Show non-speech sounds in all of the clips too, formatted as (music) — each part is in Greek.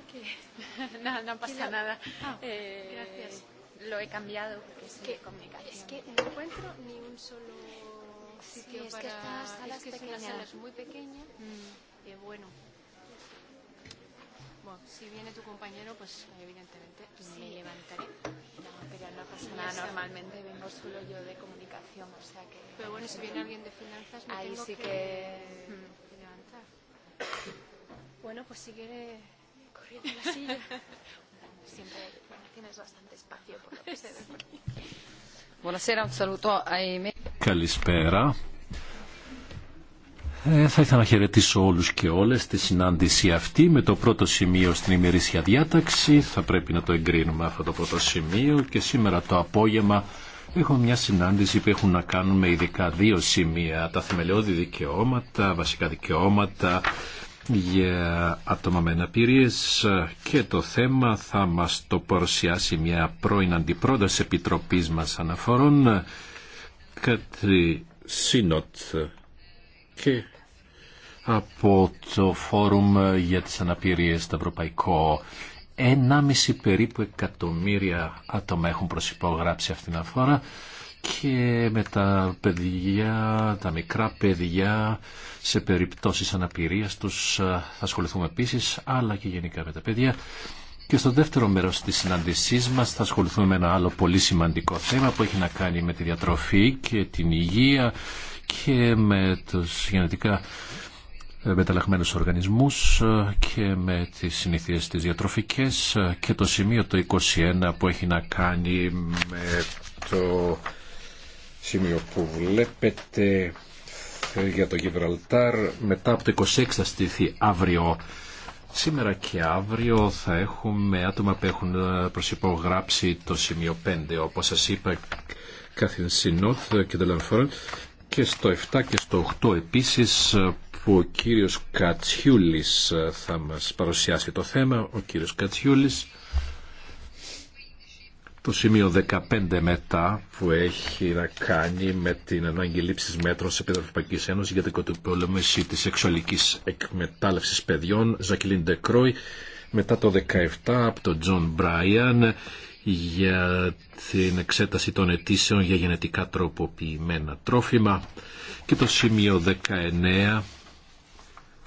Ok, no, no pasa nada. eh, gracias. Lo he cambiado porque es que, Es que no encuentro ni un solo sitio para... Es que es una sala muy pequeña. Y bueno, bueno, si viene tu compañero, pues evidentemente me levantaré. No, pero no pasa nada. Normalmente vengo solo yo de comunicación, o sea que... Pero bueno, si viene alguien de finanzas, me Ahí tengo sí que... levantar. Bueno, pues si quiere la silla. (laughs) Siempre tienes bastante espacio por lo que se Buonasera, un saluto Καλησπέρα. Ε, θα ήθελα να χαιρετήσω όλους και όλες τη συνάντηση αυτή με το πρώτο σημείο στην ημερήσια διάταξη. Θα πρέπει να το εγκρίνουμε αυτό το πρώτο σημείο και σήμερα το απόγευμα Έχω μια συνάντηση που έχουν να κάνουν με ειδικά δύο σημεία, τα θεμελιώδη δικαιώματα, βασικά δικαιώματα για άτομα με αναπηρίε και το θέμα θα μας το παρουσιάσει μια πρώην αντιπρόταση επιτροπής μας αναφορών κάτι σύνοτ και από το Φόρουμ για τις Αναπηρίες στο Ευρωπαϊκό 1,5 περίπου εκατομμύρια άτομα έχουν προσυπογράψει αυτήν την αφορά και με τα παιδιά, τα μικρά παιδιά σε περιπτώσεις αναπηρίας τους θα ασχοληθούμε επίσης αλλά και γενικά με τα παιδιά και στο δεύτερο μέρος της συνάντησής μας θα ασχοληθούμε με ένα άλλο πολύ σημαντικό θέμα που έχει να κάνει με τη διατροφή και την υγεία και με τους γενετικά μεταλλαγμένους οργανισμούς και με τις συνήθειες της διατροφικές και το σημείο το 21 που έχει να κάνει με το σημείο που βλέπετε ε, για το Γιβραλτάρ μετά από το 26 θα στηθεί αύριο. Σήμερα και αύριο θα έχουμε άτομα που έχουν ε, προσυπογράψει το σημείο 5. Όπως σας είπα, κάθε Σινόθ και φορά και στο 7 και στο 8 επίσης ε, που ο κύριος Κατσιούλης θα μας παρουσιάσει το θέμα. Ο κύριος Κατσιούλης το σημείο 15 μετά που έχει να κάνει με την ανάγκη λήψης μέτρων σε Ευρωπαϊκή Ένωση για την κοτοπολεμήση τη σεξουαλικής εκμετάλλευση παιδιών, Ζακυλίν Ντεκρόι, μετά το 17 από τον Τζον Μπράιαν για την εξέταση των αιτήσεων για γενετικά τροποποιημένα τρόφιμα και το σημείο 19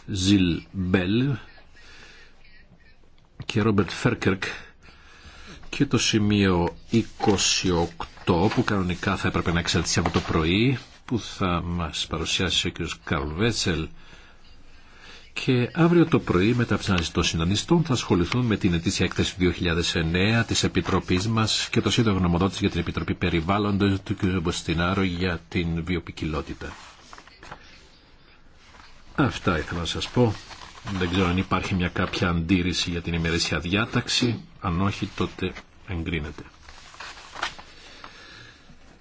Ζιλ Μπέλ και Ρόμπερτ Φέρκερκ και το σημείο 28 που κανονικά θα έπρεπε να εξαρτηθεί από το πρωί που θα μας παρουσιάσει ο κ. Καρλ Βέτσελ και αύριο το πρωί μετά από συνάντηση των συντονιστών θα ασχοληθούν με την ετήσια έκθεση 2009 της Επιτροπής μας και το σύντομο γνωμοδότης για την Επιτροπή Περιβάλλοντος του κ. Μποστινάρο για την βιοπικιλότητα. Αυτά ήθελα να σας πω. Δεν ξέρω αν υπάρχει μια κάποια αντίρρηση για την ημερήσια διάταξη. Αν όχι, τότε εγκρίνεται.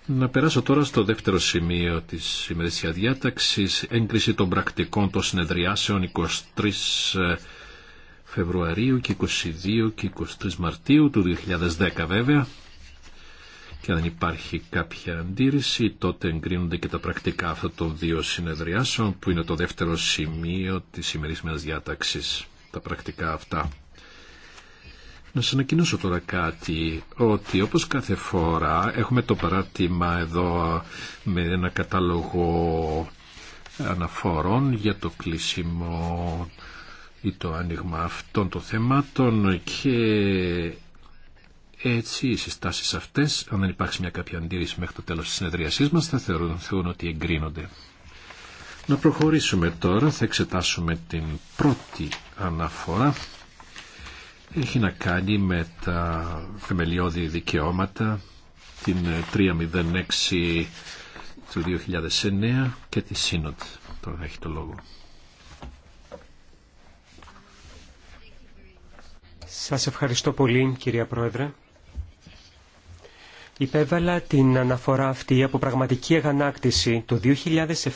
Να περάσω τώρα στο δεύτερο σημείο της ημερήσια διάταξης, έγκριση των πρακτικών των συνεδριάσεων 23 ε, Φεβρουαρίου και 22 και 23 Μαρτίου του 2010 βέβαια. Και αν υπάρχει κάποια αντίρρηση, τότε εγκρίνονται και τα πρακτικά αυτών των δύο συνεδριάσεων, που είναι το δεύτερο σημείο της σημερινής διάταξης, τα πρακτικά αυτά. Να σα ανακοινώσω τώρα κάτι, ότι όπως κάθε φορά έχουμε το παράτημα εδώ με ένα κατάλογο αναφορών για το κλείσιμο ή το άνοιγμα αυτών των θεμάτων και έτσι οι συστάσει αυτές, αν δεν υπάρξει μια κάποια αντίρρηση μέχρι το τέλος της συνεδριασής μας, θα θεωρούν ότι εγκρίνονται. Να προχωρήσουμε τώρα, θα εξετάσουμε την πρώτη αναφορά έχει να κάνει με τα θεμελιώδη δικαιώματα την 306 του 2009 και τη ΣΥΝΟΤ. Τώρα το λόγο. Σας ευχαριστώ πολύ κυρία Πρόεδρε. Υπέβαλα την αναφορά αυτή από πραγματική εγανάκτηση το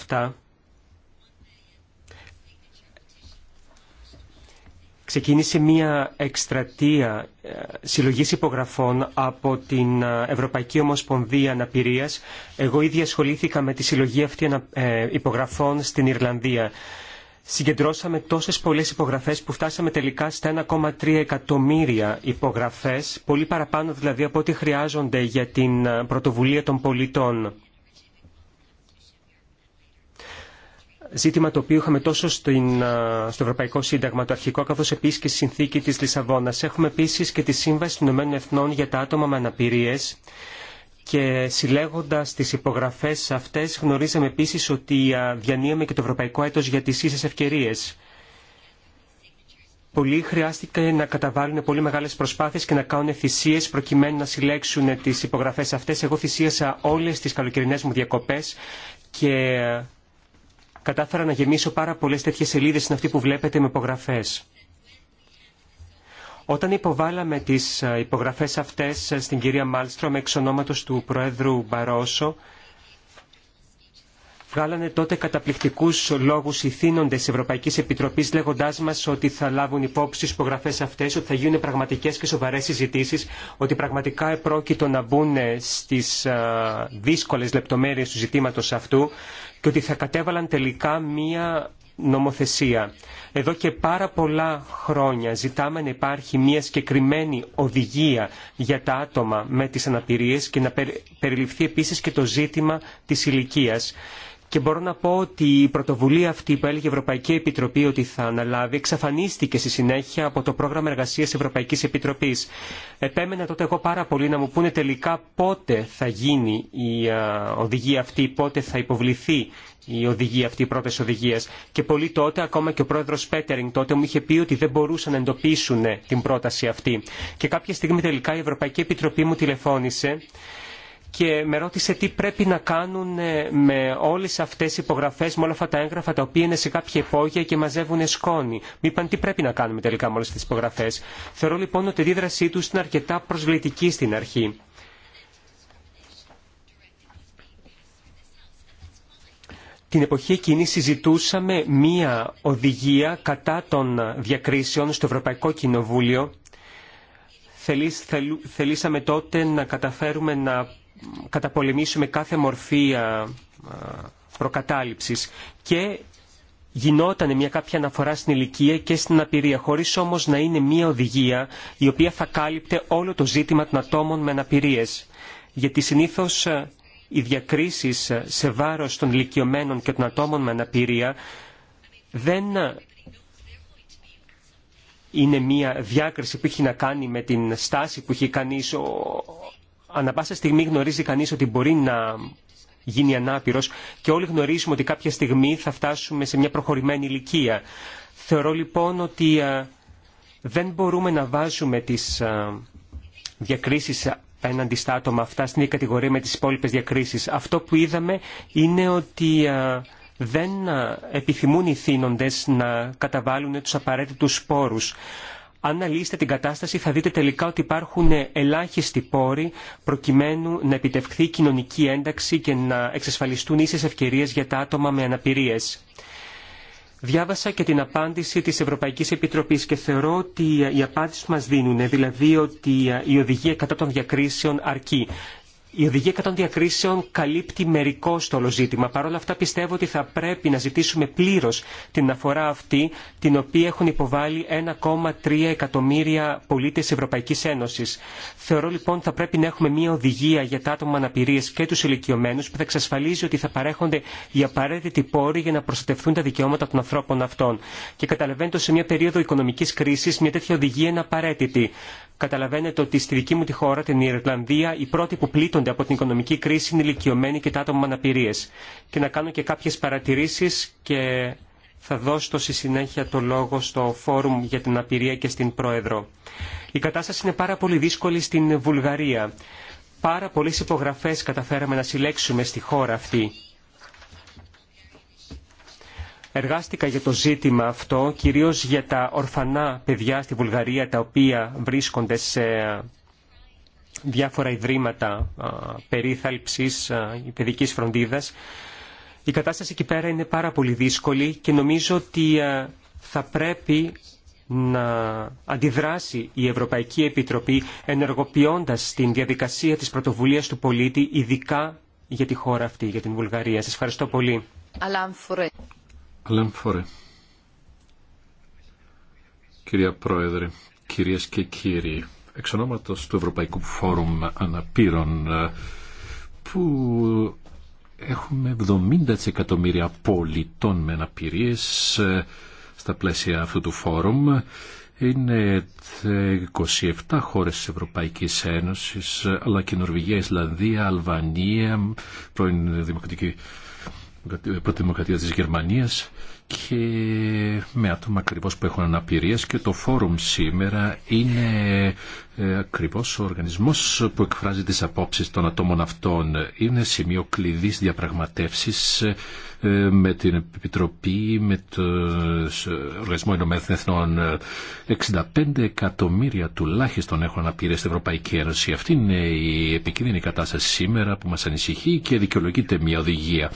2007 ξεκίνησε μια εκστρατεία ε, συλλογής υπογραφών από την ε, Ευρωπαϊκή Ομοσπονδία Αναπηρίας. Εγώ ήδη ασχολήθηκα με τη συλλογή αυτή ε, υπογραφών στην Ιρλανδία. Συγκεντρώσαμε τόσες πολλές υπογραφές που φτάσαμε τελικά στα 1,3 εκατομμύρια υπογραφές, πολύ παραπάνω δηλαδή από ό,τι χρειάζονται για την πρωτοβουλία των πολιτών. ζήτημα το οποίο είχαμε τόσο στο Ευρωπαϊκό Σύνταγμα το αρχικό καθώς επίσης και στη συνθήκη τη Λισαβόνα, Έχουμε επίση και τη Σύμβαση των Ηνωμένων Εθνών για τα άτομα με αναπηρίε. και συλλέγοντα τι υπογραφέ αυτέ, γνωρίζαμε επίση ότι διανύαμε και το Ευρωπαϊκό Έτο για τι ίσες ευκαιρίε. Πολλοί χρειάστηκε να καταβάλουν πολύ μεγάλε προσπάθειε και να κάνουν θυσίε προκειμένου να συλλέξουν τι υπογραφέ αυτέ, Εγώ θυσίασα όλε τι καλοκαιρινέ μου διακοπέ. και κατάφερα να γεμίσω πάρα πολλές τέτοιες σελίδες, είναι αυτή που βλέπετε με υπογραφές. Όταν υποβάλαμε τις ε, υπογραφές αυτές ε, στην κυρία Μάλστρομ εξ ονόματος του Προέδρου Μπαρόσο, βγάλανε τότε καταπληκτικού λόγου οι τη Ευρωπαϊκή Επιτροπή, λέγοντά μα ότι θα λάβουν υπόψη τι υπογραφέ αυτέ, ότι θα γίνουν πραγματικέ και σοβαρέ συζητήσει, ότι πραγματικά επρόκειτο να μπουν ε, στι ε, δύσκολε λεπτομέρειε του ζητήματο αυτού και ότι θα κατέβαλαν τελικά μία νομοθεσία. Εδώ και πάρα πολλά χρόνια ζητάμε να υπάρχει μια συγκεκριμένη οδηγία για τα άτομα με τι αναπηρίες και να περιληφθεί επίση και το ζήτημα τη ηλικία. Και μπορώ να πω ότι η πρωτοβουλία αυτή που έλεγε η Ευρωπαϊκή Επιτροπή ότι θα αναλάβει εξαφανίστηκε στη συνέχεια από το πρόγραμμα εργασίας Ευρωπαϊκής Επιτροπής. Επέμενα τότε εγώ πάρα πολύ να μου πούνε τελικά πότε θα γίνει η οδηγία αυτή, πότε θα υποβληθεί η οδηγία αυτή, η πρόταση οδηγία. Και πολύ τότε, ακόμα και ο πρόεδρος Πέτερινγκ τότε μου είχε πει ότι δεν μπορούσαν να εντοπίσουν την πρόταση αυτή. Και κάποια στιγμή τελικά η Ευρωπαϊκή Επιτροπή μου τηλεφώνησε και με ρώτησε τι πρέπει να κάνουν ε, με όλες αυτές οι υπογραφές, με όλα αυτά τα έγγραφα τα οποία είναι σε κάποια υπόγεια και μαζεύουν σκόνη. Μου είπαν τι πρέπει να κάνουμε τελικά με όλες αυτές τις υπογραφές. Θεωρώ λοιπόν ότι η δίδρασή τους είναι αρκετά προσβλητική στην αρχή. Την εποχή εκείνη συζητούσαμε μία οδηγία κατά των διακρίσεων στο Ευρωπαϊκό Κοινοβούλιο. Θελήσαμε τότε να καταφέρουμε να καταπολεμήσουμε κάθε μορφή ε, ε, προκατάληψης και γινόταν μια κάποια αναφορά στην ηλικία και στην αναπηρία, χωρίς όμως να είναι μια οδηγία η οποία θα κάλυπτε όλο το ζήτημα των ατόμων με αναπηρίες. Γιατί συνήθως ε, οι διακρίσεις σε βάρος των ηλικιωμένων και των ατόμων με αναπηρία δεν είναι μια διάκριση που έχει να κάνει με την στάση που έχει κανείς Ανά πάσα στιγμή γνωρίζει κανείς ότι μπορεί να γίνει ανάπηρος και όλοι γνωρίζουμε ότι κάποια στιγμή θα φτάσουμε σε μια προχωρημένη ηλικία. Θεωρώ λοιπόν ότι ε, δεν μπορούμε να βάζουμε τις ε, διακρίσεις έναντι στα άτομα αυτά στην κατηγορία με τις υπόλοιπε διακρίσεις. Αυτό που είδαμε είναι ότι ε, δεν επιθυμούν οι θύνοντες να καταβάλουν τους απαραίτητους σπόρους. Αν αναλύσετε την κατάσταση θα δείτε τελικά ότι υπάρχουν ελάχιστοι πόροι προκειμένου να επιτευχθεί κοινωνική ένταξη και να εξασφαλιστούν ίσες ευκαιρίες για τα άτομα με αναπηρίες. Διάβασα και την απάντηση της Ευρωπαϊκής Επιτροπής και θεωρώ ότι η απάντηση που μας δίνουν, δηλαδή ότι η οδηγία κατά των διακρίσεων αρκεί η οδηγία διακρίσεων καλύπτει μερικό το όλο ζήτημα. Παρ' όλα αυτά πιστεύω ότι θα πρέπει να ζητήσουμε πλήρω την αφορά αυτή, την οποία έχουν υποβάλει 1,3 εκατομμύρια πολίτε Ευρωπαϊκή Ένωση. Θεωρώ λοιπόν ότι θα πρέπει να έχουμε μια οδηγία για τα άτομα αναπηρίε και του ηλικιωμένου που θα εξασφαλίζει ότι θα παρέχονται οι απαραίτητοι πόροι για να προστατευτούν τα δικαιώματα των ανθρώπων αυτών. Και καταλαβαίνετε σε μια περίοδο οικονομική κρίση μια τέτοια οδηγία είναι απαραίτητη. Καταλαβαίνετε ότι στη δική μου τη χώρα, την Ιρλανδία, οι πρώτοι που πλήττονται από την οικονομική κρίση είναι οι ηλικιωμένοι και τα άτομα με αναπηρίε. Και να κάνω και κάποιε παρατηρήσει και θα δώσω στη συνέχεια το λόγο στο Φόρουμ για την αναπηρία και στην Πρόεδρο. Η κατάσταση είναι πάρα πολύ δύσκολη στην Βουλγαρία. Πάρα πολλέ υπογραφέ καταφέραμε να συλλέξουμε στη χώρα αυτή. Εργάστηκα για το ζήτημα αυτό, κυρίως για τα ορφανά παιδιά στη Βουλγαρία, τα οποία βρίσκονται σε διάφορα ιδρύματα περίθαλψης ή παιδικής φροντίδας. Η κατάσταση εκεί πέρα είναι πάρα πολύ δύσκολη και νομίζω ότι θα πρέπει να αντιδράσει η Ευρωπαϊκή Επιτροπή ενεργοποιώντας την διαδικασία της πρωτοβουλίας του πολίτη ειδικά για τη χώρα αυτή, για την Βουλγαρία. Σας ευχαριστώ πολύ. Λεμφόρε, Κυρία Πρόεδρε, κυρίες και κύριοι, εξ ονόματος του Ευρωπαϊκού Φόρουμ Αναπήρων, που έχουμε 70 εκατομμύρια πολιτών με αναπηρίες ε, στα πλαίσια αυτού του φόρουμ, είναι 27 χώρες της Ευρωπαϊκής Ένωσης, αλλά και Νορβηγία, Ισλανδία, Αλβανία, πρώην Δημοκρατική Πρωτοδημοκρατία της Γερμανίας και με άτομα ακριβώ που έχουν αναπηρίες και το φόρουμ σήμερα είναι ε, ακριβώ ο οργανισμός που εκφράζει τις απόψεις των ατόμων αυτών. Είναι σημείο κλειδί διαπραγματεύσεις ε, με την Επιτροπή, με τον Οργανισμό Ενωμένων Εθνών. 65 εκατομμύρια τουλάχιστον έχουν αναπηρία στην Ευρωπαϊκή Ένωση. Αυτή είναι η επικίνδυνη κατάσταση σήμερα που μας ανησυχεί και δικαιολογείται μια οδηγία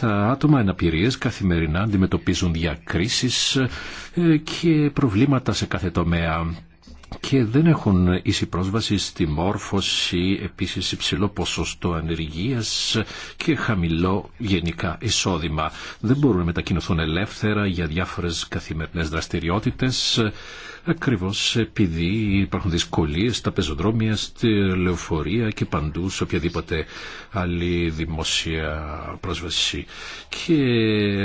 τα άτομα αναπηρίες καθημερινά αντιμετωπίζουν διακρίσεις ε, και προβλήματα σε κάθε τομέα και δεν έχουν ίση πρόσβαση στη μόρφωση, επίσης υψηλό ποσοστό ανεργίας και χαμηλό γενικά εισόδημα. Δεν μπορούν να μετακινηθούν ελεύθερα για διάφορες καθημερινές δραστηριότητες Ακριβώ επειδή υπάρχουν δυσκολίε στα πεζοδρόμια, στη λεωφορεία και παντού σε οποιαδήποτε άλλη δημόσια πρόσβαση. Και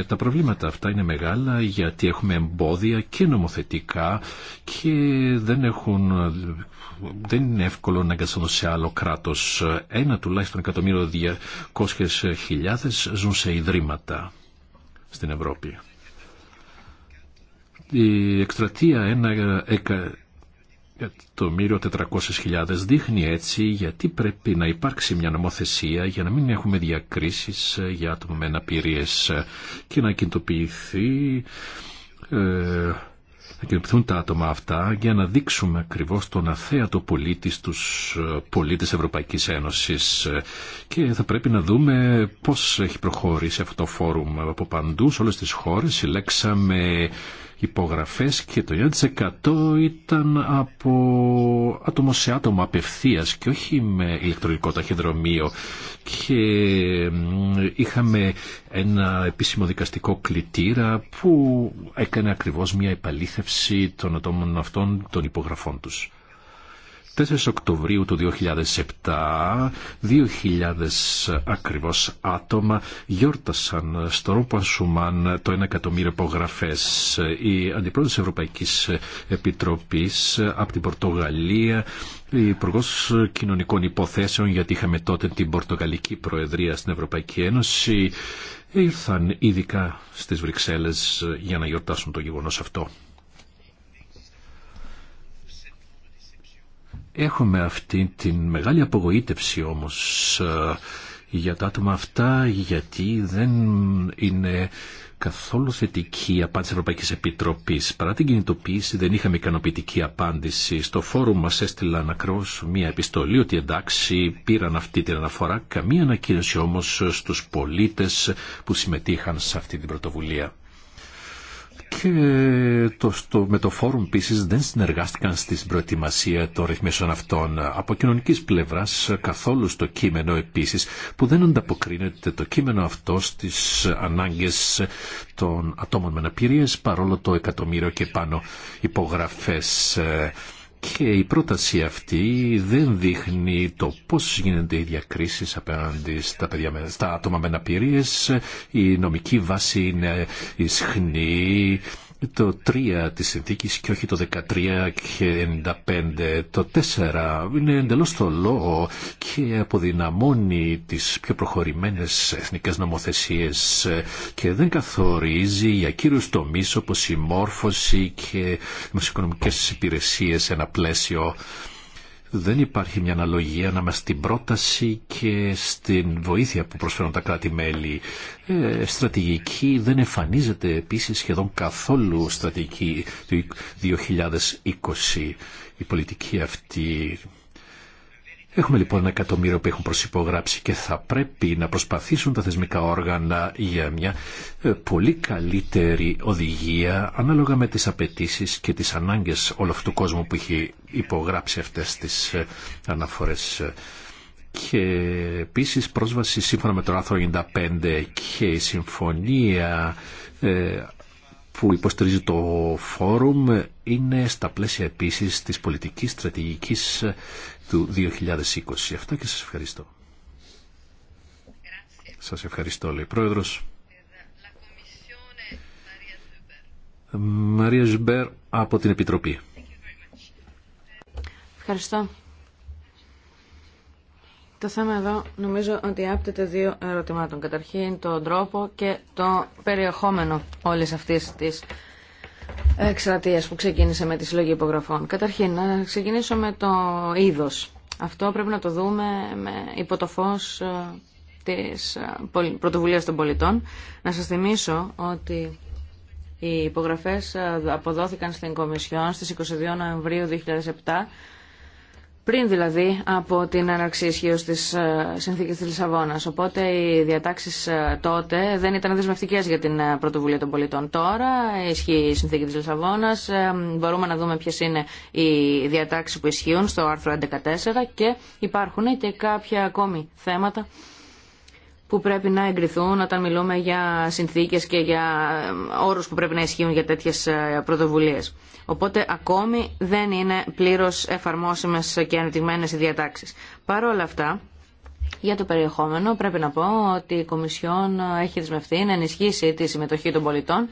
τα προβλήματα αυτά είναι μεγάλα γιατί έχουμε εμπόδια και νομοθετικά και δεν, έχουν, δεν είναι εύκολο να εγκατασταθούν σε άλλο κράτο. Ένα τουλάχιστον εκατομμύριο διακόσχε χιλιάδε ζουν σε ιδρύματα στην Ευρώπη η εκστρατεία ένα εκατομμύριο 400.000 δείχνει έτσι γιατί πρέπει να υπάρξει μια νομοθεσία για να μην έχουμε διακρίσεις για άτομα με αναπηρίες και να κινητοποιηθεί ε, να κινητοποιηθούν τα άτομα αυτά για να δείξουμε ακριβώς τον αθέατο πολίτη στους πολίτες Ευρωπαϊκής Ένωσης και θα πρέπει να δούμε πώς έχει προχωρήσει αυτό το φόρουμ από παντού σε όλες τις χώρες συλλέξαμε υπογραφές και το 90% ήταν από άτομο σε άτομο απευθείας και όχι με ηλεκτρονικό ταχυδρομείο και είχαμε ένα επίσημο δικαστικό κλητήρα που έκανε ακριβώς μια επαλήθευση των ατόμων αυτών των υπογραφών τους. 4 Οκτωβρίου του 2007, 2.000 ακριβώς άτομα γιόρτασαν στο Ρόπαν Σουμάν το 1 εκατομμύριο υπογραφέ. Η Αντιπρόεδρος Ευρωπαϊκής Επιτροπής από την Πορτογαλία, η Υπουργό Κοινωνικών Υποθέσεων, γιατί είχαμε τότε την Πορτογαλική Προεδρία στην Ευρωπαϊκή Ένωση, ήρθαν ειδικά στις Βρυξέλλες για να γιορτάσουν το γεγονός αυτό. Έχουμε αυτή την μεγάλη απογοήτευση όμως ε, για τα άτομα αυτά γιατί δεν είναι καθόλου θετική η απάντηση Ευρωπαϊκής Επιτροπής. Παρά την κινητοποίηση δεν είχαμε ικανοποιητική απάντηση. Στο φόρουμ μας έστειλαν ακριβώς μια επιστολή ότι εντάξει πήραν αυτή την αναφορά. Καμία ανακοίνωση όμως στους πολίτες που συμμετείχαν σε αυτή την πρωτοβουλία και το, στο, με το φόρουμ επίση δεν συνεργάστηκαν στην προετοιμασία των ρυθμίσεων αυτών. Από κοινωνική πλευρά καθόλου στο κείμενο επίση που δεν ανταποκρίνεται το κείμενο αυτό στι ανάγκε των ατόμων με αναπηρίε παρόλο το εκατομμύριο και πάνω υπογραφέ. Ε, και η πρόταση αυτή δεν δείχνει το πώς γίνονται οι διακρίσεις απέναντι στα, παιδιά, στα άτομα με αναπηρίες. Η νομική βάση είναι ισχνή, το 3 της συνθήκης και όχι το 13 και 95. Το 4 είναι εντελώς λόγο και αποδυναμώνει τις πιο προχωρημένες εθνικές νομοθεσίες και δεν καθορίζει για κύριους τομείς όπως η μόρφωση και οι οικονομικές υπηρεσίες ένα πλαίσιο δεν υπάρχει μια αναλογία να μας στην πρόταση και στην βοήθεια που προσφέρουν τα κράτη-μέλη. Ε, στρατηγική δεν εμφανίζεται επίσης σχεδόν καθόλου στρατηγική του 2020. Η πολιτική αυτή Έχουμε λοιπόν ένα εκατομμύριο που έχουν προσυπογράψει και θα πρέπει να προσπαθήσουν τα θεσμικά όργανα για μια ε, πολύ καλύτερη οδηγία ανάλογα με τις απαιτήσει και τις ανάγκες όλου αυτού του κόσμου που έχει υπογράψει αυτές τις ε, αναφορές και επίσης πρόσβαση σύμφωνα με το άρθρο 95 και η συμφωνία ε, που υποστηρίζει το φόρουμ είναι στα πλαίσια επίσης της πολιτικής στρατηγικής του 2020. Αυτό και σας ευχαριστώ. Σας ευχαριστώ, λέει Πρόεδρος. Μαρία Ζουμπέρ από την Επιτροπή. Ευχαριστώ. Το θέμα εδώ νομίζω ότι άπτεται δύο ερωτημάτων. Καταρχήν τον τρόπο και το περιεχόμενο όλης αυτής της εξτρατεία που ξεκίνησε με τη συλλογή υπογραφών. Καταρχήν, να ξεκινήσω με το είδο. Αυτό πρέπει να το δούμε με υπό το φω ε, τη ε, πρωτοβουλία των πολιτών. Να σα θυμίσω ότι οι υπογραφέ ε, αποδόθηκαν στην Κομισιόν στι 22 Νοεμβρίου 2007 πριν δηλαδή από την έναρξη ισχύω τη ε, συνθήκη τη Λισαβόνα. Οπότε οι διατάξει ε, τότε δεν ήταν δεσμευτικέ για την ε, πρωτοβουλία των πολιτών. Τώρα ισχύει η συνθήκη τη Λισαβόνα. Μπορούμε να δούμε ποιε είναι οι διατάξει που ισχύουν στο άρθρο 14 και υπάρχουν και κάποια ακόμη θέματα που πρέπει να εγκριθούν όταν μιλούμε για συνθήκες και για ε, όρου που πρέπει να ισχύουν για τέτοιες ε, πρωτοβουλίε. Οπότε ακόμη δεν είναι πλήρως εφαρμόσιμες και ανεπτυγμένε οι διατάξει. Παρ' όλα αυτά, για το περιεχόμενο πρέπει να πω ότι η Κομισιόν έχει δεσμευτεί να ενισχύσει τη συμμετοχή των πολιτών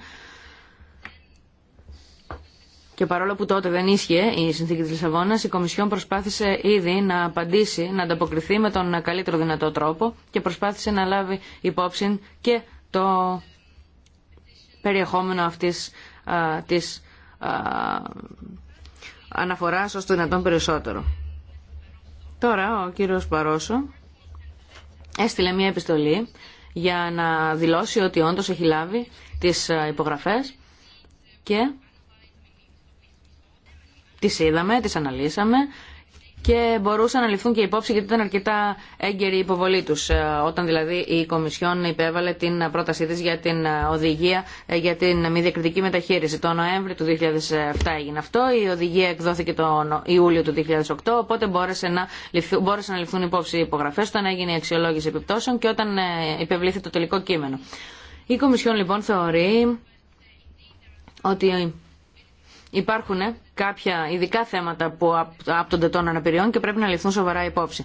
και παρόλο που τότε δεν ίσχυε η συνθήκη τη Λισαβόνα, η Κομισιόν προσπάθησε ήδη να απαντήσει, να ανταποκριθεί με τον καλύτερο δυνατό τρόπο και προσπάθησε να λάβει υπόψη και το περιεχόμενο αυτής τη της ω αναφοράς το δυνατόν περισσότερο. Τώρα ο κύριος Παρόσο έστειλε μια επιστολή για να δηλώσει ότι όντως έχει λάβει τις υπογραφές και τι είδαμε, τι αναλύσαμε και μπορούσαν να ληφθούν και υπόψη γιατί ήταν αρκετά έγκαιρη η υποβολή του. Ε, όταν δηλαδή η Κομισιόν υπέβαλε την πρότασή τη για την ε, οδηγία ε, για την μη διακριτική μεταχείριση. Το Νοέμβρη του 2007 έγινε αυτό. Η οδηγία εκδόθηκε τον Ιούλιο του 2008. Οπότε μπόρεσε να ληφθούν, μπόρεσαν να ληφθούν υπόψη οι υπογραφέ όταν έγινε η αξιολόγηση επιπτώσεων και όταν υπευλήθη το τελικό κείμενο. Η Κομισιόν λοιπόν θεωρεί ότι υπάρχουν κάποια ειδικά θέματα που άπτονται των αναπηριών και πρέπει να ληφθούν σοβαρά υπόψη.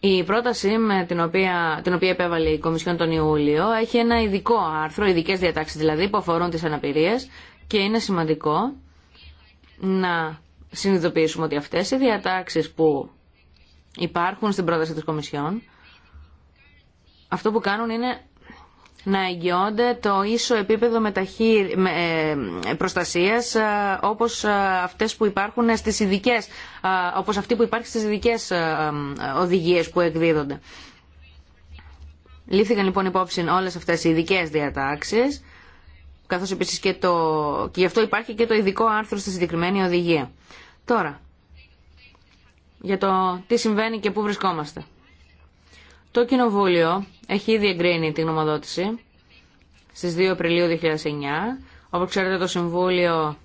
Η πρόταση με την οποία, την οποία επέβαλε η Κομισιόν τον Ιούλιο έχει ένα ειδικό άρθρο, ειδικέ διατάξεις δηλαδή που αφορούν τις αναπηρίες και είναι σημαντικό να συνειδητοποιήσουμε ότι αυτές οι διατάξεις που υπάρχουν στην πρόταση της Κομισιόν αυτό που κάνουν είναι να εγγυώνται το ίσο επίπεδο μεταχύ, ε, προστασίας ε, όπως ε, αυτές που υπάρχουν στις ειδικές, όπως αυτή που υπάρχει στις ειδικές οδηγίες που εκδίδονται. Λήφθηκαν λοιπόν υπόψη όλες αυτές οι ειδικέ διατάξεις, καθώς επίσης και το... και γι' αυτό υπάρχει και το ειδικό άρθρο στη συγκεκριμένη οδηγία. Τώρα, για το τι συμβαίνει και πού βρισκόμαστε. Το Κοινοβούλιο έχει ήδη εγκρίνει την νομοδότηση στις 2 Απριλίου 2009. Όπως ξέρετε το Συμβούλιο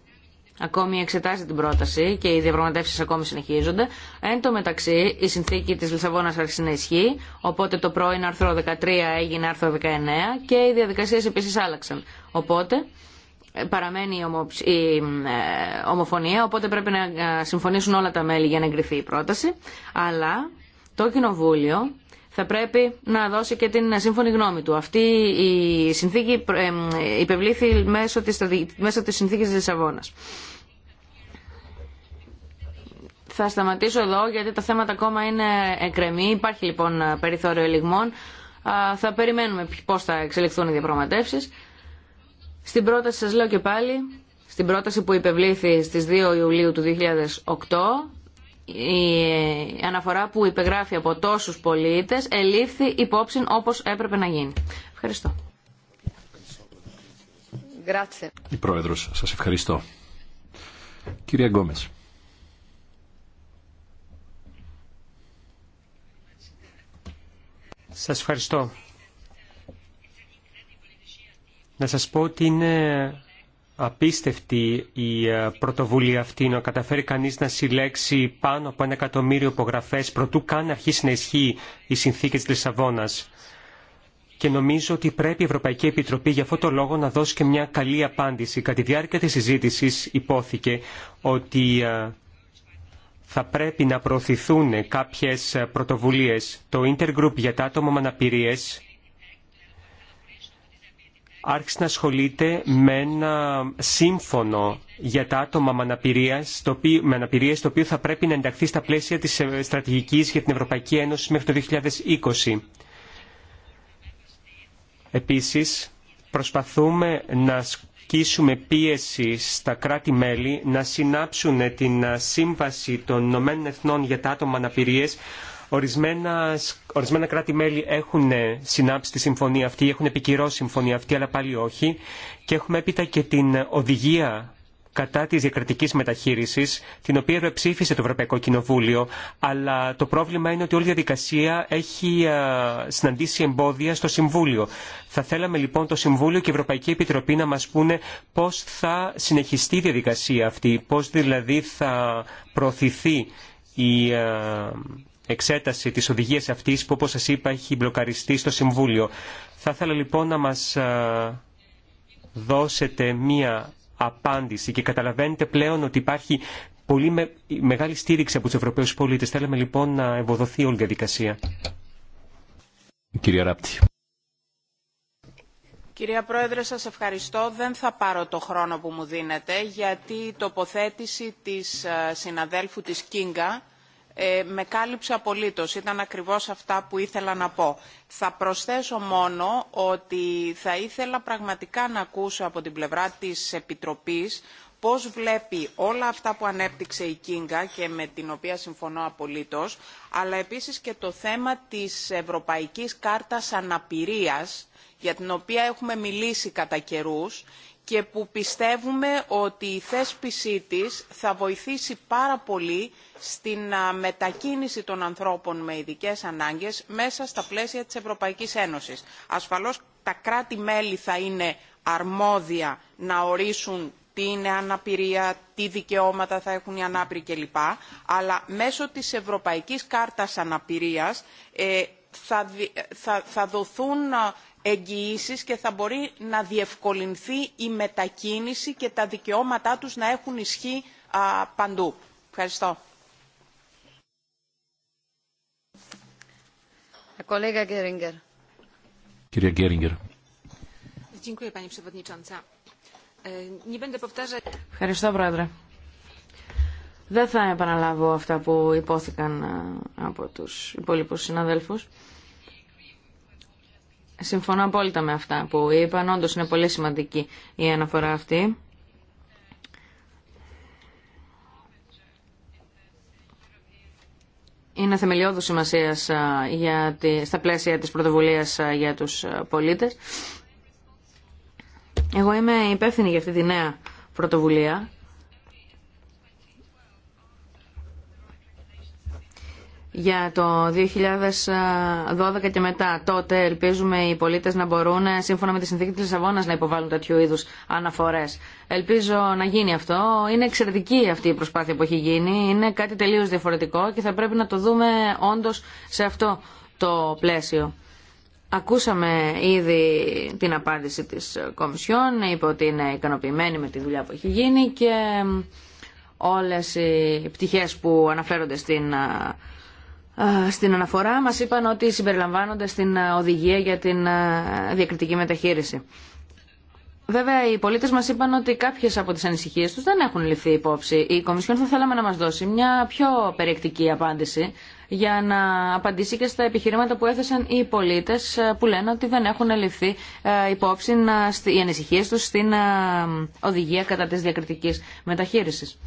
ακόμη εξετάζει την πρόταση και οι διαπραγματεύσει ακόμη συνεχίζονται. Εν τω μεταξύ, η συνθήκη τη Λισαβόνα άρχισε να ισχύει, οπότε το πρώην άρθρο 13 έγινε άρθρο 19 και οι διαδικασίε επίση άλλαξαν. Οπότε παραμένει η, ε, ομοφωνία, οπότε πρέπει να ε, συμφωνήσουν όλα τα μέλη για να εγκριθεί η πρόταση. Αλλά το Κοινοβούλιο θα πρέπει να δώσει και την σύμφωνη γνώμη του. Αυτή η συνθήκη υπευλήθη μέσω της, μέσω της συνθήκης της Θα σταματήσω εδώ γιατί τα θέματα ακόμα είναι εκκρεμή. Υπάρχει λοιπόν περιθώριο ελιγμών. Θα περιμένουμε πώς θα εξελιχθούν οι διαπραγματεύσεις. Στην πρόταση σας λέω και πάλι, στην πρόταση που υπευλήθη στις 2 Ιουλίου του 2008, η αναφορά που υπεγράφει από τόσους πολίτες ελήφθη υπόψη όπως έπρεπε να γίνει. Ευχαριστώ. Η Πρόεδρος, σας ευχαριστώ. Κυρία Γκόμες. Σας ευχαριστώ. Να σας πω ότι είναι απίστευτη η ε, πρωτοβουλία αυτή να καταφέρει κανείς να συλλέξει πάνω από ένα εκατομμύριο υπογραφές προτού καν αρχίσει να ισχύει η συνθήκη της Λισαβόνας. Και νομίζω ότι πρέπει η Ευρωπαϊκή Επιτροπή για αυτό το λόγο να δώσει και μια καλή απάντηση. Κατά τη διάρκεια της συζήτησης υπόθηκε ότι ε, θα πρέπει να προωθηθούν κάποιες πρωτοβουλίες. Το Intergroup για τα άτομα με αναπηρίες άρχισε να ασχολείται με ένα σύμφωνο για τα άτομα με αναπηρίες, το οποίο, με το οποίο θα πρέπει να ενταχθεί στα πλαίσια της ε, στρατηγικής για την Ευρωπαϊκή Ένωση μέχρι το 2020. Επίσης, προσπαθούμε να ασκήσουμε πίεση στα κράτη-μέλη να συνάψουν την ε, Σύμβαση των Ηνωμένων Εθνών για τα άτομα αναπηρίες Ορισμένα, ορισμένα κράτη-μέλη έχουν ε, συνάψει τη συμφωνία αυτή, έχουν επικυρώσει τη συμφωνία αυτή, αλλά πάλι όχι. Και έχουμε έπειτα και την οδηγία κατά της διακρατική μεταχείρισης, την οποία ψήφισε το Ευρωπαϊκό Κοινοβούλιο, αλλά το πρόβλημα είναι ότι όλη η διαδικασία έχει ε, συναντήσει εμπόδια στο Συμβούλιο. Θα θέλαμε λοιπόν το Συμβούλιο και η Ευρωπαϊκή Επιτροπή να μας πούνε πώς θα συνεχιστεί η διαδικασία αυτή, πώς δηλαδή θα προωθηθεί η ε, εξέταση της οδηγίας αυτής που όπως σας είπα έχει μπλοκαριστεί στο Συμβούλιο. Θα ήθελα λοιπόν να μας ε, δώσετε μία απάντηση και καταλαβαίνετε πλέον ότι υπάρχει πολύ μεγάλη στήριξη από τους Ευρωπαίους πολίτες. Θέλαμε λοιπόν να ευοδοθεί όλη η διαδικασία. Κυρία Ράπτη. Κυρία Πρόεδρε, σας ευχαριστώ. Δεν θα πάρω το χρόνο που μου δίνετε, γιατί η τοποθέτηση της ε, συναδέλφου της Κίνγκα ε, με κάλυψε απολύτως. Ήταν ακριβώς αυτά που ήθελα να πω. Θα προσθέσω μόνο ότι θα ήθελα πραγματικά να ακούσω από την πλευρά της Επιτροπής πώς βλέπει όλα αυτά που ανέπτυξε η Κίνγκα και με την οποία συμφωνώ απολύτως, αλλά επίσης και το θέμα της Ευρωπαϊκής Κάρτας Αναπηρίας, για την οποία έχουμε μιλήσει κατά καιρούς και που πιστεύουμε ότι η θέσπισή της θα βοηθήσει πάρα πολύ στην μετακίνηση των ανθρώπων με ειδικέ ανάγκες μέσα στα πλαίσια της Ευρωπαϊκής Ένωσης. Ασφαλώς τα κράτη-μέλη θα είναι αρμόδια να ορίσουν τι είναι αναπηρία, τι δικαιώματα θα έχουν οι ανάπηροι κλπ. Αλλά μέσω της Ευρωπαϊκής Κάρτας Αναπηρίας ε, θα δοθούν εγγυήσεις και θα μπορεί να διευκολυνθεί η μετακίνηση και τα δικαιώματά τους να έχουν ισχύ παντού. Ευχαριστώ. E, Ευχαριστώ, Πρόεδρε. Δεν θα επαναλάβω αυτά που υπόθηκαν ε, από τους υπόλοιπους συναδέλφους. Συμφωνώ απόλυτα με αυτά που είπαν. Όντω είναι πολύ σημαντική η αναφορά αυτή. Είναι θεμελιώδου σημασία στα πλαίσια της πρωτοβουλίας για τους πολίτες. Εγώ είμαι υπεύθυνη για αυτή τη νέα πρωτοβουλία για το 2012 και μετά. Τότε ελπίζουμε οι πολίτες να μπορούν, σύμφωνα με τη συνθήκη της Λισαβόνας, να υποβάλουν τέτοιου είδους αναφορές. Ελπίζω να γίνει αυτό. Είναι εξαιρετική αυτή η προσπάθεια που έχει γίνει. Είναι κάτι τελείως διαφορετικό και θα πρέπει να το δούμε όντως σε αυτό το πλαίσιο. Ακούσαμε ήδη την απάντηση της Κομισιόν, είπε ότι είναι ικανοποιημένη με τη δουλειά που έχει γίνει και όλες οι πτυχές που αναφέρονται στην στην αναφορά μας είπαν ότι συμπεριλαμβάνονται στην οδηγία για την διακριτική μεταχείριση. Βέβαια, οι πολίτε μα είπαν ότι κάποιε από τι ανησυχίε του δεν έχουν ληφθεί υπόψη. Η Κομισιόν θα θέλαμε να μα δώσει μια πιο περιεκτική απάντηση για να απαντήσει και στα επιχειρήματα που έθεσαν οι πολίτε που λένε ότι δεν έχουν ληφθεί υπόψη οι ανησυχίε του στην οδηγία κατά τη διακριτική μεταχείριση.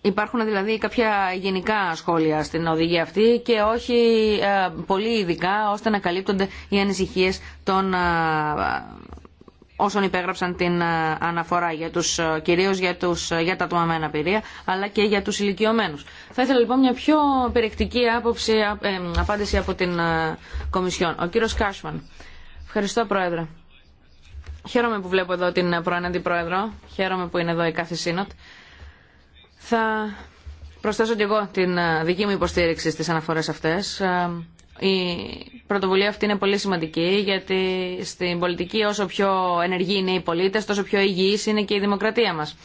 Υπάρχουν δηλαδή κάποια γενικά σχόλια στην οδηγία αυτή και όχι ε, πολύ ειδικά ώστε να καλύπτονται οι ανησυχίες των ε, όσων υπέγραψαν την ε, αναφορά για τους, κυρίως για, τους, για τα ατομαμένα πυρία αλλά και για τους ηλικιωμένους. Θα ήθελα λοιπόν μια πιο περιεκτική άποψη, απάντηση από την ε, Κομισιόν. Ο κύριος Κάσμαν. Ευχαριστώ Πρόεδρε. Χαίρομαι που βλέπω εδώ την πρώην Πρόεδρο. Χαίρομαι που είναι εδώ η κάθε σύνοτ. Θα προσθέσω και εγώ την ε, δική μου υποστήριξη στις αναφορές αυτές. Ε, η πρωτοβουλία αυτή είναι πολύ σημαντική γιατί στην πολιτική όσο πιο ενεργοί είναι οι πολίτες τόσο πιο υγιής είναι και η δημοκρατία μας.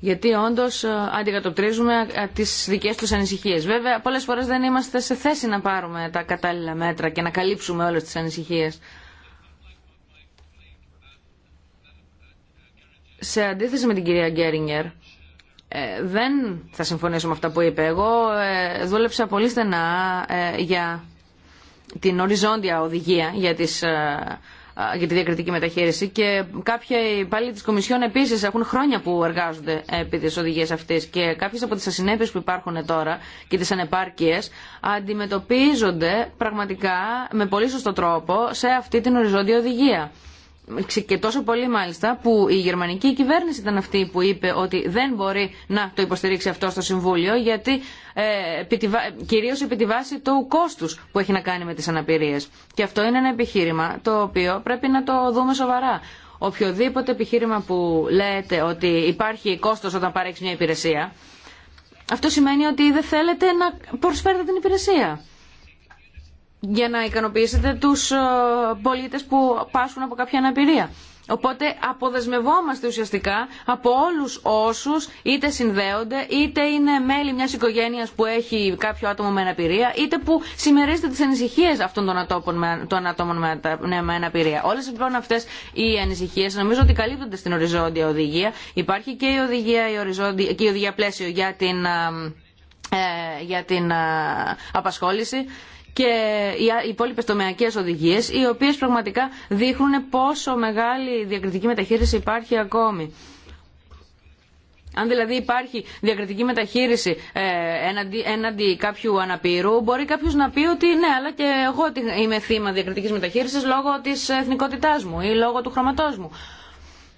Γιατί όντω ε, αντικατοπτρίζουμε τι δικέ του ανησυχίε. Βέβαια, πολλέ φορέ δεν είμαστε σε θέση να πάρουμε τα κατάλληλα μέτρα και να καλύψουμε όλε τι ανησυχίε. σε αντίθεση με την κυρία Γκέριγκερ, ε, δεν θα συμφωνήσω με αυτά που είπε. Εγώ ε, δούλεψα πολύ στενά ε, για την οριζόντια οδηγία για, ε, τη διακριτική μεταχείριση και κάποιοι πάλι της Κομισιόν επίσης έχουν χρόνια που εργάζονται επί της οδηγίας αυτής και κάποιες από τις ασυνέπειες που υπάρχουν τώρα και τις ανεπάρκειες αντιμετωπίζονται πραγματικά με πολύ σωστό τρόπο σε αυτή την οριζόντια οδηγία και τόσο πολύ μάλιστα που η γερμανική κυβέρνηση ήταν αυτή που είπε ότι δεν μπορεί να το υποστηρίξει αυτό στο Συμβούλιο γιατί ε, κυρίως επί τη βάση του κόστους που έχει να κάνει με τις αναπηρίες. Και αυτό είναι ένα επιχείρημα το οποίο πρέπει να το δούμε σοβαρά. Οποιοδήποτε επιχείρημα που λέτε ότι υπάρχει κόστος όταν παρέχει μια υπηρεσία αυτό σημαίνει ότι δεν θέλετε να προσφέρετε την υπηρεσία για να ικανοποιήσετε τους ε, πολίτες που πάσχουν από κάποια αναπηρία. Οπότε αποδεσμευόμαστε ουσιαστικά από όλους όσους είτε συνδέονται, είτε είναι μέλη μιας οικογένειας που έχει κάποιο άτομο με αναπηρία, είτε που συμμερίζεται τις ανησυχίες αυτών των ατόμων με, των ναι, με αναπηρία. Όλες λοιπόν αυτές οι ανησυχίες νομίζω ότι καλύπτονται στην οριζόντια οδηγία. Υπάρχει και η οδηγία, η οριζόντια, και η οδηγία πλαίσιο για την, ε, ε, για την απασχόληση και οι υπόλοιπε τομεακές οδηγίε, οι οποίε πραγματικά δείχνουν πόσο μεγάλη διακριτική μεταχείριση υπάρχει ακόμη. Αν δηλαδή υπάρχει διακριτική μεταχείριση ε, έναντι, κάποιου αναπήρου, μπορεί κάποιο να πει ότι ναι, αλλά και εγώ είμαι θύμα διακριτική μεταχείριση λόγω τη εθνικότητά μου ή λόγω του χρωματό μου.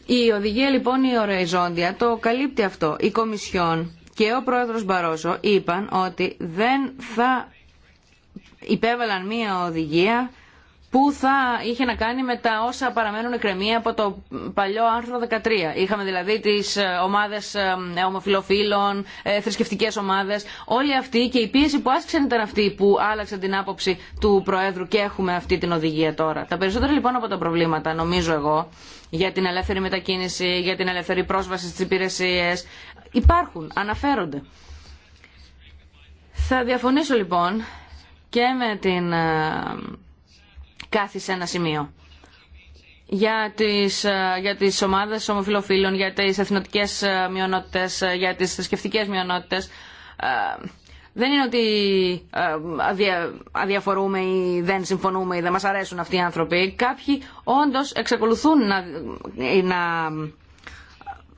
Η οδηγία λοιπόν η οριζόντια το καλύπτει αυτό. Η Κομισιόν και ο πρόεδρος Μπαρόσο είπαν ότι δεν θα υπέβαλαν μία οδηγία που θα είχε να κάνει με τα όσα παραμένουν εκκρεμία από το παλιό άρθρο 13. Είχαμε δηλαδή τις ε, ομάδες ε, ε, ομοφιλοφίλων, θρησκευτικές ομάδες, όλοι αυτοί και η πίεση που άσκησαν ήταν αυτή που άλλαξαν την άποψη του Προέδρου και έχουμε αυτή την οδηγία τώρα. Τα περισσότερα λοιπόν από τα προβλήματα, νομίζω εγώ, για την ελεύθερη μετακίνηση, για την ελεύθερη πρόσβαση στις υπηρεσίες, υπάρχουν, αναφέρονται. Θα διαφωνήσω λοιπόν και με την ε, κάθε σε ένα σημείο για τις, ε, για τις ομάδες ομοφιλοφίλων, για τις εθνοτικές ε, μειονότητες, για τις θρησκευτικές μειονότητες. Δεν είναι ότι αδιαφορούμε ή δεν συμφωνούμε ή δεν μας αρέσουν αυτοί οι άνθρωποι. Κάποιοι όντως εξακολουθούν να, να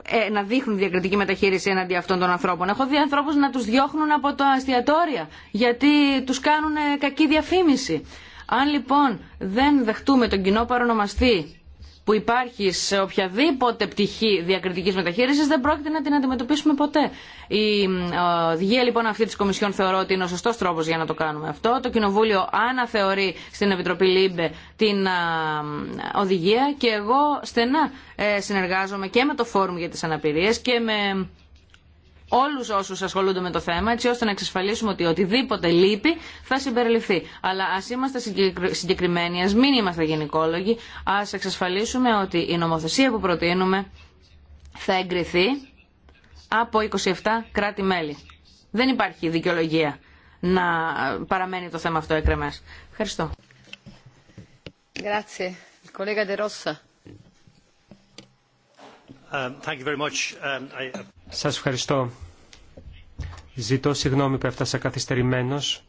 ε, να δείχνουν διακριτική μεταχείριση εναντί αυτών των ανθρώπων. Έχω δει ανθρώπου να τους διώχνουν από τα αστιατόρια γιατί τους κάνουν κακή διαφήμιση. Αν λοιπόν δεν δεχτούμε τον κοινό παρονομαστή που υπάρχει σε οποιαδήποτε πτυχή διακριτική μεταχείριση δεν πρόκειται να την αντιμετωπίσουμε ποτέ. Η οδηγία λοιπόν αυτή τη Κομισιόν θεωρώ ότι είναι ο σωστό τρόπο για να το κάνουμε αυτό. Το Κοινοβούλιο αναθεωρεί στην Επιτροπή ΛΥΜΠΕ την οδηγία και εγώ στενά ε, συνεργάζομαι και με το Φόρουμ για τι Αναπηρίε και με όλους όσους ασχολούνται με το θέμα, έτσι ώστε να εξασφαλίσουμε ότι οτιδήποτε λείπει θα συμπεριληφθεί. Αλλά ας είμαστε συγκεκριμένοι, ας μην είμαστε γενικόλογοι, ας εξασφαλίσουμε ότι η νομοθεσία που προτείνουμε θα εγκριθεί από 27 κράτη-μέλη. Δεν υπάρχει δικαιολογία να παραμένει το θέμα αυτό έκρεμες. Ευχαριστώ. Σας ευχαριστώ. Ζητώ συγγνώμη που έφτασα καθυστερημένος.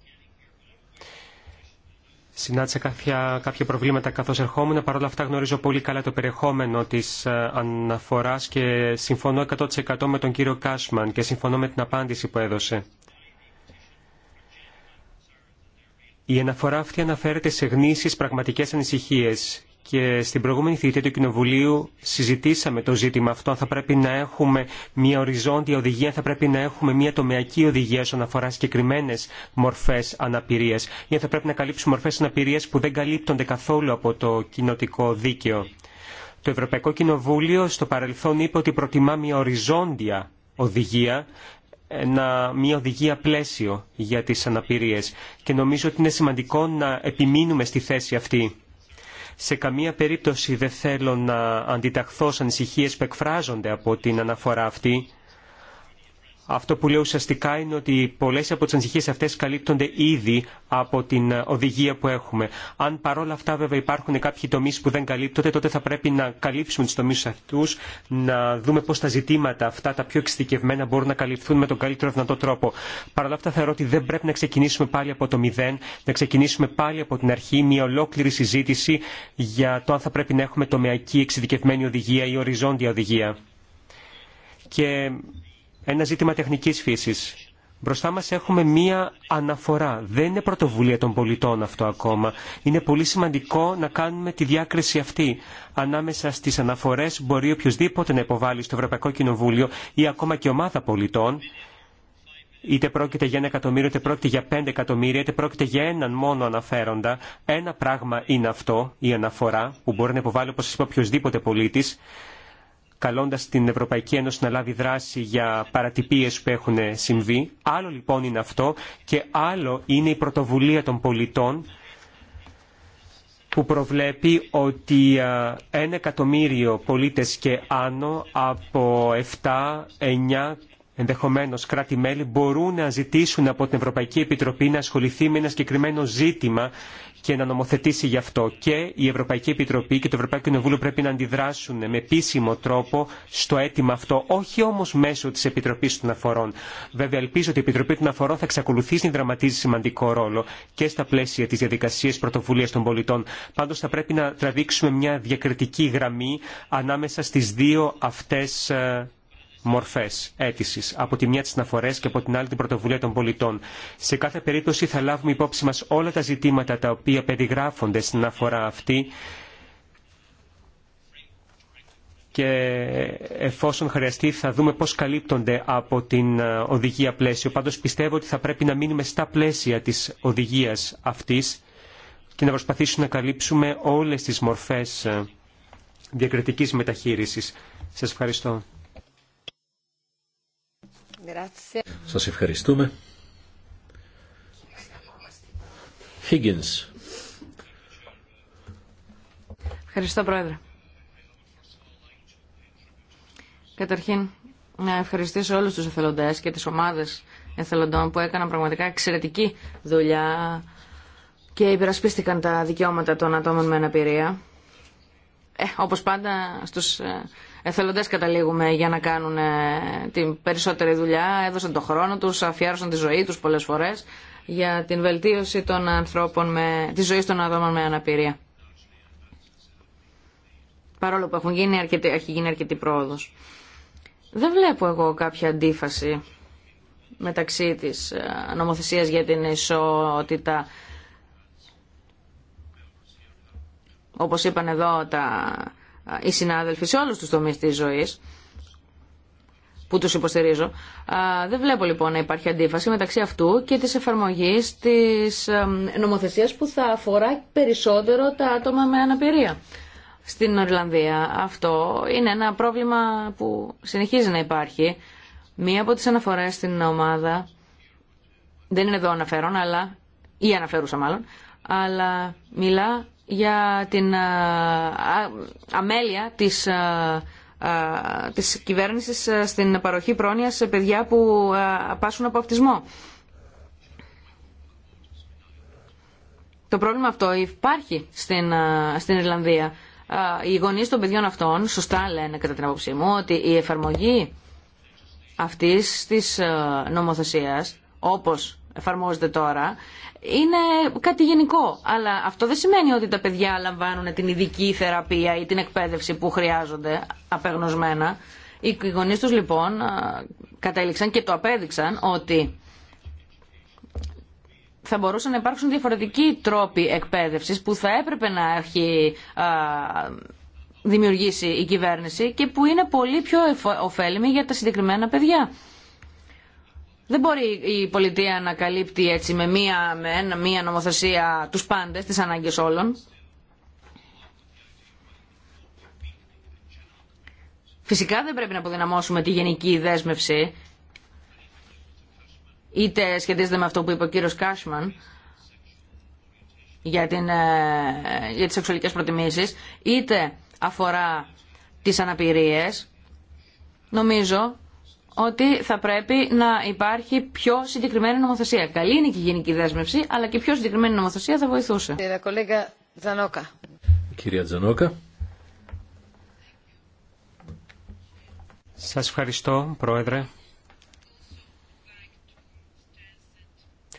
Συνάντησα κάποια, κάποια προβλήματα καθώς ερχόμουν. Παρ' όλα αυτά γνωρίζω πολύ καλά το περιεχόμενο της ε, αναφοράς και συμφωνώ 100% με τον κύριο Κάσμαν και συμφωνώ με την απάντηση που έδωσε. Η αναφορά αυτή αναφέρεται σε γνήσεις πραγματικές ανησυχίες και στην προηγούμενη θητεία του Κοινοβουλίου συζητήσαμε το ζήτημα αυτό, αν θα πρέπει να έχουμε μια οριζόντια οδηγία, αν θα πρέπει να έχουμε μια τομεακή οδηγία όσον αφορά συγκεκριμένε μορφέ αναπηρία ή αν θα πρέπει να καλύψουμε μορφέ αναπηρία που δεν καλύπτονται καθόλου από το κοινοτικό δίκαιο. Το Ευρωπαϊκό Κοινοβούλιο στο παρελθόν είπε ότι προτιμά μια οριζόντια οδηγία μια οδηγία πλαίσιο για τις αναπηρίες και νομίζω ότι είναι σημαντικό να επιμείνουμε στη θέση αυτή. Σε καμία περίπτωση δεν θέλω να αντιταχθώ σε ανησυχίε που εκφράζονται από την αναφορά αυτή αυτό που λέω ουσιαστικά είναι ότι πολλέ από τι ανησυχίε αυτέ καλύπτονται ήδη από την ε, οδηγία που έχουμε. Αν παρόλα αυτά βέβαια υπάρχουν κάποιοι τομεί που δεν καλύπτονται, τότε θα πρέπει να καλύψουμε του τομεί αυτού, να δούμε πώ τα ζητήματα αυτά, τα πιο εξειδικευμένα, μπορούν να καλυφθούν με τον καλύτερο δυνατό τρόπο. Παρ' όλα αυτά θεωρώ ότι δεν πρέπει να ξεκινήσουμε πάλι από το μηδέν, να ξεκινήσουμε πάλι από την αρχή μια ολόκληρη συζήτηση για το αν θα πρέπει να έχουμε τομεακή εξειδικευμένη οδηγία ή οριζόντια οδηγία. Και ένα ζήτημα τεχνικής φύσης. Μπροστά μας έχουμε μία αναφορά. Δεν είναι πρωτοβουλία των πολιτών αυτό ακόμα. Είναι πολύ σημαντικό να κάνουμε τη διάκριση αυτή. Ανάμεσα στις αναφορές μπορεί οποιοδήποτε να υποβάλει στο Ευρωπαϊκό Κοινοβούλιο ή ακόμα και ομάδα πολιτών είτε πρόκειται για ένα εκατομμύριο, είτε πρόκειται για πέντε εκατομμύρια, είτε πρόκειται για έναν μόνο αναφέροντα. Ένα πράγμα είναι αυτό, η αναφορά, που μπορεί να υποβάλει, όπω σα είπα, οποιοδήποτε πολίτη καλώντας την Ευρωπαϊκή Ένωση να λάβει δράση για παρατυπίες που έχουν συμβεί. Άλλο λοιπόν είναι αυτό και άλλο είναι η πρωτοβουλία των πολιτών που προβλέπει ότι ένα εκατομμύριο πολίτες και άνω από 7, 9 ενδεχομένως κράτη-μέλη μπορούν να ζητήσουν από την Ευρωπαϊκή Επιτροπή να ασχοληθεί με ένα συγκεκριμένο ζήτημα και να νομοθετήσει γι' αυτό. Και η Ευρωπαϊκή Επιτροπή και το Ευρωπαϊκό Κοινοβούλιο πρέπει να αντιδράσουν με επίσημο τρόπο στο αίτημα αυτό, όχι όμω μέσω τη Επιτροπή των Αφορών. Βέβαια, ελπίζω ότι η Επιτροπή των Αφορών θα εξακολουθήσει να δραματίζει σημαντικό ρόλο και στα πλαίσια τη διαδικασία πρωτοβουλία των πολιτών. Πάντω, θα πρέπει να τραβήξουμε μια διακριτική γραμμή ανάμεσα στι δύο αυτέ ε, μορφέ αίτηση. Από τη μια τι αναφορέ και από την άλλη την πρωτοβουλία των πολιτών. Σε κάθε περίπτωση θα λάβουμε υπόψη μα όλα τα ζητήματα τα οποία περιγράφονται στην αναφορά αυτή και εφόσον χρειαστεί θα δούμε πώς καλύπτονται από την ε, οδηγία πλαίσιο. Πάντως πιστεύω ότι θα πρέπει να μείνουμε στα πλαίσια της οδηγίας αυτής και να προσπαθήσουμε να καλύψουμε όλες τις μορφές ε, διακριτικής μεταχείρισης. Σας ευχαριστώ. Σας ευχαριστούμε. Higgins. Ευχαριστώ, Πρόεδρε. Καταρχήν, να ευχαριστήσω όλους τους εθελοντές και τις ομάδες εθελοντών που έκαναν πραγματικά εξαιρετική δουλειά και υπερασπίστηκαν τα δικαιώματα των ατόμων με αναπηρία. Ε, όπως πάντα στους ε, εθελοντές καταλήγουμε για να κάνουν ε, την περισσότερη δουλειά, έδωσαν τον χρόνο τους, αφιέρωσαν τη ζωή του πολλέ φορέ για την βελτίωση των ανθρώπων με, της ζωής των άνθρωπων με αναπηρία. Παρόλο που έχουν γίνει αρκετή, έχει γίνει αρκετή πρόοδος. Δεν βλέπω εγώ κάποια αντίφαση μεταξύ της ε, νομοθεσίας για την ισότητα όπως είπαν εδώ τα οι συνάδελφοι σε όλους τους τομείς της ζωής που τους υποστηρίζω. Δεν βλέπω λοιπόν να υπάρχει αντίφαση μεταξύ αυτού και της εφαρμογής της νομοθεσίας που θα αφορά περισσότερο τα άτομα με αναπηρία στην Ορλανδία. Αυτό είναι ένα πρόβλημα που συνεχίζει να υπάρχει. Μία από τις αναφορές στην ομάδα, δεν είναι εδώ αναφέρον, αλλά, ή αναφέρουσα μάλλον, αλλά μιλά για την ε, αμέλεια της, ε, ε, της κυβέρνησης στην παροχή πρόνοια σε παιδιά που πάσουν από αυτισμό. Το πρόβλημα αυτό υπάρχει στην, στην Ιρλανδία. Οι γονείς των παιδιών αυτών σωστά λένε κατά την άποψή μου ότι η εφαρμογή αυτής της νομοθεσίας όπως εφαρμόζεται τώρα είναι κάτι γενικό. Αλλά αυτό δεν σημαίνει ότι τα παιδιά λαμβάνουν την ειδική θεραπεία ή την εκπαίδευση που χρειάζονται απεγνωσμένα. Οι γονείς τους λοιπόν κατέληξαν και το απέδειξαν ότι θα μπορούσαν να υπάρξουν διαφορετικοί τρόποι εκπαίδευσης που θα έπρεπε να έχει δημιουργήσει η κυβέρνηση και που είναι πολύ πιο ωφέλιμοι για τα συγκεκριμένα παιδιά. Δεν μπορεί η πολιτεία να καλύπτει έτσι με μία, με ένα, νομοθεσία τους πάντες, τις ανάγκες όλων. Φυσικά δεν πρέπει να αποδυναμώσουμε τη γενική δέσμευση, είτε σχετίζεται με αυτό που είπε ο κύριος Κάσμαν, για, την, ε, για τις σεξουαλικές προτιμήσεις, είτε αφορά τις αναπηρίες. Νομίζω ότι θα πρέπει να υπάρχει πιο συγκεκριμένη νομοθεσία. Καλή είναι και η γενική δέσμευση, αλλά και πιο συγκεκριμένη νομοθεσία θα βοηθούσε. Κυρία Τζανόκα. Σας ευχαριστώ, Πρόεδρε.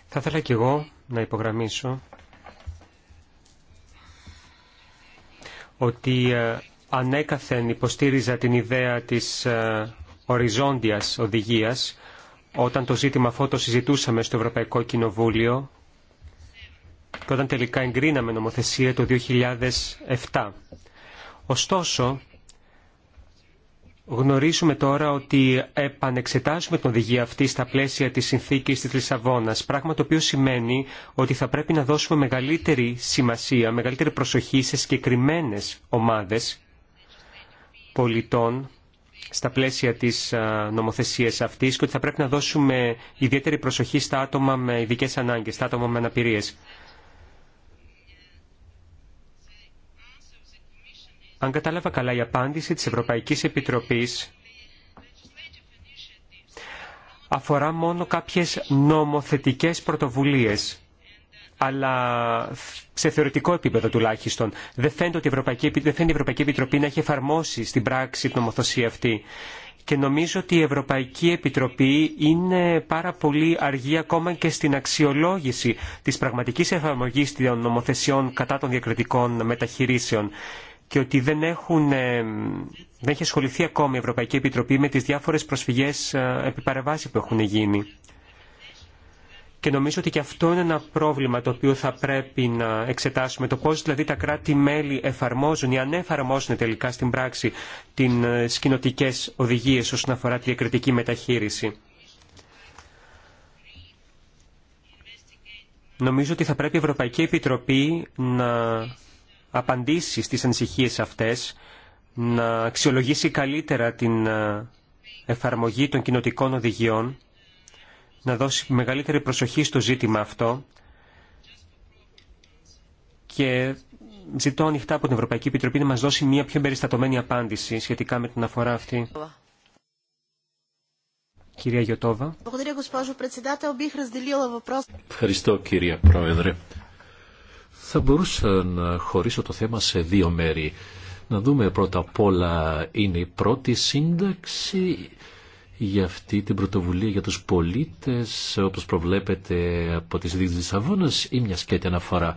Θα ήθελα κι εγώ να υπογραμμίσω ότι ε, ανέκαθεν υποστήριζα την ιδέα της ε, οριζόντιας οδηγίας, όταν το ζήτημα αυτό το συζητούσαμε στο Ευρωπαϊκό Κοινοβούλιο και όταν τελικά εγκρίναμε νομοθεσία το 2007. Ωστόσο, γνωρίζουμε τώρα ότι επανεξετάζουμε την οδηγία αυτή στα πλαίσια της συνθήκης της Λισαβόνας, πράγμα το οποίο σημαίνει ότι θα πρέπει να δώσουμε μεγαλύτερη σημασία, μεγαλύτερη προσοχή σε συγκεκριμένες ομάδες πολιτών στα πλαίσια της νομοθεσίας αυτής και ότι θα πρέπει να δώσουμε ιδιαίτερη προσοχή στα άτομα με ειδικέ ανάγκες, στα άτομα με αναπηρίε. Αν κατάλαβα καλά, η απάντηση της Ευρωπαϊκής Επιτροπής αφορά μόνο κάποιες νομοθετικές πρωτοβουλίες αλλά σε θεωρητικό επίπεδο τουλάχιστον. Δεν φαίνεται, ότι η Ευρωπαϊκή, η Ευρωπαϊκή Επιτροπή να έχει εφαρμόσει στην πράξη την νομοθεσία αυτή. Και νομίζω ότι η Ευρωπαϊκή Επιτροπή είναι πάρα πολύ αργή ακόμα και στην αξιολόγηση της πραγματικής εφαρμογής των νομοθεσιών κατά των διακριτικών μεταχειρήσεων και ότι δεν, έχουν, ε, δεν έχει ασχοληθεί ακόμη η Ευρωπαϊκή Επιτροπή με τις διάφορες προσφυγές ε, επιπαραβάση που έχουν γίνει. Και νομίζω ότι και αυτό είναι ένα πρόβλημα το οποίο θα πρέπει να εξετάσουμε. Το πώς δηλαδή τα κράτη-μέλη εφαρμόζουν ή αν εφαρμόζουν τελικά στην πράξη την ε, κοινοτικέ οδηγίες όσον αφορά τη διακριτική μεταχείριση. Νομίζω ότι θα πρέπει η Ευρωπαϊκή Επιτροπή να απαντήσει στις ανησυχίες αυτές, να αξιολογήσει καλύτερα τις ε, εφαρμογή των κοινοτικών οδηγιών να δώσει μεγαλύτερη προσοχή στο ζήτημα αυτό και ζητώ ανοιχτά από την Ευρωπαϊκή Επιτροπή να μας δώσει μια πιο περιστατωμένη απάντηση σχετικά με την αφορά αυτή. Κυρία Γιωτόβα. Ευχαριστώ κυρία Πρόεδρε. Θα μπορούσα να χωρίσω το θέμα σε δύο μέρη. Να δούμε πρώτα απ' όλα είναι η πρώτη σύνταξη για αυτή την πρωτοβουλία για τους πολίτες όπως προβλέπεται από τις συνδίκη της Αβώνας ή μια σκέτη αναφορά.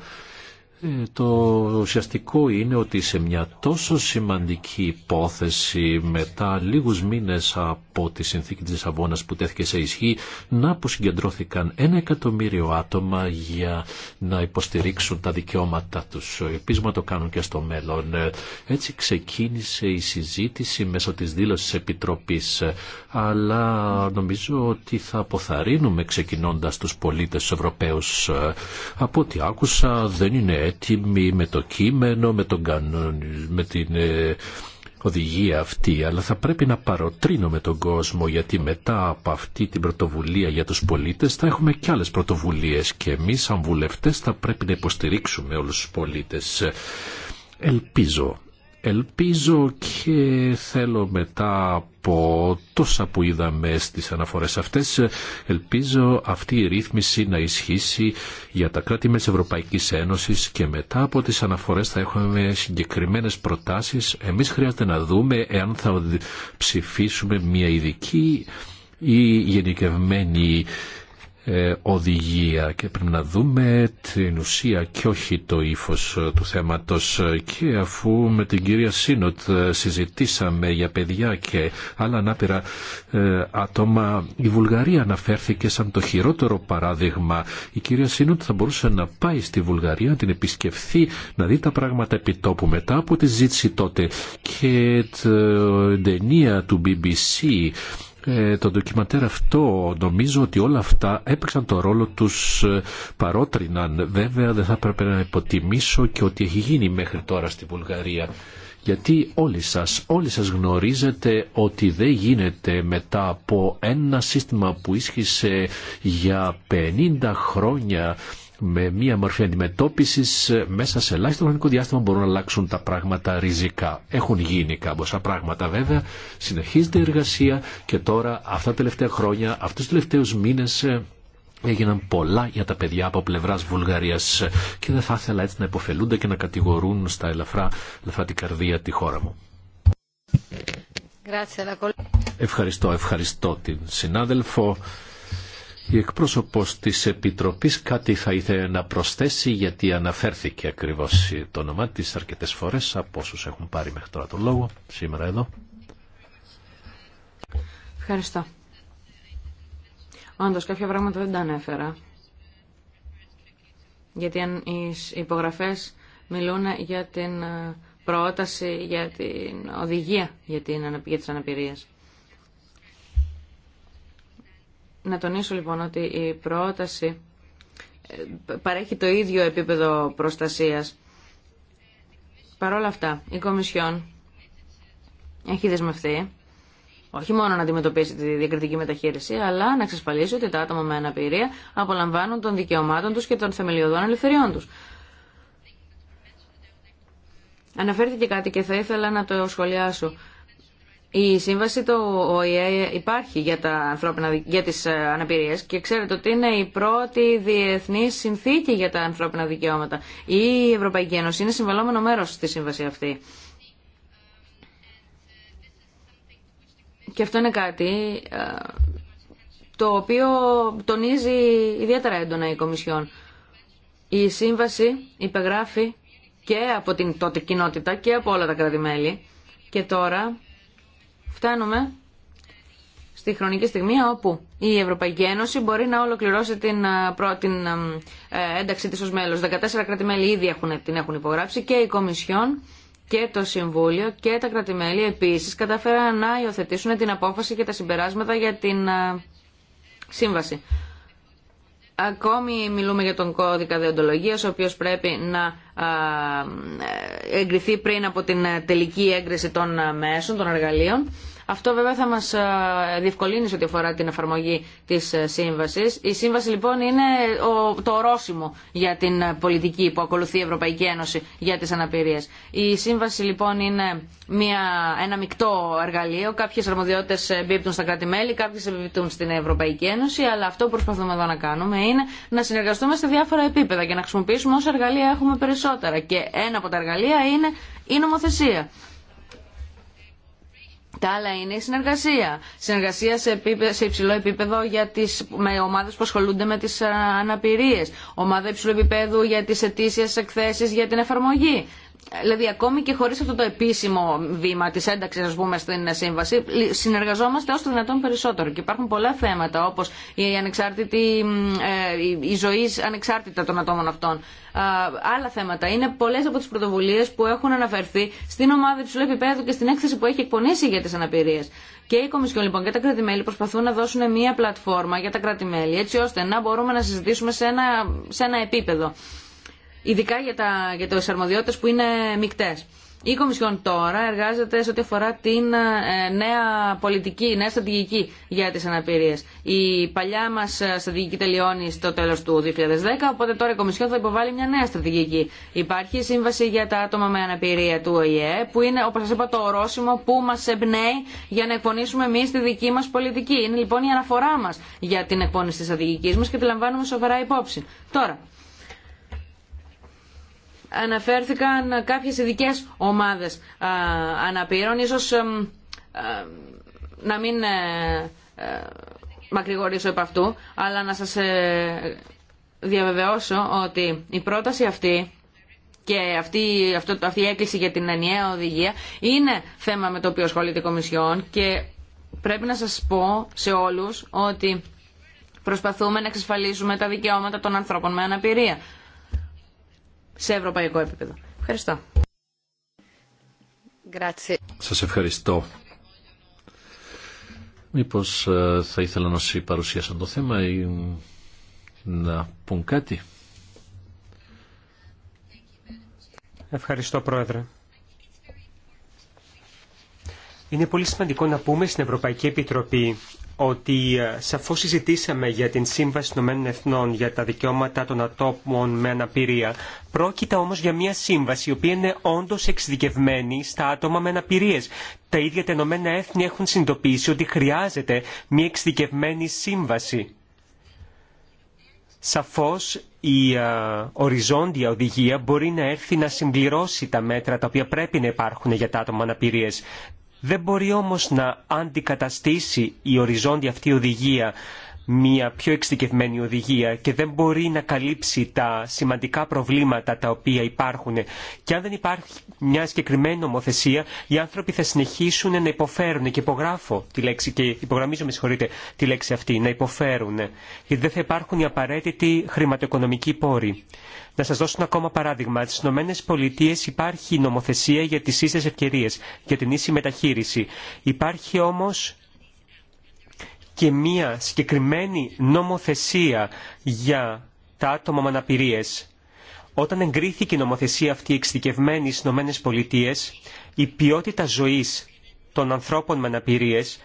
Ε, το ουσιαστικό είναι ότι σε μια τόσο σημαντική υπόθεση μετά λίγους μήνες από τη συνθήκη της Αβώνας που τέθηκε σε ισχύ να συγκεντρώθηκαν ένα εκατομμύριο άτομα για να υποστηρίξουν τα δικαιώματα τους. Επίσης να το κάνουν και στο μέλλον. Έτσι ξεκίνησε η συζήτηση μέσω της δήλωσης Επιτροπής. Αλλά νομίζω ότι θα αποθαρρύνουμε ξεκινώντας τους πολίτες Ευρωπαίους. Από ό,τι άκουσα δεν είναι έτοιμοι με το κείμενο, με, τον κανον, με την ε, οδηγία αυτή, αλλά θα πρέπει να παροτρύνουμε τον κόσμο γιατί μετά από αυτή την πρωτοβουλία για τους πολίτες θα έχουμε και άλλες πρωτοβουλίες και εμείς σαν βουλευτές θα πρέπει να υποστηρίξουμε όλους τους πολίτες. Ελπίζω Ελπίζω και θέλω μετά από τόσα που είδαμε στις αναφορές αυτές, ελπίζω αυτή η ρύθμιση να ισχύσει για τα κράτη μέσα Ευρωπαϊκής Ένωσης και μετά από τις αναφορές θα έχουμε συγκεκριμένες προτάσεις. Εμείς χρειάζεται να δούμε εάν θα ψηφίσουμε μια ειδική ή γενικευμένη ε, οδηγία και πρέπει να δούμε την ουσία και όχι το ύφος ε, του θέματος ε, και αφού με την κυρία Σίνοτ συζητήσαμε για παιδιά και άλλα ανάπηρα άτομα η Βουλγαρία αναφέρθηκε σαν το χειρότερο παράδειγμα η κυρία Σίνοτ θα μπορούσε να πάει στη Βουλγαρία να την επισκεφθεί να δει τα πράγματα επιτόπου μετά από τη ζήτηση τότε και την ταινία του BBC ε, το ντοκιμαντέρ αυτό νομίζω ότι όλα αυτά έπαιξαν το ρόλο τους ε, παρότριναν. Βέβαια δεν θα έπρεπε να υποτιμήσω και ότι έχει γίνει μέχρι τώρα στη Βουλγαρία. Γιατί όλοι σας, όλοι σας γνωρίζετε ότι δεν γίνεται μετά από ένα σύστημα που ίσχυσε για 50 χρόνια με μία μορφή αντιμετώπιση, μέσα σε ελάχιστο χρονικό διάστημα μπορούν να αλλάξουν τα πράγματα ριζικά. Έχουν γίνει κάμποσα πράγματα βέβαια, συνεχίζεται η εργασία και τώρα αυτά τα τελευταία χρόνια, αυτού του τελευταίου μήνες ε, έγιναν πολλά για τα παιδιά από πλευράς Βουλγαρίας και δεν θα ήθελα έτσι να υποφελούνται και να κατηγορούν στα ελαφρά, ελαφρά την καρδία τη χώρα μου. Ευχαριστώ, ευχαριστώ την συνάδελφο. Η εκπρόσωπος της Επιτροπής κάτι θα ήθελε να προσθέσει γιατί αναφέρθηκε ακριβώς το όνομά της αρκετές φορές από όσους έχουν πάρει μέχρι τώρα τον λόγο σήμερα εδώ. Ευχαριστώ. Όντως κάποια πράγματα δεν τα ανέφερα. Γιατί αν οι υπογραφές μιλούν για την ε, πρόταση, για την οδηγία για, την, για τις Να τονίσω λοιπόν ότι η πρόταση ε, παρέχει το ίδιο επίπεδο προστασίας. Παρ' όλα αυτά, η Κομισιόν έχει δεσμευτεί όχι μόνο να αντιμετωπίσει τη διακριτική μεταχείριση, αλλά να εξασφαλίσει ότι τα άτομα με αναπηρία απολαμβάνουν των δικαιωμάτων τους και των θεμελιωδών ελευθεριών τους. Αναφέρθηκε κάτι και θα ήθελα να το σχολιάσω. Η σύμβαση του ΟΗΕ υπάρχει για, τα ανθρώπινα, για τις ε, αναπηρίες και ξέρετε ότι είναι η πρώτη διεθνή συνθήκη για τα ανθρώπινα δικαιώματα. Η Ευρωπαϊκή Ένωση είναι συμβαλόμενο μέρος στη σύμβαση αυτή. Και αυτό είναι κάτι ε, το οποίο τονίζει ιδιαίτερα έντονα η Κομισιόν. Η σύμβαση υπεγράφει και από την τότε κοινότητα και από όλα τα κράτη-μέλη και τώρα φτάνουμε στη χρονική στιγμή όπου η Ευρωπαϊκή Ένωση μπορεί να ολοκληρώσει την, την ε, ένταξή της ως μέλος. 14 κρατημέλη ήδη έχουν, την έχουν υπογράψει και η Κομισιόν και το Συμβούλιο και τα κρατημέλη επίσης κατάφεραν να υιοθετήσουν την απόφαση και τα συμπεράσματα για την σύμβαση. Ακόμη μιλούμε για τον κώδικα διοντολογίας, ο οποίος πρέπει να εγκριθεί πριν από την τελική έγκριση των μέσων, των εργαλείων. Αυτό βέβαια θα μας ε, διευκολύνει σε ό,τι αφορά την εφαρμογή της ε, σύμβασης. Η σύμβαση λοιπόν είναι το ορόσημο για την ε, πολιτική που ακολουθεί η Ευρωπαϊκή Ένωση για τις αναπηρίες. Η σύμβαση λοιπόν είναι μια, ένα μεικτό εργαλείο. Κάποιες αρμοδιότητες εμπίπτουν στα κράτη-μέλη, κάποιες εμπίπτουν στην Ευρωπαϊκή Ένωση, αλλά αυτό που προσπαθούμε εδώ να κάνουμε είναι να συνεργαστούμε σε διάφορα επίπεδα και να χρησιμοποιήσουμε όσα εργαλεία έχουμε περισσότερα. Και ένα από τα εργαλεία είναι η νομοθεσία. Τα άλλα είναι η συνεργασία. Συνεργασία σε, υψηλό επίπεδο για τις, με ομάδες που ασχολούνται με τις ε, αναπηρίες. Ομάδα υψηλού επίπεδου για τις ετήσιες εκθέσεις για την εφαρμογή. Δηλαδή ακόμη και χωρί αυτό το επίσημο βήμα τη ένταξη, α πούμε στην σύμβαση συνεργαζόμαστε όσο το δυνατόν περισσότερο και υπάρχουν πολλά θέματα όπω η, ανεξάρτητη, ε, η ζωή ανεξάρτητα των ατόμων αυτών. Άλλα θέματα. Είναι πολλέ από τι πρωτοβουλίε που έχουν αναφερθεί στην ομάδα του επίπεδου και στην έκθεση που έχει εκπονήσει για τι αναπηρίε. Και η Κομισιόν λοιπόν και τα κρατημέλη προσπαθούν να δώσουν μια πλατφόρμα για τα κρατημέλη, έτσι ώστε να μπορούμε να συζητήσουμε σε ένα, σε ένα επίπεδο ειδικά για, τα, για τους αρμοδιότητες που είναι μικτές. Η Κομισιόν τώρα εργάζεται σε ό,τι αφορά την ε, νέα πολιτική, νέα στρατηγική για τις αναπηρίες. Η παλιά μας ε, στρατηγική τελειώνει στο τέλος του 2010, οπότε τώρα η Κομισιόν θα υποβάλει μια νέα στρατηγική. Υπάρχει Σύμβαση για τα άτομα με αναπηρία του ΟΗΕ, που είναι, όπως σας είπα, το ορόσημο που μας εμπνέει για να εκπονήσουμε εμεί τη δική μας πολιτική. Είναι λοιπόν η αναφορά μας για την εκπόνηση της στρατηγικής μας και τη λαμβάνουμε σοβαρά υπόψη. Τώρα, αναφέρθηκαν κάποιες ειδικέ ομάδες αναπήρων. Ίσως ε, να μην ε, ε, μακρηγορήσω επ' αυτού, αλλά να σας διαβεβαιώσω ότι η πρόταση αυτή και αυτή, αυτό, αυτή η έκκληση για την ενιαία οδηγία είναι θέμα με το οποίο ασχολείται η Κομισιόν και πρέπει να σας πω σε όλους ότι προσπαθούμε να εξασφαλίσουμε τα δικαιώματα των ανθρώπων με αναπηρία σε ευρωπαϊκό επίπεδο. Ευχαριστώ. Σα ευχαριστώ. Μήπως ε, θα ήθελα να σας παρουσίασα το θέμα ή να πούν κάτι. Ευχαριστώ Πρόεδρε. Είναι πολύ σημαντικό να πούμε στην Ευρωπαϊκή Επιτροπή ότι ε, σαφώς συζητήσαμε για την Σύμβαση των Ηνωμένων Εθνών για τα δικαιώματα των ατόμων με αναπηρία. Πρόκειται όμως για μια σύμβαση η οποία είναι όντως εξειδικευμένη στα άτομα με αναπηρίες. Τα ίδια τα Ηνωμένα Έθνη έχουν συνειδητοποιήσει ότι χρειάζεται μια εξειδικευμένη σύμβαση. Σαφώς η ε, οριζόντια οδηγία μπορεί να έρθει να συμπληρώσει τα μέτρα τα οποία πρέπει να υπάρχουν για τα άτομα αναπηρίε. Δεν μπορεί όμως να αντικαταστήσει η οριζόντια αυτή οδηγία μια πιο εξειδικευμένη οδηγία και δεν μπορεί να καλύψει τα σημαντικά προβλήματα τα οποία υπάρχουν. Και αν δεν υπάρχει μια συγκεκριμένη νομοθεσία, οι άνθρωποι θα συνεχίσουν να υποφέρουν. Και υπογράφω τη λέξη, και υπογραμμίζω, με συγχωρείτε, τη λέξη αυτή, να υποφέρουν. Γιατί δεν θα υπάρχουν οι απαραίτητοι χρηματοοικονομικοί πόροι. Να σα δώσω ένα ακόμα παράδειγμα. στι ΗΠΑ Πολιτείες υπάρχει νομοθεσία για τις ίσες ευκαιρίες, για την ίση μεταχείριση. Υπάρχει όμως και μία συγκεκριμένη νομοθεσία για τα άτομα με αναπηρίες. Όταν εγκρίθηκε η νομοθεσία αυτή εξειδικευμένη στι ΗΠΑ, η ποιότητα ζωής των ανθρώπων με αναπηρίες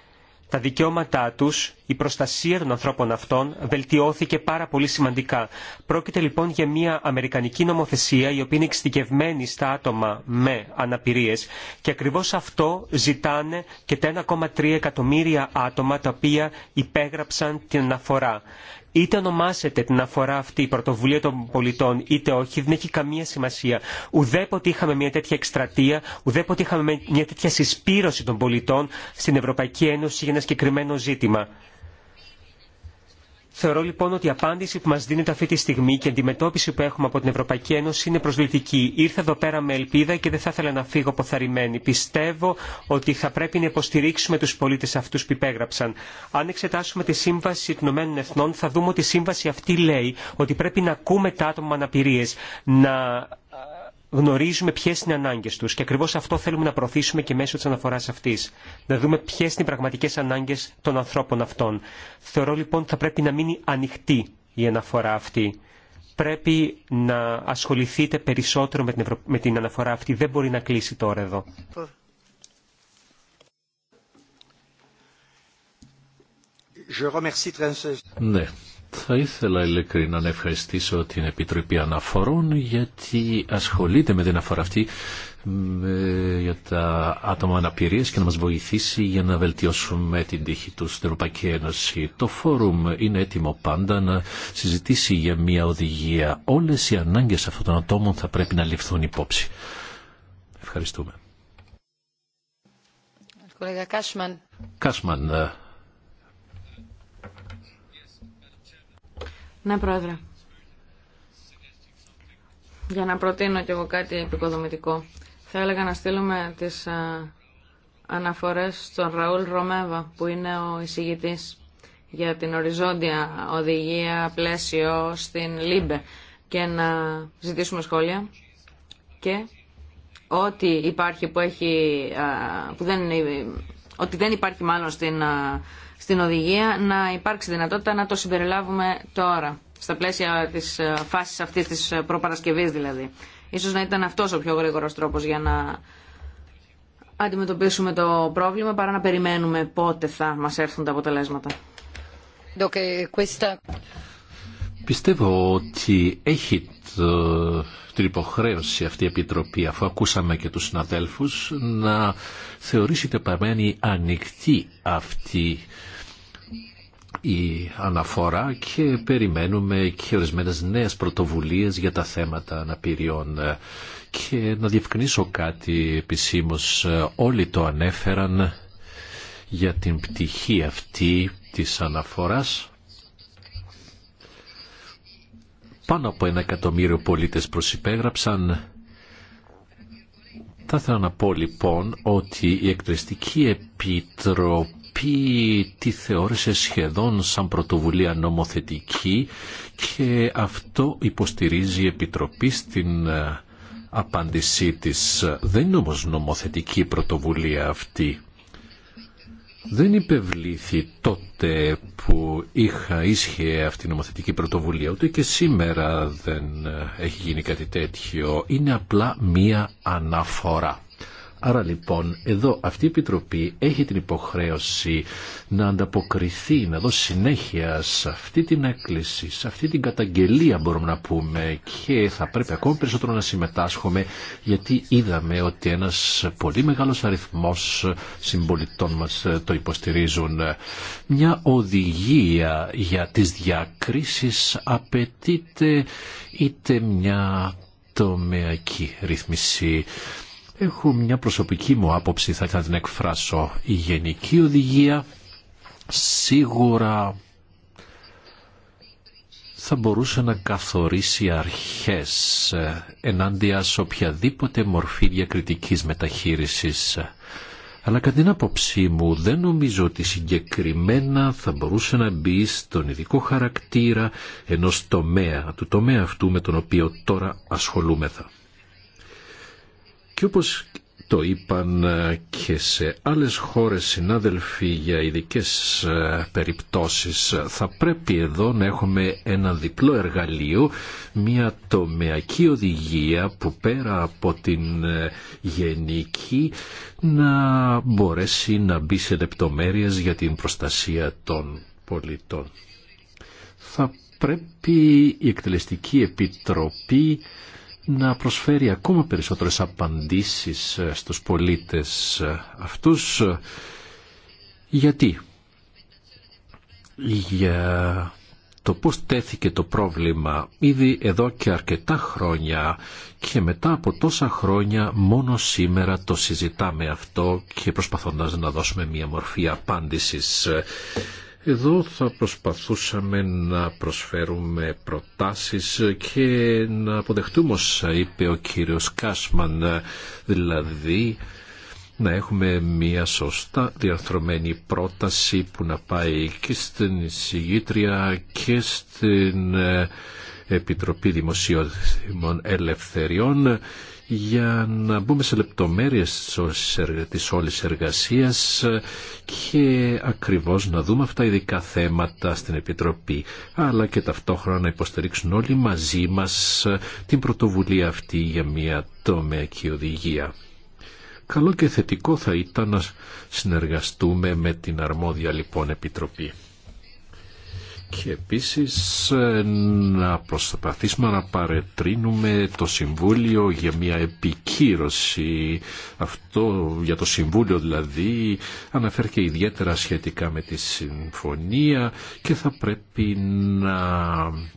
τα δικαιώματά τους, η προστασία των ανθρώπων αυτών βελτιώθηκε πάρα πολύ σημαντικά. Πρόκειται λοιπόν για μια αμερικανική νομοθεσία η οποία είναι εξειδικευμένη στα άτομα με αναπηρίες και ακριβώς αυτό ζητάνε και τα 1,3 εκατομμύρια άτομα τα οποία υπέγραψαν την αναφορά. Είτε ονομάσετε την αφορά αυτή η πρωτοβουλία των πολιτών, είτε όχι, δεν έχει καμία σημασία. Ουδέποτε είχαμε μια τέτοια εκστρατεία, ουδέποτε είχαμε μια τέτοια συσπήρωση των πολιτών στην Ευρωπαϊκή Ένωση για ένα συγκεκριμένο ζήτημα. Θεωρώ λοιπόν ότι η απάντηση που μα δίνεται αυτή τη στιγμή και η αντιμετώπιση που έχουμε από την Ευρωπαϊκή Ένωση είναι προσβλητική. Ήρθα εδώ πέρα με ελπίδα και δεν θα ήθελα να φύγω αποθαρρυμένη. Πιστεύω ότι θα πρέπει να υποστηρίξουμε του πολίτε αυτού που υπέγραψαν. Αν εξετάσουμε τη Σύμβαση των Ηνωμένων Εθνών θα δούμε ότι η Σύμβαση αυτή λέει ότι πρέπει να ακούμε τα άτομα με αναπηρίε, να γνωρίζουμε ποιε είναι οι ανάγκε του. Και ακριβώ αυτό θέλουμε να προωθήσουμε και μέσω τη αναφορά αυτή. Να δούμε ποιε είναι οι πραγματικέ ανάγκε των ανθρώπων αυτών. Θεωρώ λοιπόν ότι θα πρέπει να μείνει ανοιχτή η αναφορά αυτή. Πρέπει να ασχοληθείτε περισσότερο με την, με την αναφορά αυτή. Δεν μπορεί να κλείσει τώρα εδώ. Θα ήθελα ειλικρινά να ευχαριστήσω την Επιτροπή Αναφορών γιατί ασχολείται με την αφορά αυτή για τα άτομα αναπηρίας και να μας βοηθήσει για να βελτιώσουμε την τύχη του στην Ευρωπαϊκή Ένωση. Το φόρουμ είναι έτοιμο πάντα να συζητήσει για μια οδηγία. Όλες οι ανάγκες αυτών των ατόμων θα πρέπει να ληφθούν υπόψη. Ευχαριστούμε. Κάσμαν. Κάσμαν, ε, Ναι, Πρόεδρε. Για να προτείνω κι εγώ κάτι επικοδομητικό. Θα έλεγα να στείλουμε τις αναφορές στον Ραούλ Ρομέβα, που είναι ο εισηγητής για την οριζόντια οδηγία πλαίσιο στην ΛΥΜΠΕ και να ζητήσουμε σχόλια και ό,τι υπάρχει που, έχει, που δεν είναι ότι δεν υπάρχει μάλλον στην, στην οδηγία, να υπάρξει δυνατότητα να το συμπεριλάβουμε τώρα, στα πλαίσια της φάσης αυτής της προπαρασκευής δηλαδή. Ίσως να ήταν αυτός ο πιο γρήγορος τρόπος για να αντιμετωπίσουμε το πρόβλημα, παρά να περιμένουμε πότε θα μας έρθουν τα αποτελέσματα. Ε, Πιστεύω ότι έχει το, ε, την υποχρέωση αυτή η Επιτροπή, αφού ακούσαμε και τους συναδέλφους, να θεωρήσει ότι παραμένει ανοιχτή αυτή η αναφορά και περιμένουμε και ορισμένες νέες πρωτοβουλίες για τα θέματα αναπηριών. Και να διευκρινίσω κάτι επισήμως, όλοι το ανέφεραν για την πτυχή αυτή της αναφοράς Πάνω από ένα εκατομμύριο πολίτες προσυπέγραψαν. Θα ήθελα να πω λοιπόν ότι η Εκτριστική Επιτροπή τη θεώρησε σχεδόν σαν πρωτοβουλία νομοθετική και αυτό υποστηρίζει η Επιτροπή στην ε, απάντησή της. Δεν είναι όμως νομοθετική πρωτοβουλία αυτή δεν υπευλήθη τότε που είχα ίσχυε αυτή η νομοθετική πρωτοβουλία, ούτε και σήμερα δεν ε, έχει γίνει κάτι τέτοιο. Είναι απλά μία αναφορά. Άρα λοιπόν εδώ αυτή η Επιτροπή έχει την υποχρέωση να ανταποκριθεί, να δώσει συνέχεια σε αυτή την έκκληση, σε αυτή την καταγγελία μπορούμε να πούμε και θα πρέπει ακόμη περισσότερο να συμμετάσχουμε γιατί είδαμε ότι ένας πολύ μεγάλος αριθμός συμπολιτών μας ε, το υποστηρίζουν. Μια οδηγία για τις διακρίσεις απαιτείται είτε μια τομεακή ρυθμισή Έχω μια προσωπική μου άποψη, θα ήθελα να την εκφράσω. Η γενική οδηγία σίγουρα θα μπορούσε να καθορίσει αρχές ε, ενάντια σε οποιαδήποτε μορφή διακριτικής μεταχείρισης. Αλλά κατά την άποψή μου δεν νομίζω ότι συγκεκριμένα θα μπορούσε να μπει στον ειδικό χαρακτήρα ενός τομέα, του τομέα αυτού με τον οποίο τώρα ασχολούμεθα. Και όπως το είπαν ε, και σε άλλες χώρες συνάδελφοι για ειδικές ε, περιπτώσεις. Ε, θα πρέπει εδώ να έχουμε ένα διπλό εργαλείο, μια τομεακή οδηγία που πέρα από την γενική να μπορέσει να μπει σε για την προστασία των πολιτών. Θα πρέπει η Εκτελεστική Επιτροπή να προσφέρει ακόμα περισσότερες απαντήσεις ε, στους πολίτες ε, αυτούς. Γιατί? Για το πώς τέθηκε το πρόβλημα ήδη εδώ και αρκετά χρόνια και μετά από τόσα χρόνια μόνο σήμερα το συζητάμε αυτό και προσπαθώντας να δώσουμε μια μορφή απάντησης. Εδώ θα προσπαθούσαμε να προσφέρουμε προτάσεις και να αποδεχτούμε όσα είπε ο κύριος Κάσμαν, δηλαδή να έχουμε μια σωστά διαρθρωμένη πρόταση που να πάει και στην εισηγήτρια και στην ε, Επιτροπή Δημοσίων Ελευθεριών για να μπούμε σε λεπτομέρειες της όλης εργασίας και ακριβώς να δούμε αυτά ειδικά θέματα στην Επιτροπή αλλά και ταυτόχρονα να υποστηρίξουν όλοι μαζί μας την πρωτοβουλία αυτή για μια τομεακή οδηγία. Καλό και θετικό θα ήταν να συνεργαστούμε με την αρμόδια λοιπόν Επιτροπή και επίσης ε, να προσπαθήσουμε να παρετρύνουμε το Συμβούλιο για μια επικύρωση. Αυτό για το Συμβούλιο δηλαδή αναφέρθηκε ιδιαίτερα σχετικά με τη Συμφωνία και θα πρέπει να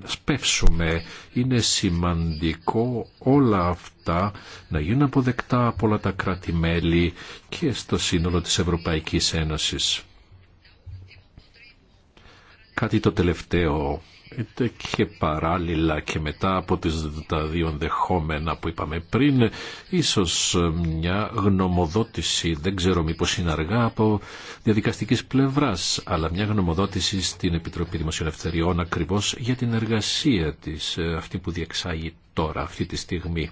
σπεύσουμε. Είναι σημαντικό όλα αυτά να γίνουν αποδεκτά από όλα τα κράτη-μέλη και στο σύνολο της Ευρωπαϊκής Ένωσης. Κάτι το τελευταίο και παράλληλα και μετά από τις, τα δύο δεχόμενα που είπαμε πριν, ίσως μια γνωμοδότηση, δεν ξέρω μήπως είναι αργά από διαδικαστικής πλευράς, αλλά μια γνωμοδότηση στην Επιτροπή Δημοσιονευθεριών ακριβώς για την εργασία της, ε, αυτή που διεξάγει τώρα, αυτή τη στιγμή.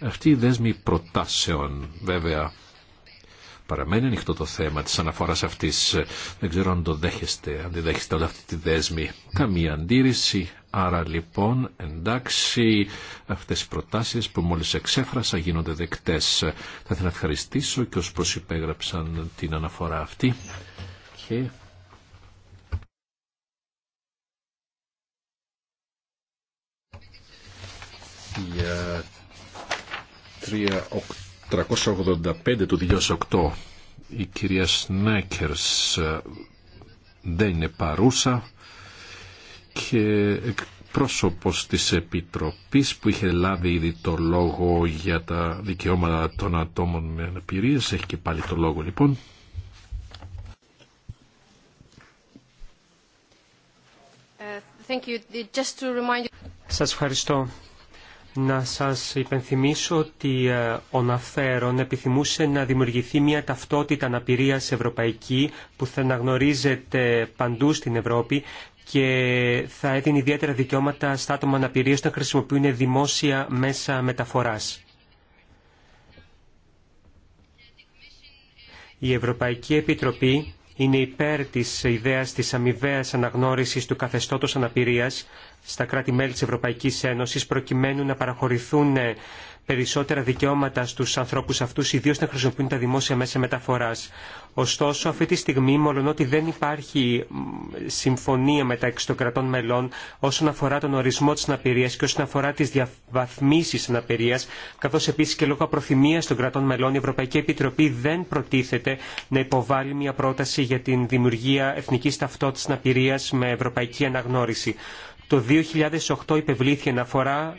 Αυτή η δέσμη προτάσεων βέβαια Παραμένει ανοιχτό το θέμα της αναφοράς αυτής. Δεν ξέρω αν το δέχεστε, αν δεν δέχεστε όλη αυτή τη δέσμη. Καμία αντίρρηση. Άρα λοιπόν εντάξει αυτές οι προτάσεις που μόλις εξέφρασα γίνονται δεκτές. Θα ήθελα να ευχαριστήσω και όσους προσυπέγραψαν την αναφορά αυτή. Και... Για 3, 385 του 2008 η κυρία Σνέκερς ε, δεν είναι παρούσα και πρόσωπος της Επιτροπής που είχε λάβει ήδη το λόγο για τα δικαιώματα των ατόμων με αναπηρίες έχει και πάλι το λόγο λοιπόν. Ε, thank Σας ευχαριστώ. Να σας υπενθυμίσω ότι ε, ο Ναφέρον επιθυμούσε να δημιουργηθεί μια ταυτότητα αναπηρίας ευρωπαϊκή που θα αναγνωρίζεται παντού στην Ευρώπη και θα έδινε ιδιαίτερα δικαιώματα στα άτομα αναπηρίας να χρησιμοποιούν δημόσια μέσα μεταφοράς. Η Ευρωπαϊκή Επιτροπή είναι υπέρ της ιδέας της αμοιβαίας αναγνώρισης του καθεστώτος αναπηρίας στα κράτη-μέλη της Ευρωπαϊκής Ένωσης προκειμένου να παραχωρηθούν ε, περισσότερα δικαιώματα στους ανθρώπους αυτούς, ιδίως να χρησιμοποιούν τα δημόσια μέσα μεταφοράς. Ωστόσο, αυτή τη στιγμή, μόλον ότι δεν υπάρχει συμφωνία μεταξύ των κρατών μελών όσον αφορά τον ορισμό της αναπηρίας και όσον αφορά τις διαβαθμίσεις αναπηρίας, καθώς επίσης και λόγω απροθυμίας των κρατών μελών, η Ευρωπαϊκή Επιτροπή δεν προτίθεται να υποβάλει μια πρόταση για την δημιουργία εθνικής ταυτότητας αναπηρία με ευρωπαϊκή αναγνώριση. Το 2008 υπευλήθη αναφορά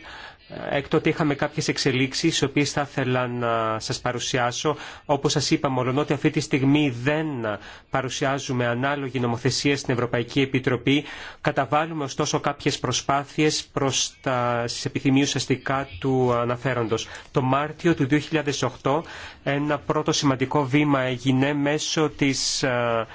Έκτοτε είχαμε κάποιες εξελίξει οι οποίε θα ήθελα να σας παρουσιάσω. Όπως σας είπα, μολονότι αυτή τη στιγμή δεν παρουσιάζουμε ανάλογη νομοθεσία στην Ευρωπαϊκή Επιτροπή, καταβάλουμε ωστόσο κάποιες προσπάθειες προς τα επιθυμίε αστικά του αναφέροντος. Το Μάρτιο του 2008 ένα πρώτο σημαντικό βήμα έγινε μέσω της ε,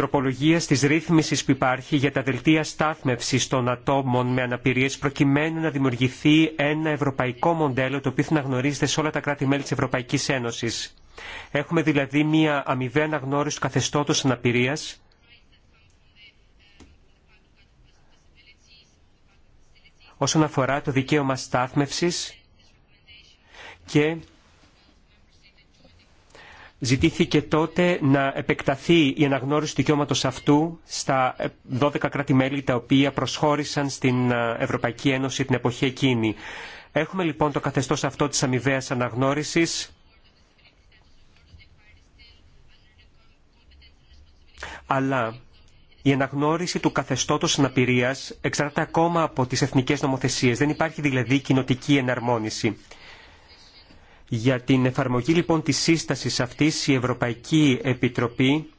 τροπολογία της Ρύθμιση που υπάρχει για τα δελτία στάθμευσης των ατόμων με αναπηρίε προκειμένου να δημιουργηθεί ένα ευρωπαϊκό μοντέλο το οποίο θα αναγνωρίζεται σε όλα τα κράτη-μέλη της Ευρωπαϊκής Ένωσης. Έχουμε δηλαδή μια αμοιβαία αναγνώριση του καθεστώτος αναπηρίας όσον αφορά το δικαίωμα στάθμευσης και Ζητήθηκε τότε να επεκταθεί η αναγνώριση του δικαιώματο αυτού στα 12 κράτη-μέλη τα οποία προσχώρησαν στην ε, Ευρωπαϊκή Ένωση την εποχή εκείνη. Έχουμε λοιπόν το καθεστώς αυτό της αμοιβαία αναγνώρισης αλλά η αναγνώριση του καθεστώτος αναπηρίας εξαρτάται ακόμα από τις εθνικές νομοθεσίες. Δεν υπάρχει δηλαδή κοινοτική εναρμόνιση. Για την εφαρμογή λοιπόν της σύστασης αυτής η Ευρωπαϊκή Επιτροπή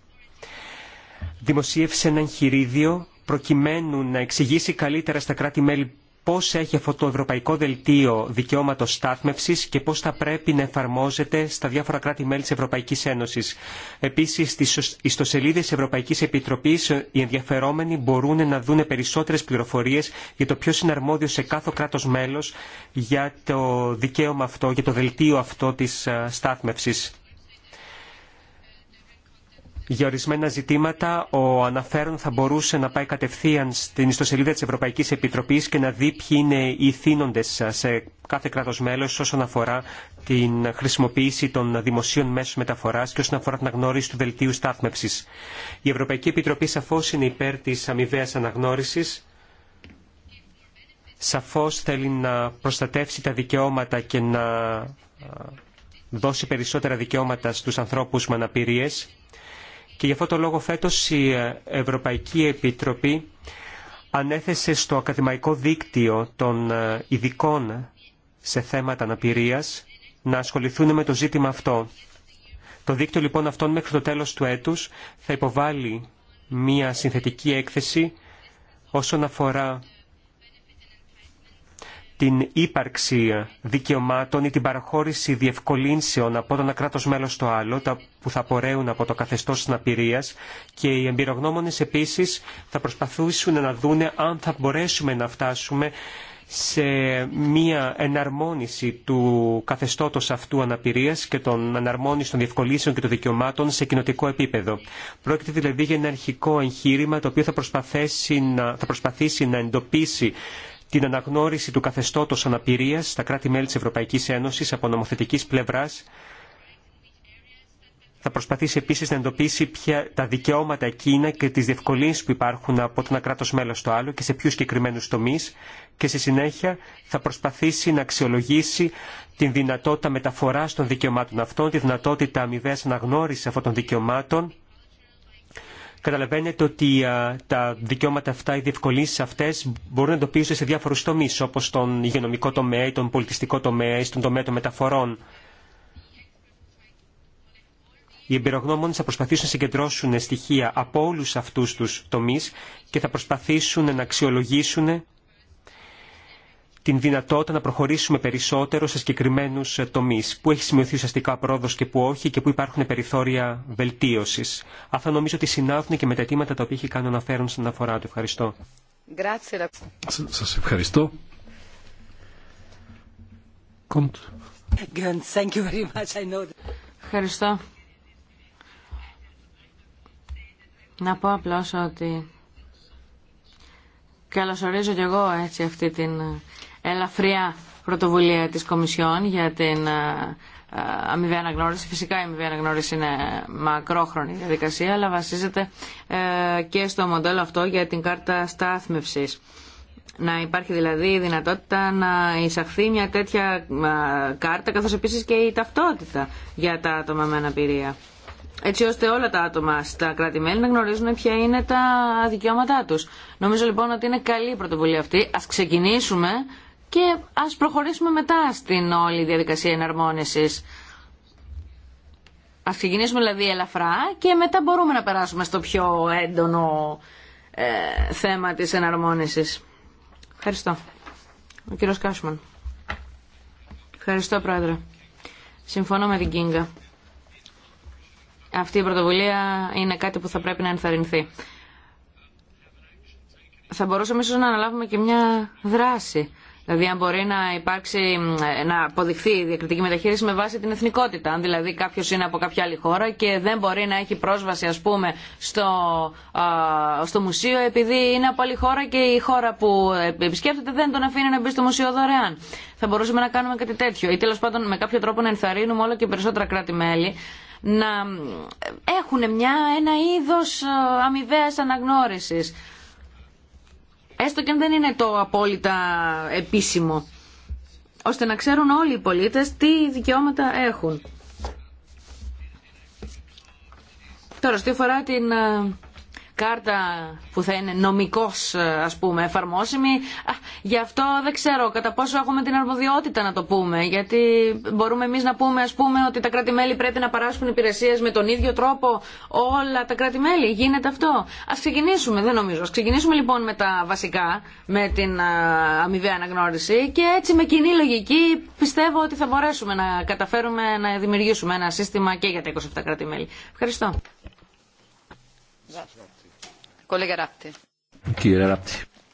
δημοσίευσε ένα εγχειρίδιο προκειμένου να εξηγήσει καλύτερα στα κράτη-μέλη πώς έχει αυτό το Ευρωπαϊκό Δελτίο Δικαιώματος Στάθμευσης και πώς θα πρέπει να εφαρμόζεται στα διάφορα κράτη-μέλη της Ευρωπαϊκής Ένωσης. Επίσης, στις ιστοσελίδες Ευρωπαϊκής Επιτροπής ε, οι ενδιαφερόμενοι μπορούν να δουν περισσότερες πληροφορίες για το ποιο είναι αρμόδιο σε κάθε κράτος μέλος για το δικαίωμα αυτό, για το δελτίο αυτό της ε, στάθμευσης. Για ορισμένα ζητήματα ο αναφέρον θα μπορούσε να πάει κατευθείαν στην ιστοσελίδα της Ευρωπαϊκής Επιτροπής και να δει ποιοι είναι οι θύνοντες σε κάθε κράτος μέλος όσον αφορά την χρησιμοποίηση των δημοσίων μέσων μεταφοράς και όσον αφορά την αγνώριση του δελτίου στάθμευσης. Η Ευρωπαϊκή Επιτροπή σαφώς είναι υπέρ της αμοιβαίας αναγνώρισης σαφώς θέλει να προστατεύσει τα δικαιώματα και να δώσει περισσότερα δικαιώματα στους ανθρώπους με αναπηρίες και γι' αυτό το λόγο φέτος η ε, Ευρωπαϊκή Επιτροπή ανέθεσε στο ακαδημαϊκό δίκτυο των ε, ειδικών σε θέματα αναπηρίας να ασχοληθούν με το ζήτημα αυτό. Το δίκτυο λοιπόν αυτόν μέχρι το τέλος του έτους θα υποβάλει μία συνθετική έκθεση όσον αφορά την ύπαρξη δικαιωμάτων ή την παραχώρηση διευκολύνσεων από το ένα κράτο μέλος στο άλλο, τα που θα απορρέουν από το καθεστώ τη αναπηρία και οι εμπειρογνώμονε επίση θα προσπαθούσουν να δούνε αν θα μπορέσουμε να φτάσουμε σε μία εναρμόνιση του καθεστώτος αυτού αναπηρίας και των εναρμόνιση των διευκολύσεων και των δικαιωμάτων σε κοινοτικό επίπεδο. Πρόκειται δηλαδή για ένα αρχικό εγχείρημα το οποίο θα προσπαθήσει να, θα προσπαθήσει να εντοπίσει την αναγνώριση του καθεστώτος αναπηρίας στα κράτη-μέλη της Ευρωπαϊκής Ένωσης από νομοθετικής πλευράς. Θα προσπαθήσει επίσης να εντοπίσει ποια τα δικαιώματα εκείνα και τις διευκολύνσεις που υπάρχουν από το ένα κράτος μέλος στο άλλο και σε ποιους συγκεκριμένους τομείς και στη συνέχεια θα προσπαθήσει να αξιολογήσει την δυνατότητα μεταφοράς των δικαιωμάτων αυτών, τη δυνατότητα αμοιβαίας αναγνώρισης αυτών των δικαιωμάτων Καταλαβαίνετε ότι ε, τα δικαιώματα αυτά, οι διευκολύνσει αυτέ μπορούν να εντοπίζονται σε διάφορου τομεί, όπω τον υγειονομικό τομέα ή τον πολιτιστικό τομέα ή στον τομέα των μεταφορών. Οι εμπειρογνώμονε θα προσπαθήσουν να συγκεντρώσουν στοιχεία από όλου αυτού του τομεί και θα προσπαθήσουν να αξιολογήσουν την δυνατότητα να προχωρήσουμε περισσότερο σε συγκεκριμένου ε, τομεί, που έχει σημειωθεί ουσιαστικά πρόοδο και που όχι και που υπάρχουν περιθώρια βελτίωση. Αυτά νομίζω ότι συνάδουν και με τα αιτήματα τα οποία έχει κάνει αναφέρον στην αναφορά του. Ευχαριστώ. Σα ευχαριστώ. Ευχαριστώ. Να πω απλώς ότι καλωσορίζω κι εγώ έτσι αυτή την ελαφριά πρωτοβουλία της Κομισιόν για την ε, ε, αμοιβή αναγνώριση. Φυσικά η αμοιβή αναγνώριση είναι μακρόχρονη διαδικασία, αλλά βασίζεται ε, και στο μοντέλο αυτό για την κάρτα στάθμευσης. Να υπάρχει δηλαδή η δυνατότητα να εισαχθεί μια τέτοια κάρτα, καθώς επίσης και η ταυτότητα για τα άτομα με αναπηρία. Έτσι ώστε όλα τα άτομα στα κράτη-μέλη να γνωρίζουν ποια είναι τα δικαιώματά τους. Νομίζω λοιπόν ότι είναι καλή η πρωτοβουλία αυτή. Ας ξεκινήσουμε και ας προχωρήσουμε μετά στην όλη διαδικασία εναρμόνισης. Ας ξεκινήσουμε δηλαδή ελαφρά και μετά μπορούμε να περάσουμε στο πιο έντονο ε, θέμα της εναρμόνισης. Ευχαριστώ. Ο κύριος Κάσμαν. Ευχαριστώ πρόεδρε. Συμφωνώ με την Κίνγκα. Αυτή η πρωτοβουλία είναι κάτι που θα πρέπει να ενθαρρυνθεί. Θα μπορούσαμε ίσως να αναλάβουμε και μια δράση Δηλαδή αν μπορεί να υπάρξει, να αποδειχθεί διακριτική μεταχείριση με βάση την εθνικότητα. Αν δηλαδή κάποιο είναι από κάποια άλλη χώρα και δεν μπορεί να έχει πρόσβαση ας πούμε στο, στο μουσείο επειδή είναι από άλλη χώρα και η χώρα που επισκέπτεται δεν τον αφήνει να μπει στο μουσείο δωρεάν. Θα μπορούσαμε να κάνουμε κάτι τέτοιο ή τέλο πάντων με κάποιο τρόπο να ενθαρρύνουμε όλο και περισσότερα κράτη-μέλη να έχουν μια, ένα είδος αμοιβαίας αναγνώρισης έστω και αν δεν είναι το απόλυτα επίσημο, ώστε να ξέρουν όλοι οι πολίτες τι δικαιώματα έχουν. Τώρα, στη φορά την ε, κάρτα που θα είναι νομικός ας πούμε εφαρμόσιμη γι' αυτό δεν ξέρω κατά πόσο έχουμε την αρμοδιότητα να το πούμε γιατί μπορούμε εμείς να πούμε ας πούμε ότι τα κράτη-μέλη πρέπει να παράσχουν υπηρεσίες με τον ίδιο τρόπο όλα τα κράτη-μέλη γίνεται αυτό ας ξεκινήσουμε δεν νομίζω ας ξεκινήσουμε λοιπόν με τα βασικά με την αμοιβαία αναγνώριση και έτσι με κοινή λογική πιστεύω ότι θα μπορέσουμε να καταφέρουμε να δημιουργήσουμε ένα σύστημα και για τα 27 κράτη-μέλη Ευχαριστώ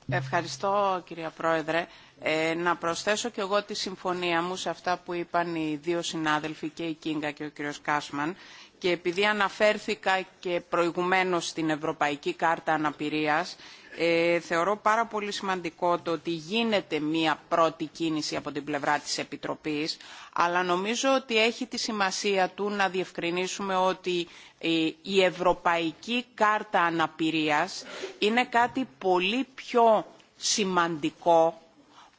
Ευχαριστώ κυρία Πρόεδρε. Ε, να προσθέσω και εγώ τη συμφωνία μου σε αυτά που είπαν οι δύο συνάδελφοι και η Κίνγκα και ο κύριος Κάσμαν και επειδή αναφέρθηκα και προηγουμένως στην Ευρωπαϊκή Κάρτα Αναπηρίας ε, θεωρώ πάρα πολύ σημαντικό το ότι γίνεται μία πρώτη κίνηση από την πλευρά της Επιτροπής, αλλά νομίζω ότι έχει τη σημασία του να διευκρινίσουμε ότι ε, η Ευρωπαϊκή Κάρτα Αναπηρίας είναι κάτι πολύ πιο σημαντικό,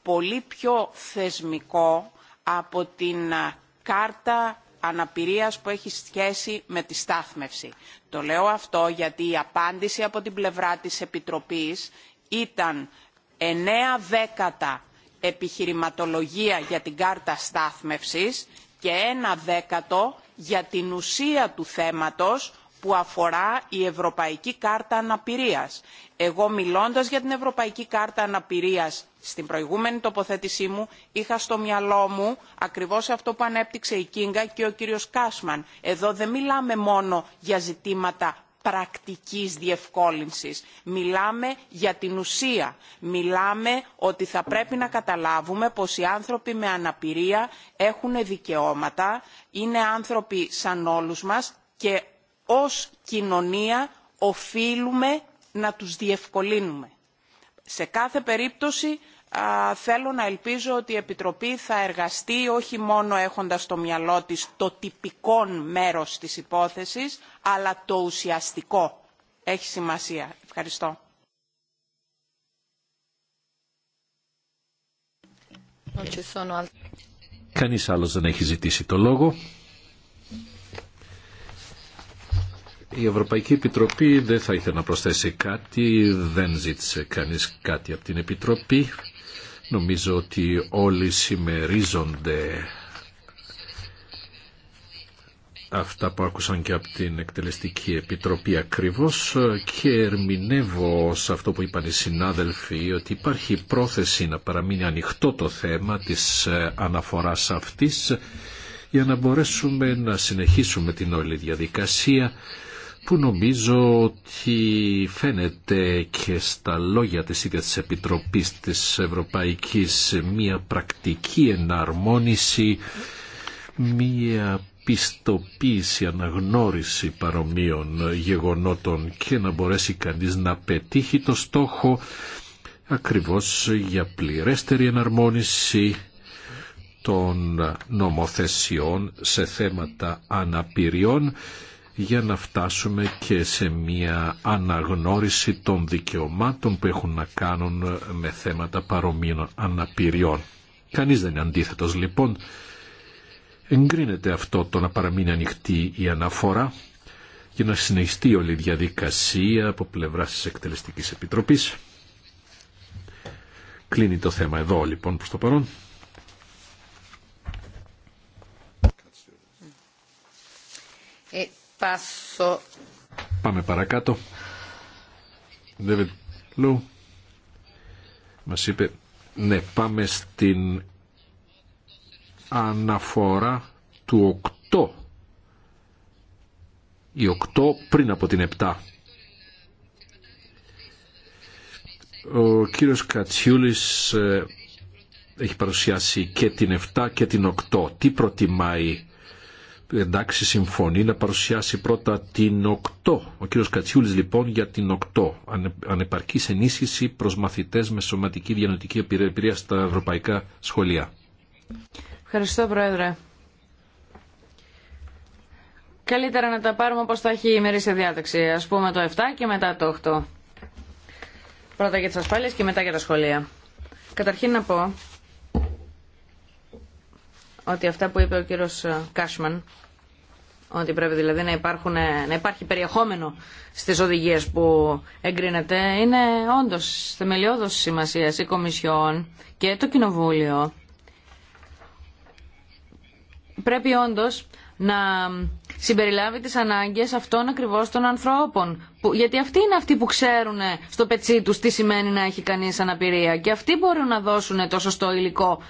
πολύ πιο θεσμικό από την ε, Κάρτα αναπηρίας που έχει σχέση με τη στάθμευση. Το λέω αυτό γιατί η απάντηση από την πλευρά της Επιτροπής ήταν 9 δέκατα επιχειρηματολογία για την κάρτα στάθμευσης και ένα δέκατο για την ουσία του θέματος που αφορά η Ευρωπαϊκή Κάρτα Αναπηρίας. Εγώ μιλώντας για την Ευρωπαϊκή Κάρτα Αναπηρίας στην προηγούμενη τοποθέτησή μου είχα στο μυαλό μου ακριβώς αυτό που ανέπτυξε η Κίνγκα και ο κύριος Κάσμαν. Εδώ δεν μιλάμε μόνο για ζητήματα πρακτικής διευκόλυνσης. Μιλάμε για την ουσία. Μιλάμε ότι θα πρέπει να καταλάβουμε πως οι άνθρωποι με αναπηρία έχουν δικαιώματα, είναι άνθρωποι σαν όλους μας και ως κοινωνία οφείλουμε να τους διευκολύνουμε. Σε κάθε περίπτωση θέλω να ελπίζω ότι η Επιτροπή θα εργαστεί όχι μόνο έχοντας στο μυαλό της το τυπικό μέρος της υπόθεσης, αλλά το ουσιαστικό. Έχει σημασία. Ευχαριστώ. Κανείς άλλος δεν έχει ζητήσει το λόγο. Η Ευρωπαϊκή Επιτροπή δεν θα ήθελε να προσθέσει κάτι, δεν ζήτησε κανείς κάτι από την Επιτροπή. Νομίζω ότι όλοι συμμερίζονται αυτά που άκουσαν και από την Εκτελεστική Επιτροπή ακριβώς και ερμηνεύω σε αυτό που είπαν οι συνάδελφοι ότι υπάρχει πρόθεση να παραμείνει ανοιχτό το θέμα της ε, αναφοράς αυτής για να μπορέσουμε να συνεχίσουμε την όλη διαδικασία που νομίζω ότι φαίνεται και στα λόγια της ίδιας της Επιτροπής της Ευρωπαϊκής μια πρακτική εναρμόνιση, μια πιστοποίηση, αναγνώριση παρομοίων γεγονότων και να μπορέσει κανείς να πετύχει το στόχο ακριβώς για πληρέστερη εναρμόνιση των νομοθεσιών σε θέματα αναπηριών για να φτάσουμε και σε μια αναγνώριση των δικαιωμάτων που έχουν να κάνουν με θέματα παρομοίων αναπηριών. Κανείς δεν είναι αντίθετος λοιπόν. Εγκρίνεται αυτό το να παραμείνει ανοιχτή η αναφορά και να συνεχιστεί όλη η διαδικασία από πλευρά της Εκτελεστικής Επιτροπής. Κλείνει το θέμα εδώ λοιπόν προς το παρόν. Πάμε παρακάτω. David Λου μας είπε ναι πάμε στην αναφορά του 8 η 8 πριν από την 7 ο κύριος Κατσιούλης ε, έχει παρουσιάσει και την 7 και την 8 τι προτιμάει εντάξει συμφωνεί να παρουσιάσει πρώτα την 8. Ο κύριος Κατσιούλης λοιπόν για την 8. Ανεπαρκής ενίσχυση προ μαθητέ με σωματική διανοητική επιρρεπηρία στα ευρωπαϊκά σχολεία. Ευχαριστώ Πρόεδρε. Καλύτερα να τα πάρουμε όπω θα έχει η ημερήσια διάταξη. Α πούμε το 7 και μετά το 8. Πρώτα για τι ασφάλειε και μετά για τα σχολεία. Καταρχήν να πω ότι αυτά που είπε ο κύριος ε, Κάσμαν, ότι πρέπει δηλαδή να, υπάρχουν, ε, να υπάρχει περιεχόμενο στις οδηγίες που εγκρίνεται, είναι όντως θεμελιώδος σημασίας η Κομισιόν και το Κοινοβούλιο. Πρέπει όντως να συμπεριλάβει τις ανάγκες αυτών ακριβώς των ανθρώπων. γιατί αυτοί είναι αυτοί που ξέρουν ε, στο πετσί τους τι σημαίνει να έχει κανείς αναπηρία και αυτοί μπορούν να δώσουν το σωστό υλικό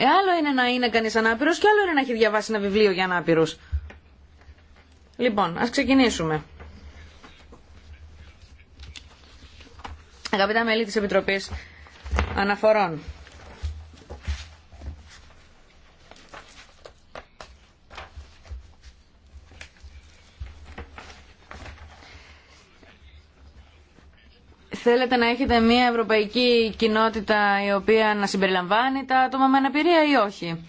ε, άλλο είναι να είναι κανεί ανάπηρο και άλλο είναι να έχει διαβάσει ένα βιβλίο για ανάπηρου. Λοιπόν, ας ξεκινήσουμε. Αγαπητά μέλη της Επιτροπής Αναφορών, Θέλετε να έχετε μια ευρωπαϊκή κοινότητα η οποία να συμπεριλαμβάνει τα άτομα με αναπηρία ή όχι.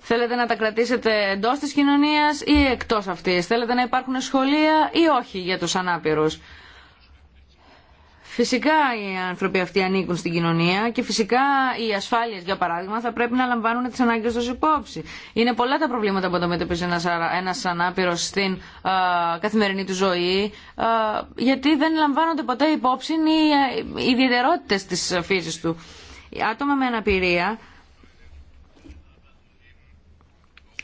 Θέλετε να τα κρατήσετε εντό τη κοινωνία ή εκτό αυτή. Θέλετε να υπάρχουν σχολεία ή όχι για του ανάπηρου. Φυσικά οι άνθρωποι αυτοί ανήκουν στην κοινωνία και φυσικά οι ασφάλειες, για παράδειγμα, θα πρέπει να λαμβάνουν τι ανάγκε του υπόψη. Είναι πολλά τα προβλήματα που αντιμετωπίζει ένα ανάπηρο στην καθημερινή του ζωή, γιατί δεν λαμβάνονται ποτέ υπόψη οι, οι ιδιαιτερότητε τη φύση του. Οι άτομα με αναπηρία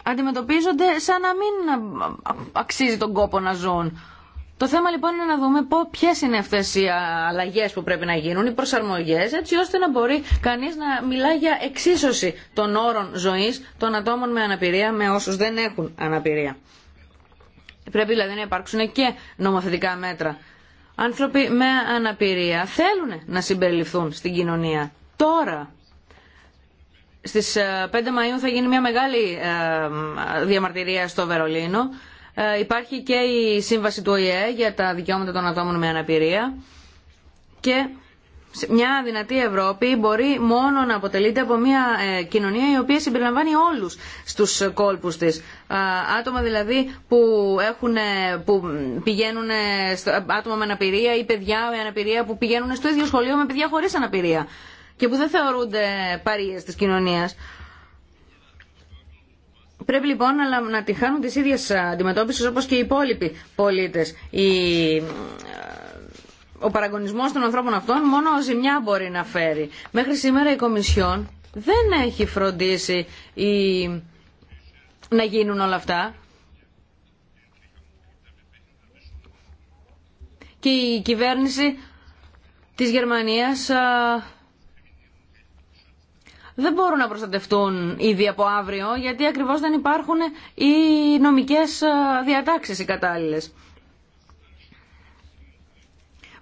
αντιμετωπίζονται σαν να μην αξίζει τον κόπο να ζουν. Το θέμα λοιπόν είναι να δούμε ποιε είναι αυτέ οι αλλαγέ που πρέπει να γίνουν, οι προσαρμογέ, έτσι ώστε να μπορεί κανεί να μιλά για εξίσωση των όρων ζωή των ατόμων με αναπηρία με όσου δεν έχουν αναπηρία. Πρέπει δηλαδή να υπάρξουν και νομοθετικά μέτρα. Άνθρωποι με αναπηρία θέλουν να συμπεριληφθούν στην κοινωνία. Τώρα, στις 5 ε, Μαΐου θα γίνει μια μεγάλη ε, διαμαρτυρία στο Βερολίνο ε, υπάρχει και η σύμβαση του ΟΗΕ για τα δικαιώματα των ατόμων με αναπηρία και μια δυνατή Ευρώπη μπορεί μόνο να αποτελείται από μια ε, κοινωνία η οποία συμπεριλαμβάνει όλους στους κόλπους της. Άτομα δηλαδή που, έχουν, ε, που πηγαίνουν, άτομα με αναπηρία ή παιδιά με αναπηρία που πηγαίνουν στο ίδιο σχολείο με παιδιά χωρίς αναπηρία και που δεν θεωρούνται παρείες της κοινωνίας. Πρέπει λοιπόν να τη χάνουν τις ίδιες αντιμετώπισης όπως και οι υπόλοιποι πολίτες. Η... Ε, ο παραγωνισμός των ανθρώπων αυτών μόνο ζημιά μπορεί να φέρει. Μέχρι σήμερα η Κομισιόν δεν έχει φροντίσει η... να γίνουν όλα αυτά. Και η κυβέρνηση της Γερμανίας δεν μπορούν να προστατευτούν ήδη από αύριο γιατί ακριβώς δεν υπάρχουν οι νομικές ε, διατάξεις οι κατάλληλες.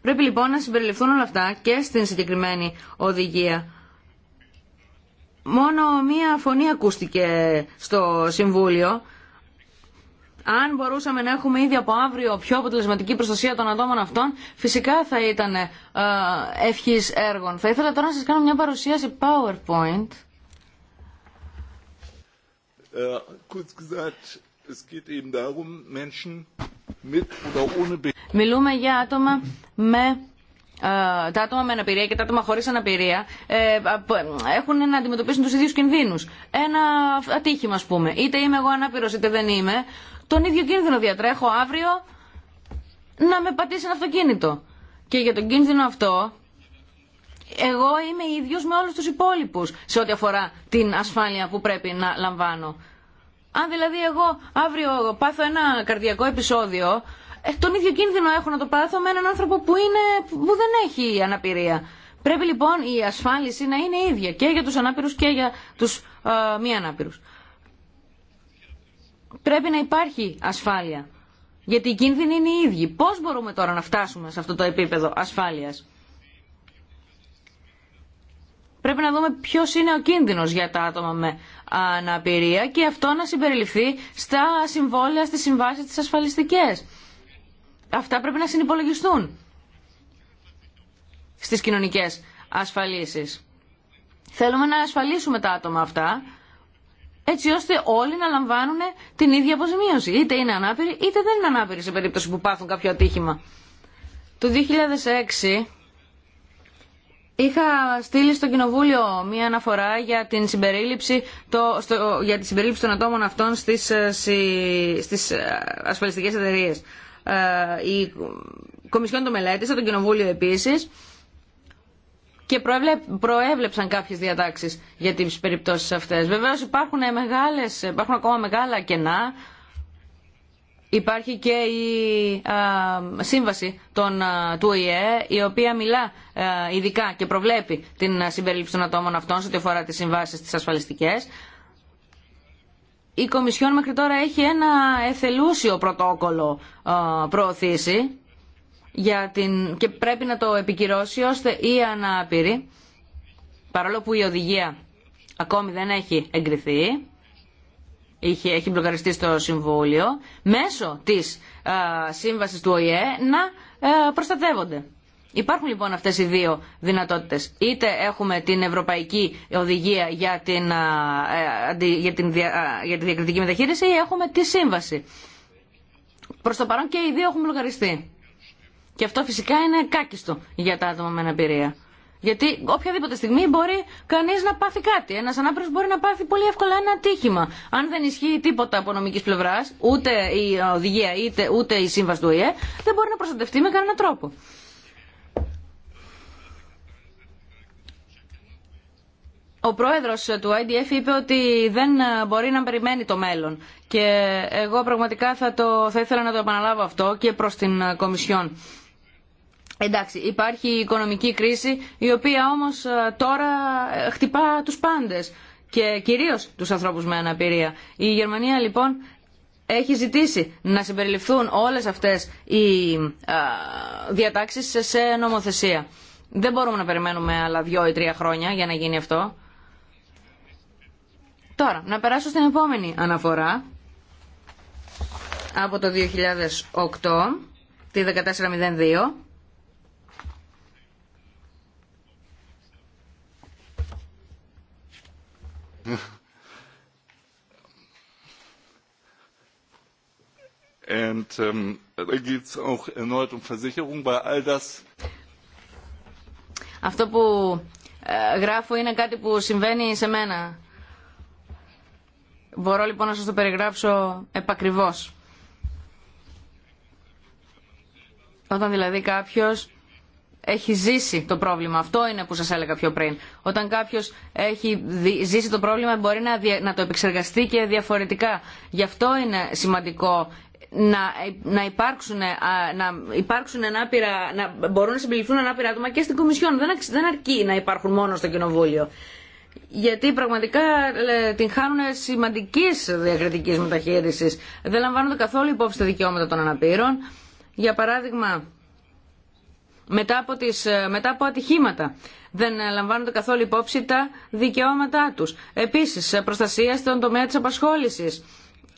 Πρέπει λοιπόν να συμπεριληφθούν όλα αυτά και στην συγκεκριμένη οδηγία. Μόνο μία φωνή ακούστηκε στο Συμβούλιο αν μπορούσαμε να έχουμε ήδη από αύριο πιο αποτελεσματική προστασία των ατόμων αυτών, φυσικά θα ήταν ευχή ευχής έργων. Θα ήθελα τώρα να σας κάνω μια παρουσίαση PowerPoint. Μιλούμε για άτομα με ε, τα άτομα με αναπηρία και τα άτομα χωρίς αναπηρία ε, έχουν να αντιμετωπίσουν τους ίδιους κινδύνους. Ένα ατύχημα, ας πούμε. Είτε είμαι εγώ ανάπηρος, είτε δεν είμαι τον ίδιο κίνδυνο διατρέχω αύριο να με πατήσει ένα αυτοκίνητο. Και για τον κίνδυνο αυτό, εγώ είμαι ίδιος με όλους τους υπόλοιπους σε ό,τι αφορά την ασφάλεια που πρέπει να λαμβάνω. Αν δηλαδή εγώ αύριο πάθω ένα καρδιακό επεισόδιο, ε, τον ίδιο κίνδυνο έχω να το πάθω με έναν άνθρωπο που, είναι, που δεν έχει αναπηρία. Πρέπει λοιπόν η ασφάλιση να είναι ίδια και για τους ανάπηρους και για τους ε, μη ανάπηρους πρέπει να υπάρχει ασφάλεια. Γιατί οι κίνδυνοι είναι οι ίδιοι. Πώς μπορούμε τώρα να φτάσουμε σε αυτό το επίπεδο ασφάλειας. Πρέπει να δούμε ποιο είναι ο κίνδυνο για τα άτομα με αναπηρία και αυτό να συμπεριληφθεί στα συμβόλαια, στι συμβάσει, τι ασφαλιστικέ. Αυτά πρέπει να συνυπολογιστούν στι κοινωνικέ ασφαλίσει. Θέλουμε να ασφαλίσουμε τα άτομα αυτά έτσι ώστε όλοι να λαμβάνουν την ίδια αποζημίωση. Είτε είναι ανάπηροι είτε δεν είναι ανάπηροι σε περίπτωση που πάθουν κάποιο ατύχημα. Το 2006 είχα στείλει στο Κοινοβούλιο μία αναφορά για την συμπερίληψη, το, για τη συμπερίληψη των ατόμων αυτών στις, ε, στις ε, ασφαλιστικές εταιρείες. Ε, η Κομισιόν το μελέτησε, το Κοινοβούλιο επίσης και προέβλεψαν κάποιες διατάξεις για τις περιπτώσεις αυτές. Βεβαίω, υπάρχουν, υπάρχουν ακόμα μεγάλα κενά. Υπάρχει και η σύμβαση του ΟΗΕ η οποία μιλά α, ειδικά και προβλέπει την συμπερίληψη των ατόμων αυτών σε ό,τι αφορά τις συμβάσεις τις ασφαλιστικές. Η Κομισιόν μέχρι τώρα έχει ένα εθελούσιο πρωτόκολλο προωθήσει για την... και πρέπει να το επικυρώσει ώστε η ανάπηροι, παρόλο που η οδηγία ακόμη δεν έχει εγκριθεί, είχε, έχει μπλοκαριστεί στο Συμβούλιο, μέσω της σύμβασης του ΟΗΕ να α, ε, προστατεύονται. Υπάρχουν λοιπόν αυτές οι δύο δυνατότητες. Είτε έχουμε την Ευρωπαϊκή Οδηγία για, την, ε, για, την, για τη διακριτική μεταχείριση ή έχουμε τη σύμβαση. Προς το παρόν και οι δύο έχουν μπλοκαριστεί. Και αυτό φυσικά είναι κάκιστο για τα άτομα με αναπηρία. Γιατί οποιαδήποτε στιγμή μπορεί κανεί να πάθει κάτι. Ένα ανάπηρο μπορεί να πάθει πολύ εύκολα ένα ατύχημα. Αν δεν ισχύει τίποτα από νομική πλευρά, ούτε η οδηγία είτε, ούτε η σύμβαση του ΟΗΕ, δεν μπορεί να προστατευτεί με κανέναν τρόπο. Ο πρόεδρο του IDF είπε ότι δεν μπορεί να περιμένει το μέλλον. Και εγώ πραγματικά θα, το, θα ήθελα να το επαναλάβω αυτό και προ την Κομισιόν Εντάξει, υπάρχει η οικονομική κρίση η οποία όμως ε, τώρα ε, χτυπά τους πάντες και κυρίως τους ανθρώπους με αναπηρία. Η Γερμανία λοιπόν έχει ζητήσει να συμπεριληφθούν όλες αυτές οι ε, διατάξεις σε νομοθεσία. Δεν μπορούμε να περιμένουμε άλλα δύο ή τρία χρόνια για να γίνει αυτό. Τώρα, να περάσω στην επόμενη αναφορά από το 2008, τη 1402 Αυτό που ε, γράφω είναι κάτι που συμβαίνει σε μένα. Μπορώ λοιπόν να σας το περιγράψω επακριβώς. Όταν δηλαδή κάποιος έχει ζήσει το πρόβλημα. Αυτό είναι που σας έλεγα πιο πριν. Όταν κάποιος έχει ζήσει το πρόβλημα μπορεί να το επεξεργαστεί και διαφορετικά. Γι' αυτό είναι σημαντικό να υπάρξουν, να υπάρξουν ανάπηρα, να μπορούν να συμπληρωθούν ανάπηρα άτομα και στην Κομισιόν. Δεν αρκεί να υπάρχουν μόνο στο Κοινοβούλιο. Γιατί πραγματικά την χάνουν σημαντική διακριτική μεταχείριση. Δεν λαμβάνονται καθόλου υπόψη τα δικαιώματα των αναπήρων. Για παράδειγμα, μετά από, τις, ε, μετά από ατυχήματα. Δεν ε, λαμβάνονται καθόλου υπόψη τα δικαιώματά τους. Επίσης, ε, προστασία στον τομέα της απασχόλησης.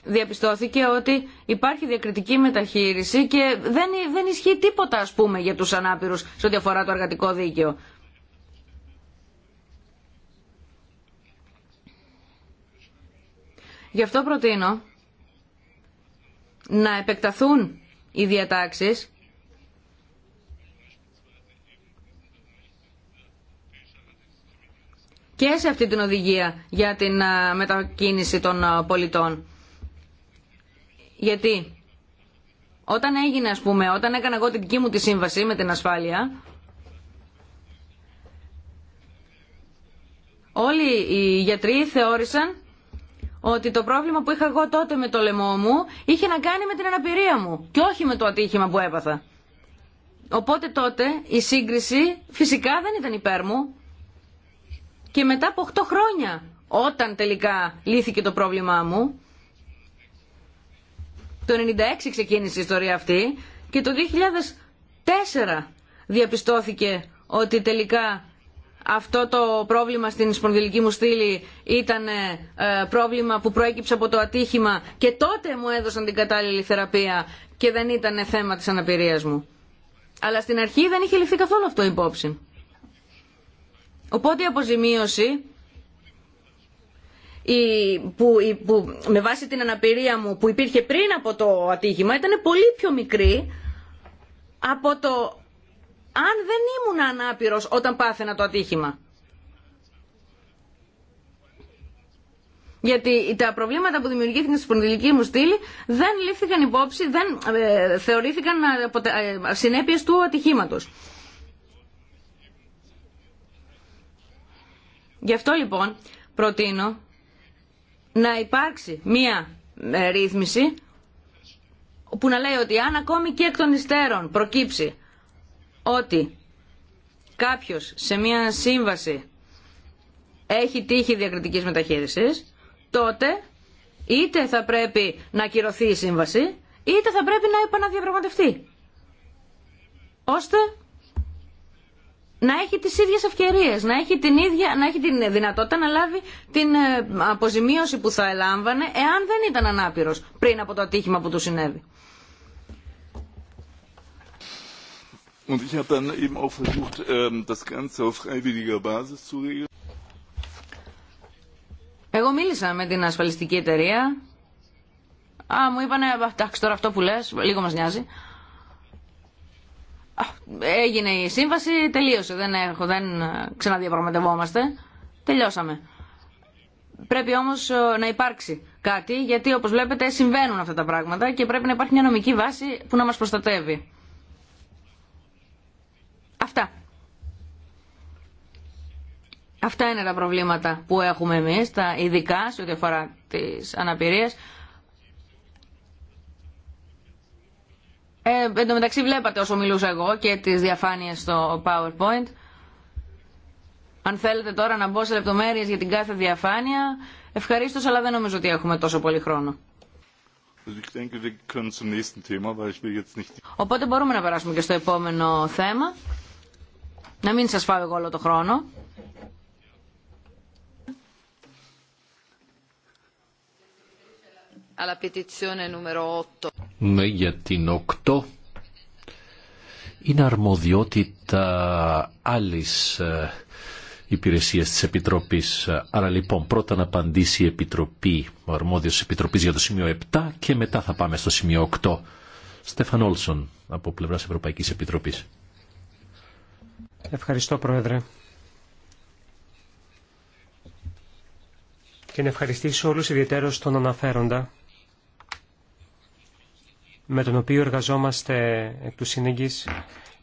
Διαπιστώθηκε ότι υπάρχει διακριτική μεταχείριση και δεν, δεν ισχύει τίποτα, ας πούμε, για τους ανάπηρους σε ό,τι αφορά το εργατικό δίκαιο. Γι' αυτό προτείνω να επεκταθούν οι διατάξεις και σε αυτή την οδηγία για την μετακίνηση των πολιτών. Γιατί όταν έγινε, ας πούμε, όταν έκανα εγώ την δική μου τη σύμβαση με την ασφάλεια, όλοι οι γιατροί θεώρησαν ότι το πρόβλημα που είχα εγώ τότε με το λαιμό μου είχε να κάνει με την αναπηρία μου και όχι με το ατύχημα που έπαθα. Οπότε τότε η σύγκριση φυσικά δεν ήταν υπέρ μου, και μετά από 8 χρόνια, όταν τελικά λύθηκε το πρόβλημά μου, το 96 ξεκίνησε η ιστορία αυτή και το 2004 διαπιστώθηκε ότι τελικά αυτό το πρόβλημα στην σπονδυλική μου στήλη ήταν ε, πρόβλημα που προέκυψε από το ατύχημα και τότε μου έδωσαν την κατάλληλη θεραπεία και δεν ήταν θέμα της αναπηρίας μου. Αλλά στην αρχή δεν είχε ληφθεί καθόλου αυτό υπόψη. Οπότε η αποζημίωση που, που, με βάση την αναπηρία μου που υπήρχε πριν από το ατύχημα ήταν πολύ πιο μικρή από το αν δεν ήμουν ανάπηρος όταν πάθαινα το ατύχημα. Γιατί τα προβλήματα που δημιουργήθηκαν στη σπονδυλική μου στήλη δεν λήφθηκαν υπόψη, δεν ε, θεωρήθηκαν ε, ε, συνέπειες του ατυχήματος. Γι' αυτό λοιπόν προτείνω να υπάρξει μία ε, ρύθμιση που να λέει ότι αν ακόμη και εκ των υστέρων προκύψει ότι κάποιος σε μία σύμβαση έχει τύχη διακριτικής μεταχείρισης, τότε είτε θα πρέπει να ακυρωθεί η σύμβαση, είτε θα πρέπει να επαναδιαπραγματευτεί. Ώστε να έχει τις ίδιες ευκαιρίες, να έχει την, ίδια, να έχει την δυνατότητα να λάβει την ε, αποζημίωση που θα ελάμβανε εάν δεν ήταν ανάπηρος πριν από το ατύχημα που του συνέβη. Εγώ μίλησα με την ασφαλιστική εταιρεία. Α, μου είπανε, εντάξει τώρα αυτό που λες, λίγο μας νοιάζει έγινε η σύμβαση, τελείωσε, δεν, έχω, δεν ε, ξαναδιαπραγματευόμαστε, τελειώσαμε. Πρέπει όμως ε, να υπάρξει κάτι, γιατί όπως βλέπετε συμβαίνουν αυτά τα πράγματα και πρέπει να υπάρχει μια νομική βάση που να μας προστατεύει. Αυτά. Αυτά είναι τα προβλήματα που έχουμε εμείς, τα ειδικά σε ό,τι αφορά τις αναπηρίες. Ε, εν τω μεταξύ βλέπατε όσο μιλούσα εγώ και τις διαφάνειες στο PowerPoint. Αν θέλετε τώρα να μπω σε λεπτομέρειες για την κάθε διαφάνεια, ευχαριστώ αλλά δεν νομίζω ότι έχουμε τόσο πολύ χρόνο. Οπότε μπορούμε να περάσουμε και στο επόμενο θέμα. Να μην σας φάω εγώ όλο το χρόνο. alla ναι, Για την 8 είναι αρμοδιότητα άλλης ε, υπηρεσίας της Επιτροπής. Άρα λοιπόν πρώτα να απαντήσει η Επιτροπή, ο αρμόδιος της Επιτροπής για το σημείο 7 και μετά θα πάμε στο σημείο 8. Στέφαν Όλσον από πλευράς Ευρωπαϊκής Επιτροπής. Ευχαριστώ Πρόεδρε. Και να ευχαριστήσω όλους ιδιαίτερως τον αναφέροντα με τον οποίο εργαζόμαστε εκ του συνήγης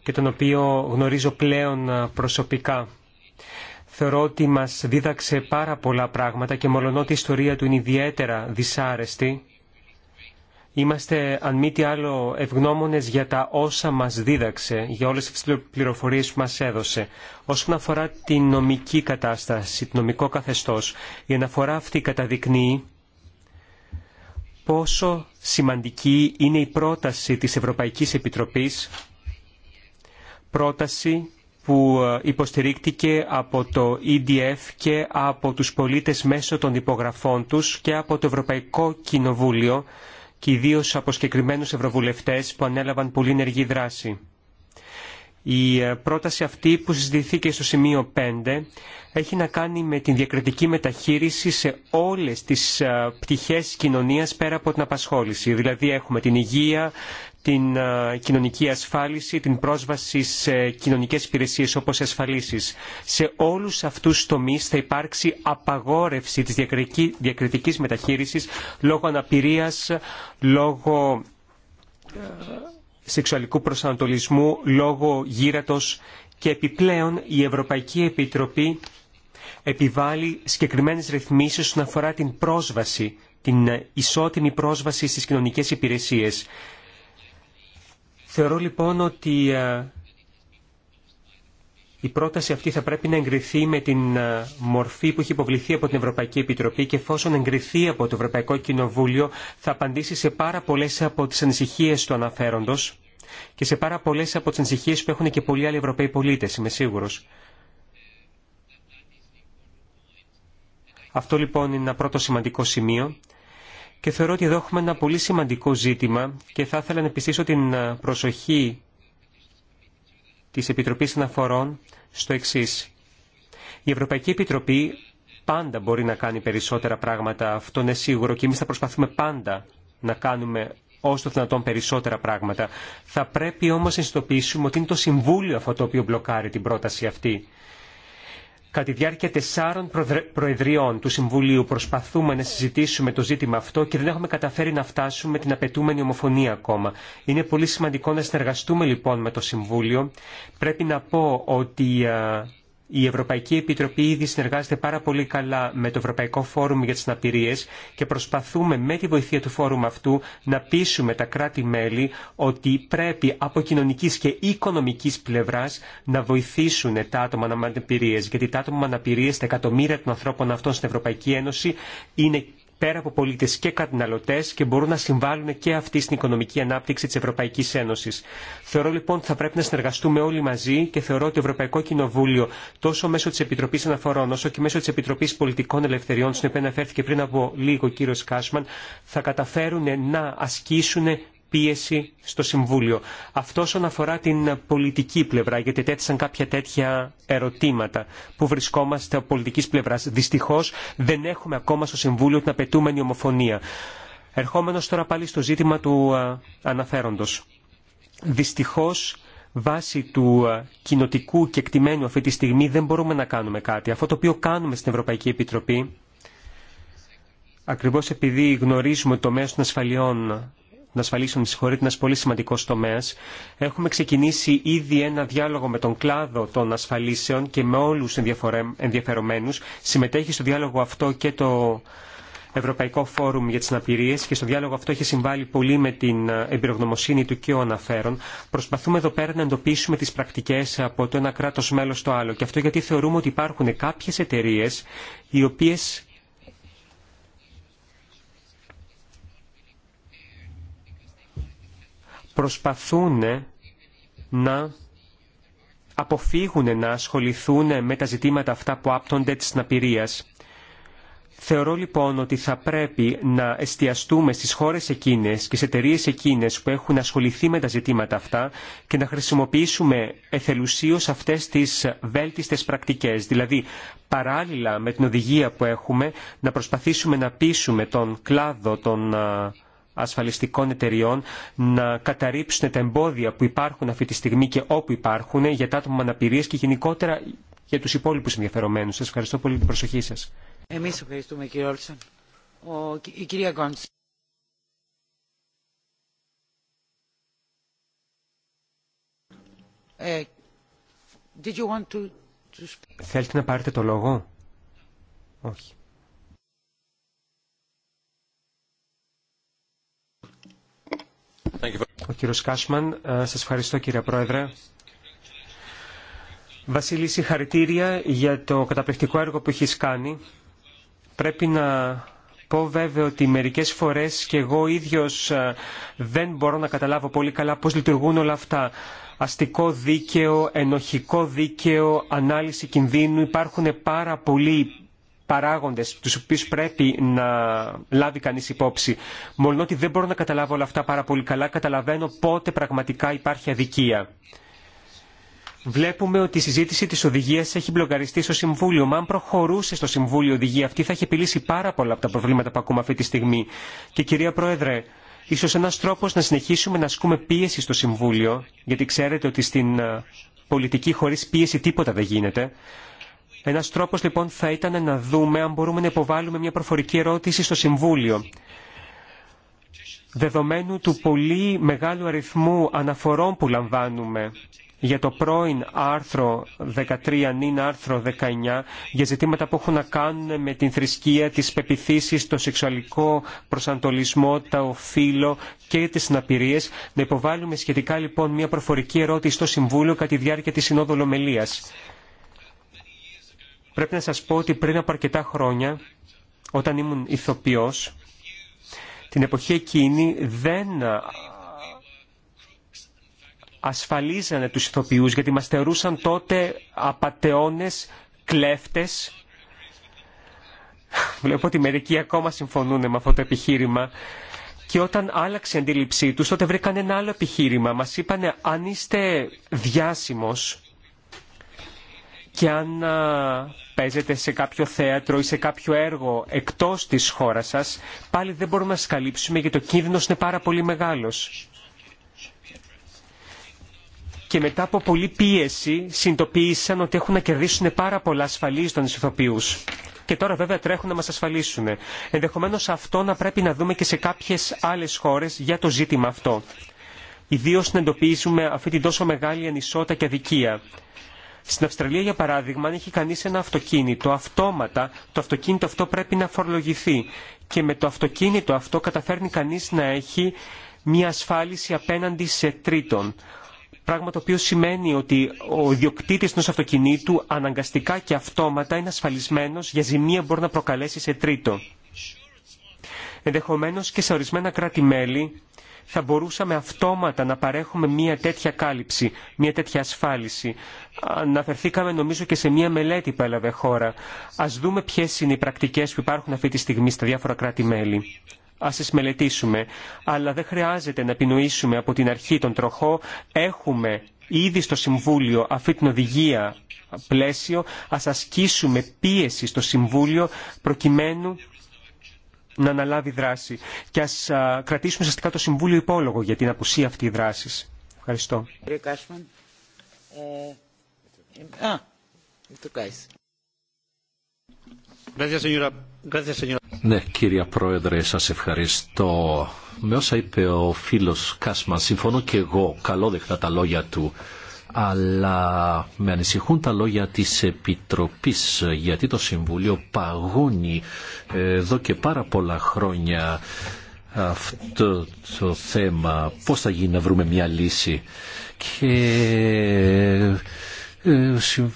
και τον οποίο γνωρίζω πλέον ε, προσωπικά. Θεωρώ ότι μας δίδαξε πάρα πολλά πράγματα και ότι η ιστορία του είναι ιδιαίτερα δυσάρεστη. Είμαστε αν μη τι άλλο ευγνώμονες για τα όσα μας δίδαξε, για όλες τις πληροφορίες που μας έδωσε. Όσον αφορά την νομική κατάσταση, το νομικό καθεστώς, η αναφορά αυτή καταδεικνύει πόσο σημαντική είναι η πρόταση της Ευρωπαϊκής Επιτροπής, πρόταση που ε, υποστηρίχτηκε από το EDF και από τους πολίτες μέσω των υπογραφών τους και από το Ευρωπαϊκό Κοινοβούλιο και ιδίως από συγκεκριμένου ευρωβουλευτές που ανέλαβαν πολύ ενεργή δράση. Η ε, πρόταση αυτή που συζητηθήκε στο σημείο 5 έχει να κάνει με την διακριτική μεταχείριση σε όλες τις ε, πτυχές κοινωνίας πέρα από την απασχόληση. Δηλαδή έχουμε την υγεία, την ε, κοινωνική ασφάλιση, την πρόσβαση σε κοινωνικές υπηρεσίες όπως ασφαλίσεις. Σε όλους αυτούς τους τομείς θα υπάρξει απαγόρευση της διακριτικής μεταχείρισης λόγω αναπηρίας, λόγω σεξουαλικού προσανατολισμού λόγω γύρατος και επιπλέον η Ευρωπαϊκή Επιτροπή επιβάλλει συγκεκριμένες ρυθμίσεις όσον αφορά την πρόσβαση, την ισότιμη πρόσβαση στις κοινωνικές υπηρεσίες. Θεωρώ λοιπόν ότι ε, η πρόταση αυτή θα πρέπει να εγκριθεί με την ε, μορφή που έχει υποβληθεί από την Ευρωπαϊκή Επιτροπή και εφόσον εγκριθεί από το Ευρωπαϊκό Κοινοβούλιο θα απαντήσει σε πάρα πολλέ από τι ανησυχίε του αναφέροντο και σε πάρα πολλέ από τι ανησυχίε που έχουν και πολλοί άλλοι Ευρωπαίοι πολίτε, είμαι σίγουρο. Αυτό λοιπόν είναι ένα πρώτο σημαντικό σημείο και θεωρώ ότι εδώ έχουμε ένα πολύ σημαντικό ζήτημα και θα ήθελα να επιστήσω την ε, προσοχή της Επιτροπής Αναφορών στο εξή. Η Ευρωπαϊκή Επιτροπή πάντα μπορεί να κάνει περισσότερα πράγματα, αυτό είναι σίγουρο και εμείς θα προσπαθούμε πάντα να κάνουμε όσο το δυνατόν περισσότερα πράγματα. Θα πρέπει όμως να συνειδητοποιήσουμε ότι είναι το Συμβούλιο αυτό το οποίο μπλοκάρει την πρόταση αυτή. Κατά τη διάρκεια τεσσάρων προεδριών του Συμβουλίου προσπαθούμε να συζητήσουμε το ζήτημα αυτό και δεν έχουμε καταφέρει να φτάσουμε την απαιτούμενη ομοφωνία ακόμα. Είναι πολύ σημαντικό να συνεργαστούμε λοιπόν με το Συμβούλιο. Πρέπει να πω ότι ε, η Ευρωπαϊκή Επιτροπή ήδη συνεργάζεται πάρα πολύ καλά με το Ευρωπαϊκό Φόρουμ για τις Αναπηρίες και προσπαθούμε με τη βοήθεια του φόρουμ αυτού να πείσουμε τα κράτη-μέλη ότι πρέπει από κοινωνικής και οικονομικής πλευράς να βοηθήσουν τα άτομα με αναπηρίες. Γιατί τα άτομα με αναπηρίες, τα εκατομμύρια των ανθρώπων αυτών στην Ευρωπαϊκή Ένωση είναι πέρα από πολίτε και καταναλωτέ και μπορούν να συμβάλλουν και αυτοί στην οικονομική ανάπτυξη τη Ευρωπαϊκή Ένωση. Θεωρώ λοιπόν ότι θα πρέπει να συνεργαστούμε όλοι μαζί και θεωρώ ότι το Ευρωπαϊκό Κοινοβούλιο τόσο μέσω τη Επιτροπή Αναφορών όσο και μέσω τη Επιτροπή Πολιτικών Ελευθεριών, στην οποία αναφέρθηκε πριν από λίγο ο κύριο Κάσμαν, θα καταφέρουν να ασκήσουν πίεση στο Συμβούλιο. Αυτό όσον αφορά την πολιτική πλευρά, γιατί τέτοισαν κάποια τέτοια ερωτήματα που βρισκόμαστε από πολιτική πλευρά. Δυστυχώ δεν έχουμε ακόμα στο Συμβούλιο την απαιτούμενη ομοφωνία. Ερχόμενος τώρα πάλι στο ζήτημα του α, αναφέροντος. Δυστυχώς βάσει του κοινοτικού και εκτιμένου αυτή τη στιγμή δεν μπορούμε να κάνουμε κάτι. Αυτό το οποίο κάνουμε στην Ευρωπαϊκή Επιτροπή, ακριβώς επειδή γνωρίζουμε το μέσο των ασφαλιών να ασφαλίσουν συγχωρείτε, ένα πολύ σημαντικό τομέα. Έχουμε ξεκινήσει ήδη ένα διάλογο με τον κλάδο των ασφαλίσεων και με όλου του ενδιαφερομένου. Συμμετέχει στο διάλογο αυτό και το Ευρωπαϊκό Φόρουμ για τι Αναπηρίε και στο διάλογο αυτό έχει συμβάλει πολύ με την εμπειρογνωμοσύνη του και ο αναφέρον. Προσπαθούμε εδώ πέρα να εντοπίσουμε τι πρακτικέ από το ένα κράτο μέλο στο άλλο. Και αυτό γιατί θεωρούμε ότι υπάρχουν κάποιε εταιρείε οι οποίε προσπαθούν να αποφύγουν να ασχοληθούν με τα ζητήματα αυτά που άπτονται της ναπηρίας. Θεωρώ λοιπόν ότι θα πρέπει να εστιαστούμε στις χώρες εκείνες και στις εταιρείε εκείνες που έχουν ασχοληθεί με τα ζητήματα αυτά και να χρησιμοποιήσουμε εθελουσίως αυτές τις βέλτιστες πρακτικές. Δηλαδή, παράλληλα με την οδηγία που έχουμε, να προσπαθήσουμε να πείσουμε τον κλάδο των ασφαλιστικών εταιριών να καταρρύψουν τα εμπόδια που υπάρχουν αυτή τη στιγμή και όπου υπάρχουν για τα άτομα με αναπηρίες και γενικότερα για τους υπόλοιπους ενδιαφερομένους. Σας ευχαριστώ πολύ την προσοχή σας. Εμείς ευχαριστούμε κύριε Όλσον. Ο, η κυρία Γκόντς. Ε, Θέλετε να πάρετε το λόγο? Όχι. Ο κύριος Κάσμαν, ε, σας ευχαριστώ κύριε Πρόεδρε. Βασίλη, συγχαρητήρια για το καταπληκτικό έργο που έχεις κάνει. Πρέπει να πω βέβαια ότι μερικές φορές και εγώ ίδιος ε, δεν μπορώ να καταλάβω πολύ καλά πώς λειτουργούν όλα αυτά. Αστικό δίκαιο, ενοχικό δίκαιο, ανάλυση κινδύνου. Υπάρχουν πάρα πολλοί παράγοντε του οποίου πρέπει να λάβει κανεί υπόψη. Μόλον ότι δεν μπορώ να καταλάβω όλα αυτά πάρα πολύ καλά, καταλαβαίνω πότε πραγματικά υπάρχει αδικία. Βλέπουμε ότι η συζήτηση τη οδηγία έχει μπλοκαριστεί στο Συμβούλιο. Μα αν προχωρούσε στο Συμβούλιο η οδηγία αυτή, θα έχει επιλύσει πάρα πολλά από τα προβλήματα που ακούμε αυτή τη στιγμή. Και κυρία Πρόεδρε, ίσω ένα τρόπο να συνεχίσουμε να ασκούμε πίεση στο Συμβούλιο, γιατί ξέρετε ότι στην ε, πολιτική χωρί πίεση τίποτα δεν γίνεται, ένας τρόπος λοιπόν θα ήταν να δούμε αν μπορούμε να υποβάλουμε μια προφορική ερώτηση στο Συμβούλιο. Δεδομένου του πολύ μεγάλου αριθμού αναφορών που λαμβάνουμε για το πρώην άρθρο 13 νυν άρθρο 19 για ζητήματα που έχουν να κάνουν με την θρησκεία, τις πεπιθήσεις, το σεξουαλικό προσανατολισμό, τα οφείλω και τις συναπηρίες Να υποβάλουμε σχετικά λοιπόν μια προφορική ερώτηση στο Συμβούλιο κατά τη διάρκεια της Συνόδου Λομελίας. Πρέπει να σας πω ότι πριν από αρκετά χρόνια, όταν ήμουν ηθοποιός, την εποχή εκείνη δεν ασφαλίζανε τους ηθοποιούς, γιατί μας θεωρούσαν τότε απατεώνες, κλέφτες. Βλέπω ότι μερικοί ακόμα συμφωνούν με αυτό το επιχείρημα. Και όταν άλλαξε η αντίληψή τους, τότε βρήκαν ένα άλλο επιχείρημα. Μας είπανε, αν είστε διάσημος, και αν παίζετε σε κάποιο θέατρο ή σε κάποιο έργο εκτός της χώρας σας, πάλι δεν μπορούμε να σας καλύψουμε γιατί ο κίνδυνος είναι πάρα πολύ μεγάλος. Και μετά από πολλή πίεση συνειδητοποίησαν ότι έχουν να κερδίσουν πάρα πολλά ασφαλή των ηθοποιούς. Και τώρα βέβαια τρέχουν να μας ασφαλίσουν. Ενδεχομένως αυτό να πρέπει να δούμε και σε κάποιες άλλες χώρες για το ζήτημα αυτό. Ιδίως να εντοπίζουμε αυτή την τόσο μεγάλη ανισότητα και αδικία. Στην Αυστραλία, για παράδειγμα, αν έχει κανεί ένα αυτοκίνητο, αυτόματα το αυτοκίνητο αυτό πρέπει να φορολογηθεί. Και με το αυτοκίνητο αυτό καταφέρνει κανεί να έχει μια ασφάλιση απέναντι σε τρίτον. Πράγμα το οποίο σημαίνει ότι ο ιδιοκτήτη ενό αυτοκινήτου αναγκαστικά και αυτόματα είναι ασφαλισμένο για ζημία που μπορεί να προκαλέσει σε τρίτο. Ενδεχομένω και σε ορισμένα κράτη-μέλη θα μπορούσαμε αυτόματα να παρέχουμε μια τέτοια κάλυψη, μια τέτοια ασφάλιση. Αναφερθήκαμε νομίζω και σε μια μελέτη που έλαβε χώρα. Ας δούμε ποιε είναι οι πρακτικές που υπάρχουν αυτή τη στιγμή στα διάφορα κράτη-μέλη. Ας τι μελετήσουμε, αλλά δεν χρειάζεται να επινοήσουμε από την αρχή τον τροχό. Έχουμε ήδη στο Συμβούλιο αυτή την οδηγία πλαίσιο, Α ασκήσουμε πίεση στο Συμβούλιο προκειμένου να αναλάβει δράση. Και ας κρατήσουμε ουσιαστικά το Συμβούλιο υπόλογο για την απουσία αυτή δράσης. Ευχαριστώ. Ε, ναι, κύριε Πρόεδρε, σας ευχαριστώ. Με όσα είπε ο φίλος Κάσμαν, συμφωνώ και εγώ, καλόδεχτα τα λόγια του αλλά με ανησυχούν τα λόγια της Επιτροπής γιατί το Συμβούλιο παγώνει εδώ και πάρα πολλά χρόνια αυτό το θέμα πώς θα γίνει να βρούμε μια λύση και ε, ε,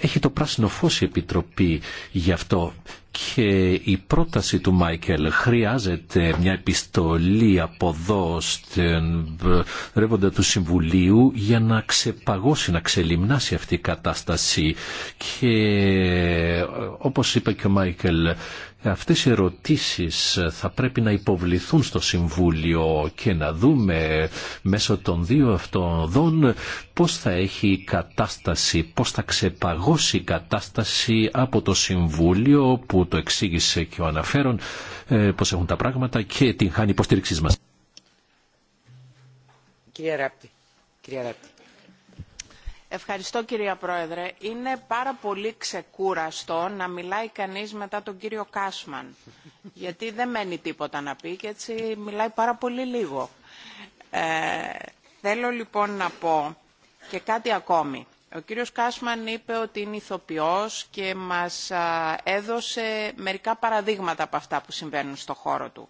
έχει το πράσινο φως η Επιτροπή γι' αυτό και η πρόταση του Μάικελ χρειάζεται μια επιστολή από εδώ στην ρεύοντα του Συμβουλίου για να ξεπαγώσει, να ξελιμνάσει αυτή η κατάσταση και ε, όπως είπε και ο Μάικελ Αυτές οι ερωτήσεις θα πρέπει να υποβληθούν στο Συμβούλιο και να δούμε μέσω των δύο αυτών δών πώς θα έχει η κατάσταση, πώς θα ξεπαγώσει η κατάσταση από το Συμβούλιο που το εξήγησε και ο αναφέρον ε, πώς έχουν τα πράγματα και την χάνει υποστήριξής μας. Κυρία Ράπτη. Ευχαριστώ κυρία Πρόεδρε. Είναι πάρα πολύ ξεκούραστο να μιλάει κανείς μετά τον κύριο Κάσμαν. Γιατί δεν μένει τίποτα να πει και έτσι μιλάει πάρα πολύ λίγο. Ε, θέλω λοιπόν να πω και κάτι ακόμη. Ο κύριος Κάσμαν είπε ότι είναι ηθοποιός και μας έδωσε μερικά παραδείγματα από αυτά που συμβαίνουν στο χώρο του.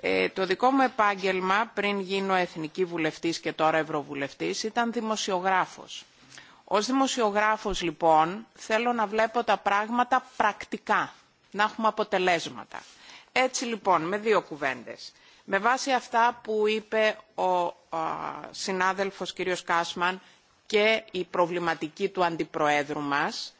Ε, το δικό μου επάγγελμα πριν γίνω εθνική βουλευτής και τώρα ευρωβουλευτής ήταν δημοσιογράφος. Ως δημοσιογράφος λοιπόν θέλω να βλέπω τα πράγματα πρακτικά, να έχουμε αποτελέσματα. Έτσι λοιπόν, με δύο κουβέντες. Με βάση αυτά που είπε ο α, συνάδελφος κ. Κάσμαν και η προβληματική του αντιπροέδρου μας,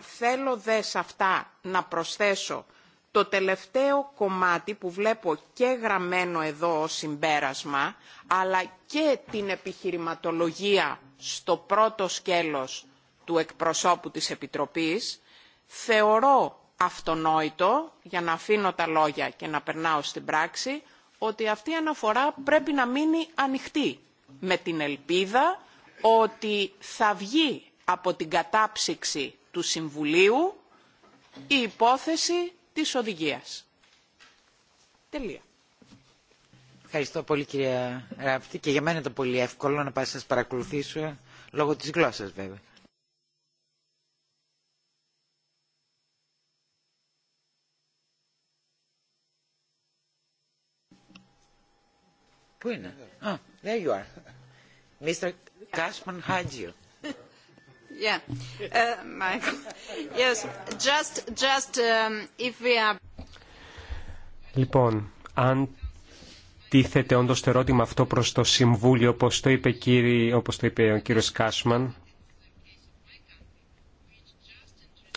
θέλω δε σε αυτά να προσθέσω το τελευταίο κομμάτι που βλέπω και γραμμένο εδώ ως συμπέρασμα, αλλά και την επιχειρηματολογία στο πρώτο σκέλος του εκπροσώπου της Επιτροπής, θεωρώ αυτονόητο, για να αφήνω τα λόγια και να περνάω στην πράξη, ότι αυτή η αναφορά πρέπει να μείνει ανοιχτή, με την ελπίδα ότι θα βγει από την κατάψυξη του Συμβουλίου η υπόθεση της οδηγίας. Τελεία. Ευχαριστώ πολύ κυρία Ράπτη και για μένα ήταν πολύ εύκολο να πάω σας παρακολουθήσω λόγω της γλώσσας βέβαια. Πού είναι? Α, there you are. Mr. Kasman Hadjio. Yeah. Uh, Michael. Yes. Just, just um, if we are... Λοιπόν, αν τίθεται όντω το ερώτημα αυτό προς το Συμβούλιο, όπως το είπε, το είπε ο κύριος Κάσμαν.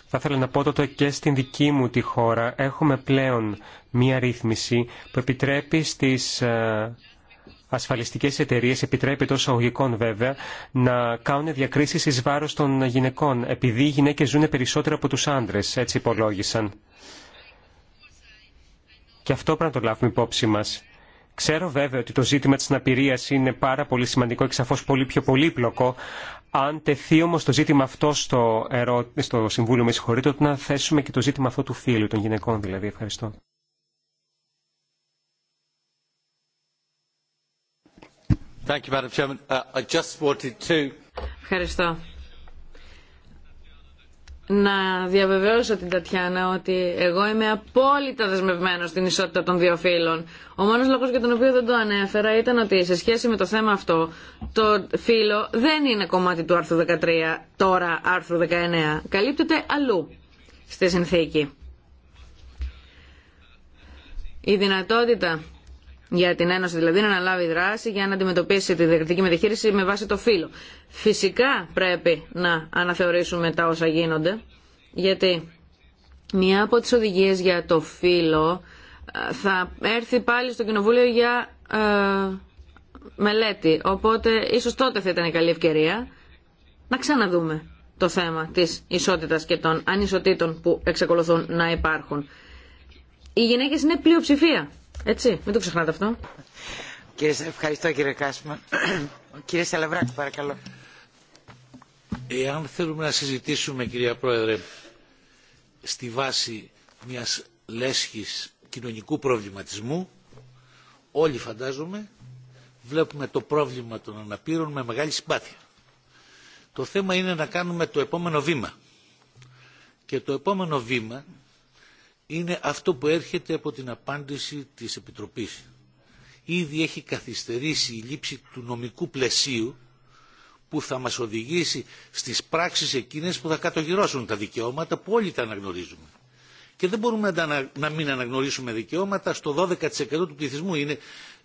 Θα ήθελα να πω το και στην δική μου τη χώρα έχουμε πλέον μία ρύθμιση που επιτρέπει στις ε, ασφαλιστικές εταιρείες, επιτρέπει τόσο αγωγικών βέβαια, να κάνουν διακρίσεις εις βάρος των γυναικών, επειδή οι γυναίκες ζουν περισσότερο από τους άντρες, έτσι υπολόγισαν. Και αυτό πρέπει να το λάβουμε υπόψη μας. Ξέρω βέβαια ότι το ζήτημα της αναπηρίας είναι πάρα πολύ σημαντικό και σαφώς πολύ πιο πολύπλοκο. Αν τεθεί όμω το ζήτημα αυτό στο, στο Συμβούλιο, με συγχωρείτε, ότι να θέσουμε και το ζήτημα αυτό του φίλου, των γυναικών δηλαδή. Ευχαριστώ. Thank you, Chairman. Uh, I just wanted to... Ευχαριστώ να διαβεβαιώσω την Τατιάνα ότι εγώ είμαι απόλυτα δεσμευμένο στην ισότητα των δύο φίλων. Ο μόνος λόγος για τον οποίο δεν το ανέφερα ήταν ότι σε σχέση με το θέμα αυτό το φίλο δεν είναι κομμάτι του άρθρου 13, τώρα άρθρου 19. Καλύπτεται αλλού στη συνθήκη. Η δυνατότητα για την Ένωση δηλαδή να αναλάβει δράση για να αντιμετωπίσει τη διεκτική μεταχείριση με βάση το φύλλο. Φυσικά πρέπει να αναθεωρήσουμε τα όσα γίνονται, γιατί μία από τις οδηγίες για το φύλλο ε, θα έρθει πάλι στο Κοινοβούλιο για ε, μελέτη, οπότε ίσως τότε θα ήταν η καλή ευκαιρία να ξαναδούμε το θέμα της ισότητας και των ανισοτήτων που εξακολουθούν να υπάρχουν. Οι γυναίκες είναι πλειοψηφία έτσι, μην το ξεχνάτε αυτό. Κύριε, ευχαριστώ κύριε Κάσμα. (clears throat) Κύριε Σαλαβράκη, παρακαλώ. Εάν θέλουμε να συζητήσουμε, κυρία Πρόεδρε, στη βάση μιας λέσχης κοινωνικού προβληματισμού, όλοι φαντάζομαι βλέπουμε το πρόβλημα των αναπήρων με μεγάλη συμπάθεια. Το θέμα είναι να κάνουμε το επόμενο βήμα. Και το επόμενο βήμα είναι αυτό που έρχεται από την απάντηση της Επιτροπής. Ήδη έχει καθυστερήσει η λήψη του νομικού πλαισίου που θα μας οδηγήσει στις πράξεις εκείνες που θα κατογυρώσουν τα δικαιώματα που όλοι τα αναγνωρίζουμε. Και δεν μπορούμε να μην αναγνωρίσουμε δικαιώματα στο 12% του πληθυσμού. Είναι,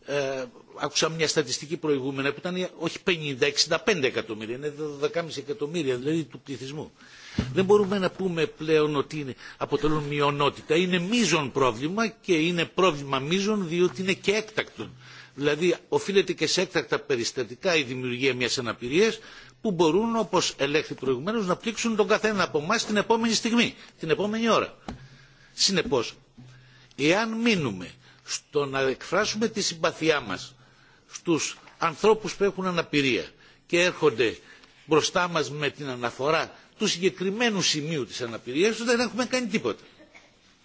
ε, άκουσα μια στατιστική προηγούμενα που ήταν ε, όχι 50, 65 εκατομμύρια, είναι 12,5 εκατομμύρια δηλαδή του πληθυσμού. Δεν μπορούμε να πούμε πλέον ότι είναι, αποτελούν μειονότητα. Είναι μείζον πρόβλημα και είναι πρόβλημα μείζον διότι είναι και έκτακτον. Δηλαδή οφείλεται και σε έκτακτα περιστατικά η δημιουργία μιας αναπηρίας που μπορούν όπως ελέγχθη προηγουμένως να πλήξουν τον καθένα από εμά την επόμενη στιγμή, την επόμενη ώρα. Συνεπώς, εάν μείνουμε στο να εκφράσουμε τη συμπαθιά μας στους ανθρώπους που έχουν αναπηρία και έρχονται μπροστά μας με την αναφορά του συγκεκριμένου σημείου της αναπηρίας του δεν έχουμε κάνει τίποτα.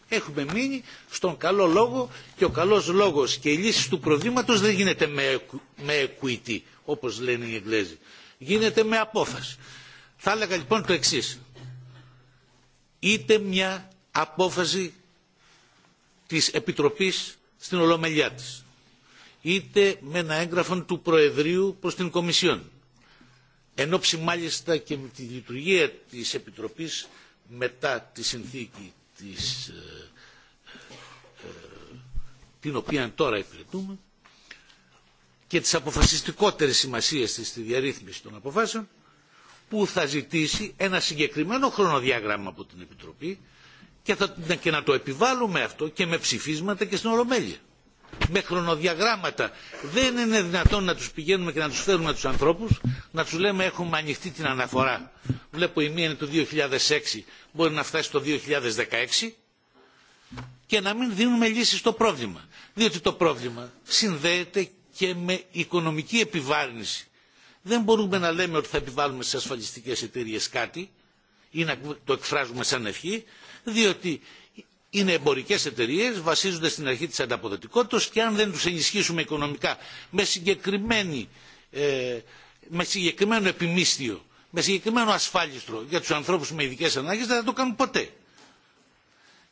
Έχουμε μείνει στον καλό λόγο και ο καλός λόγος και η λύση του προβλήματος δεν γίνεται με equity όπως λένε οι Εγγλέζοι. Γίνεται με απόφαση. Θα έλεγα λοιπόν το εξή. Είτε μια απόφαση της Επιτροπής στην Ολομελιά της, είτε με ένα έγγραφο του Προεδρείου προς την Κομισιόν, εν μάλιστα και με τη λειτουργία της Επιτροπής μετά τη συνθήκη της, ε, ε, την οποία τώρα υπηρετούμε και τις αποφασιστικότερες σημασίες της στη διαρρύθμιση των αποφάσεων που θα ζητήσει ένα συγκεκριμένο χρονοδιάγραμμα από την Επιτροπή και, θα, και να το επιβάλλουμε αυτό και με ψηφίσματα και στην Ολομέλεια με χρονοδιαγράμματα. Δεν είναι δυνατόν να τους πηγαίνουμε και να τους φέρουμε τους ανθρώπους, να τους λέμε έχουμε ανοιχτή την αναφορά. Βλέπω η μία είναι το 2006, μπορεί να φτάσει το 2016 και να μην δίνουμε λύση στο πρόβλημα. Διότι το πρόβλημα συνδέεται και με οικονομική επιβάρυνση. Δεν μπορούμε να λέμε ότι θα επιβάλλουμε σε ασφαλιστικές εταιρείες κάτι ή να το εκφράζουμε σαν ευχή, διότι είναι εμπορικέ εταιρείε, βασίζονται στην αρχή τη ανταποδοτικότητα και αν δεν του ενισχύσουμε οικονομικά με, συγκεκριμένη, ε, με συγκεκριμένο επιμίσθιο, με συγκεκριμένο ασφάλιστρο για του ανθρώπου με ειδικέ ανάγκε, δεν θα το κάνουν ποτέ.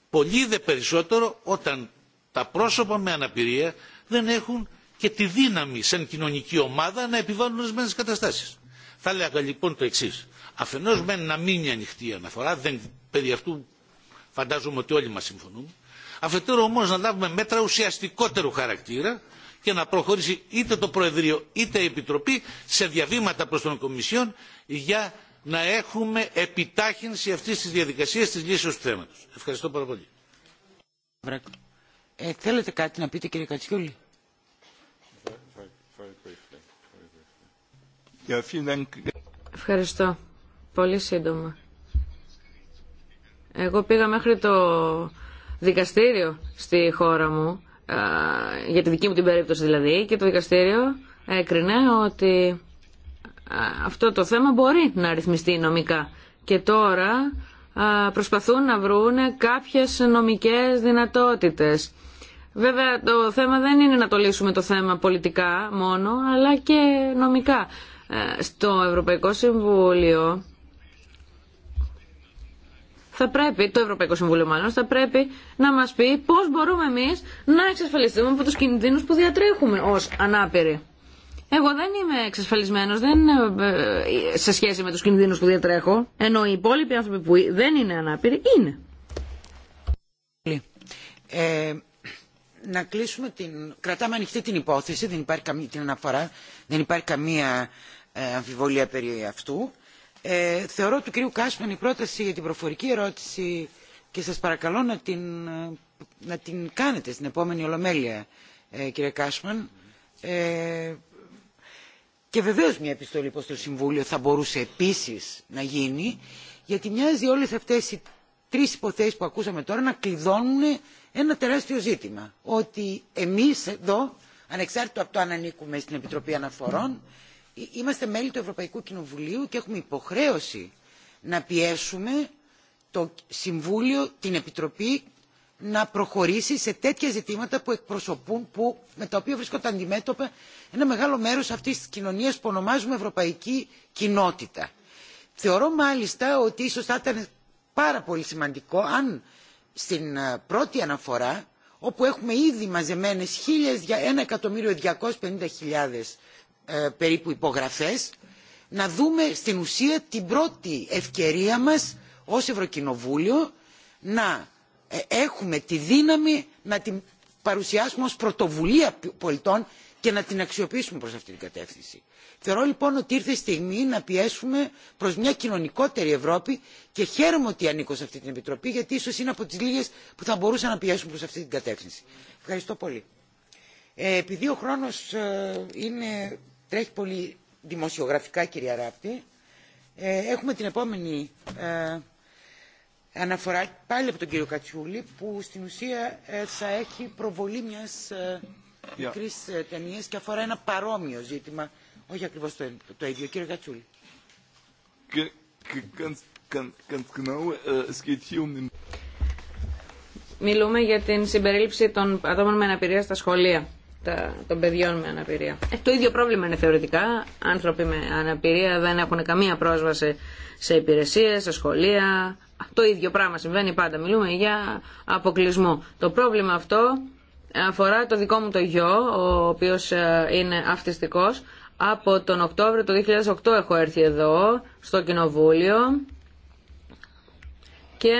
Πολύ δε περισσότερο όταν τα πρόσωπα με αναπηρία δεν έχουν και τη δύναμη σαν κοινωνική ομάδα να επιβάλλουν ορισμένε καταστάσει. Θα έλεγα λοιπόν το εξή. Αφενό με να μείνει ανοιχτή η αναφορά, δεν περί αυτού Φαντάζομαι ότι όλοι μας συμφωνούμε. Αφετέρου όμως να λάβουμε μέτρα ουσιαστικότερου χαρακτήρα και να προχωρήσει είτε το Προεδρείο είτε η Επιτροπή σε διαβήματα προς τον Κομισιόν για να έχουμε επιτάχυνση αυτής της διαδικασίας της λύσεως του θέματος. Ευχαριστώ πάρα πολύ. Ε, θέλετε κάτι να πείτε κύριε Κατσιούλη. Ευχαριστώ. Πολύ σύντομα. Εγώ πήγα μέχρι το δικαστήριο στη χώρα μου, για τη δική μου την περίπτωση δηλαδή, και το δικαστήριο έκρινε ότι αυτό το θέμα μπορεί να ρυθμιστεί νομικά. Και τώρα προσπαθούν να βρούνε κάποιες νομικές δυνατότητες. Βέβαια το θέμα δεν είναι να το λύσουμε το θέμα πολιτικά μόνο, αλλά και νομικά. Ε, στο Ευρωπαϊκό Συμβούλιο θα πρέπει, το Ευρωπαϊκό Συμβούλιο μάλλον, θα πρέπει να μας πει πώς μπορούμε εμείς να εξασφαλιστούμε από του κινδύνου που διατρέχουμε ως ανάπηροι. Εγώ δεν είμαι εξασφαλισμένο, δεν, ε, ε, σε σχέση με τους κινδύνου που διατρέχω, ενώ οι υπόλοιποι άνθρωποι που δεν είναι ανάπηροι είναι. Ε, να κλείσουμε την... Κρατάμε ανοιχτή την υπόθεση, δεν υπάρχει καμία, την αναφορά, δεν υπάρχει καμία ε, αμφιβολία περί αυτού ε, θεωρώ του κυρίου Κάσμαν η πρόταση για την προφορική ερώτηση και σας παρακαλώ να την, να κάνετε στην επόμενη Ολομέλεια, ε, κύριε Κάσμαν. Ε, και βεβαίως μια επιστολή προς το Συμβούλιο θα μπορούσε επίσης να γίνει, γιατί μοιάζει όλες αυτές οι τρεις υποθέσεις που ακούσαμε τώρα να κλειδώνουν ένα τεράστιο ζήτημα. Ότι εμείς εδώ, ανεξάρτητα από το αν ανήκουμε στην Επιτροπή Αναφορών, είμαστε μέλη του Ευρωπαϊκού Κοινοβουλίου και έχουμε υποχρέωση να πιέσουμε το Συμβούλιο, την Επιτροπή να προχωρήσει σε τέτοια ζητήματα που εκπροσωπούν, που, με τα οποία βρίσκονται αντιμέτωπα ένα μεγάλο μέρος αυτής της κοινωνίας που ονομάζουμε Ευρωπαϊκή Κοινότητα. Θεωρώ μάλιστα ότι ίσως θα ήταν πάρα πολύ σημαντικό αν στην ε, πρώτη αναφορά, όπου έχουμε ήδη μαζεμένες 1.250.000 ε, περίπου υπογραφές να δούμε στην ουσία την πρώτη ευκαιρία μας ως Ευρωκοινοβούλιο να ε, έχουμε τη δύναμη να την παρουσιάσουμε ως πρωτοβουλία πολιτών και να την αξιοποιήσουμε προς αυτή την κατεύθυνση. Θεωρώ λοιπόν ότι ήρθε η στιγμή να πιέσουμε προς μια κοινωνικότερη Ευρώπη και χαίρομαι ότι ανήκω σε αυτή την Επιτροπή γιατί ίσως είναι από τις λίγες που θα μπορούσαν να πιέσουν προς αυτή την κατεύθυνση. Ευχαριστώ πολύ. Ε, επειδή ο χρόνος είναι τρέχει πολύ δημοσιογραφικά κυρία Ράπτη. Ε, έχουμε την επόμενη ε, αναφορά πάλι από τον κύριο Κατσούλη που στην ουσία ε, θα έχει προβολή μιας μικρής ταινίας και αφορά ένα παρόμοιο ζήτημα, όχι ακριβώς το ίδιο. Κύριε Κατσούλη. Μιλούμε για την συμπερίληψη των ατόμων με αναπηρία στα σχολεία τα, των παιδιών με αναπηρία. Ε, το ίδιο πρόβλημα είναι θεωρητικά. Άνθρωποι με αναπηρία δεν έχουν καμία πρόσβαση σε υπηρεσίε, σε σχολεία. Το ίδιο πράγμα συμβαίνει πάντα. Μιλούμε για αποκλεισμό. Το πρόβλημα αυτό αφορά το δικό μου το γιο, ο οποίος ε, είναι αυτιστικός. Από τον Οκτώβριο του 2008 έχω έρθει εδώ, στο Κοινοβούλιο και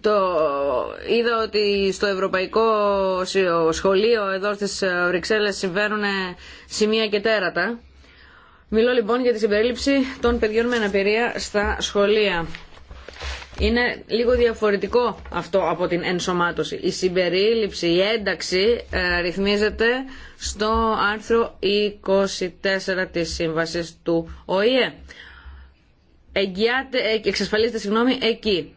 το είδα ότι στο Ευρωπαϊκό Σχολείο εδώ στις Βρυξέλλες συμβαίνουν σημεία και τέρατα. Μιλώ λοιπόν για τη συμπερίληψη των παιδιών με αναπηρία στα σχολεία. Είναι λίγο διαφορετικό αυτό από την ενσωμάτωση. Η συμπερίληψη, η ένταξη ε, ρυθμίζεται στο άρθρο 24 της Σύμβασης του ΟΗΕ. Εγγυάται, ε, εξασφαλίζεται συγγνώμη, εκεί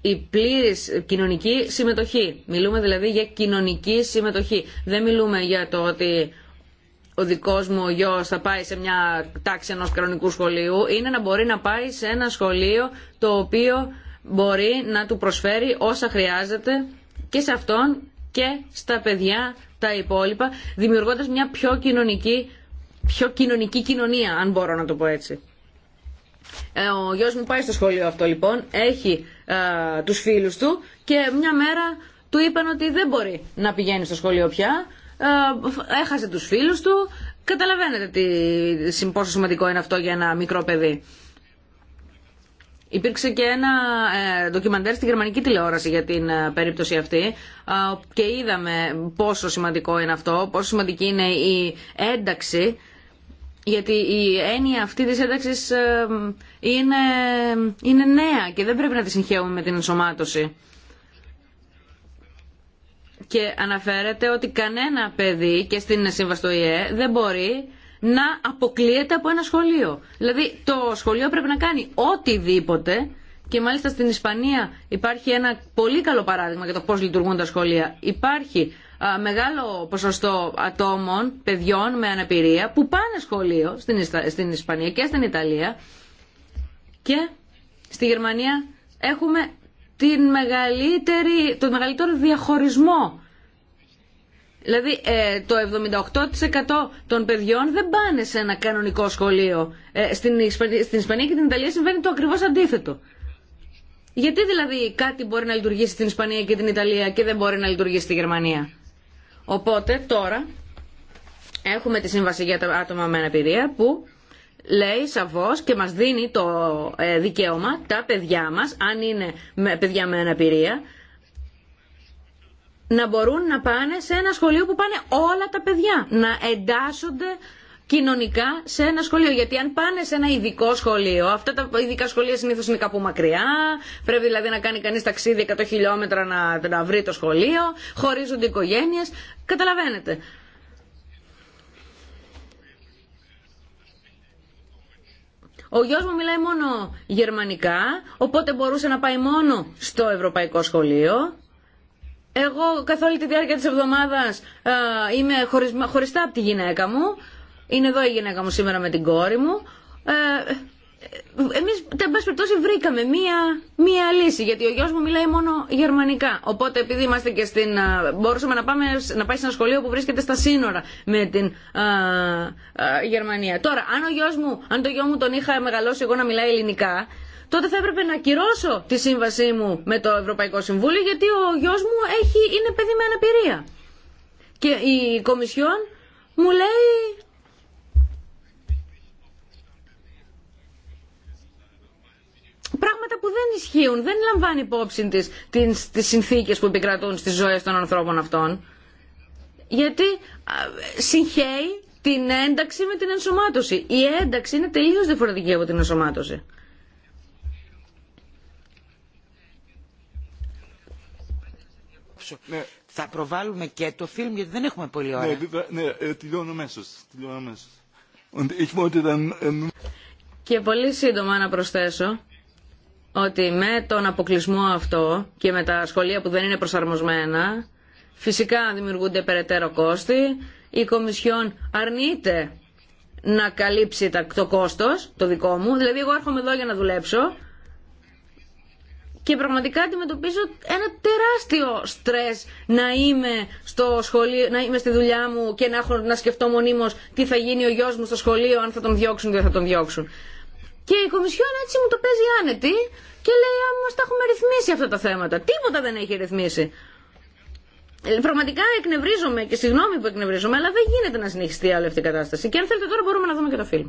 η πλήρη κοινωνική συμμετοχή. Μιλούμε δηλαδή για κοινωνική συμμετοχή. Δεν μιλούμε για το ότι ο δικό μου γιο θα πάει σε μια τάξη ενό κανονικού σχολείου. Είναι να μπορεί να πάει σε ένα σχολείο το οποίο μπορεί να του προσφέρει όσα χρειάζεται και σε αυτόν και στα παιδιά τα υπόλοιπα, δημιουργώντας μια πιο κοινωνική, πιο κοινωνική κοινωνία, αν μπορώ να το πω έτσι. Ε, ο γιο μου πάει στο σχολείο αυτό λοιπόν, έχει ε, τους φίλους του και μια μέρα του είπαν ότι δεν μπορεί να πηγαίνει στο σχολείο πια, ε, έχασε τους φίλους του, καταλαβαίνετε τι, πόσο σημαντικό είναι αυτό για ένα μικρό παιδί. Υπήρξε και ένα ε, ντοκιμαντέρ στη γερμανική τηλεόραση για την περίπτωση αυτή και είδαμε πόσο σημαντικό είναι αυτό, πόσο σημαντική είναι η ένταξη γιατί η έννοια αυτή της ένταξης ε, είναι, είναι νέα και δεν πρέπει να τη συγχαίουμε με την ενσωμάτωση. Και αναφέρεται ότι κανένα παιδί και στην Σύμβαση ΙΕ δεν μπορεί να αποκλείεται από ένα σχολείο. Δηλαδή το σχολείο πρέπει να κάνει οτιδήποτε και μάλιστα στην Ισπανία υπάρχει ένα πολύ καλό παράδειγμα για το πώς λειτουργούν τα σχολεία. Υπάρχει μεγάλο ποσοστό ατόμων, παιδιών με αναπηρία που πάνε σχολείο στην Ισπανία και στην Ιταλία και στη Γερμανία έχουμε την το μεγαλύτερο διαχωρισμό. Δηλαδή ε, το 78% των παιδιών δεν πάνε σε ένα κανονικό σχολείο. Ε, στην, Ισπανία, στην Ισπανία και την Ιταλία συμβαίνει το ακριβώς αντίθετο. Γιατί δηλαδή κάτι μπορεί να λειτουργήσει στην Ισπανία και την Ιταλία και δεν μπορεί να λειτουργήσει στη Γερμανία. Οπότε τώρα έχουμε τη σύμβαση για τα άτομα με αναπηρία που λέει σαφώ και μας δίνει το ε, δικαίωμα τα παιδιά μας, αν είναι παιδιά με αναπηρία, να μπορούν να πάνε σε ένα σχολείο που πάνε όλα τα παιδιά, να εντάσσονται κοινωνικά σε ένα σχολείο. Γιατί αν πάνε σε ένα ειδικό σχολείο, αυτά τα ειδικά σχολεία συνήθω είναι κάπου μακριά, πρέπει δηλαδή να κάνει κανεί ταξίδι 100 χιλιόμετρα να, βρει το σχολείο, χωρίζονται οικογένειε. Καταλαβαίνετε. Ο γιος μου μιλάει μόνο γερμανικά, οπότε μπορούσε να πάει μόνο στο ευρωπαϊκό σχολείο. Εγώ καθ' όλη τη διάρκεια της εβδομάδας είμαι χωριστά από τη γυναίκα μου είναι εδώ η γυναίκα μου σήμερα με την κόρη μου. Ε, Εμεί, εν πάση περιπτώσει, βρήκαμε μία, μία λύση. Γιατί ο γιο μου μιλάει μόνο γερμανικά. Οπότε, επειδή είμαστε και στην. μπορούσαμε να, πάμε, να πάει σε ένα σχολείο που βρίσκεται στα σύνορα με την Γερμανία. Τώρα, αν, ο γιος μου, αν το γιο μου τον είχα μεγαλώσει εγώ να μιλάει ελληνικά, τότε θα έπρεπε να ακυρώσω τη σύμβασή μου με το Ευρωπαϊκό Συμβούλιο, γιατί ο γιο μου έχει, είναι παιδί με αναπηρία. Και η Κομισιόν μου λέει πράγματα που δεν ισχύουν, δεν λαμβάνει υπόψη της τις, τις συνθήκες που επικρατούν στις ζωές των ανθρώπων αυτών. Γιατί συγχαίει την ένταξη με την ενσωμάτωση. Η ένταξη είναι τελείως διαφορετική από την ενσωμάτωση. Ναι. Θα προβάλλουμε και το φιλμ γιατί δεν έχουμε πολύ ώρα. Ναι, ναι ε, τελειώνω Τελειώνω ε, Και πολύ σύντομα να προσθέσω ότι με τον αποκλεισμό αυτό και με τα σχολεία που δεν είναι προσαρμοσμένα, φυσικά δημιουργούνται περαιτέρω κόστη, η Κομισιόν αρνείται να καλύψει το κόστος, το δικό μου, δηλαδή εγώ έρχομαι εδώ για να δουλέψω και πραγματικά αντιμετωπίζω ένα τεράστιο στρες να είμαι, στο σχολείο, να είμαι στη δουλειά μου και να, έχω, να σκεφτώ μονίμως τι θα γίνει ο γιος μου στο σχολείο, αν θα τον διώξουν ή δεν θα τον διώξουν. Και η Κομισιόν έτσι μου το παίζει άνετη και λέει άμα τα έχουμε ρυθμίσει αυτά τα θέματα. Τίποτα δεν έχει ρυθμίσει. Ε, πραγματικά εκνευρίζομαι και συγγνώμη που εκνευρίζομαι, αλλά δεν γίνεται να συνεχιστεί άλλη αυτή η κατάσταση. Και αν θέλετε τώρα μπορούμε να δούμε και το φιλμ.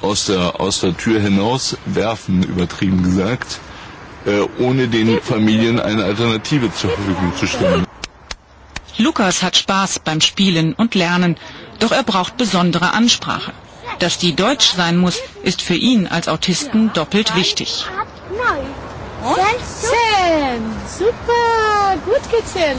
aus der, aus der Tür hinaus werfen, übertrieben gesagt, ohne den Familien eine Alternative zur Verfügung zu stellen. Lukas hat Spaß beim Spielen und Lernen, doch er braucht besondere Ansprache. Dass die deutsch sein muss, ist für ihn als Autisten doppelt wichtig. Super, gut gezählt.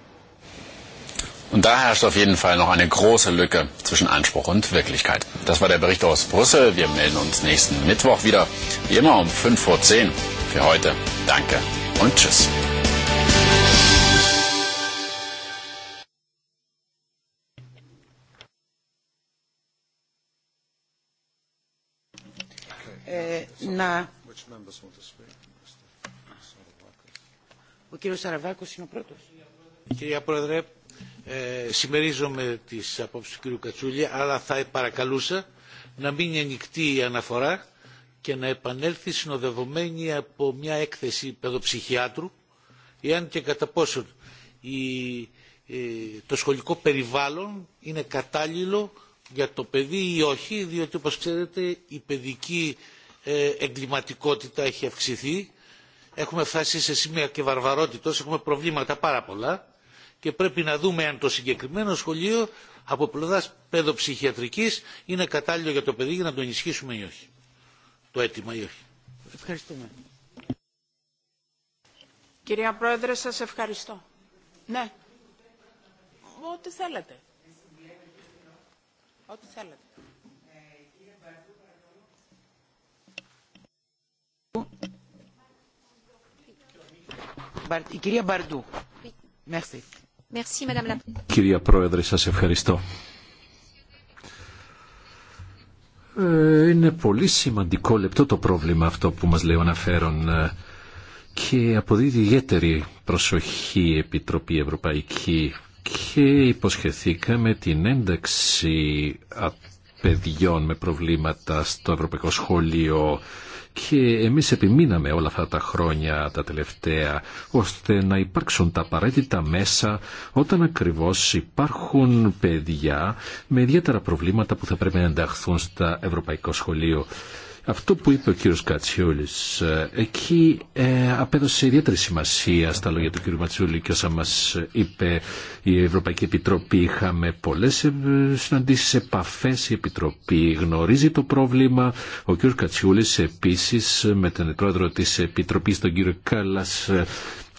Und da herrscht auf jeden Fall noch eine große Lücke zwischen Anspruch und Wirklichkeit. Das war der Bericht aus Brüssel. Wir melden uns nächsten Mittwoch wieder, wie immer um 5 vor Für heute danke und tschüss ε, συμμερίζομαι τις απόψεις του κ. Κατσούλη, αλλά θα παρακαλούσα να μην ανοιχτή η αναφορά και να επανέλθει συνοδευομένη από μια έκθεση παιδοψυχιάτρου, εάν και κατά πόσον ε, το σχολικό περιβάλλον είναι κατάλληλο για το παιδί ή όχι, διότι όπως ξέρετε η παιδική ε, εγκληματικότητα έχει αυξηθεί, έχουμε φτάσει σε σημεία και βαρβαρότητος, έχουμε προβλήματα πάρα πολλά και πρέπει να δούμε αν το συγκεκριμένο σχολείο από πλευρά παιδοψυχιατρική είναι κατάλληλο για το παιδί για να το ενισχύσουμε ή όχι. Το αίτημα ή όχι. Ευχαριστούμε. Κυρία Πρόεδρε, σας ευχαριστώ. Ναι. Ό,τι θέλετε. Ό,τι θέλετε. Η οχι το αιτημα η οχι ευχαριστουμε κυρια προεδρε σα Μπαρντού. Μέχρι. Κυρία Πρόεδρε, σας ευχαριστώ. Ε, είναι πολύ σημαντικό λεπτό το πρόβλημα αυτό που μας λέει ο αναφέρον ε, και αποδίδει ιδιαίτερη προσοχή η Επιτροπή Ευρωπαϊκή και υποσχεθήκαμε την ένταξη παιδιών με προβλήματα στο Ευρωπαϊκό Σχολείο και εμείς επιμείναμε όλα αυτά τα χρόνια τα τελευταία ώστε να υπάρξουν τα απαραίτητα μέσα όταν ακριβώς υπάρχουν παιδιά με ιδιαίτερα προβλήματα που θα πρέπει να ενταχθούν στα Ευρωπαϊκό Σχολείο. Αυτό που είπε ο κύριος Κατσιούλη, ε, εκεί ε, απέδωσε ιδιαίτερη σημασία στα λόγια του κύριου Ματσιούλη και όσα μας είπε η Ευρωπαϊκή Επιτροπή. Είχαμε πολλέ ε, συναντήσεις, επαφές, η Επιτροπή γνωρίζει το πρόβλημα. Ο κύριος Κατσιούλη επίσης με τον πρόεδρο της Επιτροπής, τον κύριο Κάλλα,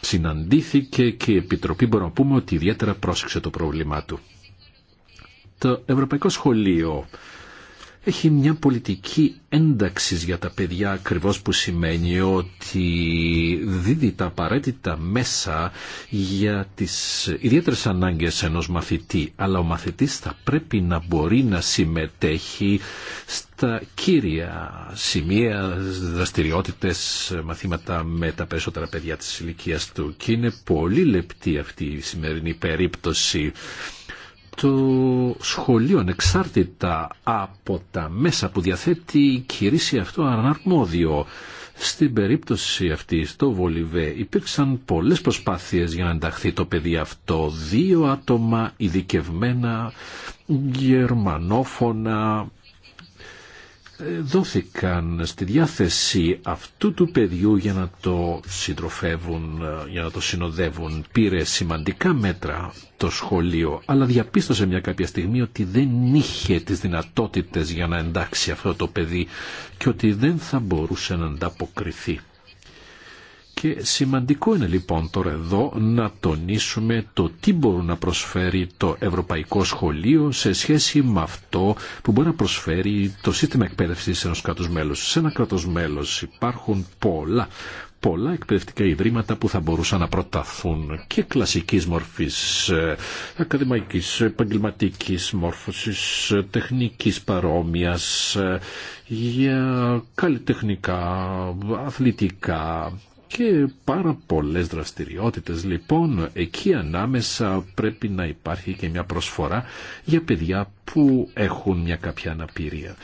συναντήθηκε και η Επιτροπή μπορούμε να πούμε ότι ιδιαίτερα πρόσεξε το πρόβλημά του. Το Ευρωπαϊκό Σχολείο έχει μια πολιτική ένταξη για τα παιδιά ακριβώς που σημαίνει ότι δίδει τα απαραίτητα μέσα για τις ιδιαίτερες ανάγκες ενός μαθητή αλλά ο μαθητής θα πρέπει να μπορεί να συμμετέχει στα κύρια σημεία δραστηριότητες μαθήματα με τα περισσότερα παιδιά της ηλικίας του και είναι πολύ λεπτή αυτή η σημερινή περίπτωση το σχολείο, ανεξάρτητα από τα μέσα που διαθέτει κηρύσσει αυτό αναρμόδιο. Στην περίπτωση αυτή στο Βολιβέ υπήρξαν πολλές προσπάθειες για να ενταχθεί το παιδί αυτό. Δύο άτομα ειδικευμένα, γερμανόφωνα, δόθηκαν στη διάθεση αυτού του παιδιού για να το συντροφεύουν, για να το συνοδεύουν. Πήρε σημαντικά μέτρα το σχολείο, αλλά διαπίστωσε μια κάποια στιγμή ότι δεν είχε τις δυνατότητες για να εντάξει αυτό το παιδί και ότι δεν θα μπορούσε να ανταποκριθεί. Και σημαντικό είναι λοιπόν τώρα εδώ να τονίσουμε το τι μπορεί να προσφέρει το Ευρωπαϊκό Σχολείο σε σχέση με αυτό που μπορεί να προσφέρει το σύστημα εκπαίδευσης ενός κράτους μέλους. Σε ένα κράτος μέλος υπάρχουν πολλά πολλά εκπαιδευτικά ιδρύματα που θα μπορούσαν να προταθούν και κλασικής μορφής, ε, ακαδημαϊκής, επαγγελματικής μόρφωσης, ε, τεχνικής παρόμοιας, ε, για καλλιτεχνικά, αθλητικά, και πάρα πολλές δραστηριότητες. Λοιπόν, εκεί ανάμεσα πρέπει να υπάρχει και μια προσφορά για παιδιά που έχουν μια κάποια αναπηρία.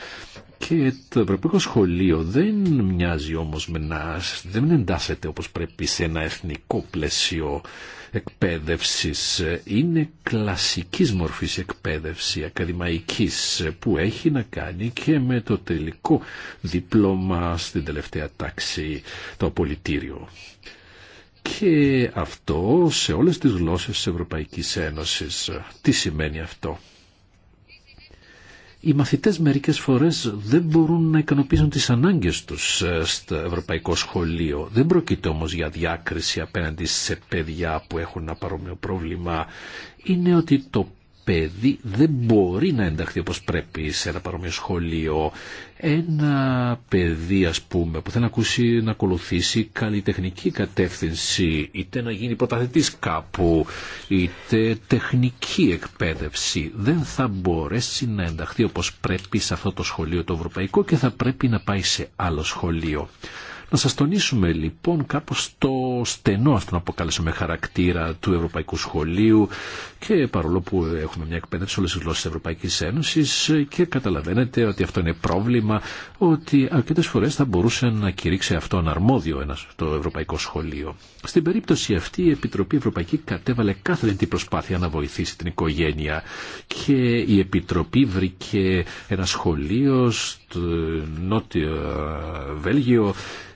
Και το Ευρωπαϊκό Σχολείο δεν μοιάζει όμως με να, δεν εντάσσεται όπως πρέπει σε ένα εθνικό πλαίσιο εκπαίδευσης. Είναι κλασικής μορφής εκπαίδευση ακαδημαϊκής που έχει να κάνει και με το τελικό δίπλωμα στην τελευταία τάξη το πολιτήριο. Και αυτό σε όλες τις γλώσσες της Ευρωπαϊκής Ένωσης. Τι σημαίνει αυτό οι μαθητές μερικές φορές δεν μπορούν να ικανοποιήσουν τις ανάγκες τους ε, στο ευρωπαϊκό σχολείο. Δεν πρόκειται όμως για διάκριση απέναντι σε παιδιά που έχουν ένα παρόμοιο πρόβλημα. Είναι ότι το παιδί δεν μπορεί να ενταχθεί όπως πρέπει σε ένα παρόμοιο σχολείο. Ένα παιδί ας πούμε που θέλει να, ακούσει, να ακολουθήσει καλλιτεχνική κατεύθυνση είτε να γίνει πρωταθετής κάπου είτε τεχνική εκπαίδευση δεν θα μπορέσει να ενταχθεί όπως πρέπει σε αυτό το σχολείο το ευρωπαϊκό και θα πρέπει να πάει σε άλλο σχολείο. Να σας τονίσουμε λοιπόν κάπως το στενό αυτό να αποκαλέσουμε χαρακτήρα του Ευρωπαϊκού Σχολείου και παρόλο που έχουμε μια εκπαίδευση όλες τις γλώσσες της Ευρωπαϊκής Ένωσης και καταλαβαίνετε ότι αυτό είναι πρόβλημα, ότι αρκετές φορές θα μπορούσε να κηρύξει αυτόν αρμόδιο ένας, το Ευρωπαϊκό Σχολείο. Στην περίπτωση αυτή η Επιτροπή Ευρωπαϊκή κατέβαλε κάθε την προσπάθεια να βοηθήσει την οικογένεια και η Επιτροπή βρήκε ένα σχολείο στο νότιο Βέλγιο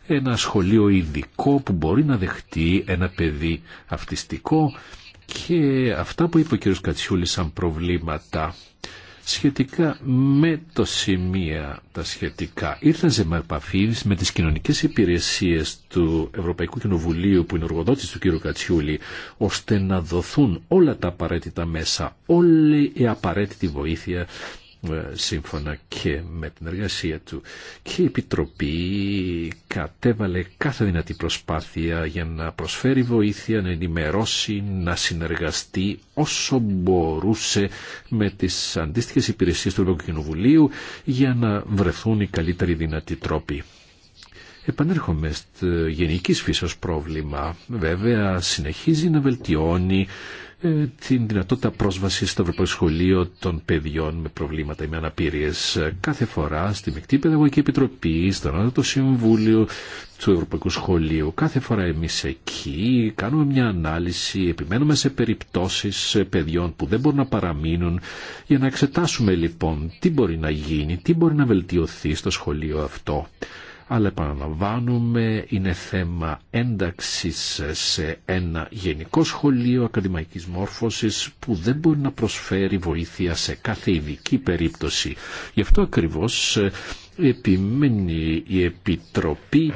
ένα σχολείο ειδικό που μπορεί να δεχτεί ένα παιδί αυτιστικό και αυτά που είπε ο κ. Κατσιούλη σαν προβλήματα σχετικά με το σημεία τα σχετικά. Ήρθαν σε επαφή με τις κοινωνικές υπηρεσίες του Ευρωπαϊκού Κοινοβουλίου που είναι οργοδότης του κ. Κατσιούλη ώστε να δοθούν όλα τα απαραίτητα μέσα, όλη η απαραίτητη βοήθεια ε, σύμφωνα και με την εργασία του. Και η Επιτροπή κατέβαλε κάθε δυνατή προσπάθεια για να προσφέρει βοήθεια, να ενημερώσει, να συνεργαστεί όσο μπορούσε με τις αντίστοιχες υπηρεσίες του Ευρωπαϊκού Κοινοβουλίου για να βρεθούν οι καλύτεροι δυνατοί τρόποι. Επανέρχομαι στο γενικής φύσεως πρόβλημα. Βέβαια συνεχίζει να βελτιώνει ε, την δυνατότητα πρόσβασης στο Ευρωπαϊκό Σχολείο των παιδιών με προβλήματα ή με αναπηρίες ε, κάθε φορά στη Μεκτή Παιδαγωγική Επιτροπή, στον Ανώτατο Συμβούλιο του Ευρωπαϊκού Σχολείου. Κάθε φορά εμείς εκεί κάνουμε μια ανάλυση, επιμένουμε σε περιπτώσεις παιδιών που δεν μπορούν να παραμείνουν για να εξετάσουμε λοιπόν τι μπορεί να γίνει, τι μπορεί να βελτιωθεί στο σχολείο αυτό αλλά επαναλαμβάνουμε είναι θέμα ένταξης σε ένα γενικό σχολείο ακαδημαϊκής μόρφωσης που δεν μπορεί να προσφέρει βοήθεια σε κάθε ειδική περίπτωση. Γι' αυτό ακριβώς ε, επιμένει η Επιτροπή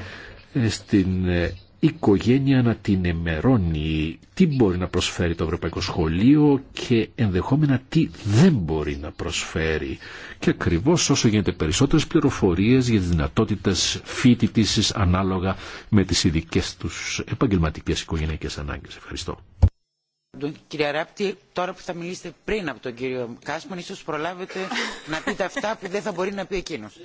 ε, στην ε, οικογένεια να την εμερώνει, τι μπορεί να προσφέρει το Ευρωπαϊκό Σχολείο και ενδεχόμενα τι δεν μπορεί να προσφέρει. Και ακριβώς όσο γίνεται περισσότερες πληροφορίες για τις δυνατότητες φοιτητήσεις ανάλογα με τις ειδικέ τους επαγγελματικές οικογενειακές ανάγκες. Ευχαριστώ. Κυρία Ράπτη, τώρα που θα μιλήσετε πριν από τον κύριο Κάσμαν, ίσως προλάβετε να πείτε αυτά που δεν θα μπορεί να πει εκείνος.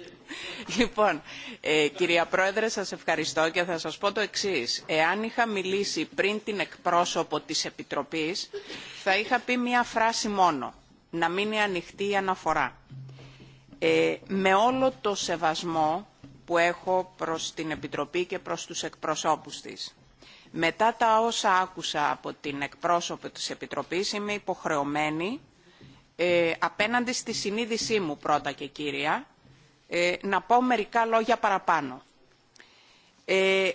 Λοιπόν, ε, κυρία Πρόεδρε, σας ευχαριστώ και θα σας πω το εξής. Εάν είχα μιλήσει πριν την εκπρόσωπο της Επιτροπής, θα είχα πει μία φράση μόνο. Να μείνει ανοιχτή η αναφορά. Ε, με όλο το σεβασμό που έχω προς την Επιτροπή και προς τους εκπροσώπους της μετά τα όσα άκουσα από την εκπρόσωπο της Επιτροπής, είμαι υποχρεωμένη ε, απέναντι στη συνείδησή μου πρώτα και κύρια ε, να πω μερικά λόγια παραπάνω. Ε,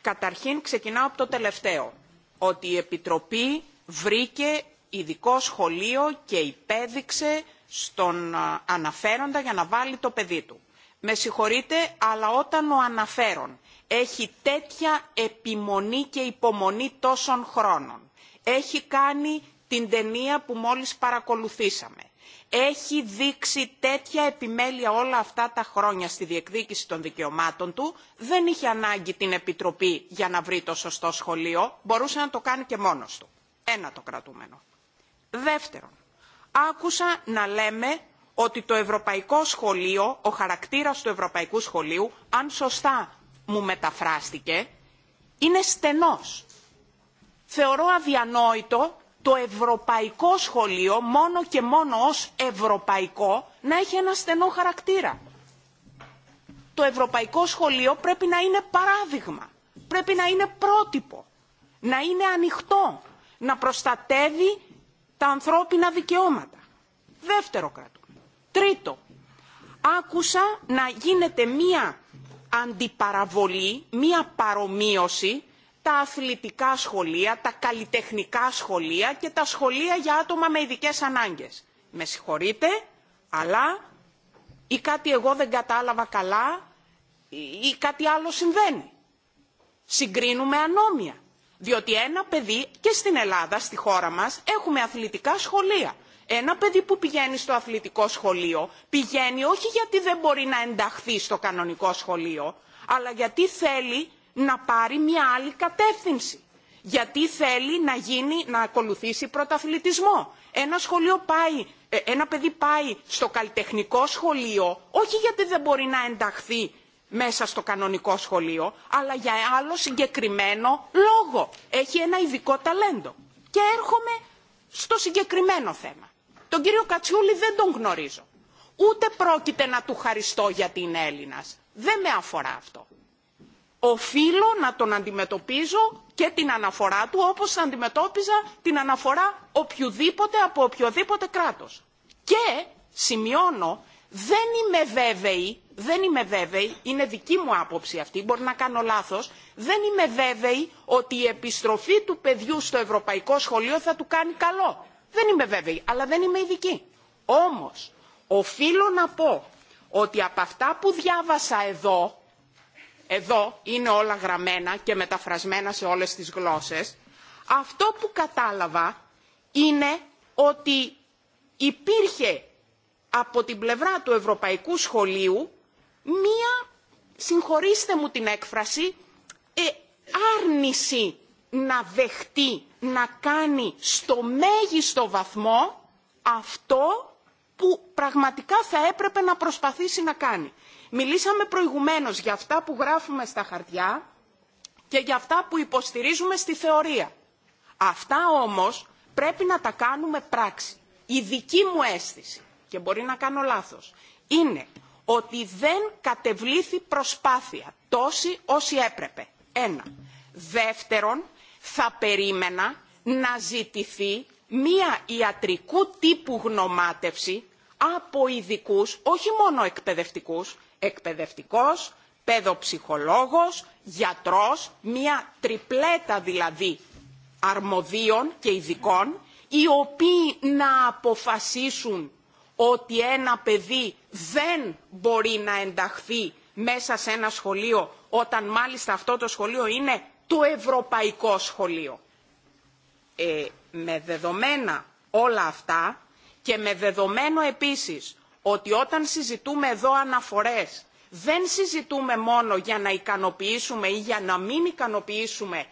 καταρχήν ξεκινάω από το τελευταίο, ότι η Επιτροπή βρήκε ειδικό σχολείο και υπέδειξε στον αναφέροντα για να βάλει το παιδί του. Με συγχωρείτε, αλλά όταν ο αναφέρον έχει τέτοια επιμονή και υπομονή τόσων χρόνων. Έχει κάνει την ταινία που μόλις παρακολουθήσαμε. Έχει δείξει τέτοια επιμέλεια όλα αυτά τα χρόνια στη διεκδίκηση των δικαιωμάτων του. Δεν είχε ανάγκη την Επιτροπή για να βρει το σωστό σχολείο. Μπορούσε να το κάνει και μόνος του. Ένα το κρατούμενο. Δεύτερον, άκουσα να λέμε ότι το ευρωπαϊκό σχολείο, ο χαρακτήρας του ευρωπαϊκού σχολείου, αν σωστά μου μεταφράστηκε είναι στενός. Θεωρώ αδιανόητο το ευρωπαϊκό σχολείο μόνο και μόνο ως ευρωπαϊκό να έχει ένα στενό χαρακτήρα. Το ευρωπαϊκό σχολείο πρέπει να είναι παράδειγμα, πρέπει να είναι πρότυπο, να είναι ανοιχτό, να προστατεύει τα ανθρώπινα δικαιώματα. Δεύτερο κράτο. Τρίτο, άκουσα να γίνεται μία Αντιπαραβολή, μία παρομοίωση τα αθλητικά σχολεία, τα καλλιτεχνικά σχολεία και τα σχολεία για άτομα με ειδικές ανάγκες. Με συγχωρείτε, αλλά ή κάτι εγώ δεν κατάλαβα καλά ή κάτι άλλο συμβαίνει. Συγκρίνουμε ανώμια. Διότι ένα παιδί και στην Ελλάδα, στη χώρα μας, έχουμε αθλητικά σχολεία ένα παιδί που πηγαίνει στο αθλητικό σχολείο πηγαίνει όχι γιατί δεν μπορεί να ενταχθεί στο κανονικό σχολείο, αλλά γιατί θέλει να πάρει μια άλλη κατεύθυνση. Γιατί θέλει να, γίνει, να ακολουθήσει πρωταθλητισμό. Ένα, σχολείο πάει, ε, ένα παιδί πάει στο καλλιτεχνικό σχολείο όχι γιατί δεν μπορεί να ενταχθεί μέσα στο κανονικό σχολείο, αλλά για άλλο συγκεκριμένο λόγο. Έχει ένα ειδικό ταλέντο. Και έρχομαι στο συγκεκριμένο θέμα. Τον κύριο Κατσιούλη δεν τον γνωρίζω. Ούτε πρόκειται να του χαριστώ γιατί είναι Έλληνας. Δεν με αφορά αυτό. Οφείλω να τον αντιμετωπίζω και την αναφορά του όπως αντιμετώπιζα την αναφορά οποιοδήποτε από οποιοδήποτε κράτος. Και, σημειώνω, δεν είμαι βέβαιη, δεν είμαι βέβαιη, είναι δική μου άποψη αυτή, μπορεί να κάνω λάθος, δεν είμαι βέβαιη ότι η επιστροφή του παιδιού στο ευρωπαϊκό σχολείο θα του κάνει καλό. Δεν είμαι βέβαιη, αλλά δεν είμαι ειδική. Όμως, οφείλω να πω ότι από αυτά που διάβασα εδώ, εδώ είναι όλα γραμμένα και μεταφρασμένα σε όλες τις γλώσσες, αυτό που κατάλαβα είναι ότι υπήρχε από την πλευρά του Ευρωπαϊκού Σχολείου μία, συγχωρήστε μου την έκφραση, ε, άρνηση να δεχτεί να κάνει στο μέγιστο βαθμό αυτό που πραγματικά θα έπρεπε να προσπαθήσει να κάνει. Μιλήσαμε προηγουμένως για αυτά που γράφουμε στα χαρτιά και για αυτά που υποστηρίζουμε στη θεωρία. Αυτά όμως πρέπει να τα κάνουμε πράξη. Η δική μου αίσθηση, και μπορεί να κάνω λάθος, είναι ότι δεν κατεβλήθη προσπάθεια τόση όση έπρεπε. Ένα. Δεύτερον, θα περίμενα να ζητηθεί μία ιατρικού τύπου γνωμάτευση από ειδικού, όχι μόνο εκπαιδευτικούς, εκπαιδευτικός, παιδοψυχολόγος, γιατρός, μία τριπλέτα δηλαδή αρμοδίων και ειδικών, οι οποίοι να αποφασίσουν ότι ένα παιδί δεν μπορεί να ενταχθεί μέσα σε ένα σχολείο όταν μάλιστα αυτό το σχολείο είναι το Ευρωπαϊκό Σχολείο. Ε, με δεδομένα όλα αυτά και με δεδομένο επίσης ότι όταν συζητούμε εδώ αναφορές δεν συζητούμε μόνο για να ικανοποιήσουμε ή για να μην ικανοποιήσουμε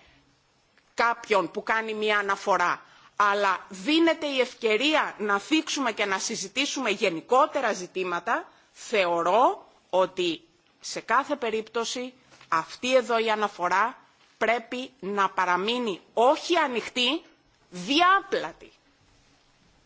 κάποιον που κάνει μια αναφορά αλλά δίνεται η ευκαιρία να θίξουμε και να συζητήσουμε γενικότερα ζητήματα θεωρώ ότι σε κάθε περίπτωση αυτή εδώ η αναφορά πρέπει να παραμείνει όχι ανοιχτή, διάπλατη.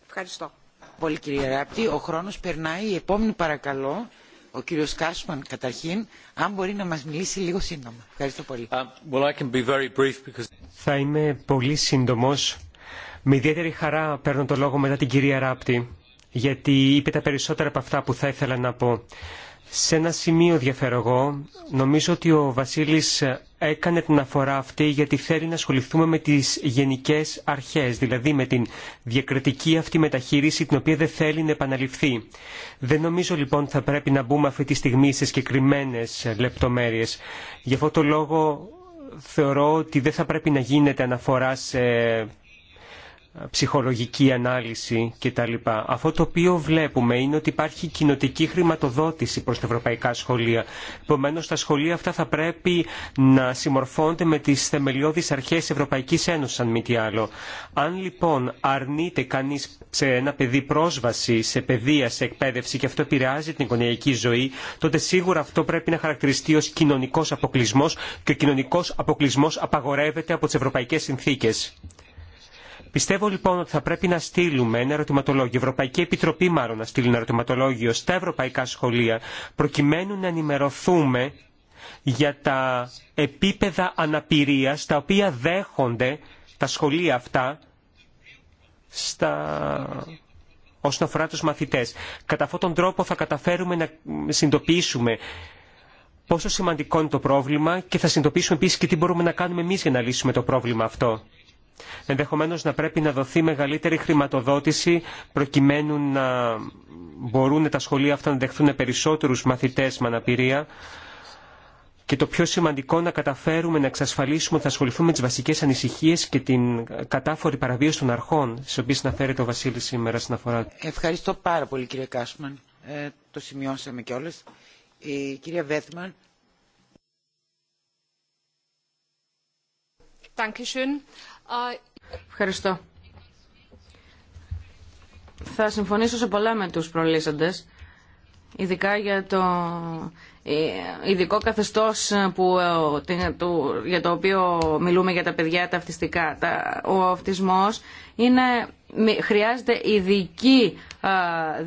Ευχαριστώ. Πολύ κύριε Ράπτη. Ο χρόνος περνάει. Η επόμενη παρακαλώ, ο κύριος Κάσμαν καταρχήν, αν μπορεί να μας μιλήσει λίγο σύντομα. Ευχαριστώ πολύ. Um, θα είμαι πολύ σύντομος. Με ιδιαίτερη χαρά παίρνω το λόγο μετά την κυρία Ράπτη, γιατί είπε τα περισσότερα από αυτά που θα ήθελα να πω. Σε ένα σημείο διαφέρω εγώ. Νομίζω ότι ο Βασίλης έκανε την αφορά αυτή γιατί θέλει να ασχοληθούμε με τις γενικές αρχές, δηλαδή με την διακριτική αυτή μεταχείριση την οποία δεν θέλει να επαναληφθεί. Δεν νομίζω λοιπόν θα πρέπει να μπούμε αυτή τη στιγμή σε συγκεκριμένε λεπτομέρειες. Γι' αυτό το λόγο θεωρώ ότι δεν θα πρέπει να γίνεται αναφορά σε ψυχολογική ανάλυση κτλ. Αυτό το οποίο βλέπουμε είναι ότι υπάρχει κοινοτική χρηματοδότηση προς τα ευρωπαϊκά σχολεία. Επομένως τα σχολεία αυτά θα πρέπει να συμμορφώνται με τις θεμελιώδεις αρχές Ευρωπαϊκής Ένωσης αν μη τι άλλο. Αν λοιπόν αρνείται κανείς σε ένα παιδί πρόσβαση, σε παιδεία, σε εκπαίδευση και αυτό επηρεάζει την οικονομική ζωή, τότε σίγουρα αυτό πρέπει να χαρακτηριστεί ως κοινωνικός αποκλεισμός και ο κοινωνικός αποκλεισμός απαγορεύεται από τις ευρωπαϊκές συνθήκες. Πιστεύω λοιπόν ότι θα πρέπει να στείλουμε ένα ερωτηματολόγιο, η Ευρωπαϊκή Επιτροπή μάλλον να στείλει ένα ερωτηματολόγιο στα ευρωπαϊκά σχολεία, προκειμένου να ενημερωθούμε για τα επίπεδα αναπηρίας τα οποία δέχονται τα σχολεία αυτά στα... όσον αφορά τους μαθητές. Κατά αυτόν τον τρόπο θα καταφέρουμε να συνειδητοποιήσουμε πόσο σημαντικό είναι το πρόβλημα και θα συνειδητοποιήσουμε επίσης και τι μπορούμε να κάνουμε εμείς για να λύσουμε το πρόβλημα αυτό ενδεχομένως να πρέπει να δοθεί μεγαλύτερη χρηματοδότηση προκειμένου να μπορούν τα σχολεία αυτά να δεχθούν περισσότερους μαθητές με αναπηρία και το πιο σημαντικό να καταφέρουμε να εξασφαλίσουμε ότι θα ασχοληθούμε με τις βασικές ανησυχίες και την κατάφορη παραβίαση των αρχών στις οποίες αναφέρεται ο Βασίλης σήμερα στην αφορά. Ευχαριστώ πάρα πολύ κύριε Κάσμαν. Ε, το σημειώσαμε κιόλας. Η κυρία Βέθμαν. Ευχαριστώ. Θα συμφωνήσω σε πολλά με τους προλύσαντες, ειδικά για το ε, ειδικό καθεστώς που, ε, για το οποίο μιλούμε για τα παιδιά τα αυτιστικά. Ο αυτισμός είναι, χρειάζεται ειδική,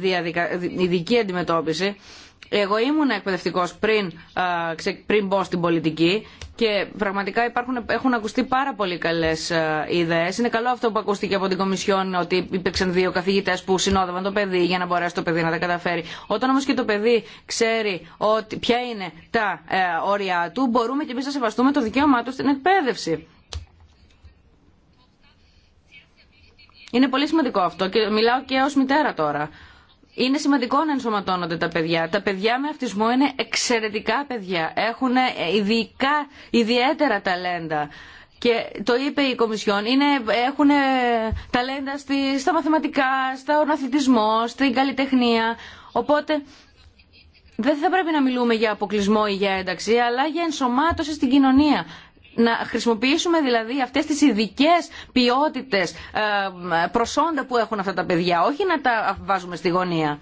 ε, ειδική αντιμετώπιση εγώ ήμουν εκπαιδευτικό πριν, πριν μπω στην πολιτική και πραγματικά υπάρχουν, έχουν ακουστεί πάρα πολύ καλέ ιδέε. Είναι καλό αυτό που ακούστηκε από την Κομισιόν ότι υπήρξαν δύο καθηγητέ που συνόδευαν το παιδί για να μπορέσει το παιδί να τα καταφέρει. Όταν όμω και το παιδί ξέρει ότι, ποια είναι τα ε, όρια του, μπορούμε και εμεί να σεβαστούμε το δικαίωμά του στην εκπαίδευση. Είναι πολύ σημαντικό αυτό και μιλάω και ως μητέρα τώρα είναι σημαντικό να ενσωματώνονται τα παιδιά. Τα παιδιά με αυτισμό είναι εξαιρετικά παιδιά. Έχουν ε, ειδικά, ιδιαίτερα ταλέντα. Και το είπε η Κομισιόν, έχουν ε, ταλέντα στη, στα μαθηματικά, στα αθλητισμό, στην καλλιτεχνία. Οπότε δεν θα πρέπει να μιλούμε για αποκλεισμό ή για ένταξη, αλλά για ενσωμάτωση στην κοινωνία να χρησιμοποιήσουμε δηλαδή αυτές τις ειδικέ ποιότητες ε, προσόντα που έχουν αυτά τα παιδιά, όχι να τα βάζουμε στη γωνία.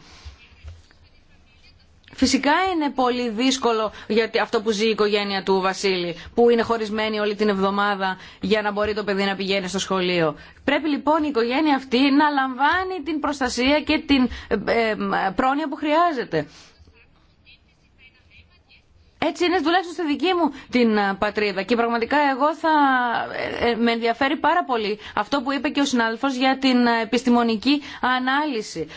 Φυσικά είναι πολύ δύσκολο γιατί αυτό που ζει η οικογένεια του Βασίλη, που είναι χωρισμένη όλη την εβδομάδα για να μπορεί το παιδί να πηγαίνει στο σχολείο. Πρέπει λοιπόν η οικογένεια αυτή να λαμβάνει την προστασία και την ε, ε, πρόνοια που χρειάζεται. Έτσι είναι δουλέψω στη δική μου την ε, πατρίδα και πραγματικά εγώ θα ε, ε, με ενδιαφέρει πάρα πολύ αυτό που είπε και ο συνάδελφος για την επιστημονική ανάλυση.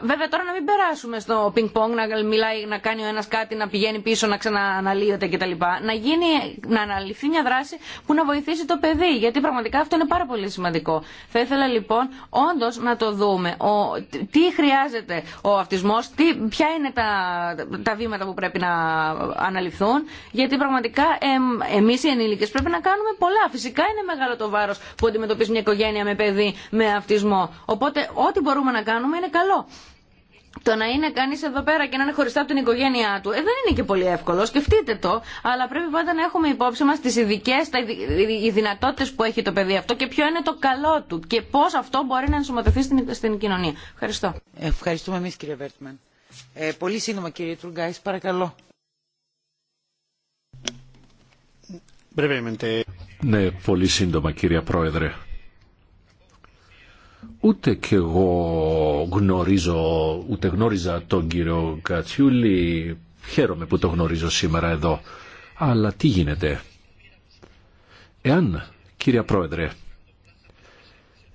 Βέβαια τώρα να μην περάσουμε στο πινκ πονγκ να μιλάει, να κάνει ο ένας κάτι, να πηγαίνει πίσω, να ξανααναλύεται κτλ. Να, γίνει, να αναλυθεί μια δράση που να βοηθήσει το παιδί γιατί πραγματικά αυτό είναι πάρα πολύ σημαντικό. Θα ήθελα λοιπόν όντω να το δούμε ο, τι χρειάζεται ο αυτισμός, τι, ποια είναι τα, τα βήματα που πρέπει να αναλυθούν, γιατί πραγματικά ε, εμείς οι ενήλικέ πρέπει να κάνουμε πολλά. Φυσικά είναι μεγάλο το βάρο που αντιμετωπίζει μια οικογένεια με παιδί με αυτισμό. Οπότε ό,τι μπορούμε να κάνουμε είναι καλό. Το να είναι κανεί εδώ πέρα και να είναι χωριστά από την οικογένειά του, ε, δεν είναι και πολύ εύκολο, σκεφτείτε το, αλλά πρέπει πάντα να έχουμε υπόψη μα τι ειδικέ, οι δυνατότητε που έχει το παιδί αυτό και ποιο είναι το καλό του και πώ αυτό μπορεί να ενσωματωθεί στην, στην κοινωνία. Ευχαριστώ. Ευχαριστούμε εμεί κύριε Βέρτμαν. Ε, πολύ σύντομα κύριε Τουργκάη, παρακαλώ. Ναι, πολύ σύντομα κύριε Πρόεδρε. Ούτε και εγώ γνωρίζω, ούτε γνώριζα τον κύριο Κατσιούλη. Χαίρομαι που το γνωρίζω σήμερα εδώ. Αλλά τι γίνεται. Εάν, κύριε Πρόεδρε,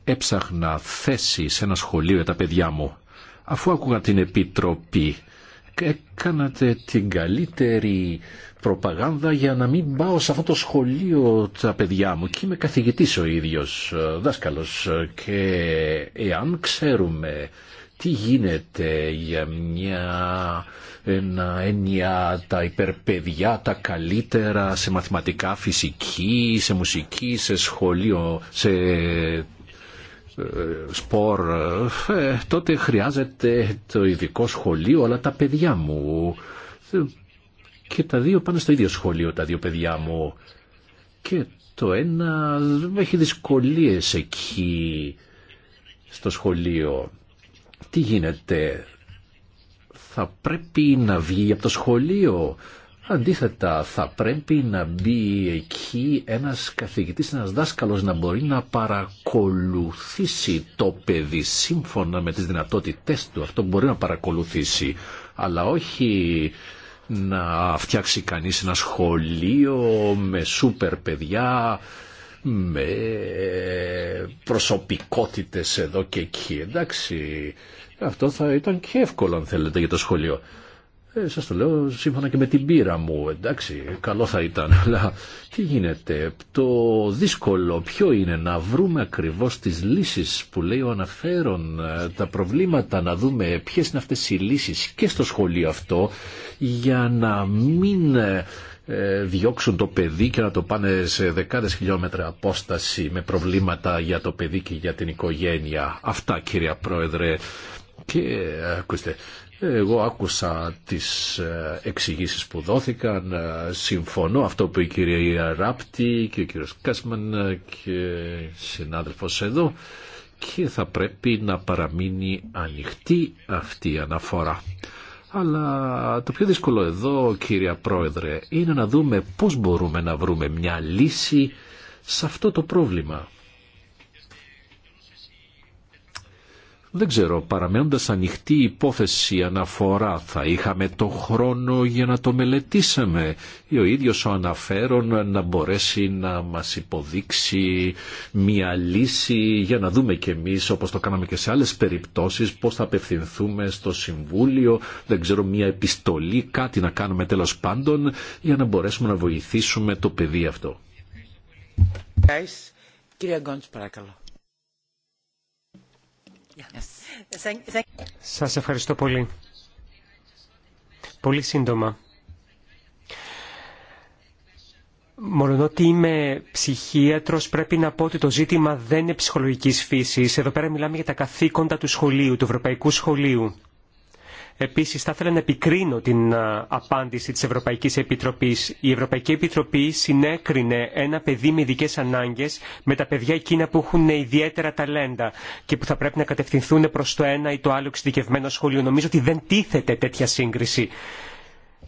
έψαχνα θέση σε ένα σχολείο για τα παιδιά μου, αφού άκουγα την Επιτροπή, έκανατε την καλύτερη προπαγάνδα για να μην πάω σε αυτό το σχολείο τα παιδιά μου. Και είμαι καθηγητής ο ίδιος, ε, δάσκαλος. Και εάν ξέρουμε τι γίνεται για μια ένα έννοια τα υπερπαιδιά, τα καλύτερα σε μαθηματικά, φυσική, σε μουσική, σε σχολείο, σε ε, σπορ, ε, ε, τότε χρειάζεται το ειδικό σχολείο, αλλά τα παιδιά μου και τα δύο πάνε στο ίδιο σχολείο τα δύο παιδιά μου και το ένα έχει δυσκολίες εκεί στο σχολείο. Τι γίνεται, θα πρέπει να βγει από το σχολείο. Αντίθετα, θα πρέπει να μπει εκεί ένας καθηγητής, ένας δάσκαλος να μπορεί να παρακολουθήσει το παιδί σύμφωνα με τις δυνατότητές του. Αυτό μπορεί να παρακολουθήσει, αλλά όχι να φτιάξει κανείς ένα σχολείο με σούπερ παιδιά, με προσωπικότητες εδώ και εκεί. Εντάξει, αυτό θα ήταν και εύκολο αν θέλετε για το σχολείο. Ε, σας το λέω σύμφωνα και με την πείρα μου, εντάξει, καλό θα ήταν, αλλά τι γίνεται, το δύσκολο ποιο είναι να βρούμε ακριβώς τις λύσεις που λέει ο αναφέρον, ε, τα προβλήματα, να δούμε ποιες είναι αυτές οι λύσεις και στο σχολείο αυτό, για να μην ε, ε, διώξουν το παιδί και να το πάνε σε δεκάδες χιλιόμετρα απόσταση με προβλήματα για το παιδί και για την οικογένεια. Αυτά κύριε Πρόεδρε. Και ακούστε, εγώ άκουσα τις ε, εξηγήσεις που δόθηκαν, ε, συμφωνώ αυτό που η κυρία Ράπτη και ο κύριος Κάσμαν ε, και συνάδελφος εδώ και θα πρέπει να παραμείνει ανοιχτή αυτή η αναφορά. Αλλά το πιο δύσκολο εδώ, κύρια Πρόεδρε, είναι να δούμε πώς μπορούμε να βρούμε μια λύση σε αυτό το πρόβλημα. Δεν ξέρω, παραμένοντας ανοιχτή η υπόθεση αναφορά, θα είχαμε το χρόνο για να το μελετήσαμε ή ο ίδιος ο αναφέρον να μπορέσει να μας υποδείξει μια λύση για να δούμε κι εμείς, όπως το κάναμε και σε άλλες περιπτώσεις, πώς θα απευθυνθούμε στο Συμβούλιο, δεν ξέρω, μια επιστολή, κάτι να κάνουμε τέλος πάντων, για να μπορέσουμε να βοηθήσουμε το παιδί αυτό. Γκόντς, παρακαλώ. Σας ευχαριστώ πολύ. Πολύ σύντομα. Μόλον ότι είμαι ψυχίατρος πρέπει να πω ότι το ζήτημα δεν είναι ψυχολογικής φύσης. Εδώ πέρα μιλάμε για τα καθήκοντα του σχολείου, του Ευρωπαϊκού Σχολείου. Επίση, θα ήθελα να επικρίνω την απάντηση της Ευρωπαϊκής Επιτροπής. Η Ευρωπαϊκή Επιτροπή συνέκρινε ένα παιδί με ειδικέ ανάγκες με τα παιδιά εκείνα που έχουν ιδιαίτερα ταλέντα και που θα πρέπει να κατευθυνθούν προς το ένα ή το άλλο εξειδικευμένο σχολείο. Νομίζω ότι δεν τίθεται τέτοια σύγκριση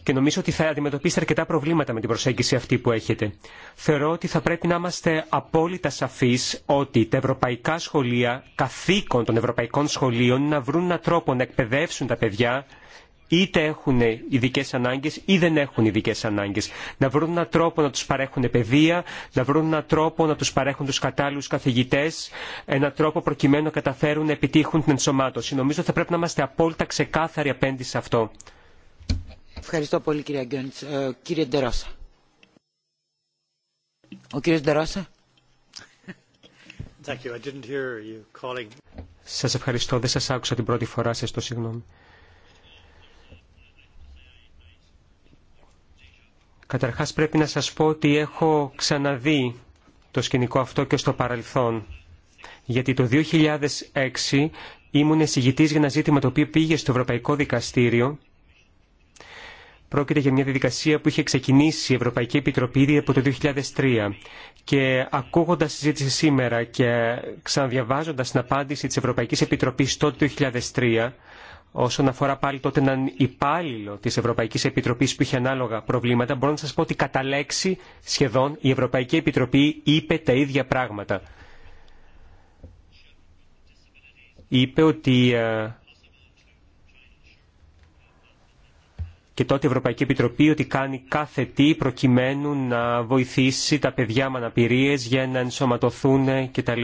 και νομίζω ότι θα αντιμετωπίσετε αρκετά προβλήματα με την προσέγγιση αυτή που έχετε. Θεωρώ ότι θα πρέπει να είμαστε απόλυτα σαφείς ότι τα ευρωπαϊκά σχολεία, καθήκον των ευρωπαϊκών σχολείων, να βρουν έναν τρόπο να εκπαιδεύσουν τα παιδιά είτε έχουν ειδικέ ανάγκε ή δεν έχουν ειδικέ ανάγκε. Να βρουν έναν τρόπο να του παρέχουν παιδεία, να βρουν έναν τρόπο να του παρέχουν του κατάλληλου καθηγητέ, έναν τρόπο προκειμένου να καταφέρουν να επιτύχουν την ενσωμάτωση. Νομίζω θα πρέπει να είμαστε απόλυτα ξεκάθαροι απέναντι σε αυτό. Ευχαριστώ πολύ κυρία Γκέντς. Ε, κύριε Ντερόσα. Ο κύριος Ντερόσα. Σας ευχαριστώ. Δεν σας άκουσα την πρώτη φορά σας, το συγγνώμη. Καταρχάς πρέπει να σας πω ότι έχω ξαναδεί το σκηνικό αυτό και στο παρελθόν. Γιατί το 2006 ήμουν εισηγητής για ένα ζήτημα το οποίο πήγε στο Ευρωπαϊκό Δικαστήριο Πρόκειται για μια διαδικασία που είχε ξεκινήσει η Ευρωπαϊκή Επιτροπή ήδη από το 2003. Και ακούγοντας συζήτηση σήμερα και ξαναδιαβάζοντα την απάντηση της Ευρωπαϊκής Επιτροπής τότε το 2003, όσον αφορά πάλι τότε έναν υπάλληλο της Ευρωπαϊκής Επιτροπής που είχε ανάλογα προβλήματα, μπορώ να σας πω ότι κατά λέξη σχεδόν η Ευρωπαϊκή Επιτροπή είπε τα ίδια πράγματα. Είπε ότι ε, και τότε η Ευρωπαϊκή Επιτροπή ότι κάνει κάθε τι προκειμένου να βοηθήσει τα παιδιά με αναπηρίες για να ενσωματωθούν κτλ.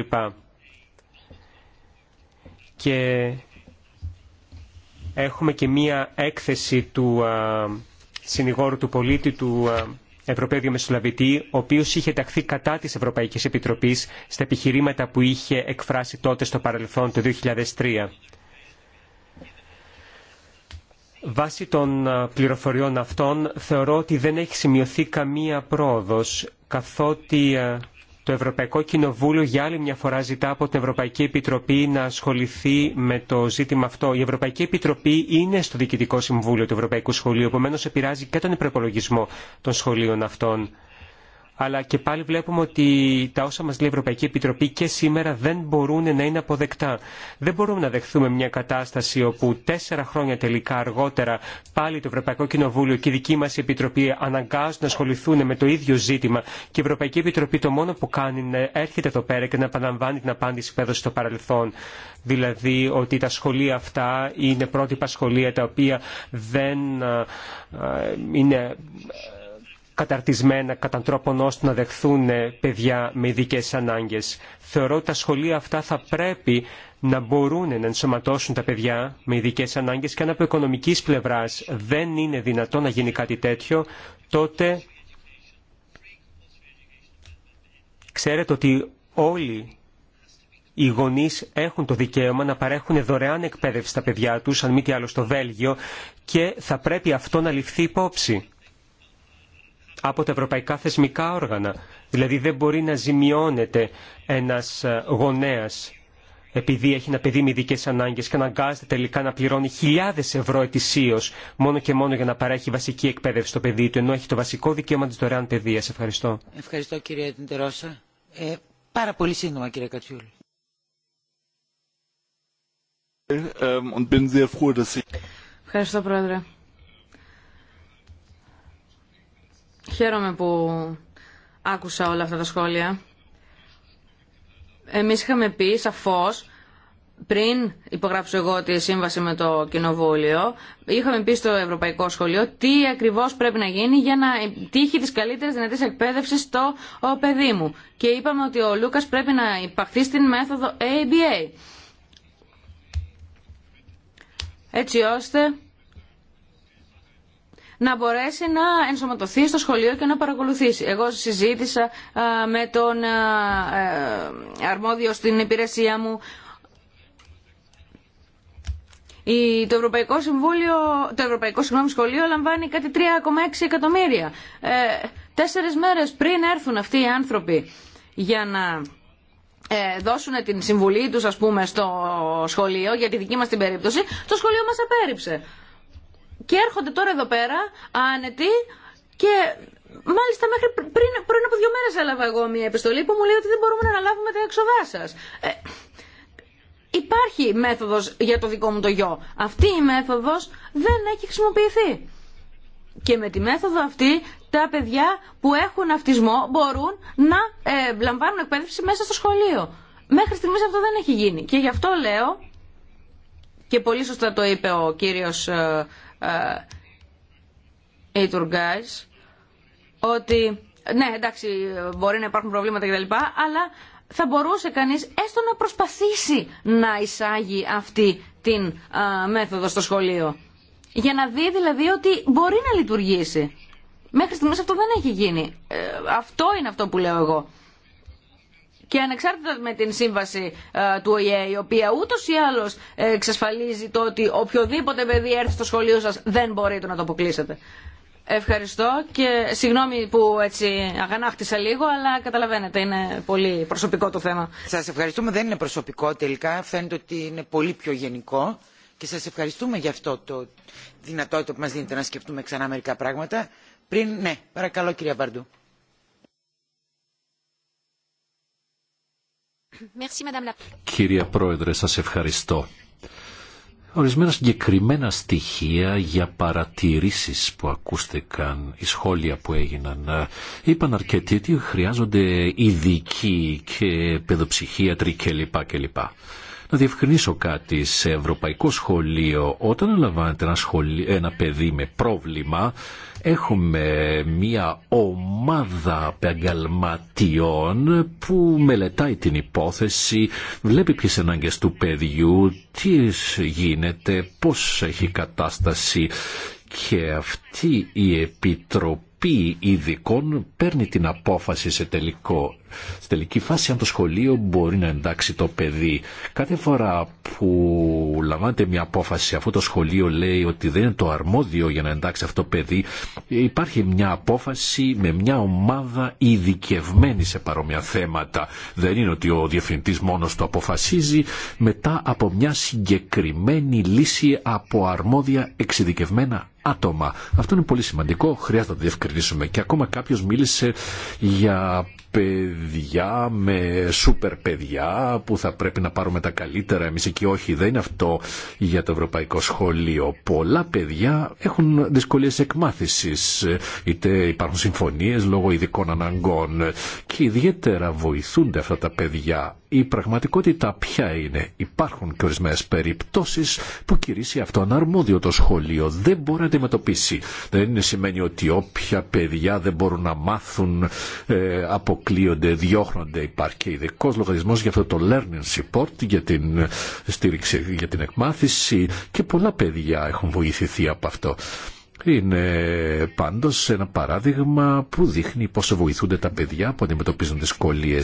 Και έχουμε και μία έκθεση του συνηγόρου του πολίτη του Ευρωπαίου Διαμεσολαβητή, ο οποίο είχε ταχθεί κατά τη Ευρωπαϊκή Επιτροπή στα επιχειρήματα που είχε εκφράσει τότε στο παρελθόν το 2003. Βάσει των πληροφοριών αυτών θεωρώ ότι δεν έχει σημειωθεί καμία πρόοδος καθότι το Ευρωπαϊκό Κοινοβούλιο για άλλη μια φορά ζητά από την Ευρωπαϊκή Επιτροπή να ασχοληθεί με το ζήτημα αυτό. Η Ευρωπαϊκή Επιτροπή είναι στο Διοικητικό Συμβούλιο του Ευρωπαϊκού Σχολείου, επομένω επηρεάζει και τον προπολογισμό των σχολείων αυτών αλλά και πάλι βλέπουμε ότι τα όσα μας λέει η Ευρωπαϊκή Επιτροπή και σήμερα δεν μπορούν να είναι αποδεκτά. Δεν μπορούμε να δεχθούμε μια κατάσταση όπου τέσσερα χρόνια τελικά αργότερα πάλι το Ευρωπαϊκό Κοινοβούλιο και η δική μας Επιτροπή αναγκάζουν να ασχοληθούν με το ίδιο ζήτημα και η Ευρωπαϊκή Επιτροπή το μόνο που κάνει είναι έρχεται εδώ πέρα και να επαναλαμβάνει την απάντηση που έδωσε στο παρελθόν. Δηλαδή ότι τα σχολεία αυτά είναι πρότυπα σχολεία τα οποία δεν ε, ε, είναι καταρτισμένα κατά τρόπον ώστε να δεχθούν ε, παιδιά με ειδικέ ανάγκες. Θεωρώ ότι τα σχολεία αυτά θα πρέπει να μπορούν να ενσωματώσουν τα παιδιά με ειδικέ ανάγκες και αν από οικονομικής πλευράς δεν είναι δυνατό να γίνει κάτι τέτοιο, τότε ξέρετε ότι όλοι οι γονεί έχουν το δικαίωμα να παρέχουν δωρεάν εκπαίδευση στα παιδιά του, αν μη τι άλλο στο Βέλγιο, και θα πρέπει αυτό να ληφθεί υπόψη από τα ευρωπαϊκά θεσμικά όργανα. Δηλαδή δεν μπορεί να ζημιώνεται ένας γονέας επειδή έχει ένα παιδί με ειδικέ ανάγκε και αναγκάζεται τελικά να πληρώνει χιλιάδες ευρώ ετησίως μόνο και μόνο για να παρέχει βασική εκπαίδευση στο παιδί του, ενώ έχει το βασικό δικαίωμα τη δωρεάν παιδείας Ευχαριστώ. Ευχαριστώ κύριε Τιντερόσα. Ε, πάρα πολύ σύντομα κύριε Κατσιούλη. Ευχαριστώ πρόεδρε. Χαίρομαι που άκουσα όλα αυτά τα σχόλια. Εμείς είχαμε πει σαφώς πριν υπογράψω εγώ τη σύμβαση με το Κοινοβούλιο, είχαμε πει στο Ευρωπαϊκό Σχολείο τι ακριβώ πρέπει να γίνει για να τύχει τι καλύτερε δυνατέ εκπαίδευση στο παιδί μου. Και είπαμε ότι ο Λούκα πρέπει να υπαχθεί στην μέθοδο ABA. Έτσι ώστε να μπορέσει να ενσωματωθεί στο σχολείο και να παρακολουθήσει. Εγώ συζήτησα με τον ε, αρμόδιο στην υπηρεσία μου το Ευρωπαϊκό, Συμβούλιο, το Ευρωπαϊκό Συγγνώμη, Σχολείο λαμβάνει κάτι 3,6 εκατομμύρια. Ε, τέσσερις μέρες πριν έρθουν αυτοί οι άνθρωποι για να ε, δώσουν την συμβουλή τους ας πούμε στο σχολείο, για τη δική μας την περίπτωση, το σχολείο μας απέρριψε. Και έρχονται τώρα εδώ πέρα άνετοι και Μάλιστα, μέχρι πριν, πριν από δύο μέρες έλαβα εγώ μια επιστολή που μου λέει ότι δεν μπορούμε να αναλάβουμε τα έξοδά σα. Ε, υπάρχει μέθοδος για το δικό μου το γιο. Αυτή η μέθοδος δεν έχει χρησιμοποιηθεί. Και με τη μέθοδο αυτή τα παιδιά που έχουν αυτισμό μπορούν να ε, λαμβάνουν εκπαίδευση μέσα στο σχολείο. Μέχρι στιγμής αυτό δεν έχει γίνει. Και γι' αυτό λέω, και πολύ σωστά το είπε ο κύριος ε, ε, Guys, ότι ναι εντάξει μπορεί να υπάρχουν προβλήματα κτλ αλλά θα μπορούσε κανείς έστω να προσπαθήσει να εισάγει αυτή την μέθοδο στο σχολείο για να δει δηλαδή ότι μπορεί να λειτουργήσει. Μέχρι στιγμής αυτό δεν έχει γίνει. Ε, αυτό είναι αυτό που λέω εγώ και ανεξάρτητα με την σύμβαση ε, του ΟΗΕ, η οποία ούτω ή άλλω εξασφαλίζει το ότι οποιοδήποτε παιδί έρθει στο σχολείο σα δεν μπορείτε να το αποκλείσετε. Ευχαριστώ και συγγνώμη που έτσι αγανάχτησα λίγο, αλλά καταλαβαίνετε είναι πολύ προσωπικό το θέμα. Σα ευχαριστούμε, δεν είναι προσωπικό τελικά, φαίνεται ότι είναι πολύ πιο γενικό και σας ευχαριστούμε για αυτό το δυνατότητα που μας δίνετε να σκεφτούμε ξανά μερικά πράγματα. Πριν, ναι, παρακαλώ κυρία Μπαρντού. Κυρία Πρόεδρε, σας ευχαριστώ. Ορισμένα συγκεκριμένα στοιχεία για παρατηρήσεις που ακούστηκαν, οι σχόλια που έγιναν, ε, είπαν αρκετοί ότι χρειάζονται ειδικοί και παιδοψυχίατροι κλπ. Να διευκρινίσω κάτι σε ευρωπαϊκό σχολείο. Όταν αναλαμβάνεται ένα παιδί με πρόβλημα, Έχουμε μία ομάδα επαγγελματιών που μελετάει την υπόθεση, βλέπει ποιες ανάγκες του παιδιού, τι γίνεται, πώς έχει κατάσταση και αυτή η επιτροπή ειδικών παίρνει την απόφαση σε τελικό στη τελική φάση αν το σχολείο μπορεί να εντάξει το παιδί. Κάθε φορά που λαμβάνεται μια απόφαση αφού το σχολείο λέει ότι δεν είναι το αρμόδιο για να εντάξει αυτό το παιδί υπάρχει μια απόφαση με μια ομάδα ειδικευμένη σε παρόμοια θέματα. Δεν είναι ότι ο διευθυντής μόνος το αποφασίζει μετά από μια συγκεκριμένη λύση από αρμόδια εξειδικευμένα άτομα. Αυτό είναι πολύ σημαντικό, χρειάζεται να το διευκρινίσουμε. Και ακόμα κάποιο μίλησε για παιδιά, με σούπερ παιδιά που θα πρέπει να πάρουμε τα καλύτερα εμείς εκεί. Όχι, δεν είναι αυτό για το Ευρωπαϊκό Σχολείο. Πολλά παιδιά έχουν δυσκολίες εκμάθησης, είτε υπάρχουν συμφωνίες λόγω ειδικών αναγκών και ιδιαίτερα βοηθούνται αυτά τα παιδιά η πραγματικότητα ποια είναι. Υπάρχουν και ορισμένε περιπτώσει που κηρύσσει αυτό αρμόδιο το σχολείο. Δεν μπορεί να αντιμετωπίσει. Δεν είναι σημαίνει ότι όποια παιδιά δεν μπορούν να μάθουν, ε, αποκλείονται, διώχνονται. Υπάρχει και ειδικό λογαριασμό για αυτό το learning support, για την στήριξη, για την εκμάθηση και πολλά παιδιά έχουν βοηθηθεί από αυτό. Είναι πάντως ένα παράδειγμα που δείχνει πόσο βοηθούνται τα παιδιά που αντιμετωπίζουν δυσκολίε.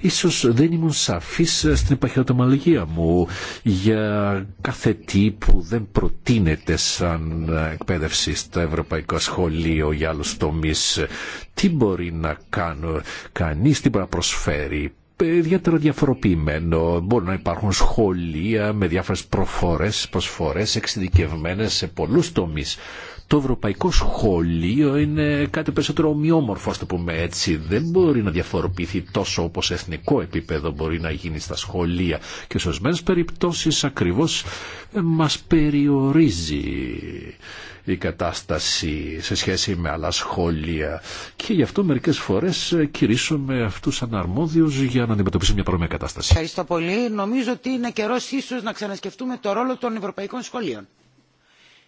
Ίσως δεν ήμουν σαφής στην επαχειροτομαλογία μου για κάθε τι που δεν προτείνεται σαν εκπαίδευση στο Ευρωπαϊκό Σχολείο για άλλους τομείς. Τι μπορεί να κάνω, κανεί τι μπορεί να προσφέρει, ιδιαίτερα διαφοροποιημένο. Μπορεί να υπάρχουν σχολεία με διάφορες προφορές, προσφορές εξειδικευμένες σε πολλούς τομείς. Το ευρωπαϊκό σχολείο είναι κάτι περισσότερο ομοιόμορφο, α το πούμε έτσι. Δεν μπορεί να διαφοροποιηθεί τόσο όπω εθνικό επίπεδο μπορεί να γίνει στα σχολεία. Και σε ορισμένε περιπτώσει ακριβώ ε, μα περιορίζει η κατάσταση σε σχέση με άλλα σχολεία Και γι' αυτό μερικέ φορέ ε, κηρύσσουμε αυτού αναρμόδιου για να αντιμετωπίσουν μια παρόμοια κατάσταση. Ευχαριστώ πολύ. Νομίζω ότι είναι καιρό ίσω να ξανασκεφτούμε το ρόλο των ευρωπαϊκών σχολείων.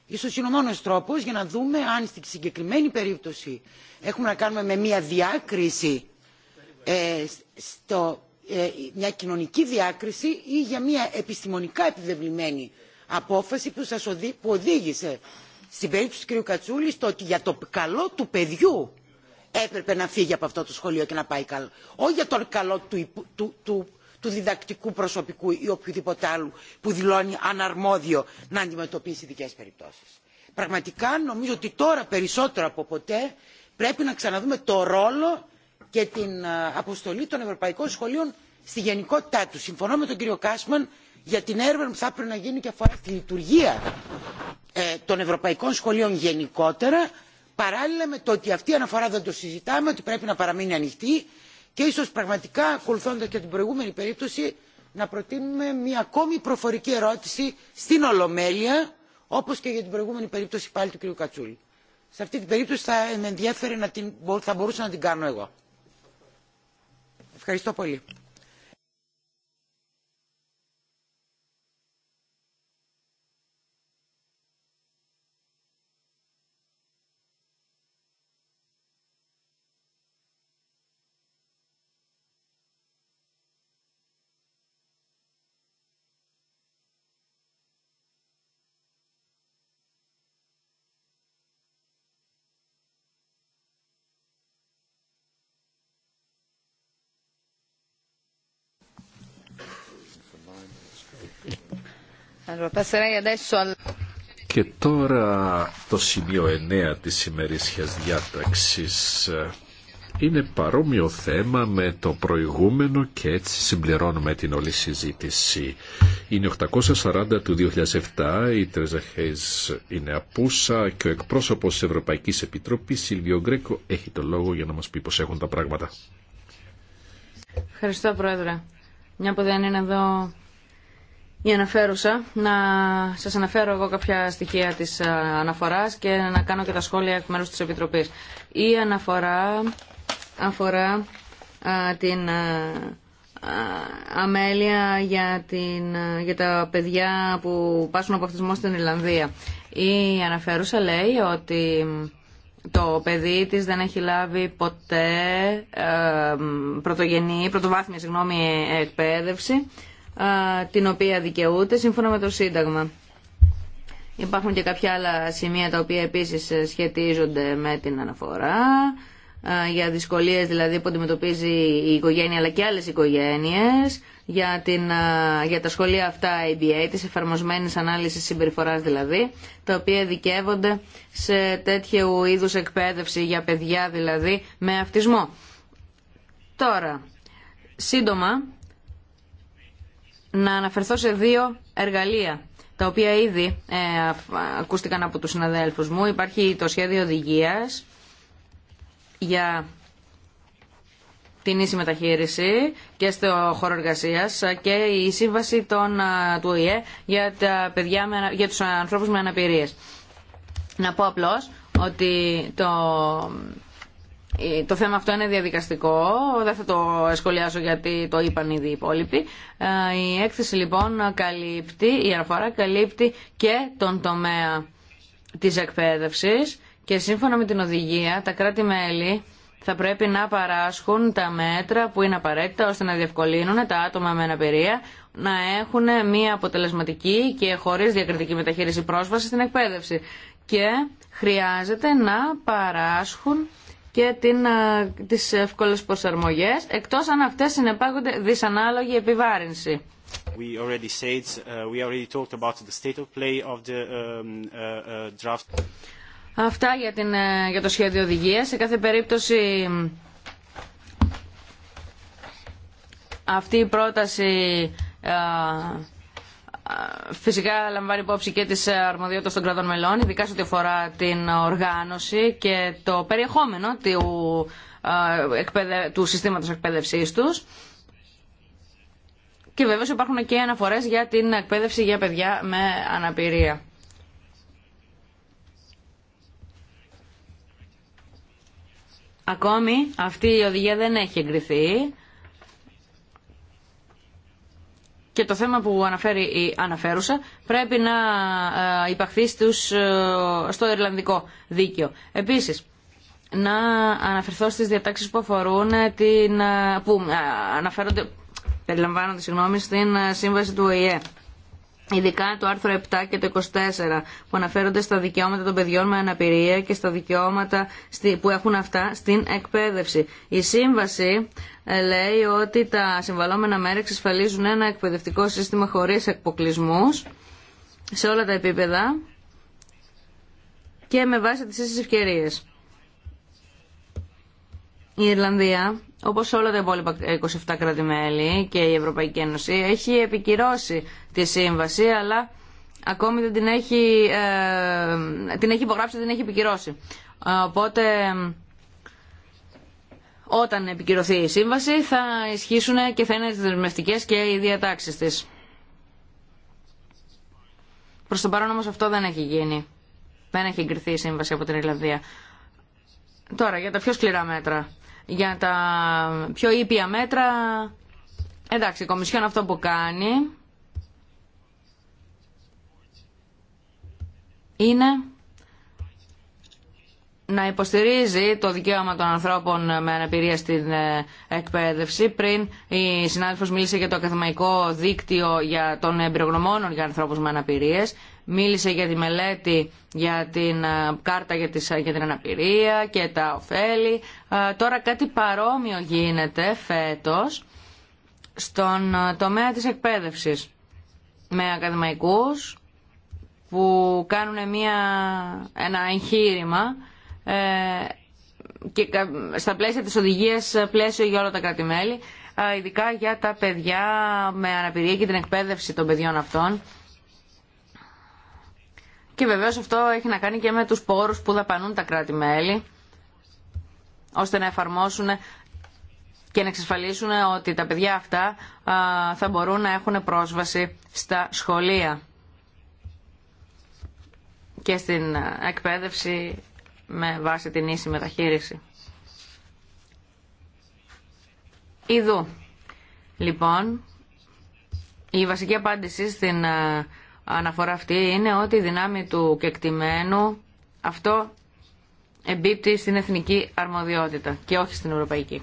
Ίσως είναι ο μόνος τρόπος για να δούμε αν στη συγκεκριμένη περίπτωση έχουμε να κάνουμε με μια διάκριση, ε, ε, μια κοινωνική διάκριση ή για μια επιστημονικά επιβεβλημένη απόφαση που, οδήγησε στην περίπτωση του κ. Κατσούλη στο ότι για το καλό του παιδιού έπρεπε να φύγει από αυτό το σχολείο και να πάει καλό. Όχι για το καλό του, του, του διδακτικού προσωπικού ή οποιοδήποτε άλλου που δηλώνει αναρμόδιο να αντιμετωπίσει δικές περιπτώσεις. Πραγματικά νομίζω ότι τώρα περισσότερο από ποτέ πρέπει να ξαναδούμε το ρόλο και την ε, αποστολή των ευρωπαϊκών σχολείων στη γενικότητά του. Συμφωνώ με τον κύριο Κάσμαν για την έρευνα που θα έπρεπε να γίνει και αφορά τη λειτουργία ε, των ευρωπαϊκών σχολείων γενικότερα παράλληλα με το ότι αυτή η αναφορά δεν το συζητάμε ότι πρέπει να παραμείνει ανοιχτή και ίσως πραγματικά ακολουθώντας και την προηγούμενη περίπτωση να προτείνουμε μια ακόμη προφορική ερώτηση στην ολομέλεια όπως και για την προηγούμενη περίπτωση πάλι του κ. κατσούλη. σε αυτή την περίπτωση θα με να την, θα μπορούσα να την κάνω εγώ. ευχαριστώ πολύ. Και τώρα το σημείο 9 της ημερήσιας διάταξης είναι παρόμοιο θέμα με το προηγούμενο και έτσι συμπληρώνουμε την όλη συζήτηση. Είναι 840 του 2007, η Τρεζαχέης είναι απούσα και ο εκπρόσωπος της Ευρωπαϊκής Επιτροπής, Σιλβιο Γκρέκο, έχει το λόγο για να μας πει πώς έχουν τα πράγματα. Ευχαριστώ Πρόεδρε. Μια που δεν είναι εδώ η αναφέρουσα να σας αναφέρω εγώ κάποια στοιχεία της ε, αναφοράς και να κάνω και τα σχόλια εκ μέρους της Επιτροπής. Η αναφορά αφορά ε, την ε, αμέλεια για, την, για τα παιδιά που πάσουν από αυτισμό στην Ιρλανδία. Η αναφέρουσα λέει ότι το παιδί της δεν έχει λάβει ποτέ πρωτογενή, πρωτοβάθμια συγγνώμη, εκπαίδευση την οποία δικαιούται σύμφωνα με το Σύνταγμα. Υπάρχουν και κάποια άλλα σημεία τα οποία επίσης ε, σχετίζονται με την αναφορά για δυσκολίες δηλαδή που αντιμετωπίζει η οικογένεια αλλά και άλλες οικογένειες για, την, για τα σχολεία αυτά ABA, τις εφαρμοσμένες ανάλυσης συμπεριφοράς δηλαδή τα οποία δικαιονται σε τέτοιου είδους εκπαίδευση για παιδιά δηλαδή με αυτισμό. Τώρα, σύντομα να αναφερθώ σε δύο εργαλεία τα οποία ήδη ε, ακούστηκαν από τους συναδέλφους μου. Υπάρχει το σχέδιο οδηγίας για την ίση μεταχείριση και στο χώρο εργασία και η σύμβαση των, του ΟΗΕ για, τα παιδιά με, για τους ανθρώπους με αναπηρίες. Να πω απλώς ότι το, ε, το θέμα αυτό είναι διαδικαστικό, δεν θα το σχολιάσω γιατί το είπαν ήδη οι υπόλοιποι. Ε, η έκθεση λοιπόν καλύπτει, η αναφορά καλύπτει και τον τομέα της εκπαίδευσης και σύμφωνα με την οδηγία τα κράτη-μέλη θα πρέπει να παράσχουν τα μέτρα που είναι απαραίτητα ώστε να διευκολύνουν τα άτομα με αναπηρία να έχουν μια αποτελεσματική και χωρίς διακριτική μεταχείριση πρόσβαση στην εκπαίδευση και χρειάζεται να παράσχουν και την, τις εύκολες προσαρμογές, εκτός αν αυτές συνεπάγονται δυσανάλογη επιβάρυνση. Uh, Αυτά για, την, ε, για το σχέδιο οδηγία. Σε κάθε περίπτωση αυτή η πρόταση ε, Φυσικά λαμβάνει υπόψη και τις αρμοδιότητες των κρατών μελών, ειδικά σε ό,τι αφορά την οργάνωση και το περιεχόμενο του, ε, του συστήματος εκπαίδευσής τους. Και βέβαια υπάρχουν και αναφορές για την εκπαίδευση για παιδιά με αναπηρία. Ακόμη αυτή η οδηγία δεν έχει εγκριθεί. και το θέμα που αναφέρει η αναφέρουσα πρέπει να ε, υπαχθεί στους, ε, στο Ιρλανδικό δίκαιο. Επίσης, να αναφερθώ στις διατάξεις που αφορούν την, ε, που αναφέρονται, περιλαμβάνονται συγγνώμη, στην σύμβαση του ΟΗΕ Ειδικά το άρθρο 7 και το 24 που αναφέρονται στα δικαιώματα των παιδιών με αναπηρία και στα δικαιώματα που έχουν αυτά στην εκπαίδευση. Η σύμβαση ε, λέει ότι τα συμβαλόμενα μέρη εξασφαλίζουν ένα εκπαιδευτικό σύστημα χωρίς εκποκλισμούς σε όλα τα επίπεδα και με βάση τις ίσες ευκαιρίες η Ιρλανδία, όπω όλα τα υπόλοιπα 27 κράτη-μέλη και η Ευρωπαϊκή Ένωση, έχει επικυρώσει τη σύμβαση, αλλά ακόμη δεν την έχει, ε, την έχει υπογράψει, δεν την έχει επικυρώσει. Οπότε, όταν επικυρωθεί η σύμβαση, θα ισχύσουν και θα είναι δεσμευτικέ και οι διατάξει τη. Προ το παρόν όμω αυτό δεν έχει γίνει. Δεν έχει εγκριθεί η σύμβαση από την Ιρλανδία. Τώρα, για τα πιο σκληρά μέτρα για τα πιο ήπια μέτρα. Εντάξει, η Κομισιόν αυτό που κάνει είναι να υποστηρίζει το δικαίωμα των ανθρώπων με αναπηρία στην ε, εκπαίδευση. Πριν η συνάδελφος μίλησε για το ακαδημαϊκό δίκτυο για των εμπειρογνωμόνων για ανθρώπους με αναπηρίες μίλησε για τη μελέτη για την ε, κάρτα ε, για, την αναπηρία και τα ωφέλη. Ε, τώρα κάτι παρόμοιο γίνεται φέτος στον τομέα της εκπαίδευσης με ακαδημαϊκούς που κάνουν μια, ένα εγχείρημα και στα πλαίσια της οδηγίας πλαίσιο για όλα τα κράτη-μέλη ειδικά για τα παιδιά με αναπηρία και την εκπαίδευση των παιδιών αυτών και βεβαίω αυτό έχει να κάνει και με τους πόρους που δαπανούν τα κράτη-μέλη ώστε να εφαρμόσουν και να εξασφαλίσουν ότι τα παιδιά αυτά θα μπορούν να έχουν πρόσβαση στα σχολεία και στην εκπαίδευση με βάση την ίση μεταχείριση. Ιδού. Λοιπόν, η βασική απάντηση στην αναφορά αυτή είναι ότι η δυνάμη του κεκτημένου αυτό εμπίπτει στην εθνική αρμοδιότητα και όχι στην ευρωπαϊκή.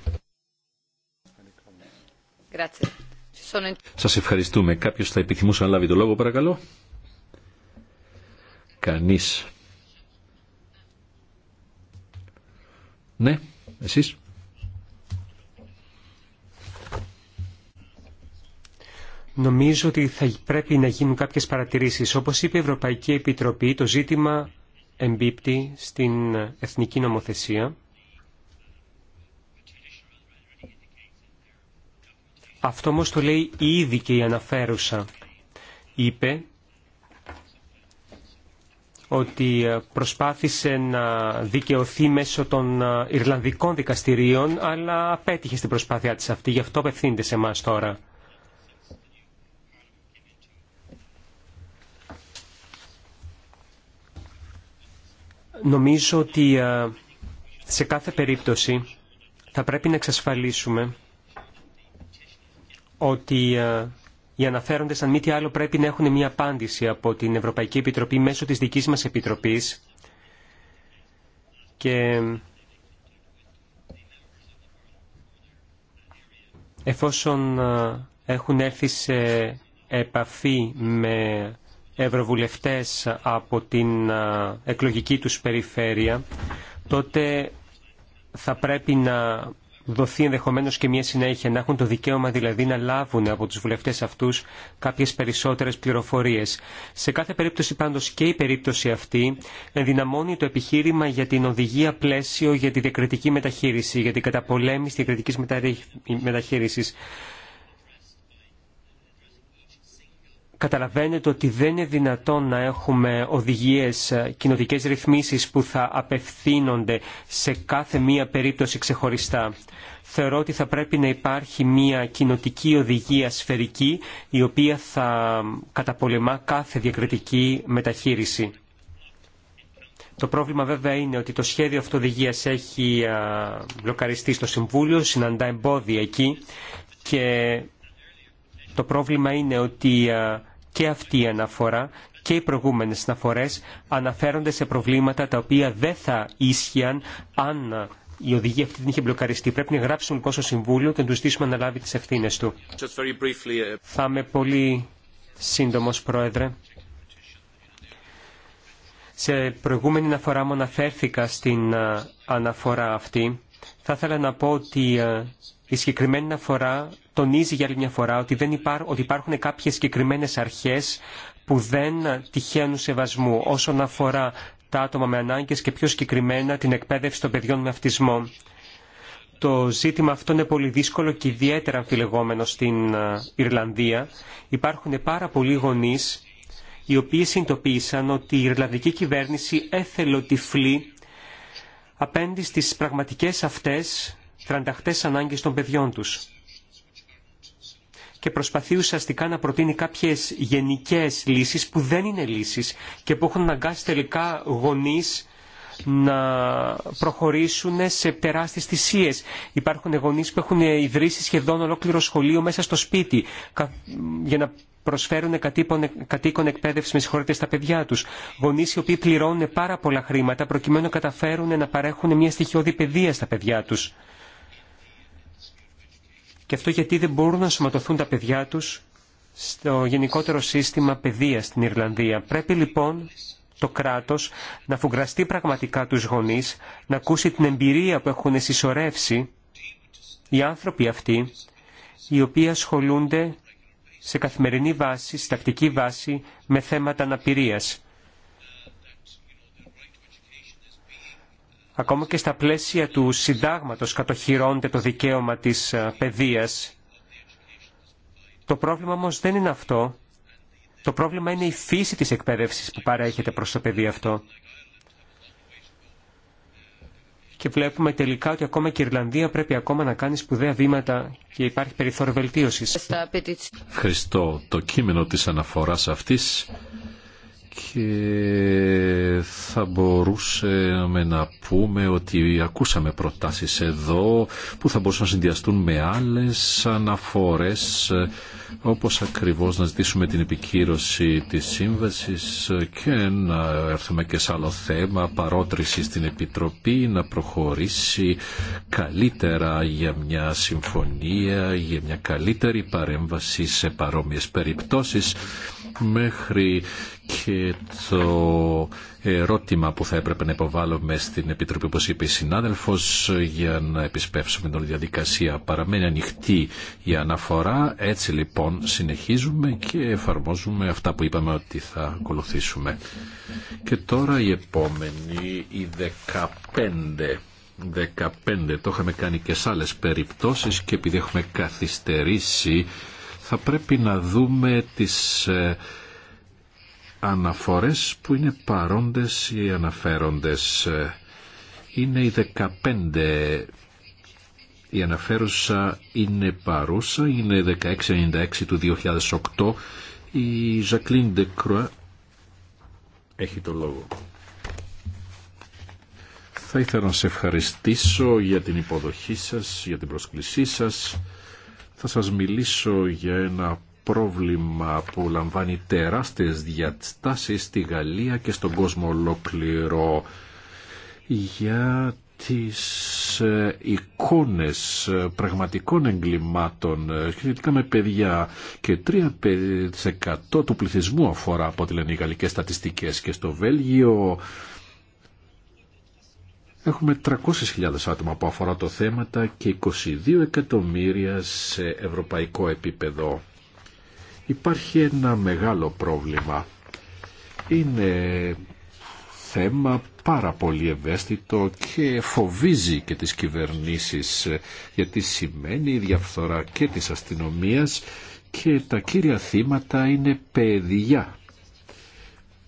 Σας ευχαριστούμε. Κάποιος θα επιθυμούσε να λάβει το λόγο παρακαλώ. Κανείς. Ναι, εσείς. Νομίζω ότι θα πρέπει να γίνουν κάποιες παρατηρήσεις. Όπως είπε η Ευρωπαϊκή Επιτροπή, το ζήτημα εμπίπτει στην εθνική νομοθεσία. Αυτό όμως το λέει ήδη και η αναφέρουσα. Είπε ότι προσπάθησε να δικαιωθεί μέσω των Ιρλανδικών δικαστηρίων, αλλά απέτυχε στην προσπάθειά της αυτή, γι' αυτό απευθύνεται σε εμά τώρα. Νομίζω ότι ε, σε κάθε περίπτωση θα πρέπει να εξασφαλίσουμε ότι ε, οι αναφέροντες αν μη τι άλλο πρέπει να έχουν μια απάντηση από την Ευρωπαϊκή Επιτροπή μέσω της δικής μας Επιτροπής και εφόσον ε, έχουν έρθει σε επαφή με ευρωβουλευτές από την εκλογική τους περιφέρεια, τότε θα πρέπει να δοθεί ενδεχομένω και μια συνέχεια, να έχουν το δικαίωμα δηλαδή να λάβουν από τους βουλευτές αυτούς κάποιες περισσότερες πληροφορίες. Σε κάθε περίπτωση πάντως και η περίπτωση αυτή ενδυναμώνει το επιχείρημα για την οδηγία πλαίσιο για τη διακριτική μεταχείριση, για την καταπολέμηση διακριτική μεταχείρισης. καταλαβαίνετε ότι δεν είναι δυνατόν να έχουμε οδηγίες, ε, κοινοτικέ ρυθμίσεις που θα απευθύνονται σε κάθε μία περίπτωση ξεχωριστά. Θεωρώ ότι θα πρέπει να υπάρχει μία κοινοτική οδηγία σφαιρική η οποία θα καταπολεμά κάθε διακριτική μεταχείριση. Το πρόβλημα βέβαια είναι ότι το σχέδιο αυτοδηγίας έχει ε, μπλοκαριστεί στο Συμβούλιο, συναντά εμπόδια εκεί και το πρόβλημα είναι ότι ε, και αυτή η αναφορά και οι προηγούμενες αναφορές αναφέρονται σε προβλήματα τα οποία δεν θα ίσχυαν αν η οδηγία αυτή την είχε μπλοκαριστεί. Πρέπει να γράψουμε λοιπόν στο Συμβούλιο και να του ζητήσουμε να λάβει τι ευθύνε του. Uh, θα είμαι πολύ σύντομο, Πρόεδρε. Σε προηγούμενη αναφορά μου αναφέρθηκα στην uh, αναφορά αυτή. Θα ήθελα να πω ότι uh, η συγκεκριμένη αναφορά τονίζει για άλλη μια φορά ότι, δεν υπάρχουν, ότι κάποιες συγκεκριμένε αρχές που δεν τυχαίνουν σεβασμού όσον αφορά τα άτομα με ανάγκες και πιο συγκεκριμένα την εκπαίδευση των παιδιών με αυτισμό. Το ζήτημα αυτό είναι πολύ δύσκολο και ιδιαίτερα αμφιλεγόμενο στην ε, Ιρλανδία. Υπάρχουν πάρα πολλοί γονείς οι οποίοι συνειδητοποίησαν ότι η Ιρλανδική κυβέρνηση έθελε τυφλή απέντη στις πραγματικές αυτές τρανταχτές ανάγκες των παιδιών τους και προσπαθεί ουσιαστικά να προτείνει κάποιες γενικές λύσεις που δεν είναι λύσεις και που έχουν αναγκάσει τελικά γονείς να προχωρήσουν σε τεράστιες θυσίε. Υπάρχουν γονείς που έχουν ιδρύσει σχεδόν ολόκληρο σχολείο μέσα στο σπίτι για να προσφέρουν κατοίκον εκπαίδευση με συγχωρείτε στα παιδιά τους. Γονείς οι οποίοι πληρώνουν πάρα πολλά χρήματα προκειμένου να καταφέρουν να παρέχουν μια στοιχειώδη παιδεία στα παιδιά τους. Και αυτό γιατί δεν μπορούν να σωματωθούν τα παιδιά τους στο γενικότερο σύστημα παιδείας στην Ιρλανδία. Πρέπει λοιπόν το κράτος να φουγκραστεί πραγματικά τους γονείς, να ακούσει την εμπειρία που έχουν συσσωρεύσει οι άνθρωποι αυτοί, οι οποίοι ασχολούνται σε καθημερινή βάση, στακτική βάση, με θέματα αναπηρίας. Ακόμα και στα πλαίσια του συντάγματος κατοχυρώνεται το δικαίωμα της ε, παιδείας. Το πρόβλημα όμως δεν είναι αυτό. Το πρόβλημα είναι η φύση της εκπαίδευσης που παρέχεται προς το παιδί αυτό. Και βλέπουμε τελικά ότι ακόμα και η Ιρλανδία πρέπει ακόμα να κάνει σπουδαία βήματα και υπάρχει περιθώριο βελτίωσης. Χριστό, Το κείμενο της αναφοράς αυτής και θα μπορούσαμε να πούμε ότι ακούσαμε προτάσεις εδώ που θα μπορούσαν να συνδυαστούν με άλλες αναφορές όπως ακριβώς να ζητήσουμε την επικύρωση της σύμβασης και να έρθουμε και σε άλλο θέμα παρότριση στην Επιτροπή να προχωρήσει καλύτερα για μια συμφωνία, για μια καλύτερη παρέμβαση σε παρόμοιες περιπτώσεις μέχρι και το ερώτημα που θα έπρεπε να υποβάλλουμε στην Επιτροπή, όπως είπε η συνάδελφος, για να επισπεύσουμε την διαδικασία. Παραμένει ανοιχτή η αναφορά. Έτσι λοιπόν συνεχίζουμε και εφαρμόζουμε αυτά που είπαμε ότι θα ακολουθήσουμε. Και τώρα η επόμενη, η 15. 15. Το είχαμε κάνει και σε άλλες περιπτώσεις και επειδή έχουμε καθυστερήσει θα πρέπει να δούμε τις ε, αναφορές που είναι παρόντες ή αναφέροντες. Ε, είναι οι 15 η αναφέρουσα είναι παρούσα, είναι 1696 του 2008. Η Ζακλίν Ντεκρουά έχει το λόγο. Θα ήθελα να σε ευχαριστήσω για την υποδοχή σας, για την προσκλησή σας θα σας μιλήσω για ένα πρόβλημα που λαμβάνει τεράστιες διαστάσεις στη Γαλλία και στον κόσμο ολόκληρο για τις ε, εικόνες ε, πραγματικών εγκλημάτων ε, σχετικά με παιδιά και 3% του πληθυσμού αφορά από τη λένε οι γαλλικές στατιστικές και στο Βέλγιο Έχουμε 300.000 άτομα που αφορά το θέματα και 22 εκατομμύρια σε ευρωπαϊκό επίπεδο. Υπάρχει ένα μεγάλο πρόβλημα. Είναι θέμα πάρα πολύ ευαίσθητο και φοβίζει και τις κυβερνήσεις γιατί σημαίνει η διαφθορά και της αστυνομίας και τα κύρια θύματα είναι παιδιά.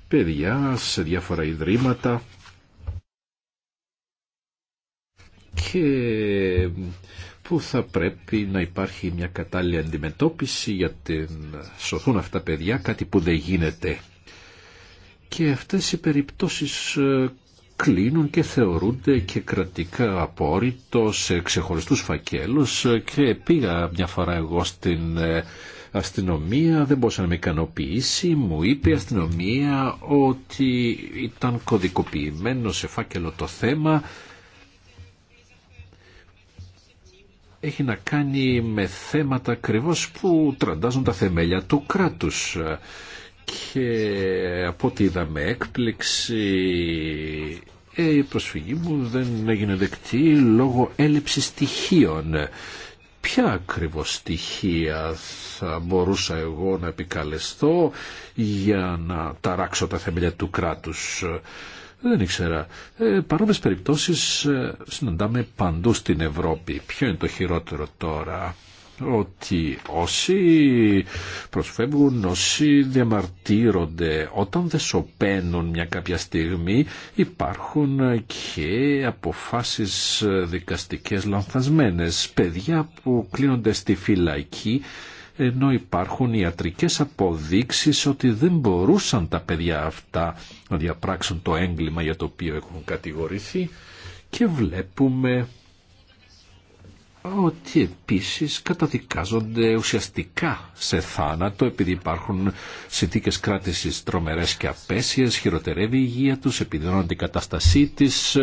Παιδιά σε διάφορα ιδρύματα και που θα πρέπει να υπάρχει μια κατάλληλη αντιμετώπιση για να σωθούν αυτά τα παιδιά, κάτι που δεν γίνεται. Και αυτές οι περιπτώσεις ε, κλείνουν και θεωρούνται και κρατικά απόρριτο σε ξεχωριστούς φακέλους ε, και πήγα μια φορά εγώ στην ε, αστυνομία, δεν μπορούσα να με ικανοποιήσει, μου είπε η αστυνομία ότι ήταν κωδικοποιημένο σε φάκελο το θέμα έχει να κάνει με θέματα ακριβώ που τραντάζουν τα θεμέλια του κράτους. Και από ό,τι είδαμε έκπληξη, ε, η προσφυγή μου δεν έγινε δεκτή λόγω έλλειψη στοιχείων. Ποια ακριβώ στοιχεία θα μπορούσα εγώ να επικαλεστώ για να ταράξω τα θεμέλια του κράτους. Δεν ήξερα. Ε, περιπτώσει περιπτώσεις ε, συναντάμε παντού στην Ευρώπη. Ποιο είναι το χειρότερο τώρα ότι όσοι προσφεύγουν, όσοι διαμαρτύρονται, όταν δεν σωπαίνουν μια κάποια στιγμή υπάρχουν και αποφάσεις δικαστικές λανθασμένες. Παιδιά που κλείνονται στη φυλακή ενώ υπάρχουν ιατρικές αποδείξεις ότι δεν μπορούσαν τα παιδιά αυτά να διαπράξουν το έγκλημα για το οποίο έχουν κατηγορηθεί και βλέπουμε ότι επίσης καταδικάζονται ουσιαστικά σε θάνατο επειδή υπάρχουν συνθήκες κράτησης τρομερές και απέσιες, χειροτερεύει η υγεία τους, επιδεινώνεται η κατάστασή της,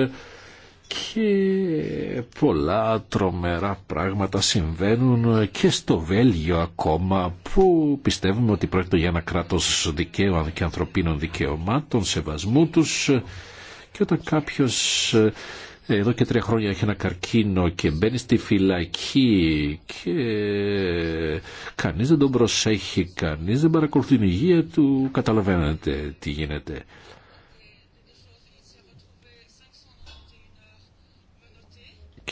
και πολλά τρομερά πράγματα συμβαίνουν και στο Βέλγιο ακόμα που πιστεύουμε ότι πρόκειται για ένα κράτος δικαίου και ανθρωπίνων δικαιωμάτων, σεβασμού τους και όταν κάποιος ε, εδώ και τρία χρόνια έχει ένα καρκίνο και μπαίνει στη φυλακή και κανείς δεν τον προσέχει, κανείς δεν παρακολουθεί την υγεία του, καταλαβαίνετε τι γίνεται.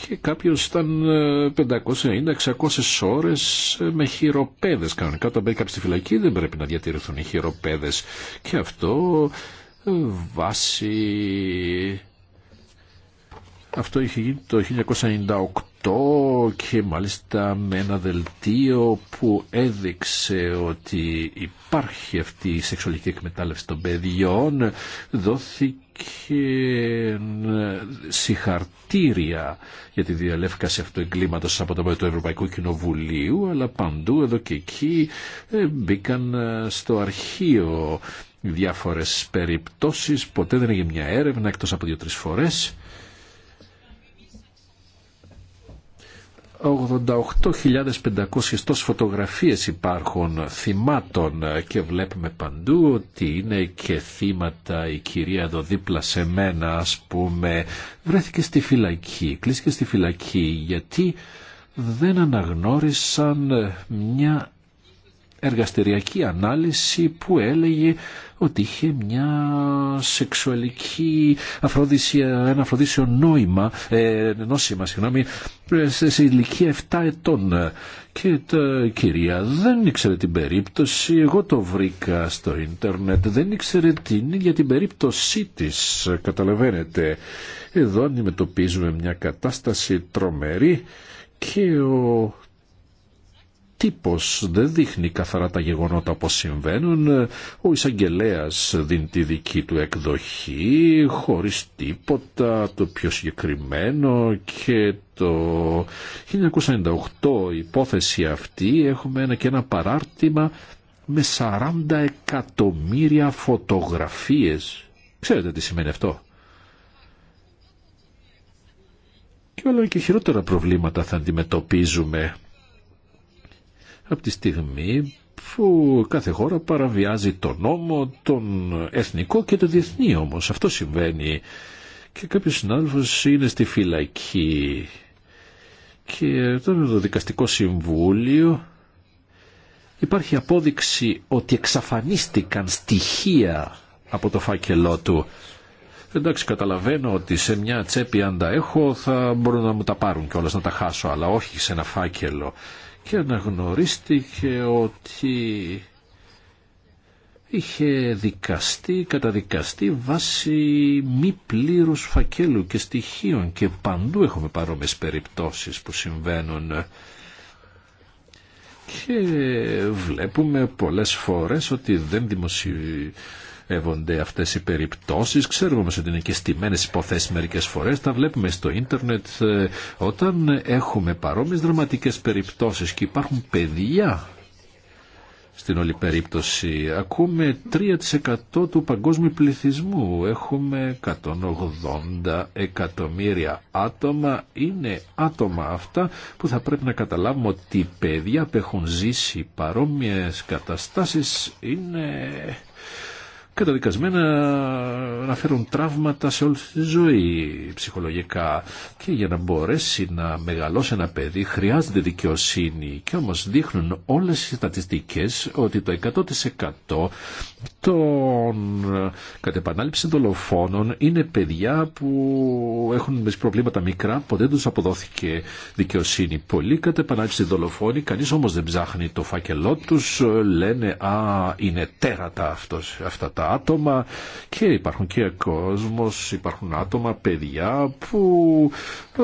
και καποιο ηταν ήταν 590-600 ε, ώρες ε, με χειροπέδες κανονικά. Όταν μπαίνει κάποιο στη φυλακή δεν πρέπει να διατηρηθούν οι χειροπέδες και αυτό ε, βάσει... Αυτό είχε γίνει το 1998 και μάλιστα με ένα δελτίο που έδειξε ότι υπάρχει αυτή η σεξουαλική εκμετάλλευση των παιδιών δόθηκε και ε, συγχαρτήρια για τη διαλεύκαση αυτού εγκλήματο από το του Ευρωπαϊκού Κοινοβουλίου, αλλά παντού εδώ και εκεί ε, μπήκαν ε, στο αρχείο διάφορες περιπτώσεις, ποτέ δεν έγινε μια έρευνα εκτός από δύο-τρεις φορές 88.500 φωτογραφίες υπάρχουν θυμάτων και βλέπουμε παντού ότι είναι και θύματα η κυρία εδώ δίπλα σε μένα ας πούμε βρέθηκε στη φυλακή, κλείστηκε στη φυλακή γιατί δεν αναγνώρισαν μια εργαστηριακή ανάλυση που έλεγε ότι είχε μια σεξουαλική αφροδίσια, ένα αφροδίσιο νόημα, ε, νόσημα, συγγνώμη, σε, σε, ηλικία 7 ετών. Και τα κυρία δεν ήξερε την περίπτωση, εγώ το βρήκα στο ίντερνετ, δεν ήξερε την ίδια την περίπτωσή της, καταλαβαίνετε. Εδώ αντιμετωπίζουμε μια κατάσταση τρομερή και ο τύπος δεν δείχνει καθαρά τα γεγονότα όπως συμβαίνουν. Ο εισαγγελέα δίνει τη δική του εκδοχή χωρίς τίποτα το πιο συγκεκριμένο και το 1998 υπόθεση αυτή έχουμε ένα και ένα παράρτημα με 40 εκατομμύρια φωτογραφίες. Ξέρετε τι σημαίνει αυτό. Και όλα και χειρότερα προβλήματα θα αντιμετωπίζουμε από τη στιγμή που κάθε χώρα παραβιάζει τον νόμο, τον εθνικό και το διεθνή όμως. Αυτό συμβαίνει. Και κάποιος συνάδελφος είναι στη φυλακή και είναι το δικαστικό συμβούλιο υπάρχει απόδειξη ότι εξαφανίστηκαν στοιχεία από το φάκελό του. Εντάξει, καταλαβαίνω ότι σε μια τσέπη αν τα έχω θα μπορούν να μου τα πάρουν κιόλας να τα χάσω, αλλά όχι σε ένα φάκελο και αναγνωρίστηκε ότι είχε δικαστεί, καταδικαστεί βάσει μη πλήρους φακέλου και στοιχείων και παντού έχουμε παρόμοιες περιπτώσεις που συμβαίνουν και βλέπουμε πολλές φορές ότι δεν δημοσιεύει εύονται αυτές οι περιπτώσεις. Ξέρουμε ότι είναι και στημένε υποθέσει μερικές φορές. Τα βλέπουμε στο ίντερνετ ε, όταν έχουμε παρόμοιες δραματικές περιπτώσεις και υπάρχουν παιδιά στην όλη περίπτωση. Ακούμε 3% του παγκόσμιου πληθυσμού. Έχουμε 180 εκατομμύρια άτομα. Είναι άτομα αυτά που θα πρέπει να καταλάβουμε ότι οι παιδιά που έχουν ζήσει παρόμοιες καταστάσεις είναι καταδικασμένα να φέρουν τραύματα σε όλη τη ζωή ψυχολογικά και για να μπορέσει να μεγαλώσει ένα παιδί χρειάζεται δικαιοσύνη και όμως δείχνουν όλες οι στατιστικές ότι το 100% των κατ' δολοφόνων είναι παιδιά που έχουν προβλήματα μικρά, ποτέ τους αποδόθηκε δικαιοσύνη. Πολλοί κατ' επανάληψη δολοφόνοι, κανείς όμως δεν ψάχνει το φάκελό τους, λένε «Α, είναι τέρατα αυτός, αυτά τα άτομα και υπάρχουν και κόσμος, υπάρχουν άτομα, παιδιά που ε,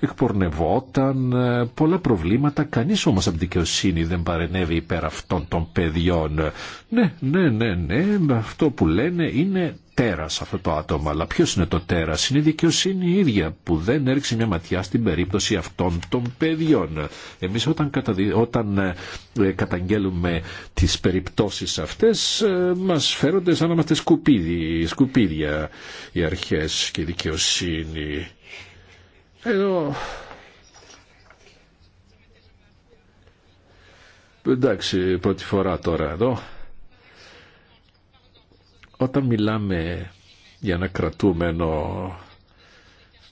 εκπορνευόταν, ε, πολλά προβλήματα, κανείς όμως από δικαιοσύνη δεν παρενέβη υπέρ αυτών των παιδιών. Ναι, ναι, ναι, ναι, αυτό που λένε είναι τέρας αυτό το άτομο, αλλά ποιος είναι το τέρας, είναι η δικαιοσύνη η ίδια που δεν έριξε μια ματιά στην περίπτωση αυτών των παιδιών. Εμείς όταν, όταν ε, καταγγέλουμε τις περιπτώσεις αυτές ε, μας φέρονται σαν να είμαστε σκουπίδι, σκουπίδια οι αρχές και η δικαιοσύνη. Εντάξει, πρώτη φορά τώρα εδώ. Όταν μιλάμε για ένα κρατούμενο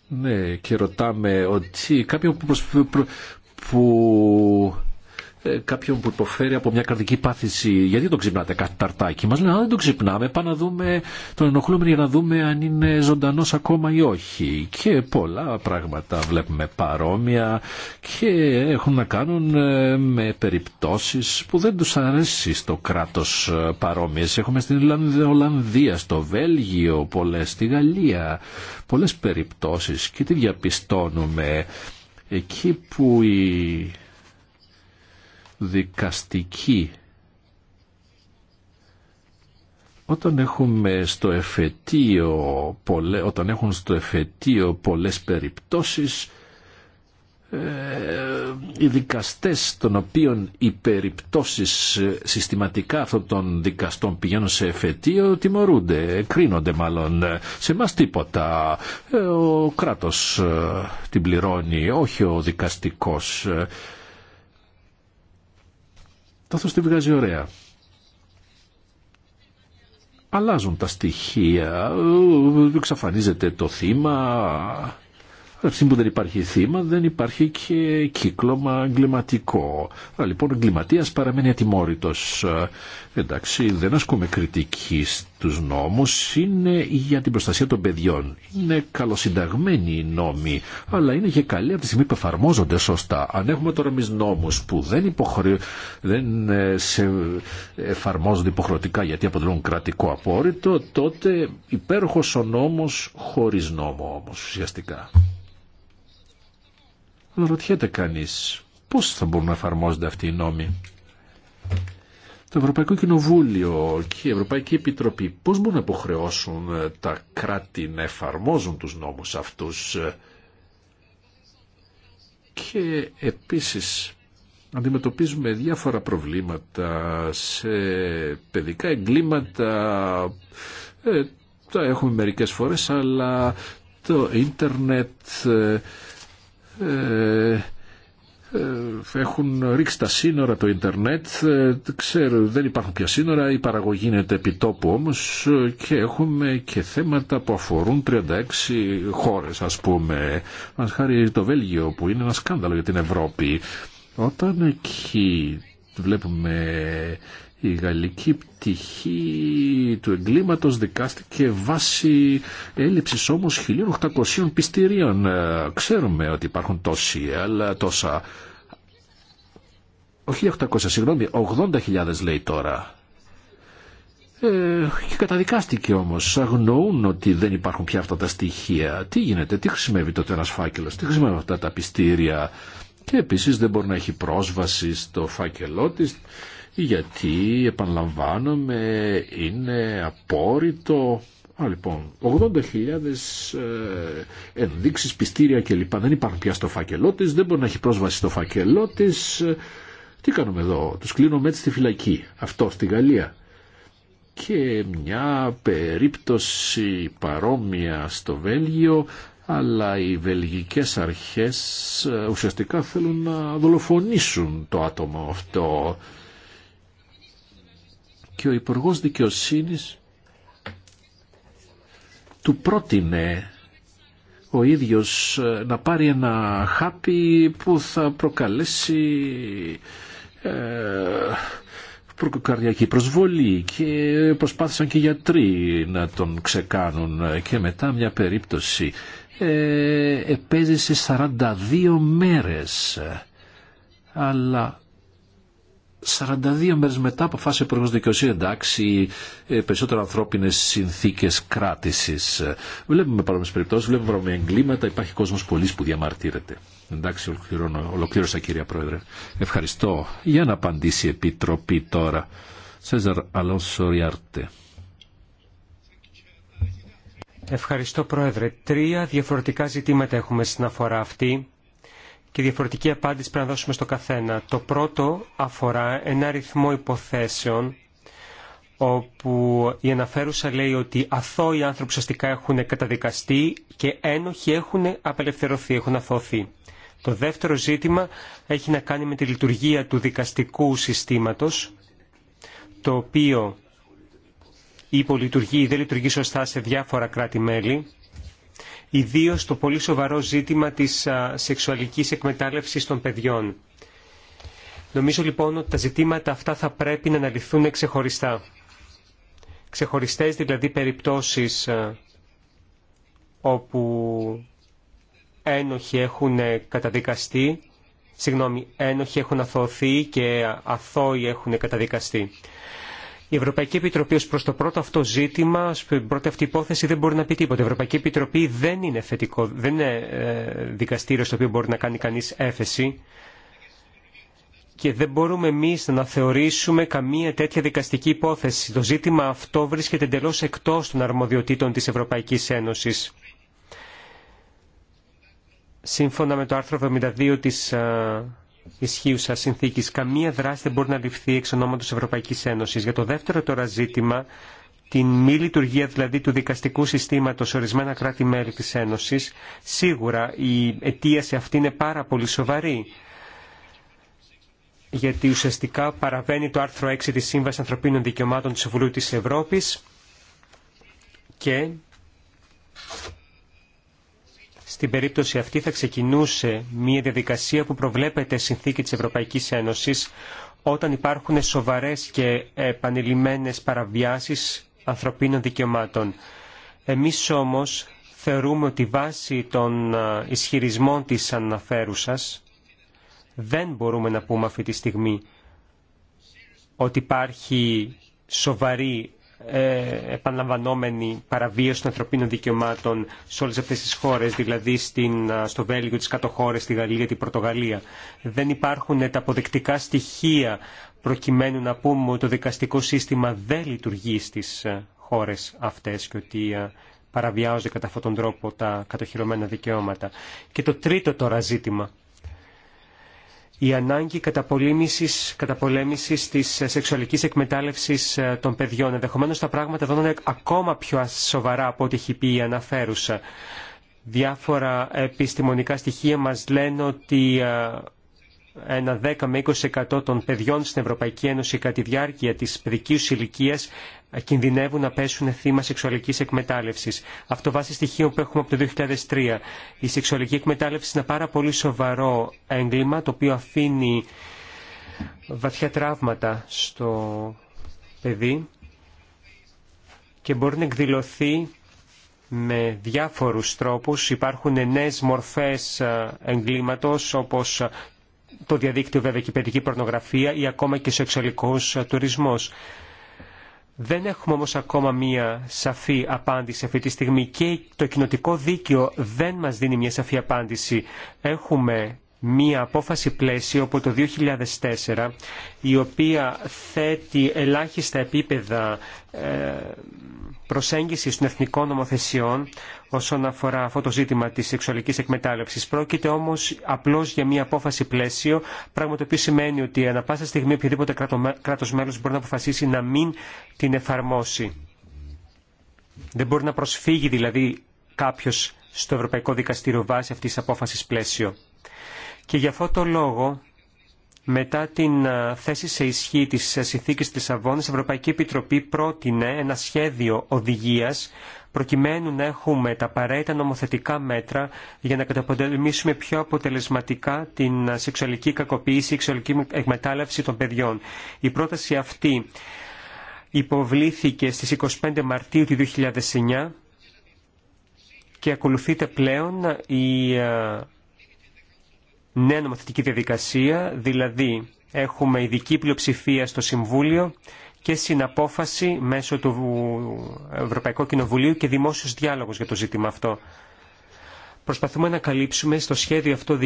ναι, και ρωτάμε ότι κάποιο που, που ε, κάποιον που υποφέρει από μια καρδική πάθηση. Γιατί τον ξυπνάτε κάτι ταρτάκι. μα, λένε, αν δεν τον ξυπνάμε, πάμε να δούμε, τον ενοχλούμε για να δούμε αν είναι ζωντανός ακόμα ή όχι. Και πολλά πράγματα βλέπουμε παρόμοια και έχουν να κάνουν ε, με περιπτώσεις που δεν τους αρέσει στο κράτος ε, παρόμοιε. Έχουμε στην Ολλανδία, στο Βέλγιο, πολλέ στη Γαλλία, Πολλέ περιπτώσει και τι διαπιστώνουμε εκεί που οι δικαστική. Όταν έχουμε στο εφετείο, πολλές, όταν έχουν στο εφετείο πολλές περιπτώσεις, ε, οι δικαστές των οποίων οι περιπτώσεις ε, συστηματικά αυτών των δικαστών πηγαίνουν σε εφετείο τιμωρούνται, κρίνονται μάλλον σε μας τίποτα ε, ο κράτος ε, την πληρώνει όχι ο δικαστικός Καθώς τη βγάζει ωραία. Αλλάζουν τα στοιχεία, εξαφανίζεται το θύμα, αυτή που δεν υπάρχει θύμα, δεν υπάρχει και κύκλωμα εγκληματικό. λοιπόν ο εγκληματία παραμένει ατιμόρυτος. Ε, εντάξει, δεν ασκούμε κριτική τους νόμους είναι για την προστασία των παιδιών. Είναι καλοσυνταγμένοι οι νόμοι, αλλά είναι και καλοί από τη στιγμή που εφαρμόζονται σωστά. Αν έχουμε τώρα εμείς νόμους που δεν, υποχρε... δεν ε, σε... εφαρμόζονται υποχρεωτικά γιατί αποτελούν κρατικό απόρριτο, τότε υπέροχος ο νόμος χωρίς νόμο όμως ουσιαστικά. ρωτιέται κανείς πώς θα μπορούν να εφαρμόζονται αυτοί οι νόμοι. Το Ευρωπαϊκό Κοινοβούλιο και η Ευρωπαϊκή Επιτροπή πώς μπορούν να υποχρεώσουν ε, τα κράτη να εφαρμόζουν τους νόμους αυτούς ε, και επίσης αντιμετωπίζουμε διάφορα προβλήματα σε παιδικά εγκλήματα ε, τα έχουμε μερικές φορές αλλά το ίντερνετ ε, ε ε, έχουν ρίξει τα σύνορα το ίντερνετ, ε, ξέρω δεν υπάρχουν πια σύνορα, η παραγωγή γίνεται τόπου όμως ε, και έχουμε και θέματα που αφορούν 36 χώρες ας πούμε. Μας χάρη το Βέλγιο που είναι ένα σκάνδαλο για την Ευρώπη. Όταν εκεί βλέπουμε η γαλλική πτυχή του εγκλήματος δικάστηκε βάσει έλλειψης όμως 1.800 πιστηρίων. Ε, ξέρουμε ότι υπάρχουν τόσοι, αλλά τόσα... Όχι 1.800, συγγνώμη, 80.000 λέει τώρα. Ε, και καταδικάστηκε όμως. Αγνοούν ότι δεν υπάρχουν πια αυτά τα στοιχεία. Τι γίνεται, τι χρησιμεύει τότε ένας φάκελος, τι χρησιμεύουν αυτά τα πιστήρια. Και επίσης δεν μπορεί να έχει πρόσβαση στο φάκελό της γιατί επαναλαμβάνομαι είναι απόρριτο Α, λοιπόν, 80.000 ε, ενδείξεις, πιστήρια κλπ. Δεν υπάρχουν πια στο φάκελό της, δεν μπορεί να έχει πρόσβαση στο φάκελό της. Τι κάνουμε εδώ, τους κλείνουμε έτσι στη φυλακή. Αυτό στη Γαλλία. Και μια περίπτωση παρόμοια στο Βέλγιο, αλλά οι βελγικές αρχές ε, ουσιαστικά θέλουν να δολοφονήσουν το άτομο αυτό και ο υπουργό δικαιοσύνη του πρότεινε ο ίδιος ε, να πάρει ένα χάπι που θα προκαλέσει ε, προσβολή και προσπάθησαν και οι γιατροί να τον ξεκάνουν και μετά μια περίπτωση ε, επέζησε 42 μέρες αλλά 42 μέρες μετά αποφάσισε ο Υπουργός Δικαιοσύνη εντάξει ε, περισσότερο ανθρώπινες συνθήκες κράτησης. Βλέπουμε παρόμοιες περιπτώσεις, βλέπουμε παρόμοιες εγκλήματα, υπάρχει κόσμος πολλής που διαμαρτύρεται. Εντάξει, ολοκλήρωσα κυρία Πρόεδρε. Ευχαριστώ. Για να απαντήσει η Επιτροπή τώρα. Σέζαρ Αλόνσο Ριάρτε. Ευχαριστώ Πρόεδρε. Τρία διαφορετικά ζητήματα έχουμε στην αφορά αυτή και διαφορετική απάντηση πρέπει να δώσουμε στο καθένα. Το πρώτο αφορά ένα αριθμό υποθέσεων όπου η αναφέρουσα λέει ότι αθώοι άνθρωποι ουσιαστικά έχουν καταδικαστεί και ένοχοι έχουν απελευθερωθεί, έχουν αθώθει. Το δεύτερο ζήτημα έχει να κάνει με τη λειτουργία του δικαστικού συστήματος, το οποίο υπολειτουργεί ή δεν λειτουργεί σωστά σε διάφορα κράτη-μέλη ιδίως το πολύ σοβαρό ζήτημα της σεξουαλικής εκμετάλλευσης των παιδιών. Νομίζω λοιπόν ότι τα ζητήματα αυτά θα πρέπει να αναλυθούν ξεχωριστά. Ξεχωριστές δηλαδή περιπτώσεις όπου ένοχοι έχουν ε, καταδικαστεί, συγγνώμη, ένοχοι έχουν αθωωθεί και αθώοι έχουν καταδικαστεί. Η Ευρωπαϊκή Επιτροπή ως προς το πρώτο αυτό ζήτημα, ως πρώτη αυτή υπόθεση δεν μπορεί να πει τίποτα. Η Ευρωπαϊκή Επιτροπή δεν είναι, θετικό, δεν είναι ε, δικαστήριο στο οποίο μπορεί να κάνει κανείς έφεση και δεν μπορούμε εμείς να θεωρήσουμε καμία τέτοια δικαστική υπόθεση. Το ζήτημα αυτό βρίσκεται εντελώ εκτός των αρμοδιοτήτων τη Ευρωπαϊκή Ένωση. Σύμφωνα με το άρθρο 72 της ε, ισχύουσα συνθήκη. Καμία δράση δεν μπορεί να ληφθεί εξ ονόματο Ευρωπαϊκή Ένωση. Για το δεύτερο τώρα ζήτημα, την μη λειτουργία δηλαδή του δικαστικού συστήματο σε ορισμένα κράτη-μέλη τη Ένωση, σίγουρα η αιτία σε αυτή είναι πάρα πολύ σοβαρή. Γιατί ουσιαστικά παραβαίνει το άρθρο 6 τη Σύμβαση Ανθρωπίνων Δικαιωμάτων του Συμβουλίου τη Ευρώπη και στην περίπτωση αυτή θα ξεκινούσε μια διαδικασία που προβλέπεται συνθήκη της Ευρωπαϊκής Ένωσης όταν υπάρχουν σοβαρές και επανειλημμένες παραβιάσεις ανθρωπίνων δικαιωμάτων. Εμείς όμως θεωρούμε ότι βάσει των ισχυρισμών της αναφέρουσας δεν μπορούμε να πούμε αυτή τη στιγμή ότι υπάρχει σοβαρή ε, επαναλαμβανόμενη παραβίαση των ανθρωπίνων δικαιωμάτων σε όλες αυτές τις χώρες, δηλαδή στην, στο Βέλγιο, τις κάτω χώρες, στη Γαλλία, την Πορτογαλία. Δεν υπάρχουν ε, τα αποδεκτικά στοιχεία προκειμένου να πούμε ότι το δικαστικό σύστημα δεν λειτουργεί στις ε, χώρες αυτές και ότι παραβιάζονται κατά αυτόν τον τρόπο τα κατοχυρωμένα δικαιώματα. Και το τρίτο τώρα ζήτημα – η ανάγκη καταπολέμησης, καταπολέμησης της σεξουαλικής εκμετάλλευσης ε, των παιδιών. Ενδεχομένω τα πράγματα εδώ είναι ακόμα πιο σοβαρά από ό,τι έχει πει η αναφέρουσα. Διάφορα επιστημονικά στοιχεία μας λένε ότι ε, ένα 10 με 20% των παιδιών στην Ευρωπαϊκή Ένωση κατά τη διάρκεια της παιδικής ηλικία κινδυνεύουν να πέσουν θύμα σεξουαλικής εκμετάλλευσης. Αυτό βάσει στοιχείων που έχουμε από το 2003. Η σεξουαλική εκμετάλλευση είναι ένα πάρα πολύ σοβαρό έγκλημα το οποίο αφήνει βαθιά τραύματα στο παιδί και μπορεί να εκδηλωθεί με διάφορους τρόπους. Υπάρχουν νέες μορφές ε, εγκλήματος όπως το διαδίκτυο βέβαια και η παιδική πορνογραφία ή ακόμα και ο σεξουαλικός ε, τουρισμός. Δεν έχουμε όμως ακόμα μία σαφή απάντηση αυτή τη στιγμή και το κοινοτικό δίκαιο δεν μας δίνει μία σαφή απάντηση. Έχουμε μία απόφαση πλαίσιο από το 2004 η οποία θέτει ελάχιστα επίπεδα ε, προσέγγισης των εθνικών νομοθεσιών όσον αφορά αυτό το ζήτημα της σεξουαλικής εκμετάλλευσης. Πρόκειται όμως απλώς για μια απόφαση πλαίσιο, πράγμα το οποίο σημαίνει ότι ανα πάσα στιγμή οποιοδήποτε κράτος μέλος μπορεί να αποφασίσει να μην την εφαρμόσει. Δεν μπορεί να προσφύγει δηλαδή κάποιος στο Ευρωπαϊκό Δικαστήριο βάσει αυτής της απόφασης πλαίσιο. Και για αυτό το λόγο, μετά την ε, θέση σε ισχύ της ε, συνθήκης της Αβώνης, η Ευρωπαϊκή Επιτροπή πρότεινε ένα σχέδιο οδηγίας προκειμένου να έχουμε τα απαραίτητα νομοθετικά μέτρα για να καταπολεμήσουμε πιο αποτελεσματικά την ε, σεξουαλική κακοποίηση, σεξουαλική εκμετάλλευση των παιδιών. Η πρόταση αυτή υποβλήθηκε στις 25 Μαρτίου του 2009 και ακολουθείται πλέον η νέα νομοθετική διαδικασία, δηλαδή έχουμε ειδική πλειοψηφία στο Συμβούλιο και συναπόφαση μέσω του Ευρωπαϊκού Κοινοβουλίου και δημόσιος διάλογος για το ζήτημα αυτό. Προσπαθούμε να καλύψουμε στο σχέδιο αυτό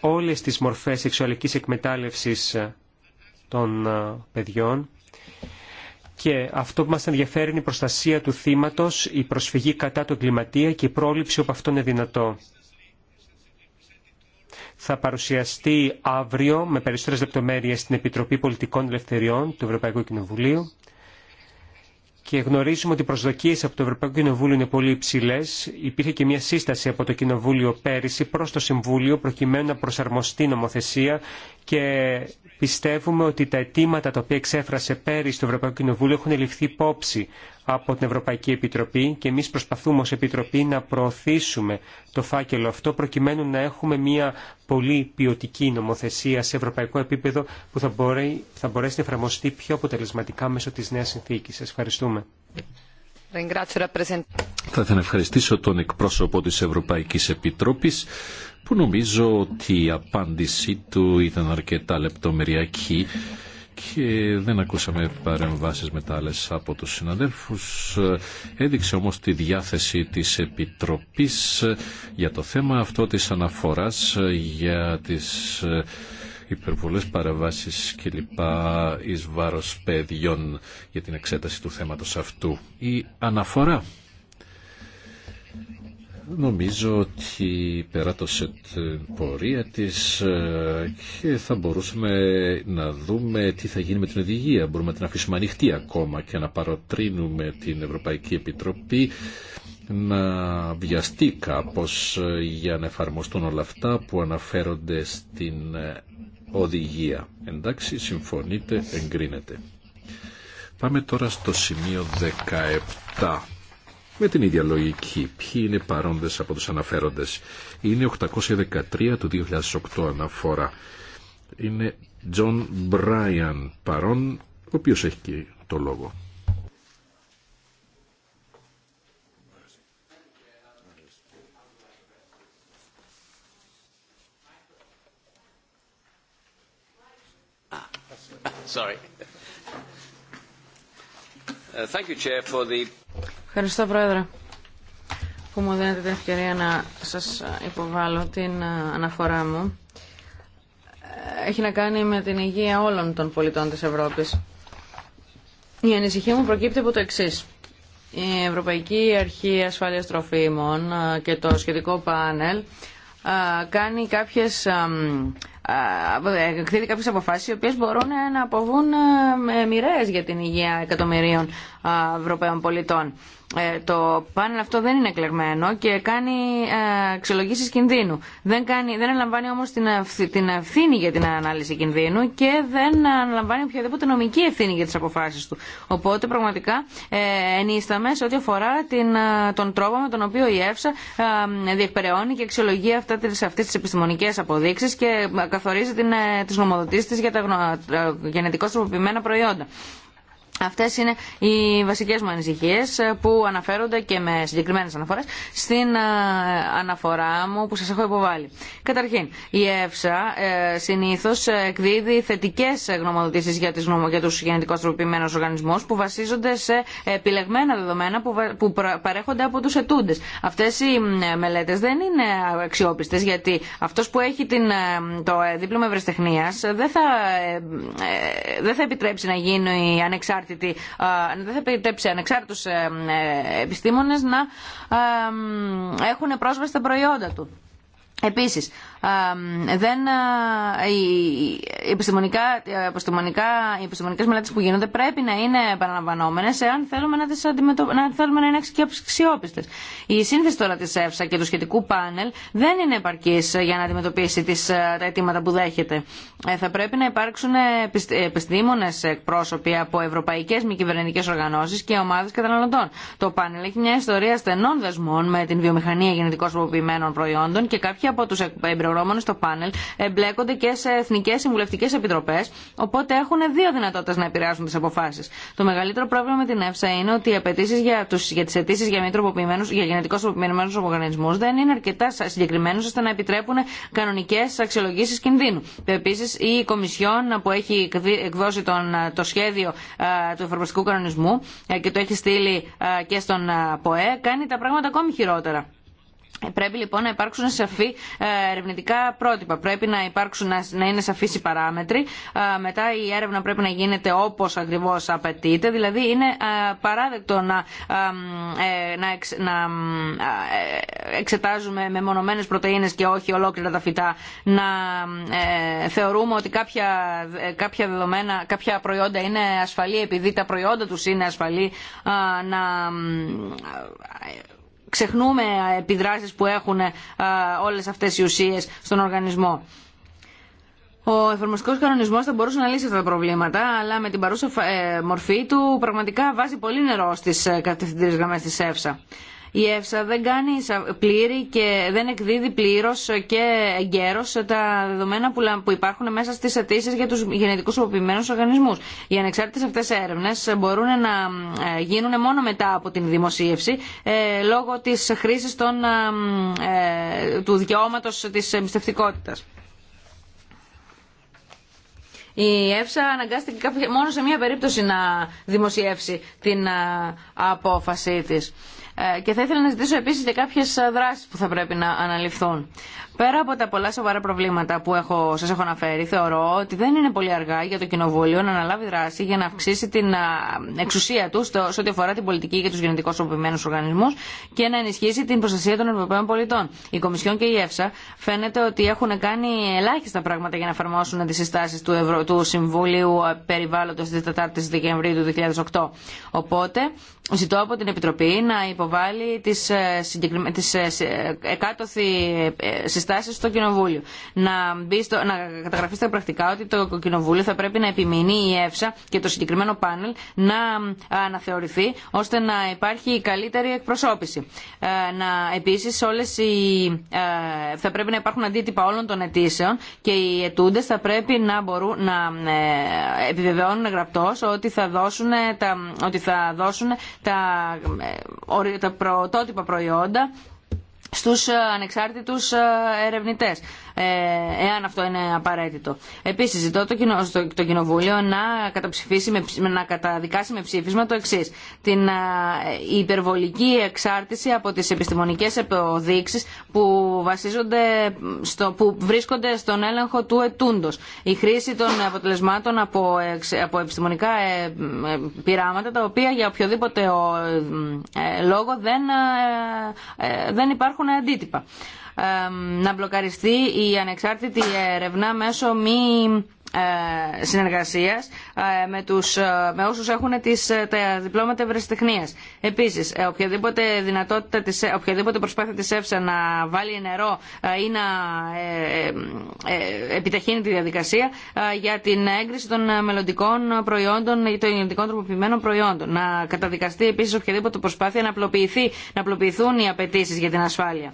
όλες τις μορφές σεξουαλικής εκμετάλλευσης των ε, παιδιών και αυτό που μας ενδιαφέρει είναι η προστασία του θύματος, η προσφυγή κατά του εγκληματία και η πρόληψη όπου αυτό είναι δυνατό θα παρουσιαστεί αύριο με περισσότερε λεπτομέρειε στην Επιτροπή Πολιτικών Ελευθεριών του Ευρωπαϊκού Κοινοβουλίου και γνωρίζουμε ότι οι προσδοκίε από το Ευρωπαϊκό Κοινοβούλιο είναι πολύ υψηλέ. Υπήρχε και μια σύσταση από το Κοινοβούλιο πέρυσι προ το Συμβούλιο προκειμένου να προσαρμοστεί νομοθεσία και πιστεύουμε ότι τα αιτήματα τα οποία εξέφρασε πέρυσι το Ευρωπαϊκό Κοινοβούλιο έχουν ληφθεί υπόψη από την Ευρωπαϊκή Επιτροπή και εμείς προσπαθούμε ως Επιτροπή να προωθήσουμε το φάκελο αυτό προκειμένου να έχουμε μια πολύ ποιοτική νομοθεσία σε ευρωπαϊκό επίπεδο που θα, μπορεί, θα μπορέσει να εφαρμοστεί πιο αποτελεσματικά μέσω της νέας συνθήκης. Σας ευχαριστούμε. Θα ήθελα να ευχαριστήσω τον εκπρόσωπο της Ευρωπαϊκής Επιτρόπης που νομίζω ότι η απάντησή του ήταν αρκετά λεπτομεριακή και δεν ακούσαμε παρεμβάσεις μετάλλες από τους συναδέλφους. Έδειξε όμως τη διάθεση της Επιτροπής για το θέμα αυτό της αναφοράς για τις ε, υπερβολές παραβάσεις κλπ. εις βάρος παιδιών για την εξέταση του θέματος αυτού. Η αναφορά Νομίζω ότι περάτωσε την πορεία της ε, και θα μπορούσαμε να δούμε τι θα γίνει με την οδηγία. Μπορούμε να την αφήσουμε ανοιχτή ακόμα και να παροτρύνουμε την Ευρωπαϊκή Επιτροπή να βιαστεί κάπως ε, για να εφαρμοστούν όλα αυτά που αναφέρονται στην ε, οδηγία. Εντάξει, συμφωνείτε, εγκρίνεται. Πάμε τώρα στο σημείο 17 με την ίδια λογική. Ποιοι είναι παρόντες από τους αναφέροντες. Είναι 813 του 2008 αναφορά. Είναι John Bryan παρόν, ο οποίος έχει και το λόγο. Sorry. Uh, thank you, Chair, for the... Ευχαριστώ, Πρόεδρε, που μου δίνετε την ευκαιρία να σας υποβάλω την ε, αναφορά μου. Έχει να κάνει με την υγεία όλων των πολιτών της Ευρώπης. Η ανησυχία μου προκύπτει από το εξής. Η Ευρωπαϊκή Αρχή Ασφάλειας Τροφίμων ε, και το σχετικό πάνελ ε, κάνει κάποιες εκδίδει κάποιες αποφάσεις οι οποίε μπορούν να αποβούν ε, μοιραίε για την υγεία εκατομμυρίων ε, Ευρωπαίων πολιτών. Ε, το πάνελ αυτό δεν είναι εκλεγμένο και κάνει αξιολογήσει κινδύνου. Δεν, κάνει, δεν αναλαμβάνει όμως την, την ευθύνη για την ανάλυση κινδύνου και δεν αναλαμβάνει οποιαδήποτε νομική ευθύνη για τι αποφάσει του. Οπότε πραγματικά ε, ενίσταμε σε ό,τι αφορά την, τον τρόπο με τον οποίο η ΕΦΣΑ διεκπεραιώνει και αξιολογεί αυτέ τι επιστημονικέ αποδείξει καθορίζει την, ε, τις νομοδοτήσεις για τα γενετικώς τροποποιημένα προϊόντα. Αυτές είναι οι βασικές μου ανησυχίες ε, που αναφέρονται και με συγκεκριμένες αναφορές στην ε, αναφορά μου που σας έχω υποβάλει. Καταρχήν, η ΕΦΣΑ ε, συνήθως εκδίδει θετικές γνωμοδοτήσεις για, τις, για τους γενετικώς τροποποιημένους οργανισμούς που βασίζονται σε επιλεγμένα δεδομένα που, παρέχονται από τους ετούντες. Αυτές οι μελέτες δεν είναι αξιόπιστες γιατί αυτός που έχει την, το δίπλωμα ευρεσιτεχνίας δεν θα, δεν θα επιτρέψει να γίνει ανεξάρτητη ανεξάρτητη, δεν θα επιτρέψει ανεξάρτητους ε, ε, επιστήμονες να ε, έχουν πρόσβαση στα προϊόντα του. Επίσης, δεν, οι, επιστημονικά, επιστημονικά, οι επιστημονικές μελέτες που γίνονται πρέπει να είναι επαναλαμβανόμενες εάν θέλουμε να, τις να θέλουμε να είναι αξιόπιστες. Η σύνθεση τώρα της ΕΦΣΑ και του σχετικού πάνελ δεν είναι επαρκής για να αντιμετωπίσει τις, τα αιτήματα που δέχεται. Ε, θα πρέπει να υπάρξουν επιστήμονες εκπρόσωποι από ευρωπαϊκές μη κυβερνητικές οργανώσεις και ομάδες καταναλωτών. Το πάνελ έχει μια ιστορία στενών δεσμών με την βιομηχανία γενετικώς προϊόντων και κάποιοι από τους συμπληρωμένο στο πάνελ εμπλέκονται και σε εθνικέ συμβουλευτικέ επιτροπέ, οπότε έχουν δύο δυνατότητε να επηρεάσουν τι αποφάσει. Το μεγαλύτερο πρόβλημα με την ΕΦΣΑ είναι ότι οι απαιτήσει για, για τι αιτήσει για, για γενετικώ τροποποιημένου οργανισμού δεν είναι αρκετά συγκεκριμένε ώστε να επιτρέπουν κανονικέ αξιολογήσει κινδύνου. Επίση, η Κομισιόν που έχει εκδώσει τον, το σχέδιο του εφαρμοστικού κανονισμού ε, και το έχει στείλει και στον ΠΟΕ, κάνει τα πράγματα ακόμη χειρότερα. Πρέπει λοιπόν να υπάρξουν σαφή ε, ερευνητικά πρότυπα. Πρέπει να, υπάρξουν, να είναι σαφή οι παράμετροι. Ε, μετά η έρευνα πρέπει να γίνεται όπω ακριβώ απαιτείται. Δηλαδή είναι ε, παράδεκτο να, να, να εξετάζουμε με μονομένε πρωτενε και όχι ολόκληρα τα φυτά. Να θεωρούμε ότι κάποια, κάποια, δεδομένα, κάποια προϊόντα είναι ασφαλή επειδή τα προϊόντα του είναι ασφαλή. Να ξεχνούμε επιδράσεις που έχουν ε, όλες αυτές οι ουσίες στον οργανισμό. Ο εφαρμοστικό κανονισμό θα μπορούσε να λύσει αυτά τα προβλήματα, αλλά με την παρούσα ε, μορφή του πραγματικά βάζει πολύ νερό στις ε, κατευθυντήριε γραμμέ τη ΕΦΣΑ η ΕΦΣΑ δεν κάνει πλήρη και δεν εκδίδει πλήρω και εγκαίρω τα δεδομένα που υπάρχουν μέσα στι αιτήσει για του γενετικού οποποιημένου οργανισμού. Οι ανεξάρτητε αυτέ έρευνε μπορούν να ε, γίνουν μόνο μετά από την δημοσίευση ε, λόγω τη χρήση ε, του δικαιώματο τη εμπιστευτικότητα. Η ΕΦΣΑ αναγκάστηκε μόνο σε μία περίπτωση να δημοσιεύσει την απόφασή της. Ε, και θα ήθελα να ζητήσω επίσης και κάποιες ε, δράσεις που θα πρέπει να αναλυφθούν. Πέρα από τα πολλά σοβαρά προβλήματα που έχω, σας έχω αναφέρει, θεωρώ ότι δεν είναι πολύ αργά για το Κοινοβούλιο να αναλάβει δράση για να αυξήσει την εξουσία του σε ό,τι αφορά την πολιτική για του γενετικώ οπημένου οργανισμούς και να ενισχύσει την προστασία των Ευρωπαίων πολιτών. Η Κομισιόν και η ΕΦΣΑ φαίνεται ότι έχουν κάνει ελάχιστα πράγματα για να εφαρμόσουν τι συστάσει του, Ευρω... του Συμβουλίου περιβάλλοντο τη 4 η Δεκεμβρίου του 2008. Οπότε ζητώ από την Επιτροπή να υποβάλει τις, ε, τις ε, ε, στο Κοινοβούλιο. Να, μπει στο, να καταγραφεί στα πρακτικά ότι το Κοινοβούλιο θα πρέπει να επιμείνει η ΕΦΣΑ και το συγκεκριμένο πάνελ να αναθεωρηθεί ώστε να υπάρχει καλύτερη εκπροσώπηση. Ε, να, επίσης όλες οι, ε, θα πρέπει να υπάρχουν αντίτυπα όλων των αιτήσεων και οι ετούντε θα πρέπει να μπορούν να ε, επιβεβαιώνουν γραπτό ότι θα δώσουν τα, ότι θα δώσουν τα, τα πρωτότυπα προϊόντα στους ε, ανεξάρτητους ε, ερευνητές. Ε, εάν αυτό είναι απαραίτητο. Επίση, ζητώ το, το Κοινοβούλιο να, καταψηφίσει με, να καταδικάσει με ψήφισμα το εξή. Την ε, υπερβολική εξάρτηση από τι επιστημονικέ αποδείξει που, που βρίσκονται στον έλεγχο του ετούντο. Η χρήση των αποτελεσμάτων από, από επιστημονικά ε, πειράματα τα οποία για οποιοδήποτε λόγο δεν, δεν υπάρχουν αντίτυπα να μπλοκαριστεί η ανεξάρτητη έρευνα μέσω μη ε, συνεργασίας ε, με, τους, ε, με όσους έχουν τις, τα διπλώματα ευρεσιτεχνίας. Επίσης, οποιαδήποτε, δυνατότητα της, οποιαδήποτε προσπάθεια της ΕΦΣΑ να βάλει νερό ή να ε, ε, επιταχύνει τη διαδικασία για την έγκριση των μελλοντικών προϊόντων ή των ελληνικών τροποποιημένων προϊόντων. Να καταδικαστεί επίσης οποιαδήποτε προσπάθεια να, απλοποιηθεί, να απλοποιηθούν οι απαιτήσει για την ασφάλεια.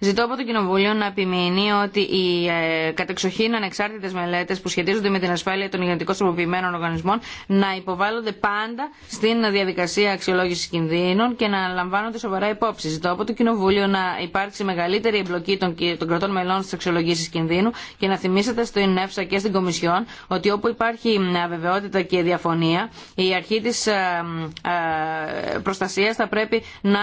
Ζητώ από το Κοινοβούλιο να επιμείνει ότι οι ε, κατεξοχήν ανεξάρτητε μελέτε που σχετίζονται με την ασφάλεια των υγειονομικών τροποποιημένων οργανισμών να υποβάλλονται πάντα στην διαδικασία αξιολόγηση κινδύνων και να λαμβάνονται σοβαρά υπόψη. Ζητώ από το Κοινοβούλιο να υπάρξει μεγαλύτερη εμπλοκή των, των κρατών μελών στι αξιολογήσει κινδύνου και να θυμίσετε στην ΕΦΣΑ και στην Κομισιόν ότι όπου υπάρχει αβεβαιότητα και διαφωνία η αρχή τη ε, ε θα πρέπει να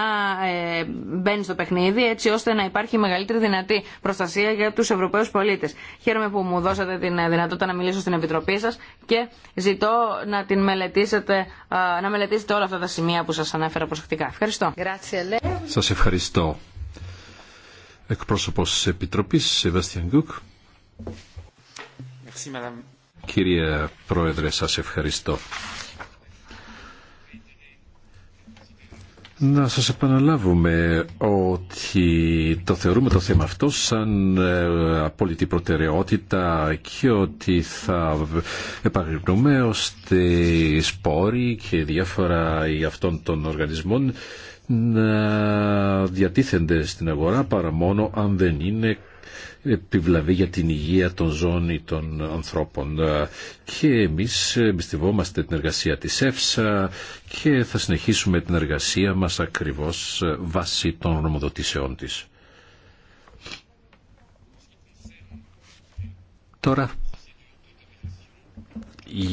ε, μπαίνει στο παιχνίδι έτσι ώστε να υπάρχει υπάρχει μεγαλύτερη δυνατή προστασία για του Ευρωπαίους πολίτες. Χαίρομαι που μου δώσατε την ε, δυνατότητα να μιλήσω στην Επιτροπή σα και ζητώ να, την μελετήσετε, να μελετήσετε όλα αυτά τα σημεία που σα ανέφερα προσεκτικά. Ευχαριστώ. Σας ευχαριστώ. Εκπρόσωπο τη Επιτροπή, Σεβαστιαν Γκουκ. Κύριε Πρόεδρε, σα ευχαριστώ. Να σας επαναλάβουμε ότι το θεωρούμε το θέμα αυτό σαν ε, απόλυτη προτεραιότητα και ότι θα επαγρυπνούμε ώστε οι σπόροι και διάφορα αυτών των οργανισμών να διατίθενται στην αγορά παρά μόνο αν δεν είναι επιβλαβή για την υγεία των ζώνη ή των ανθρώπων. Και εμείς εμπιστευόμαστε την εργασία της ΕΦΣΑ και θα συνεχίσουμε την εργασία μας ακριβώς βάσει των νομοδοτήσεών της. Τώρα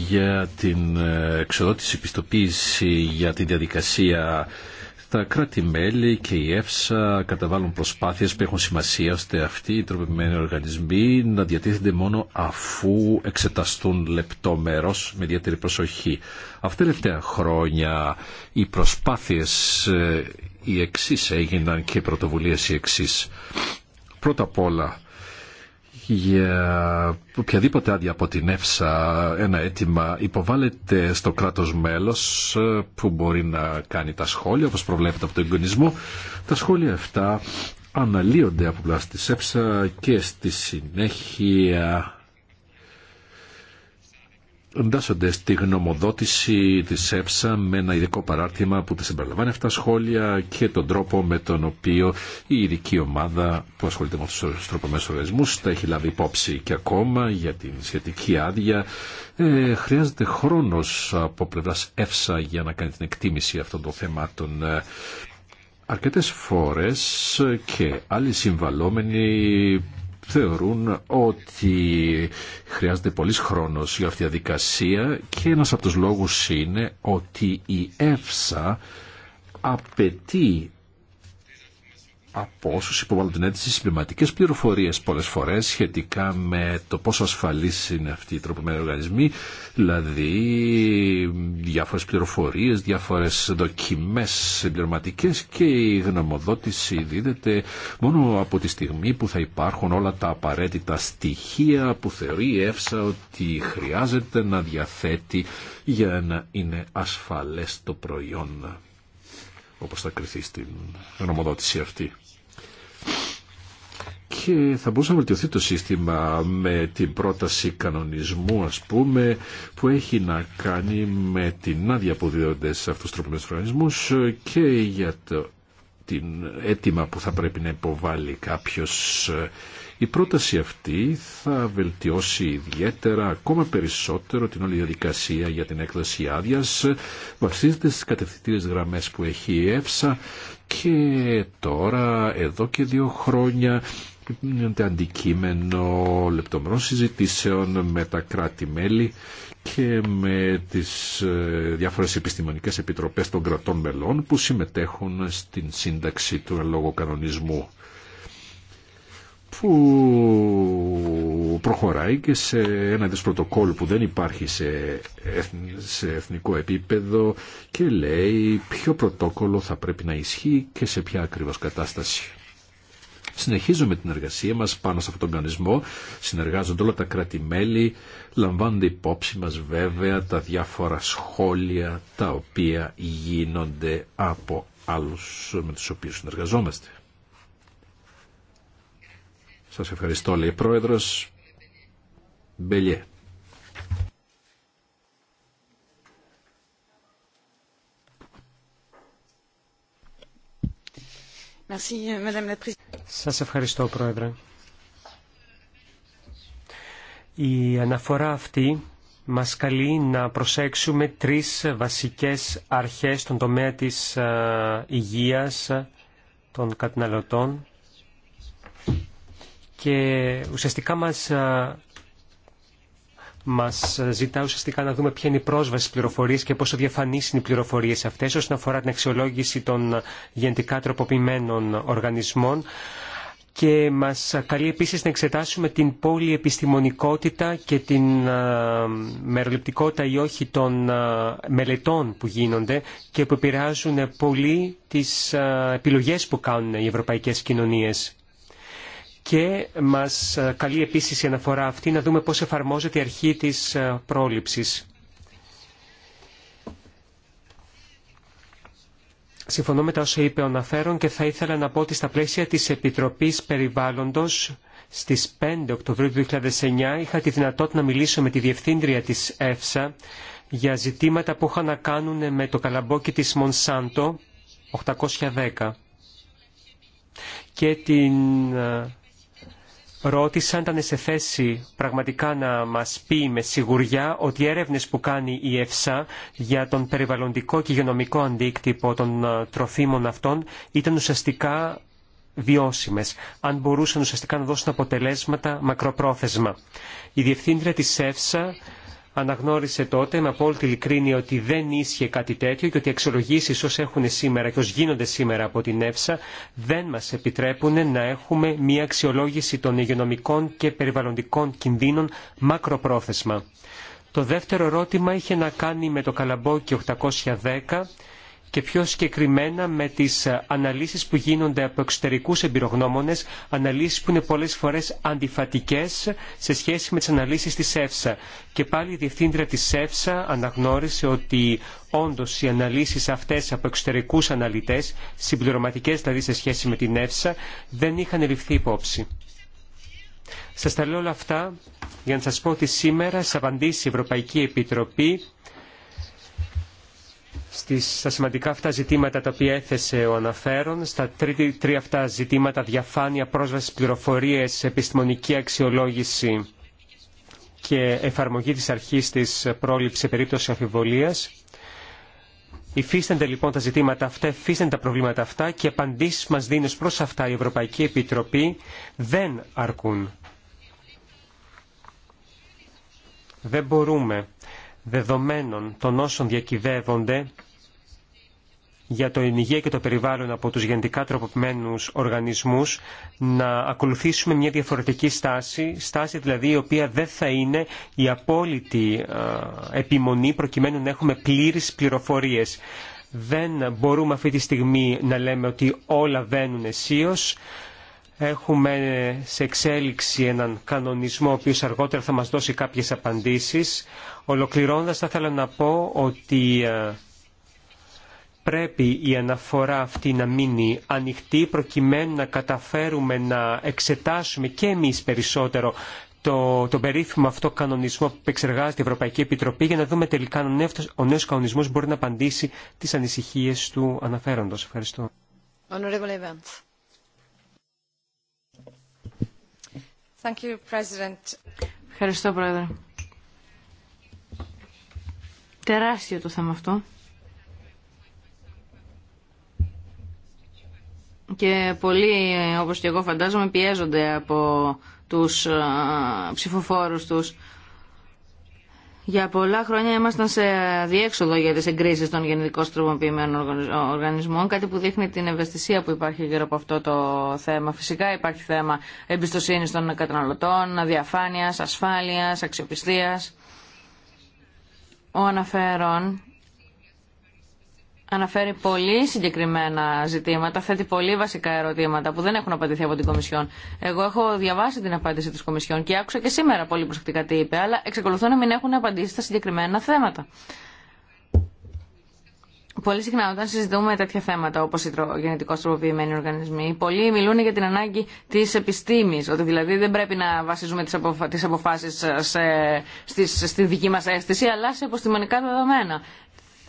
για την εξοδότηση πιστοποίηση για τη διαδικασία τα κράτη-μέλη και η ΕΦΣΑ καταβάλουν προσπάθειε που έχουν σημασία ώστε αυτοί οι τροπημένοι οργανισμοί να διατίθενται μόνο αφού εξεταστούν λεπτόμερος με ιδιαίτερη προσοχή. Αυτά τελευταία χρόνια οι προσπάθειε, ε, οι εξή έγιναν και οι πρωτοβουλίες οι εξή. Πρώτα απ' όλα για οποιαδήποτε άδεια από την ΕΦΣΑ ένα αίτημα υποβάλλεται στο κράτος μέλος ε, που μπορεί να κάνει τα σχόλια όπως προβλέπεται από τον εγγονισμό. Τα σχόλια αυτά αναλύονται από πλάση της ΕΦΣΑ και στη συνέχεια εντάσσονται στη γνωμοδότηση της ΕΨΑ με ένα ειδικό παράρτημα που τα συμπεριλαμβάνει αυτά τα σχόλια και τον τρόπο με τον οποίο η ειδική ομάδα που ασχολείται με του τροπομένου οργανισμού τα έχει λάβει υπόψη και ακόμα για την σχετική άδεια. Ε, χρειάζεται χρόνο από πλευρά ΕΦΣΑ για να κάνει την εκτίμηση αυτών των θεμάτων ε, αρκετές φορές και άλλοι συμβαλόμενοι θεωρούν ότι χρειάζεται πολύς χρόνος για αυτή τη διαδικασία και ένας από τους λόγους είναι ότι η ΕΦΣΑ απαιτεί από όσου υποβάλλουν την αίτηση συμπληρωματικέ πληροφορίες πολλές φορές σχετικά με το πόσο ασφαλής είναι αυτοί οι τροποποιημένοι οργανισμοί, δηλαδή διάφορε πληροφορίε, διάφορες δοκιμές συμπληρωματικέ και η γνωμοδότηση δίδεται μόνο από τη στιγμή που θα υπάρχουν όλα τα απαραίτητα στοιχεία που θεωρεί η ΕΦΣΑ ότι χρειάζεται να διαθέτει για να είναι ασφαλές το προϊόν όπως θα κριθεί στην γνωμοδότηση αυτή και θα μπορούσε να βελτιωθεί το σύστημα με την πρόταση κανονισμού ας πούμε που έχει να κάνει με την άδεια που σε αυτούς τους τροπικούς και για το, την αίτημα που θα πρέπει να υποβάλει κάποιος η πρόταση αυτή θα βελτιώσει ιδιαίτερα ακόμα περισσότερο την όλη διαδικασία για την έκδοση άδεια. Βασίζεται στι κατευθυντήρε γραμμέ που έχει η ΕΦΣΑ και τώρα εδώ και δύο χρόνια είναι αντικείμενο λεπτομερών συζητήσεων με τα κράτη-μέλη και με τις ε, διάφορες επιστημονικές επιτροπές των κρατών μελών που συμμετέχουν στην σύνταξη του λόγου κανονισμού που προχωράει και σε ένα δις πρωτοκόλλου που δεν υπάρχει σε, εθνικό επίπεδο και λέει ποιο πρωτόκολλο θα πρέπει να ισχύει και σε ποια ακριβώς κατάσταση. Συνεχίζουμε την εργασία μας πάνω σε αυτόν τον κανονισμό, συνεργάζονται όλα τα κράτη-μέλη, λαμβάνονται υπόψη μας βέβαια τα διάφορα σχόλια τα οποία γίνονται από άλλους με τους οποίους συνεργαζόμαστε. Σας ευχαριστώ, λέει πρόεδρος Μπελιέ. Σας ευχαριστώ, Πρόεδρε. Η αναφορά αυτή μας καλεί να προσέξουμε τρεις βασικές αρχές στον τομέα της ε, υγείας των καταναλωτών και ουσιαστικά μας, μας ζητά ουσιαστικά να δούμε ποια είναι η πρόσβαση πληροφορίες και πόσο διαφανείς είναι οι πληροφορίες αυτές όσον αφορά την αξιολόγηση των γενετικά τροποποιημένων οργανισμών και μας καλεί επίσης να εξετάσουμε την πολυεπιστημονικότητα και την μεροληπτικότητα ή όχι των μελετών που γίνονται και που επηρεάζουν πολύ τις επιλογές που κάνουν οι ευρωπαϊκές κοινωνίες και μας ε, καλεί επίσης η αναφορά αυτή να δούμε πώς εφαρμόζεται η αρχή της ε, πρόληψης. Συμφωνώ με τα όσα είπε ο Ναφέρον και θα ήθελα να πω ότι στα πλαίσια της Επιτροπής Περιβάλλοντος στις 5 Οκτωβρίου 2009 είχα τη δυνατότητα να μιλήσω με τη Διευθύντρια της ΕΦΣΑ για ζητήματα που είχαν να κάνουν με το καλαμπόκι της Μονσάντο 810 και την ε, ρώτησε αν ήταν σε θέση πραγματικά να μας πει με σιγουριά ότι οι έρευνες που κάνει η ΕΦΣΑ για τον περιβαλλοντικό και υγειονομικό αντίκτυπο των ε, τροφίμων αυτών ήταν ουσιαστικά βιώσιμες, αν μπορούσαν ουσιαστικά να δώσουν αποτελέσματα μακροπρόθεσμα. Η διευθύντρια της ΕΦΣΑ αναγνώρισε τότε με απόλυτη ειλικρίνη ότι δεν ίσχυε κάτι τέτοιο και ότι οι αξιολογήσεις όσοι έχουν σήμερα και ως γίνονται σήμερα από την ΕΦΣΑ δεν μας επιτρέπουν να έχουμε μια αξιολόγηση των υγειονομικών και περιβαλλοντικών κινδύνων μακροπρόθεσμα. Το δεύτερο ερώτημα είχε να κάνει με το καλαμπόκι 810 και πιο συγκεκριμένα με τις αναλύσεις που γίνονται από εξωτερικούς εμπειρογνώμονες, αναλύσεις που είναι πολλές φορές αντιφατικές σε σχέση με τις αναλύσεις της ΕΦΣΑ. Και πάλι η Διευθύντρια της ΕΦΣΑ αναγνώρισε ότι όντως οι αναλύσεις αυτές από εξωτερικούς αναλυτές, συμπληρωματικές δηλαδή σε σχέση με την ΕΦΣΑ, δεν είχαν ληφθεί υπόψη. Σα τα λέω όλα αυτά για να σας πω ότι σήμερα σε απαντήσει η Ευρωπαϊκή Επιτροπή στις, στα σημαντικά αυτά ζητήματα τα οποία έθεσε ο αναφέρον, στα τρία αυτά ζητήματα διαφάνεια, πρόσβαση πληροφορίες, επιστημονική αξιολόγηση και εφαρμογή της αρχής της πρόληψης σε περίπτωση αφιβολίας, Υφίστανται λοιπόν τα ζητήματα αυτά, υφίστανται τα προβλήματα αυτά και απαντήσεις μας δίνει προς αυτά η Ευρωπαϊκή Επιτροπή δεν αρκούν. Δεν μπορούμε δεδομένων των όσων διακυβεύονται για το ενηγεία και το περιβάλλον από τους γενετικά τροποποιημένους οργανισμούς να ακολουθήσουμε μια διαφορετική στάση, στάση δηλαδή η οποία δεν θα είναι η απόλυτη επιμονή προκειμένου να έχουμε πλήρες πληροφορίες. Δεν μπορούμε αυτή τη στιγμή να λέμε ότι όλα βαίνουν αισίως. Έχουμε σε εξέλιξη έναν κανονισμό ο οποίος αργότερα θα μας δώσει κάποιες απαντήσεις. Ολοκληρώνοντας θα ήθελα να πω ότι ε, πρέπει η αναφορά αυτή να μείνει ανοιχτή προκειμένου να καταφέρουμε να εξετάσουμε και εμείς περισσότερο το, το περίφημο αυτό κανονισμό που επεξεργάζεται η Ευρωπαϊκή Επιτροπή για να δούμε τελικά αν ο νέος, κανονισμός μπορεί να απαντήσει τις ανησυχίες του αναφέροντος. Ευχαριστώ. Thank you, President. Ευχαριστώ, Πρόεδρε τεράστιο το θέμα αυτό. Και πολλοί, όπως και εγώ φαντάζομαι, πιέζονται από τους ψηφοφόρους τους. Για πολλά χρόνια ήμασταν σε διέξοδο για τις εγκρίσεις των γενετικώς τροποποιημένων οργανισμών, κάτι που δείχνει την ευαισθησία που υπάρχει γύρω από αυτό το θέμα. Φυσικά υπάρχει θέμα εμπιστοσύνης των καταναλωτών, διαφάνειας, ασφάλειας, αξιοπιστίας ο αναφέρον αναφέρει πολύ συγκεκριμένα ζητήματα, θέτει πολύ βασικά ερωτήματα που δεν έχουν απαντηθεί από την Κομισιόν. Εγώ έχω διαβάσει την απάντηση της Κομισιόν και άκουσα και σήμερα πολύ προσεκτικά τι είπε, αλλά εξακολουθούν να μην έχουν απαντήσει στα συγκεκριμένα θέματα. Πολύ συχνά όταν συζητούμε τέτοια θέματα όπως οι γενετικώ τροποποιημένοι οργανισμοί, πολλοί μιλούν για την ανάγκη τη επιστήμης, ότι δηλαδή δεν πρέπει να βασίζουμε τι αποφάσει ε, στη... δική μα αίσθηση, αλλά σε επιστημονικά δεδομένα.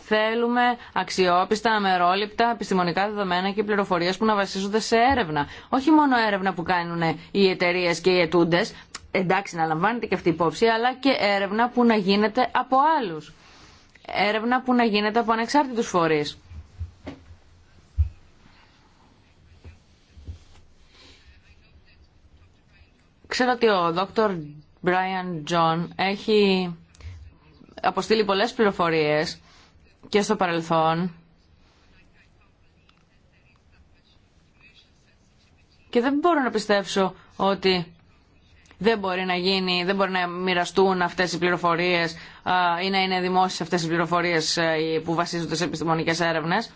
Θέλουμε αξιόπιστα, αμερόληπτα, επιστημονικά δεδομένα και πληροφορίε που να βασίζονται σε έρευνα. Όχι μόνο έρευνα που κάνουν οι εταιρείε και οι ετούντε, εντάξει να λαμβάνεται και αυτή η υπόψη, αλλά και έρευνα που να γίνεται από άλλου έρευνα που να γίνεται από ανεξάρτητους φορείς. Ξέρω ότι ο Dr. Brian John έχει αποστείλει πολλές πληροφορίες και στο παρελθόν και δεν μπορώ να πιστέψω ότι δεν μπορεί να γίνει, δεν μπορεί να μοιραστούν αυτές οι πληροφορίες ή να είναι δημόσιες αυτές οι πληροφορίες που βασίζονται σε επιστημονικές έρευνες.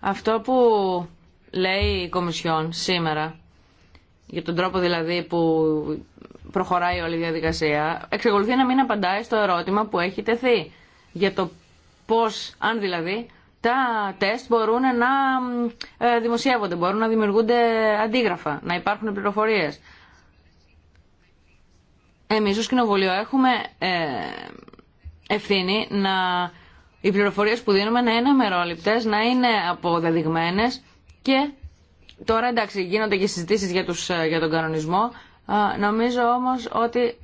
Αυτό που λέει η Κομισιόν σήμερα, για τον τρόπο δηλαδή που προχωράει όλη η διαδικασία, εξακολουθεί να μην απαντάει στο ερώτημα που έχει τεθεί για το πώς, αν δηλαδή, τα τεστ μπορούν να ε, δημοσιεύονται, μπορούν να δημιουργούνται αντίγραφα, να υπάρχουν πληροφορίες. Εμείς ως Κοινοβουλίο έχουμε ε, ευθύνη να οι πληροφορίες που δίνουμε να είναι αμερόληπτες, να είναι αποδεδειγμένες και τώρα εντάξει γίνονται και συζητήσεις για, τους, ε, για τον κανονισμό. Νομίζω όμως ότι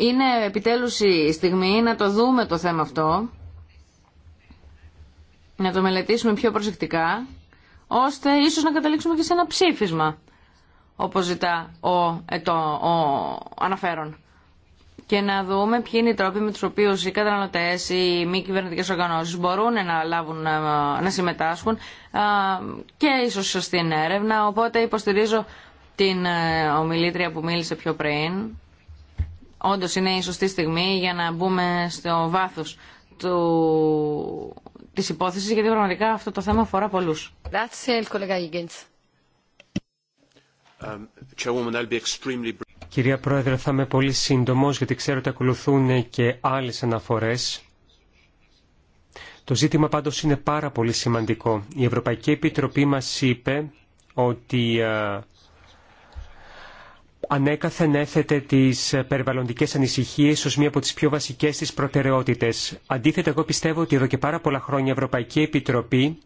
Είναι επιτέλους η στιγμή να το δούμε το θέμα αυτό, να το μελετήσουμε πιο προσεκτικά, ώστε ίσως να καταλήξουμε και σε ένα ψήφισμα, όπως ζητά ο, ε, το, ο αναφέρον. Και να δούμε ποιοι είναι οι τρόποι με τους οποίους οι καταναλωτές, οι μη κυβερνητικέ οργανώσεις μπορούν να, λάβουν, ε, να συμμετάσχουν ε, και ίσως στην έρευνα. Οπότε υποστηρίζω την ομιλήτρια που μίλησε πιο πριν Όντω είναι η σωστή στιγμή για να μπούμε στο βάθος του... της υπόθεσης, γιατί πραγματικά αυτό το θέμα αφορά πολλού. Um, Κυρία Πρόεδρε, θα είμαι πολύ σύντομος, γιατί ξέρω ότι ακολουθούν και άλλες αναφορές. Το ζήτημα πάντως είναι πάρα πολύ σημαντικό. Η Ευρωπαϊκή Επιτροπή μας είπε ότι ε, ανέκαθεν έθετε τις ε, περιβαλλοντικές ανησυχίες ως μία από τις πιο βασικές της προτεραιότητες. Αντίθετα, εγώ πιστεύω ότι εδώ και πάρα πολλά χρόνια η Ευρωπαϊκή Επιτροπή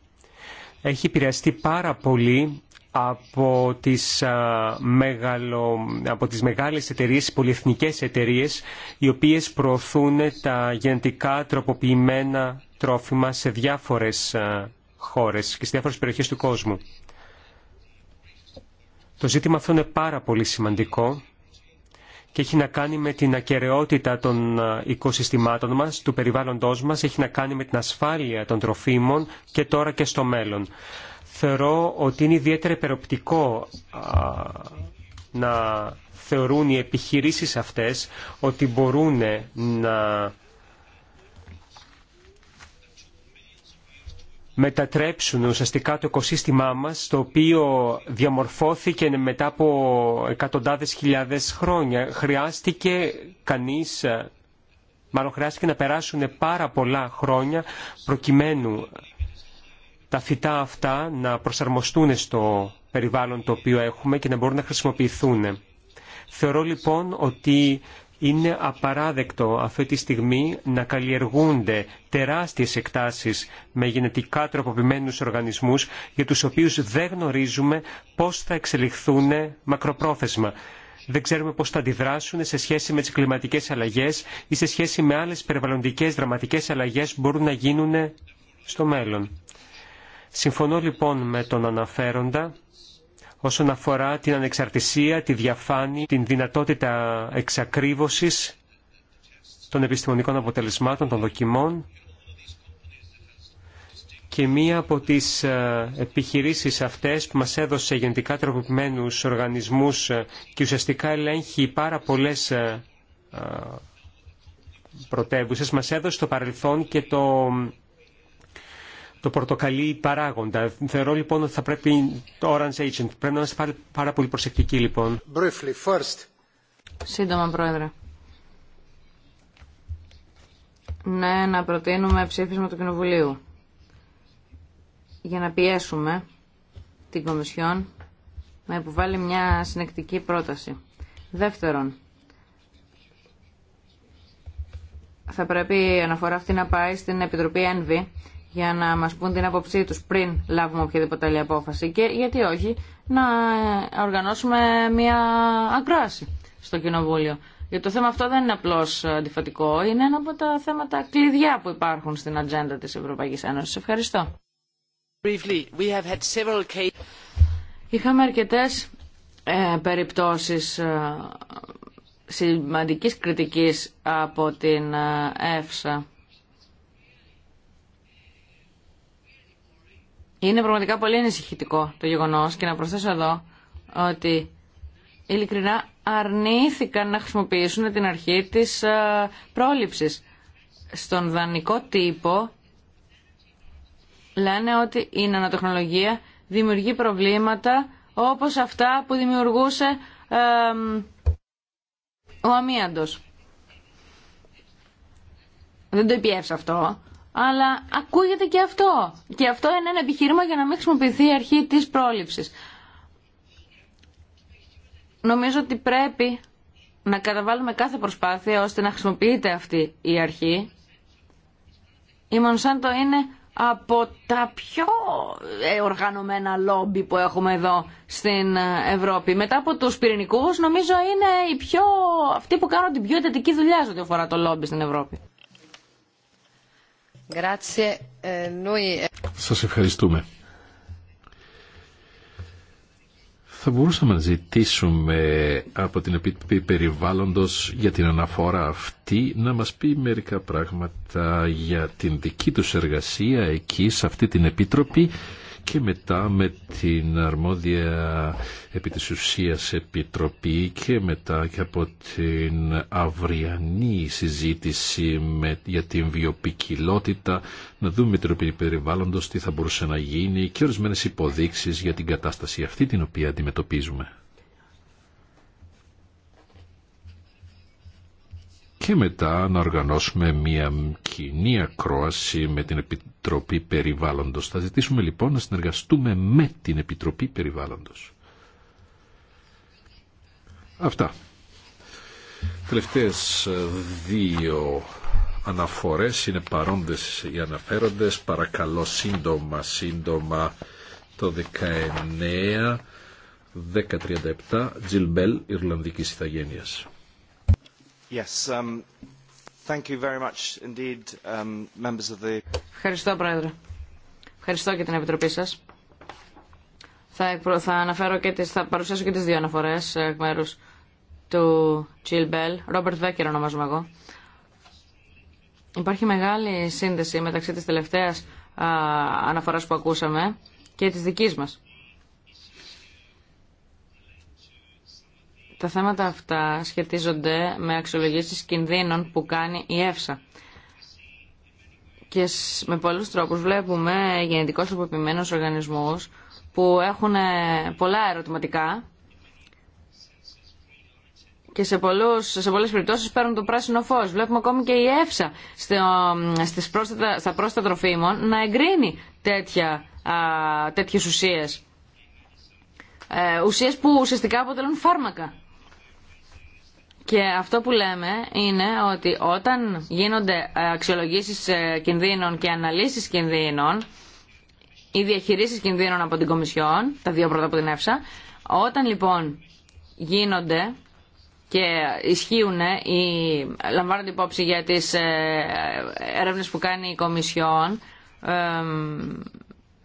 έχει επηρεαστεί πάρα πολύ από τις, ε, μεγαλο, από τις μεγάλες πολυεθνικές εταιρείες, οι οποίες προωθούν τα γενετικά τροποποιημένα τρόφιμα σε διάφορες χώρε χώρες και σε διάφορες περιοχές του κόσμου. Το ζήτημα αυτό είναι πάρα πολύ σημαντικό και έχει να κάνει με την ακαιρεότητα των οικοσυστημάτων μας, του περιβάλλοντός μας, έχει να κάνει με την ασφάλεια των τροφίμων και τώρα και στο μέλλον. Θεωρώ ότι είναι ιδιαίτερα υπεροπτικό να θεωρούν οι επιχειρήσεις αυτές ότι μπορούν να μετατρέψουν ουσιαστικά το οικοσύστημά μας, το οποίο διαμορφώθηκε μετά από εκατοντάδες χιλιάδες χρόνια. Χρειάστηκε κανείς, μάλλον χρειάστηκε να περάσουν πάρα πολλά χρόνια προκειμένου τα φυτά αυτά να προσαρμοστούν στο περιβάλλον το οποίο έχουμε και να μπορούν να χρησιμοποιηθούν. Θεωρώ λοιπόν ότι είναι απαράδεκτο αυτή τη στιγμή να καλλιεργούνται τεράστιες εκτάσεις με γενετικά τροποποιημένους οργανισμούς για τους οποίους δεν γνωρίζουμε πώς θα εξελιχθούν μακροπρόθεσμα. Δεν ξέρουμε πώς θα αντιδράσουν σε σχέση με τις κλιματικές αλλαγές ή σε σχέση με άλλες περιβαλλοντικές δραματικές αλλαγές που μπορούν να γίνουν στο μέλλον. Συμφωνώ λοιπόν με τον αναφέροντα όσον αφορά την ανεξαρτησία, τη διαφάνεια, την δυνατότητα εξακρίβωσης των επιστημονικών αποτελεσμάτων, των δοκιμών και μία από τις ε, επιχειρήσεις αυτές που μας έδωσε γενικά τροποποιημένους οργανισμούς ε, και ουσιαστικά ελέγχει πάρα πολλές ε, πρωτεύουσες, μας έδωσε το παρελθόν και το το πορτοκαλί παράγοντα. Θεωρώ λοιπόν ότι θα πρέπει το Orange Agent. Πρέπει να είμαστε πάρα, πολύ προσεκτικοί λοιπόν. Briefly, first. Σύντομα, Πρόεδρε. Ναι, να προτείνουμε ψήφισμα του Κοινοβουλίου για να πιέσουμε την Κομισιόν να υποβάλει μια συνεκτική πρόταση. Δεύτερον, θα πρέπει η αναφορά αυτή να πάει στην Επιτροπή ΕΝΒΗ για να μας πούν την άποψή του πριν λάβουμε οποιαδήποτε άλλη απόφαση και γιατί όχι να ε, οργανώσουμε μια ακρόαση στο Κοινοβούλιο. Γιατί το θέμα αυτό δεν είναι απλώς αντιφατικό, είναι ένα από τα θέματα κλειδιά που υπάρχουν στην ατζέντα της Ευρωπαϊκή Ένωση. Ευχαριστώ. Είχαμε αρκετέ ε, περιπτώσεις ε, σημαντικής κριτικής από την ΕΦΣΑ Είναι πραγματικά πολύ ανησυχητικό το γεγονός και να προσθέσω εδώ ότι ειλικρινά αρνήθηκαν να χρησιμοποιήσουν την αρχή της ε, πρόληψης. Στον δανεικό τύπο λένε ότι η νανοτεχνολογία δημιουργεί προβλήματα όπως αυτά που δημιουργούσε ε, ο αμίαντος. Δεν το υπιέψα αυτό αλλά ακούγεται και αυτό. Και αυτό είναι ένα επιχείρημα για να μην χρησιμοποιηθεί η αρχή της πρόληψης. Νομίζω ότι πρέπει να καταβάλουμε κάθε προσπάθεια ώστε να χρησιμοποιείται αυτή η αρχή. Η Μονσάντο είναι από τα πιο ε, οργανωμένα λόμπι που έχουμε εδώ στην ε, Ευρώπη. Μετά από τους πυρηνικούς νομίζω είναι οι πιο... αυτοί που κάνουν την πιο εντατική δουλειά ό,τι αφορά το λόμπι στην Ευρώπη. Eh, Σας ευχαριστούμε. Θα μπορούσαμε να ζητήσουμε από την Επιτροπή Περιβάλλοντος για την αναφορά αυτή να μας πει μερικά πράγματα για την δική τους εργασία εκεί σε αυτή την Επιτροπή και μετά με την αρμόδια επί της ουσίας επιτροπή και μετά και από την αυριανή συζήτηση με, για την βιοπικιλότητα να δούμε την τροπή περιβάλλοντος τι θα μπορούσε να γίνει και ορισμένες υποδείξεις για την κατάσταση αυτή την οποία αντιμετωπίζουμε. και μετά να οργανώσουμε μια κοινή ακρόαση με την Επιτροπή Περιβάλλοντος. Θα ζητήσουμε λοιπόν να συνεργαστούμε με την Επιτροπή Περιβάλλοντος. Αυτά. Τελευταίες ε, δύο αναφορές είναι παρόντες οι αναφέροντες. Παρακαλώ σύντομα, σύντομα το 19... 1037 Τζιλμπέλ Ιρλανδικής Ιθαγένειας. Ευχαριστώ, Πρόεδρε. Ευχαριστώ και την Επιτροπή σας. Θα, αναφέρω και τις, θα παρουσιάσω και τις δύο αναφορές ε, εκ μέρους του Τζιλ Μπελ. Ρόμπερτ Βέκερ ονομάζομαι εγώ. Υπάρχει μεγάλη σύνδεση μεταξύ της τελευταίας αναφοράς που ακούσαμε και της δικής μας. Τα θέματα αυτά σχετίζονται με αξιολογήσεις κινδύνων που κάνει η ΕΦΣΑ. Και με πολλούς τρόπους βλέπουμε γενετικώς αποποιημένους οργανισμούς που έχουν ε, πολλά ερωτηματικά και σε, πολλούς, σε πολλές περιπτώσεις παίρνουν το πράσινο φως. Βλέπουμε ακόμη και η ΕΦΣΑ στις πρόσθετα, στα πρόσθετα τροφίμων να εγκρίνει τέτοια, α, τέτοιες ουσίες. Ε, ουσίες που ουσιαστικά αποτελούν φάρμακα. Και αυτό που λέμε είναι ότι όταν γίνονται αξιολογήσεις ε, κινδύνων και αναλύσεις κινδύνων, ή διαχειρήσεις κινδύνων από την Κομισιόν, τα δύο πρώτα από την ΕΦΣΑ, όταν λοιπόν γίνονται και ισχύουν ή ε, λαμβάνονται υπόψη για τις ε, έρευνες που κάνει η Κομισιόν,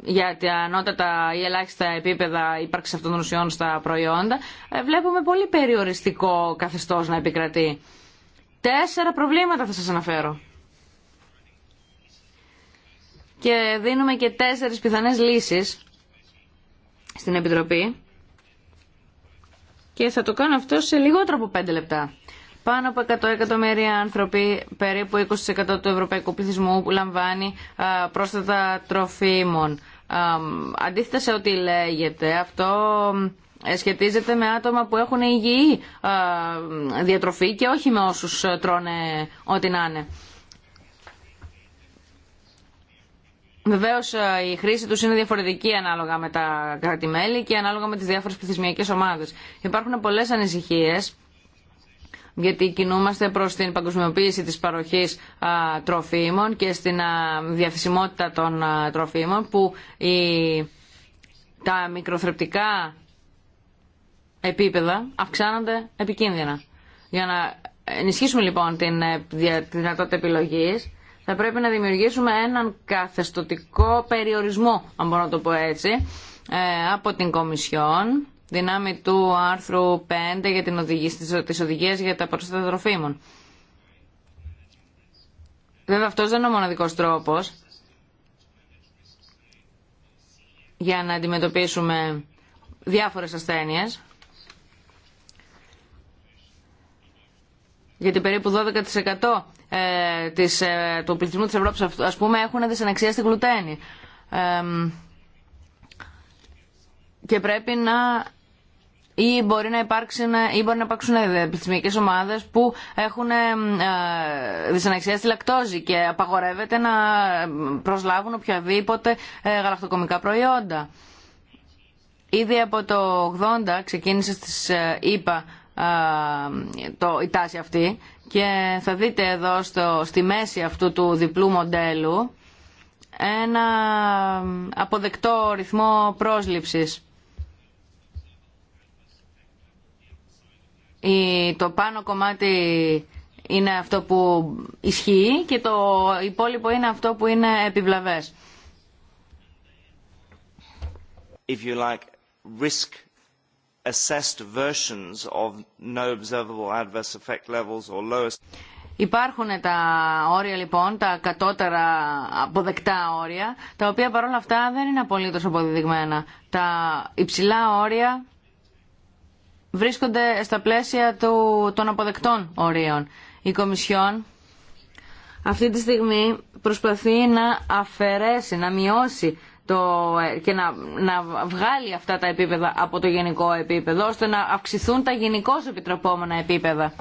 για τα ανώτατα ή ελάχιστα επίπεδα ύπαρξη αυτών των ουσιών στα προϊόντα, ε, βλέπουμε πολύ περιοριστικό καθεστώς να επικρατεί. Τέσσερα προβλήματα θα σας αναφέρω. Και δίνουμε και τέσσερις πιθανές λύσεις στην Επιτροπή. Και θα το κάνω αυτό σε λιγότερο από πέντε λεπτά. Πάνω από 100 εκατομμύρια άνθρωποι, περίπου 20% του ευρωπαϊκού πληθυσμού που λαμβάνει πρόσθετα τροφίμων. Αντίθετα σε ό,τι λέγεται, αυτό σχετίζεται με άτομα που έχουν υγιή διατροφή και όχι με όσους τρώνε ό,τι να είναι. Βεβαίω η χρήση του είναι διαφορετική ανάλογα με τα κράτη-μέλη και ανάλογα με τι διάφορε πληθυσμιακέ ομάδε. Υπάρχουν πολλέ ανησυχίε γιατί κινούμαστε προς την παγκοσμιοποίηση της παροχής τροφίμων και στην διαθεσιμότητα των τροφίμων που τα μικροθρεπτικά επίπεδα αυξάνονται επικίνδυνα. Για να ενισχύσουμε λοιπόν την ε, δυνατότητα επιλογής θα πρέπει να δημιουργήσουμε έναν καθεστοτικό περιορισμό, αν μπορώ να το πω έτσι, ε, από την Κομισιόν δυνάμει του άρθρου 5 για την οδηγία, τις οδηγίες για τα προστάτα τροφίμων. Βέβαια αυτός δεν είναι ο μοναδικός τρόπος για να αντιμετωπίσουμε διάφορες ασθένειες. Γιατί περίπου 12% ε, της, ε, του πληθυσμού της Ευρώπης ας πούμε έχουν δυσαναξία στη γλουτένη. και πρέπει να ή μπορεί να, υπάρξουν, ή μπορεί να ομάδες που έχουν ε, δυσανεξία στη λακτόζη και απαγορεύεται να προσλάβουν οποιαδήποτε ε, γαλακτοκομικά προϊόντα. Ήδη από το 80 ξεκίνησε στις ε, είπα ε, το, η τάση αυτή και θα δείτε εδώ στη μέση αυτού του διπλού μοντέλου ένα αποδεκτό ρυθμό πρόσληψης το πάνω κομμάτι είναι αυτό που ισχύει και το υπόλοιπο είναι αυτό που είναι επιβλαβές. If you like, versions of no adverse effect Υπάρχουν τα όρια λοιπόν, τα κατώτερα αποδεκτά όρια, τα οποία παρόλα αυτά δεν είναι απολύτως αποδεδειγμένα. Τα υψηλά όρια βρίσκονται στα πλαίσια του, των αποδεκτών ορίων. Η Κομισιόν αυτή τη στιγμή προσπαθεί να αφαιρέσει, να μειώσει το, ε, και να, να βγάλει αυτά τα επίπεδα από το γενικό επίπεδο, ώστε να αυξηθούν τα γενικώ επιτροπόμενα επίπεδα.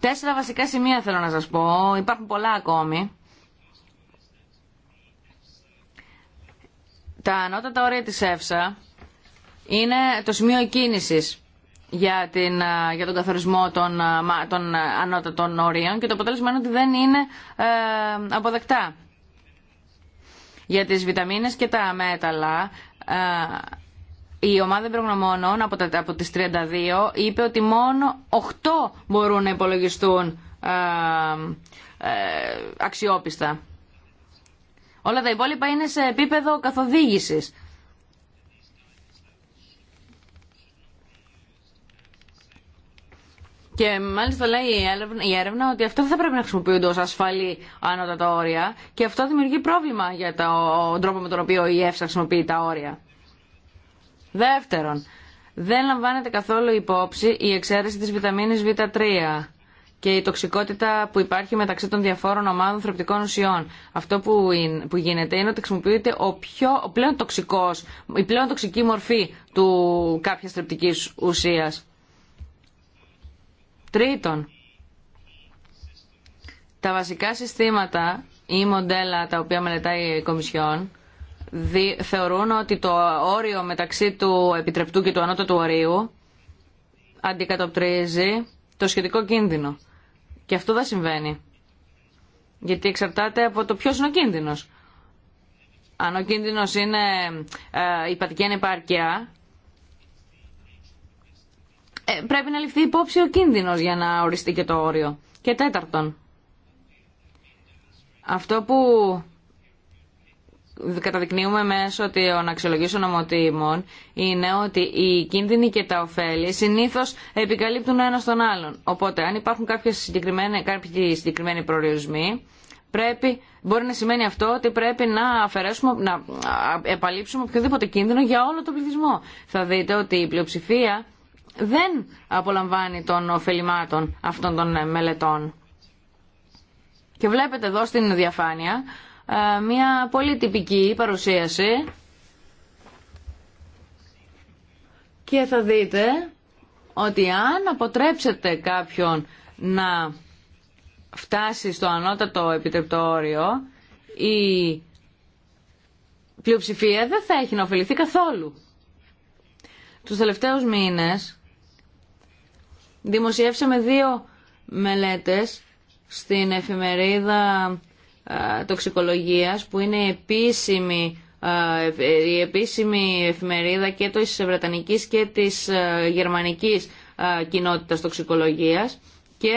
Τέσσερα βασικά σημεία θέλω να σας πω. Υπάρχουν πολλά ακόμη. Τα ανώτατα όρια της ΕΦΣΑ είναι το σημείο εκκίνησης για, την, για τον καθορισμό των, των ανώτατων όριων και το αποτέλεσμα είναι ότι δεν είναι ε, αποδεκτά. Για τις βιταμίνες και τα μέταλλα, ε, η ομάδα υπεργνωμόνων από, από τις 32 είπε ότι μόνο 8 μπορούν να υπολογιστούν ε, αξιόπιστα. Όλα τα υπόλοιπα είναι σε επίπεδο καθοδήγησης. Και μάλιστα λέει η έρευνα, ότι αυτό δεν θα πρέπει να χρησιμοποιούνται ως ασφαλή άνωτα όρια και αυτό δημιουργεί πρόβλημα για τον τρόπο με τον οποίο η ΕΦΣΑ χρησιμοποιεί τα όρια. Δεύτερον, δεν λαμβάνεται καθόλου υπόψη η εξαίρεση της βιταμίνης Β3 και η τοξικότητα που υπάρχει μεταξύ των διαφόρων ομάδων θρεπτικών ουσιών. Αυτό που, που γίνεται είναι ότι χρησιμοποιείται ο, πιο, πλέον τοξικός, η πλέον τοξική μορφή του κάποια θρεπτικής ουσίας. Τρίτον, τα βασικά συστήματα ή μοντέλα τα οποία μελετάει η Κομισιόν θεωρούν ότι το όριο μεταξύ του επιτρεπτού και του ανώτατου ορίου αντικατοπτρίζει το σχετικό κίνδυνο. Και αυτό δεν συμβαίνει. Γιατί εξαρτάται από το ποιο είναι ο κίνδυνο. Αν ο κίνδυνο είναι ε, η πατική ανεπάρκεια, ε, πρέπει να ληφθεί υπόψη ο κίνδυνο για να οριστεί και το όριο. Και τέταρτον, αυτό που καταδεικνύουμε μέσω των αξιολογήσεων ομοτήμων είναι ότι οι κίνδυνοι και τα ωφέλη συνήθω επικαλύπτουν ένα τον άλλον. Οπότε αν υπάρχουν κάποιοι συγκεκριμένοι προορισμοί πρέπει, μπορεί να σημαίνει αυτό ότι πρέπει να αφαιρέσουμε, να επαλείψουμε οποιοδήποτε κίνδυνο για όλο τον πληθυσμό. Θα δείτε ότι η πλειοψηφία δεν απολαμβάνει των ωφελημάτων αυτών των μελετών. Και βλέπετε εδώ στην διαφάνεια μια πολύ τυπική παρουσίαση και θα δείτε ότι αν αποτρέψετε κάποιον να φτάσει στο ανώτατο επιτρεπτό η πλειοψηφία δεν θα έχει να ωφεληθεί καθόλου. Τους τελευταίους μήνες δημοσιεύσαμε δύο μελέτες στην εφημερίδα ε, τοξικολογίας που είναι επίσημη ε, η επίσημη εφημερίδα και της Βρετανικής και της ε, Γερμανικής κοινότητας τοξικολογίας και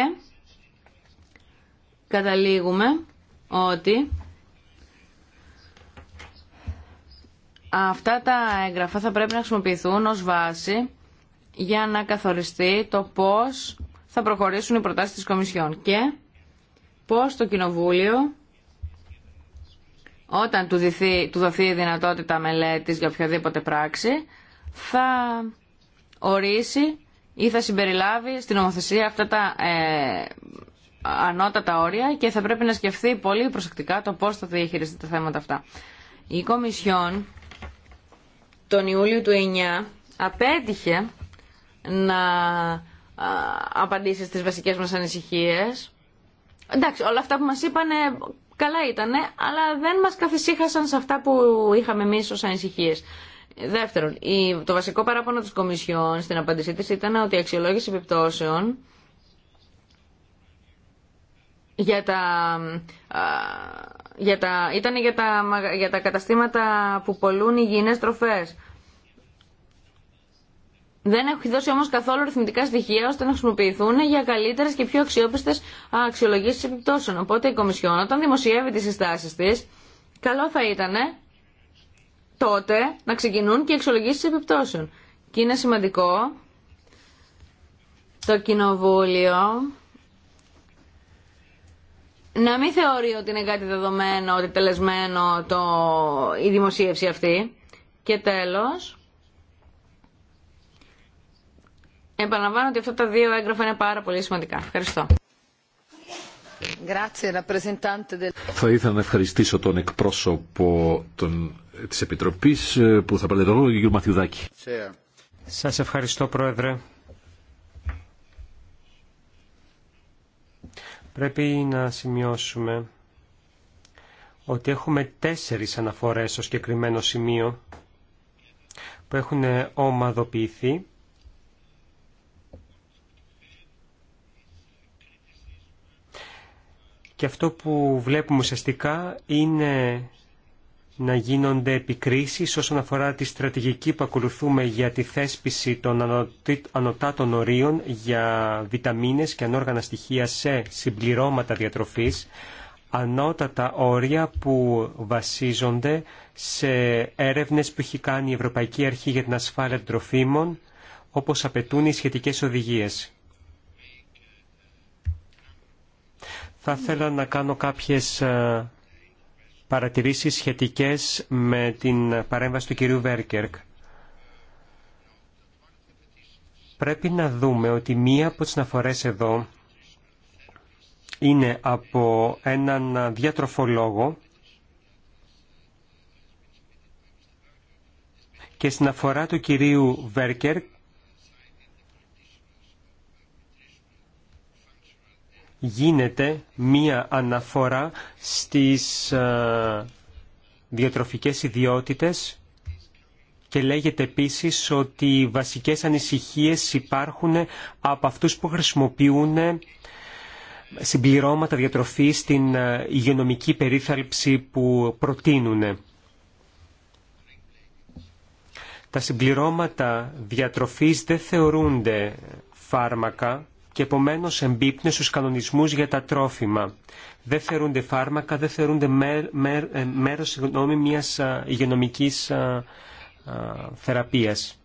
καταλήγουμε ότι αυτά τα έγγραφα θα πρέπει να χρησιμοποιηθούν ως βάση για να καθοριστεί το πώς θα προχωρήσουν οι προτάσεις της Κομισιόν και πώς το Κοινοβούλιο όταν του, δοθεί η δυνατότητα μελέτης για οποιαδήποτε πράξη, θα ορίσει ή θα συμπεριλάβει στην νομοθεσία αυτά τα ε, ανώτατα όρια και θα πρέπει να σκεφτεί πολύ προσεκτικά το πώς θα διαχειριστεί τα θέματα αυτά. Η Κομισιόν τον Ιούλιο του 2009 απέτυχε να απαντήσει στις βασικές μας ανησυχίες. Εντάξει, όλα αυτά που μας είπανε καλά ήτανε, αλλά δεν μας καθησύχασαν σε αυτά που είχαμε εμείς ως ανησυχίες. Δεύτερον, το βασικό παράπονο της Κομισιόν στην απάντησή της ήταν ότι η αξιολόγηση επιπτώσεων για τα, για τα, ήταν για τα, για τα καταστήματα που πολλούν υγιεινές τροφές. Δεν έχει δώσει όμως καθόλου ρυθμιτικά στοιχεία ώστε να χρησιμοποιηθούν για καλύτερε και πιο αξιόπιστες αξιολογήσεις επιπτώσεων. Οπότε η Κομισιόν όταν δημοσιεύει τις συστάσει της, καλό θα ήταν τότε να ξεκινούν και οι αξιολογήσεις επιπτώσεων. Και είναι σημαντικό το Κοινοβούλιο να μην θεωρεί ότι είναι κάτι δεδομένο, ότι τελεσμένο το... η δημοσίευση αυτή. Και τέλος, Επαναλαμβάνω ότι αυτά τα δύο έγγραφα είναι πάρα πολύ σημαντικά. Ευχαριστώ. Θα ήθελα να ευχαριστήσω τον εκπρόσωπο των, της Επιτροπής ε, που θα πάρει ο τον κ. Μαθιουδάκη. Σας ευχαριστώ, Πρόεδρε. Πρέπει να σημειώσουμε ότι έχουμε τέσσερις αναφορές στο συγκεκριμένο σημείο που έχουν ομαδοποιηθεί Και αυτό που βλέπουμε ουσιαστικά είναι να γίνονται επικρίσεις όσον αφορά τη στρατηγική που ακολουθούμε για τη θέσπιση των ανωτάτων ορίων για βιταμίνες και ανόργανα στοιχεία σε συμπληρώματα διατροφής, ανώτατα όρια που βασίζονται σε έρευνες που έχει κάνει η Ευρωπαϊκή Αρχή για την Ασφάλεια των Τροφίμων, όπως απαιτούν οι σχετικές οδηγίες. Θα ήθελα να κάνω κάποιες ε, παρατηρήσεις σχετικές με την παρέμβαση του κυρίου Βέρκερκ. Πρέπει να δούμε ότι μία από τις αναφορές εδώ είναι από έναν διατροφολόγο και στην αφορά του κυρίου Βέρκερκ γίνεται μία αναφορά στις ε, διατροφικές ιδιότητες και λέγεται επίσης ότι βασικές ανησυχίες υπάρχουν από αυτούς που χρησιμοποιούν ε, συμπληρώματα διατροφής στην ε, υγειονομική περίθαλψη που προτείνουν. Τα συμπληρώματα διατροφής δεν θεωρούνται φάρμακα, και επομένως εμπίπτουν στους κανονισμούς για τα τρόφιμα. Δεν θεωρούνται φάρμακα, δεν θεωρούνται μέρο ε, μια μιας θεραπεία. Ε, ε, θεραπείας.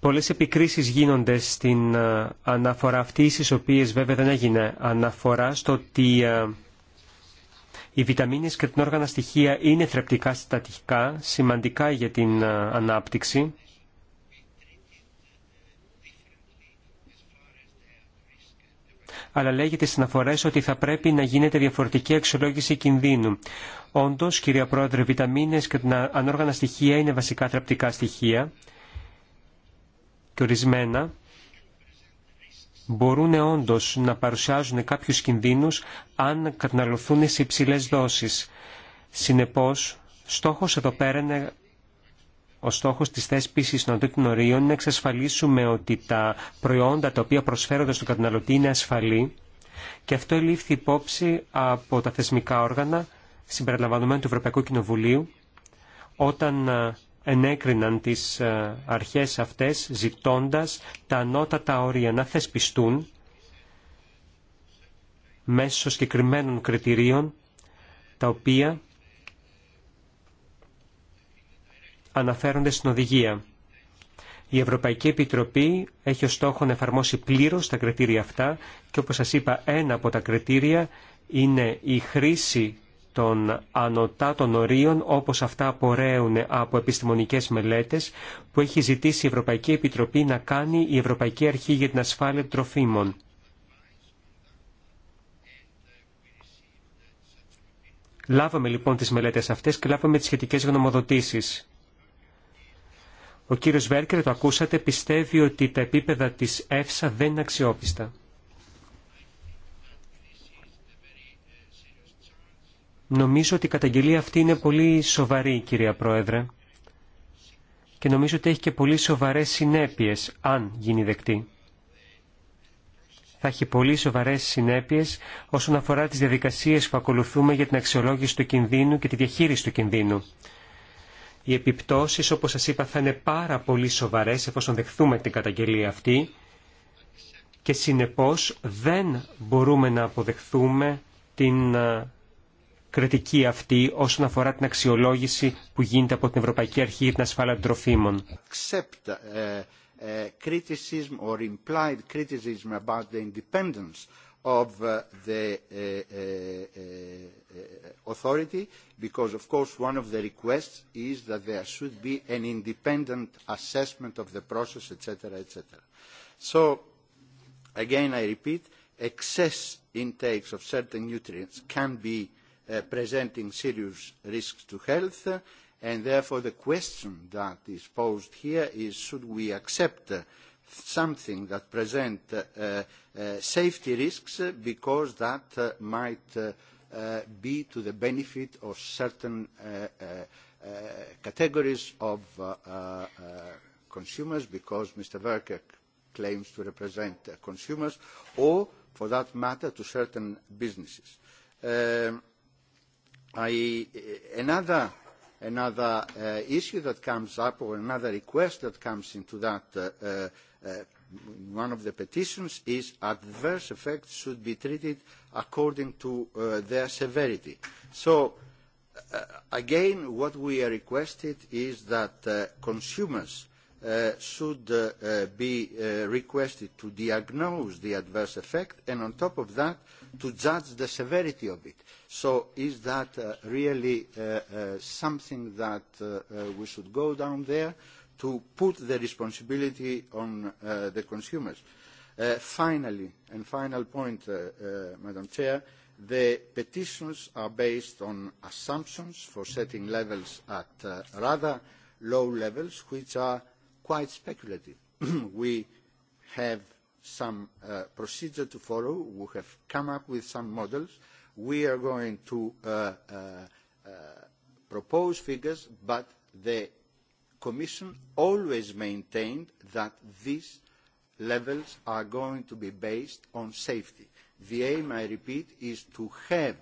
Πολλές επικρίσεις γίνονται στην αναφορά αυτή, στις οποίες βέβαια δεν έγινε αναφορά στο ότι οι βιταμίνες και την όργανα στοιχεία είναι θρεπτικά συστατικά, σημαντικά για την ανάπτυξη. αλλά λέγεται στι αναφορέ ότι θα πρέπει να γίνεται διαφορετική εξολόγηση κινδύνου. Όντω, κυρία Πρόεδρε, βιταμίνε και τα ανόργανα στοιχεία είναι βασικά τραπτικά στοιχεία και ορισμένα μπορούν όντω να παρουσιάζουν κάποιου κινδύνου αν καταναλωθούν σε υψηλέ δόσει. Συνεπώ, στόχο εδώ πέρα είναι ο στόχος της θέσπισης των ορίων είναι να εξασφαλίσουμε ότι τα προϊόντα τα οποία προσφέρονται στον καταναλωτή είναι ασφαλή και αυτό ελήφθη υπόψη από τα θεσμικά όργανα συμπεριλαμβανομένου του Ευρωπαϊκού Κοινοβουλίου όταν ε, ενέκριναν τις ε, αρχές αυτές ζητώντας τα ανώτατα όρια να θεσπιστούν μέσω συγκεκριμένων κριτηρίων τα οποία αναφέρονται στην οδηγία. Η Ευρωπαϊκή Επιτροπή έχει ως στόχο να εφαρμόσει πλήρως τα κριτήρια αυτά και όπως σας είπα ένα από τα κριτήρια είναι η χρήση των ανωτάτων ορίων όπως αυτά απορρέουν από επιστημονικές μελέτες που έχει ζητήσει η Ευρωπαϊκή Επιτροπή να κάνει η Ευρωπαϊκή Αρχή για την Ασφάλεια Τροφίμων. Λάβαμε λοιπόν τις μελέτες αυτές και λάβαμε τις σχετικές γνωμοδοτήσεις. Ο κύριος Βέρκερ, το ακούσατε, πιστεύει ότι τα επίπεδα της ΕΦΣΑ δεν είναι αξιόπιστα. Νομίζω ότι η καταγγελία αυτή είναι πολύ σοβαρή, κυρία Πρόεδρε, και νομίζω ότι έχει και πολύ σοβαρές συνέπειες, αν γίνει δεκτή. Θα έχει πολύ σοβαρές συνέπειες όσον αφορά τις διαδικασίες που ακολουθούμε για την αξιολόγηση του κινδύνου και τη διαχείριση του κινδύνου. Οι επιπτώσεις, όπως σας είπα, θα είναι πάρα πολύ σοβαρές εφόσον δεχθούμε την καταγγελία αυτή και συνεπώς δεν μπορούμε να αποδεχθούμε την κριτική αυτή όσον αφορά την αξιολόγηση που γίνεται από την Ευρωπαϊκή Αρχή για την Ασφάλεια των Τροφίμων of the authority because of course one of the requests is that there should be an independent assessment of the process etc. etc. So again I repeat excess intakes of certain nutrients can be presenting serious risks to health and therefore the question that is posed here is should we accept something that presents safety risks because that might be to the benefit of certain categories of consumers because Mr. Verker claims to represent consumers or for that matter to certain businesses. Another another issue that comes up or another request that comes into that one of the petitions is adverse effects should be treated according to their severity. So again what we are requested is that consumers should be requested to diagnose the adverse effect and on top of that to judge the severity of it. So is that really something that we should go down there to put the responsibility on the consumers? Finally, and final point, Madam Chair, the petitions are based on assumptions for setting levels at rather low levels, which are quite speculative. We have some procedure to follow. We have come up with some models. We are going to propose figures, but the Commission always maintained that these levels are going to be based on safety. The aim, I repeat, is to have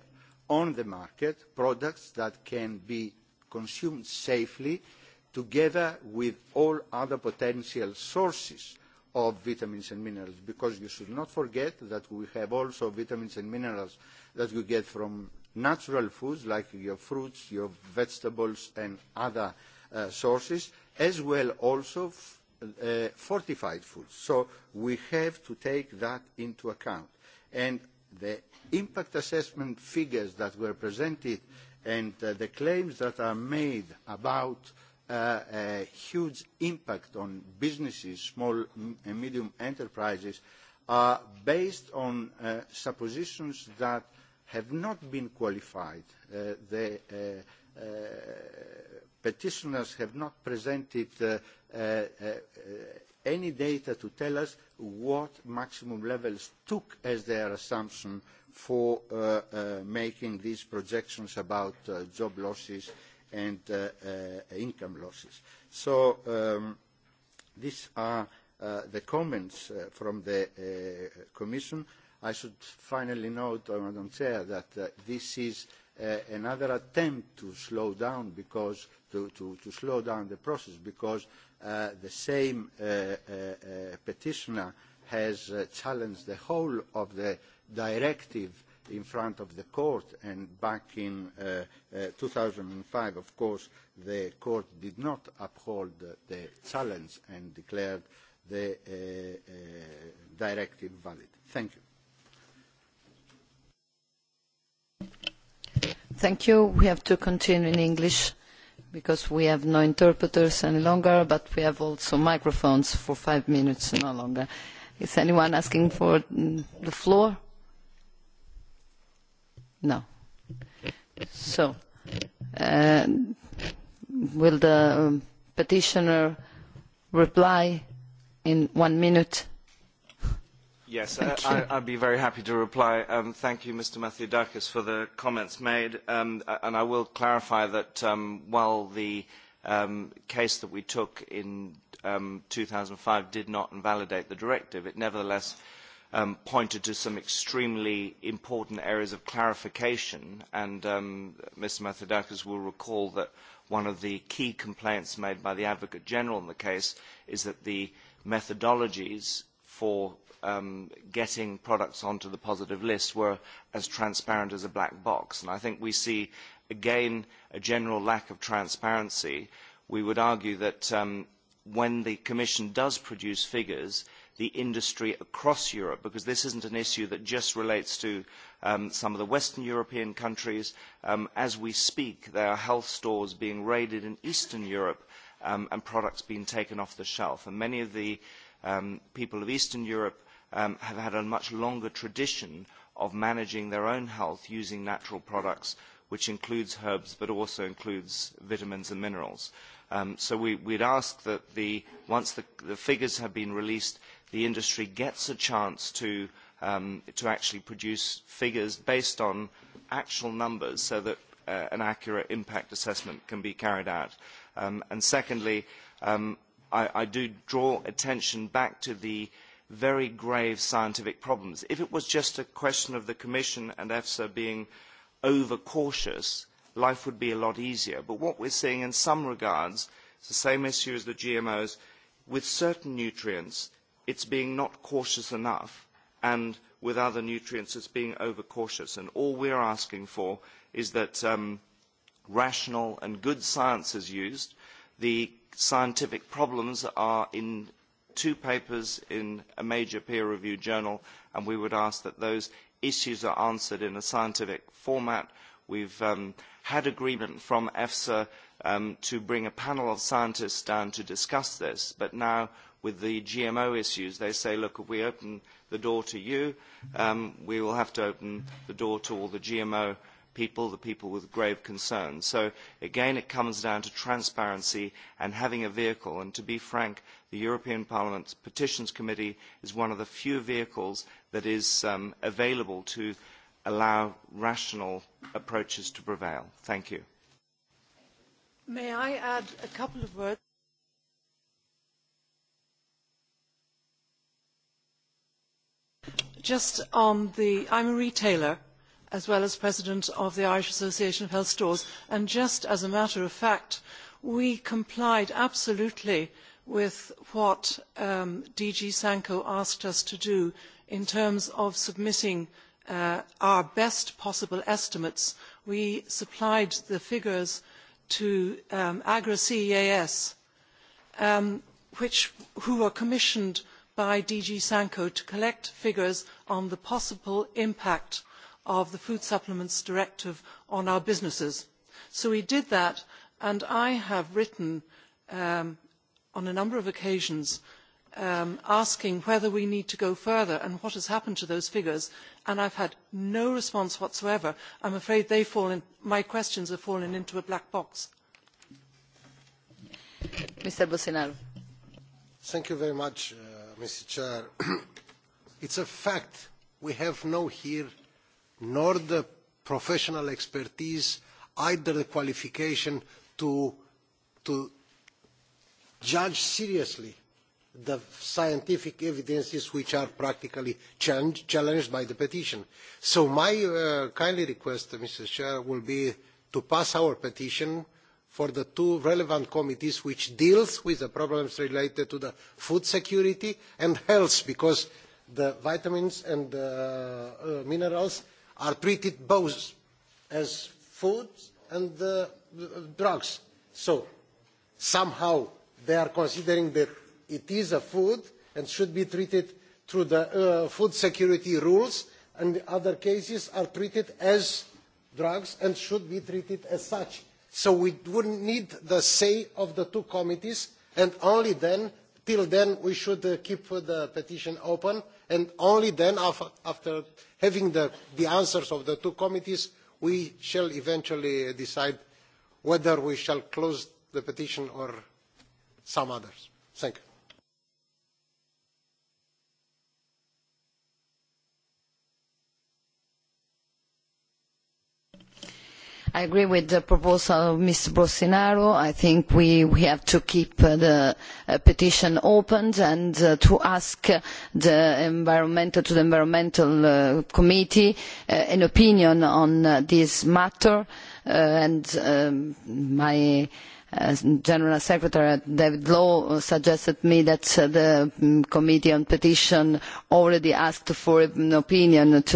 on the market products that can be consumed safely together with all other potential sources of vitamins and minerals, because you should not forget that we have also vitamins and minerals that we get from natural foods like your fruits, your vegetables and other sources, as well also fortified foods. So we have to take that into account. And the impact assessment figures that were presented and the claims that are made about a huge impact on businesses, small and medium enterprises, are based on suppositions that have not been qualified. The petitioners have not presented any data to tell us what maximum levels took as their assumption for making these projections about job losses and income losses. So these are the comments from the Commission. I should finally note, Madam Chair, that this is another attempt to slow down because to slow down the process because the same petitioner has challenged the whole of the directive in front of the court and back in 2005 of course the court did not uphold the challenge and declared the directive valid thank you thank you we have to continue in english because we have no interpreters any longer but we have also microphones for five minutes no longer is anyone asking for the floor No. So, will the petitioner reply in one minute? Yes, I'd be very happy to reply. Thank you, Mr. Dacus, for the comments made. And I will clarify that while the case that we took in 2005 did not invalidate the directive, it nevertheless pointed to some extremely important areas of clarification, and Mr. Mathodakis will recall that one of the key complaints made by the Advocate General in the case is that the methodologies for getting products onto the positive list were as transparent as a black box. And I think we see, again, a general lack of transparency. We would argue that when the Commission does produce figures, the industry across Europe, because this isn't an issue that just relates to some of the Western European countries. As we speak, there are health stores being raided in Eastern Europe and products being taken off the shelf. And many of the people of Eastern Europe have had a much longer tradition of managing their own health using natural products, which includes herbs but also includes vitamins and minerals. So we'd ask that once the figures have been released, the industry gets a chance to actually produce figures based on actual numbers so that an accurate impact assessment can be carried out. And secondly, I do draw attention back to the very grave scientific problems. If it was just a question of the Commission and EFSA being overcautious, life would be a lot easier. But what we're seeing in some regards, is the same issue as the GMOs, with certain nutrients, it's being not cautious enough and with other nutrients it's being overcautious. And all we are asking for is that rational and good science is used. The scientific problems are in two papers in a major peer-reviewed journal, and we would ask that those issues are answered in a scientific format. We've had agreement from EFSA to bring a panel of scientists down to discuss this, but now with the GMO issues. They say, look, if we open the door to you, we will have to open the door to all the GMO people, the people with grave concerns. So again, it comes down to transparency and having a vehicle. And to be frank, the European Parliament's Petitions Committee is one of the few vehicles that is available to allow rational approaches to prevail. Thank you. May I add a couple of words? just on the I'm a retailer as well as president of the Irish Association of Health Stores and just as a matter of fact we complied absolutely with what DG Sanco asked us to do in terms of submitting our best possible estimates. We supplied the figures to AGRA CEAS, who were commissioned by DG Sanco to collect figures on the possible impact of the Food Supplements Directive on our businesses. So we did that, and I have written on a number of occasions asking whether we need to go further and what has happened to those figures, and I've had no response whatsoever. I'm afraid my questions have fallen into a black box. Mr. Thank you very much, Mr. Chair. It's a fact. We have no here, nor the professional expertise, either the qualification to judge seriously the scientific evidences which are practically challenged by the petition. So my kindly request, Mr. Chair, will be to pass our petition for the two relevant committees which deal with the problems related to food security and health because the vitamins and minerals are treated both as food and drugs. So somehow they are considering that it is a food and should be treated through the food security rules and other cases are treated as drugs and should be treated as such so we would not need the say of the two committees and only then till then we should keep the petition open and only then after having the answers of the two committees we shall eventually decide whether we shall close the petition or some others. thank I agree with the proposal of Mr. Bolsonaro. I think we have to keep the petition open and to ask the environmental to the environmental committee an opinion on this matter. And my General Secretary David Law suggested me that the Committee on Petition already asked for an opinion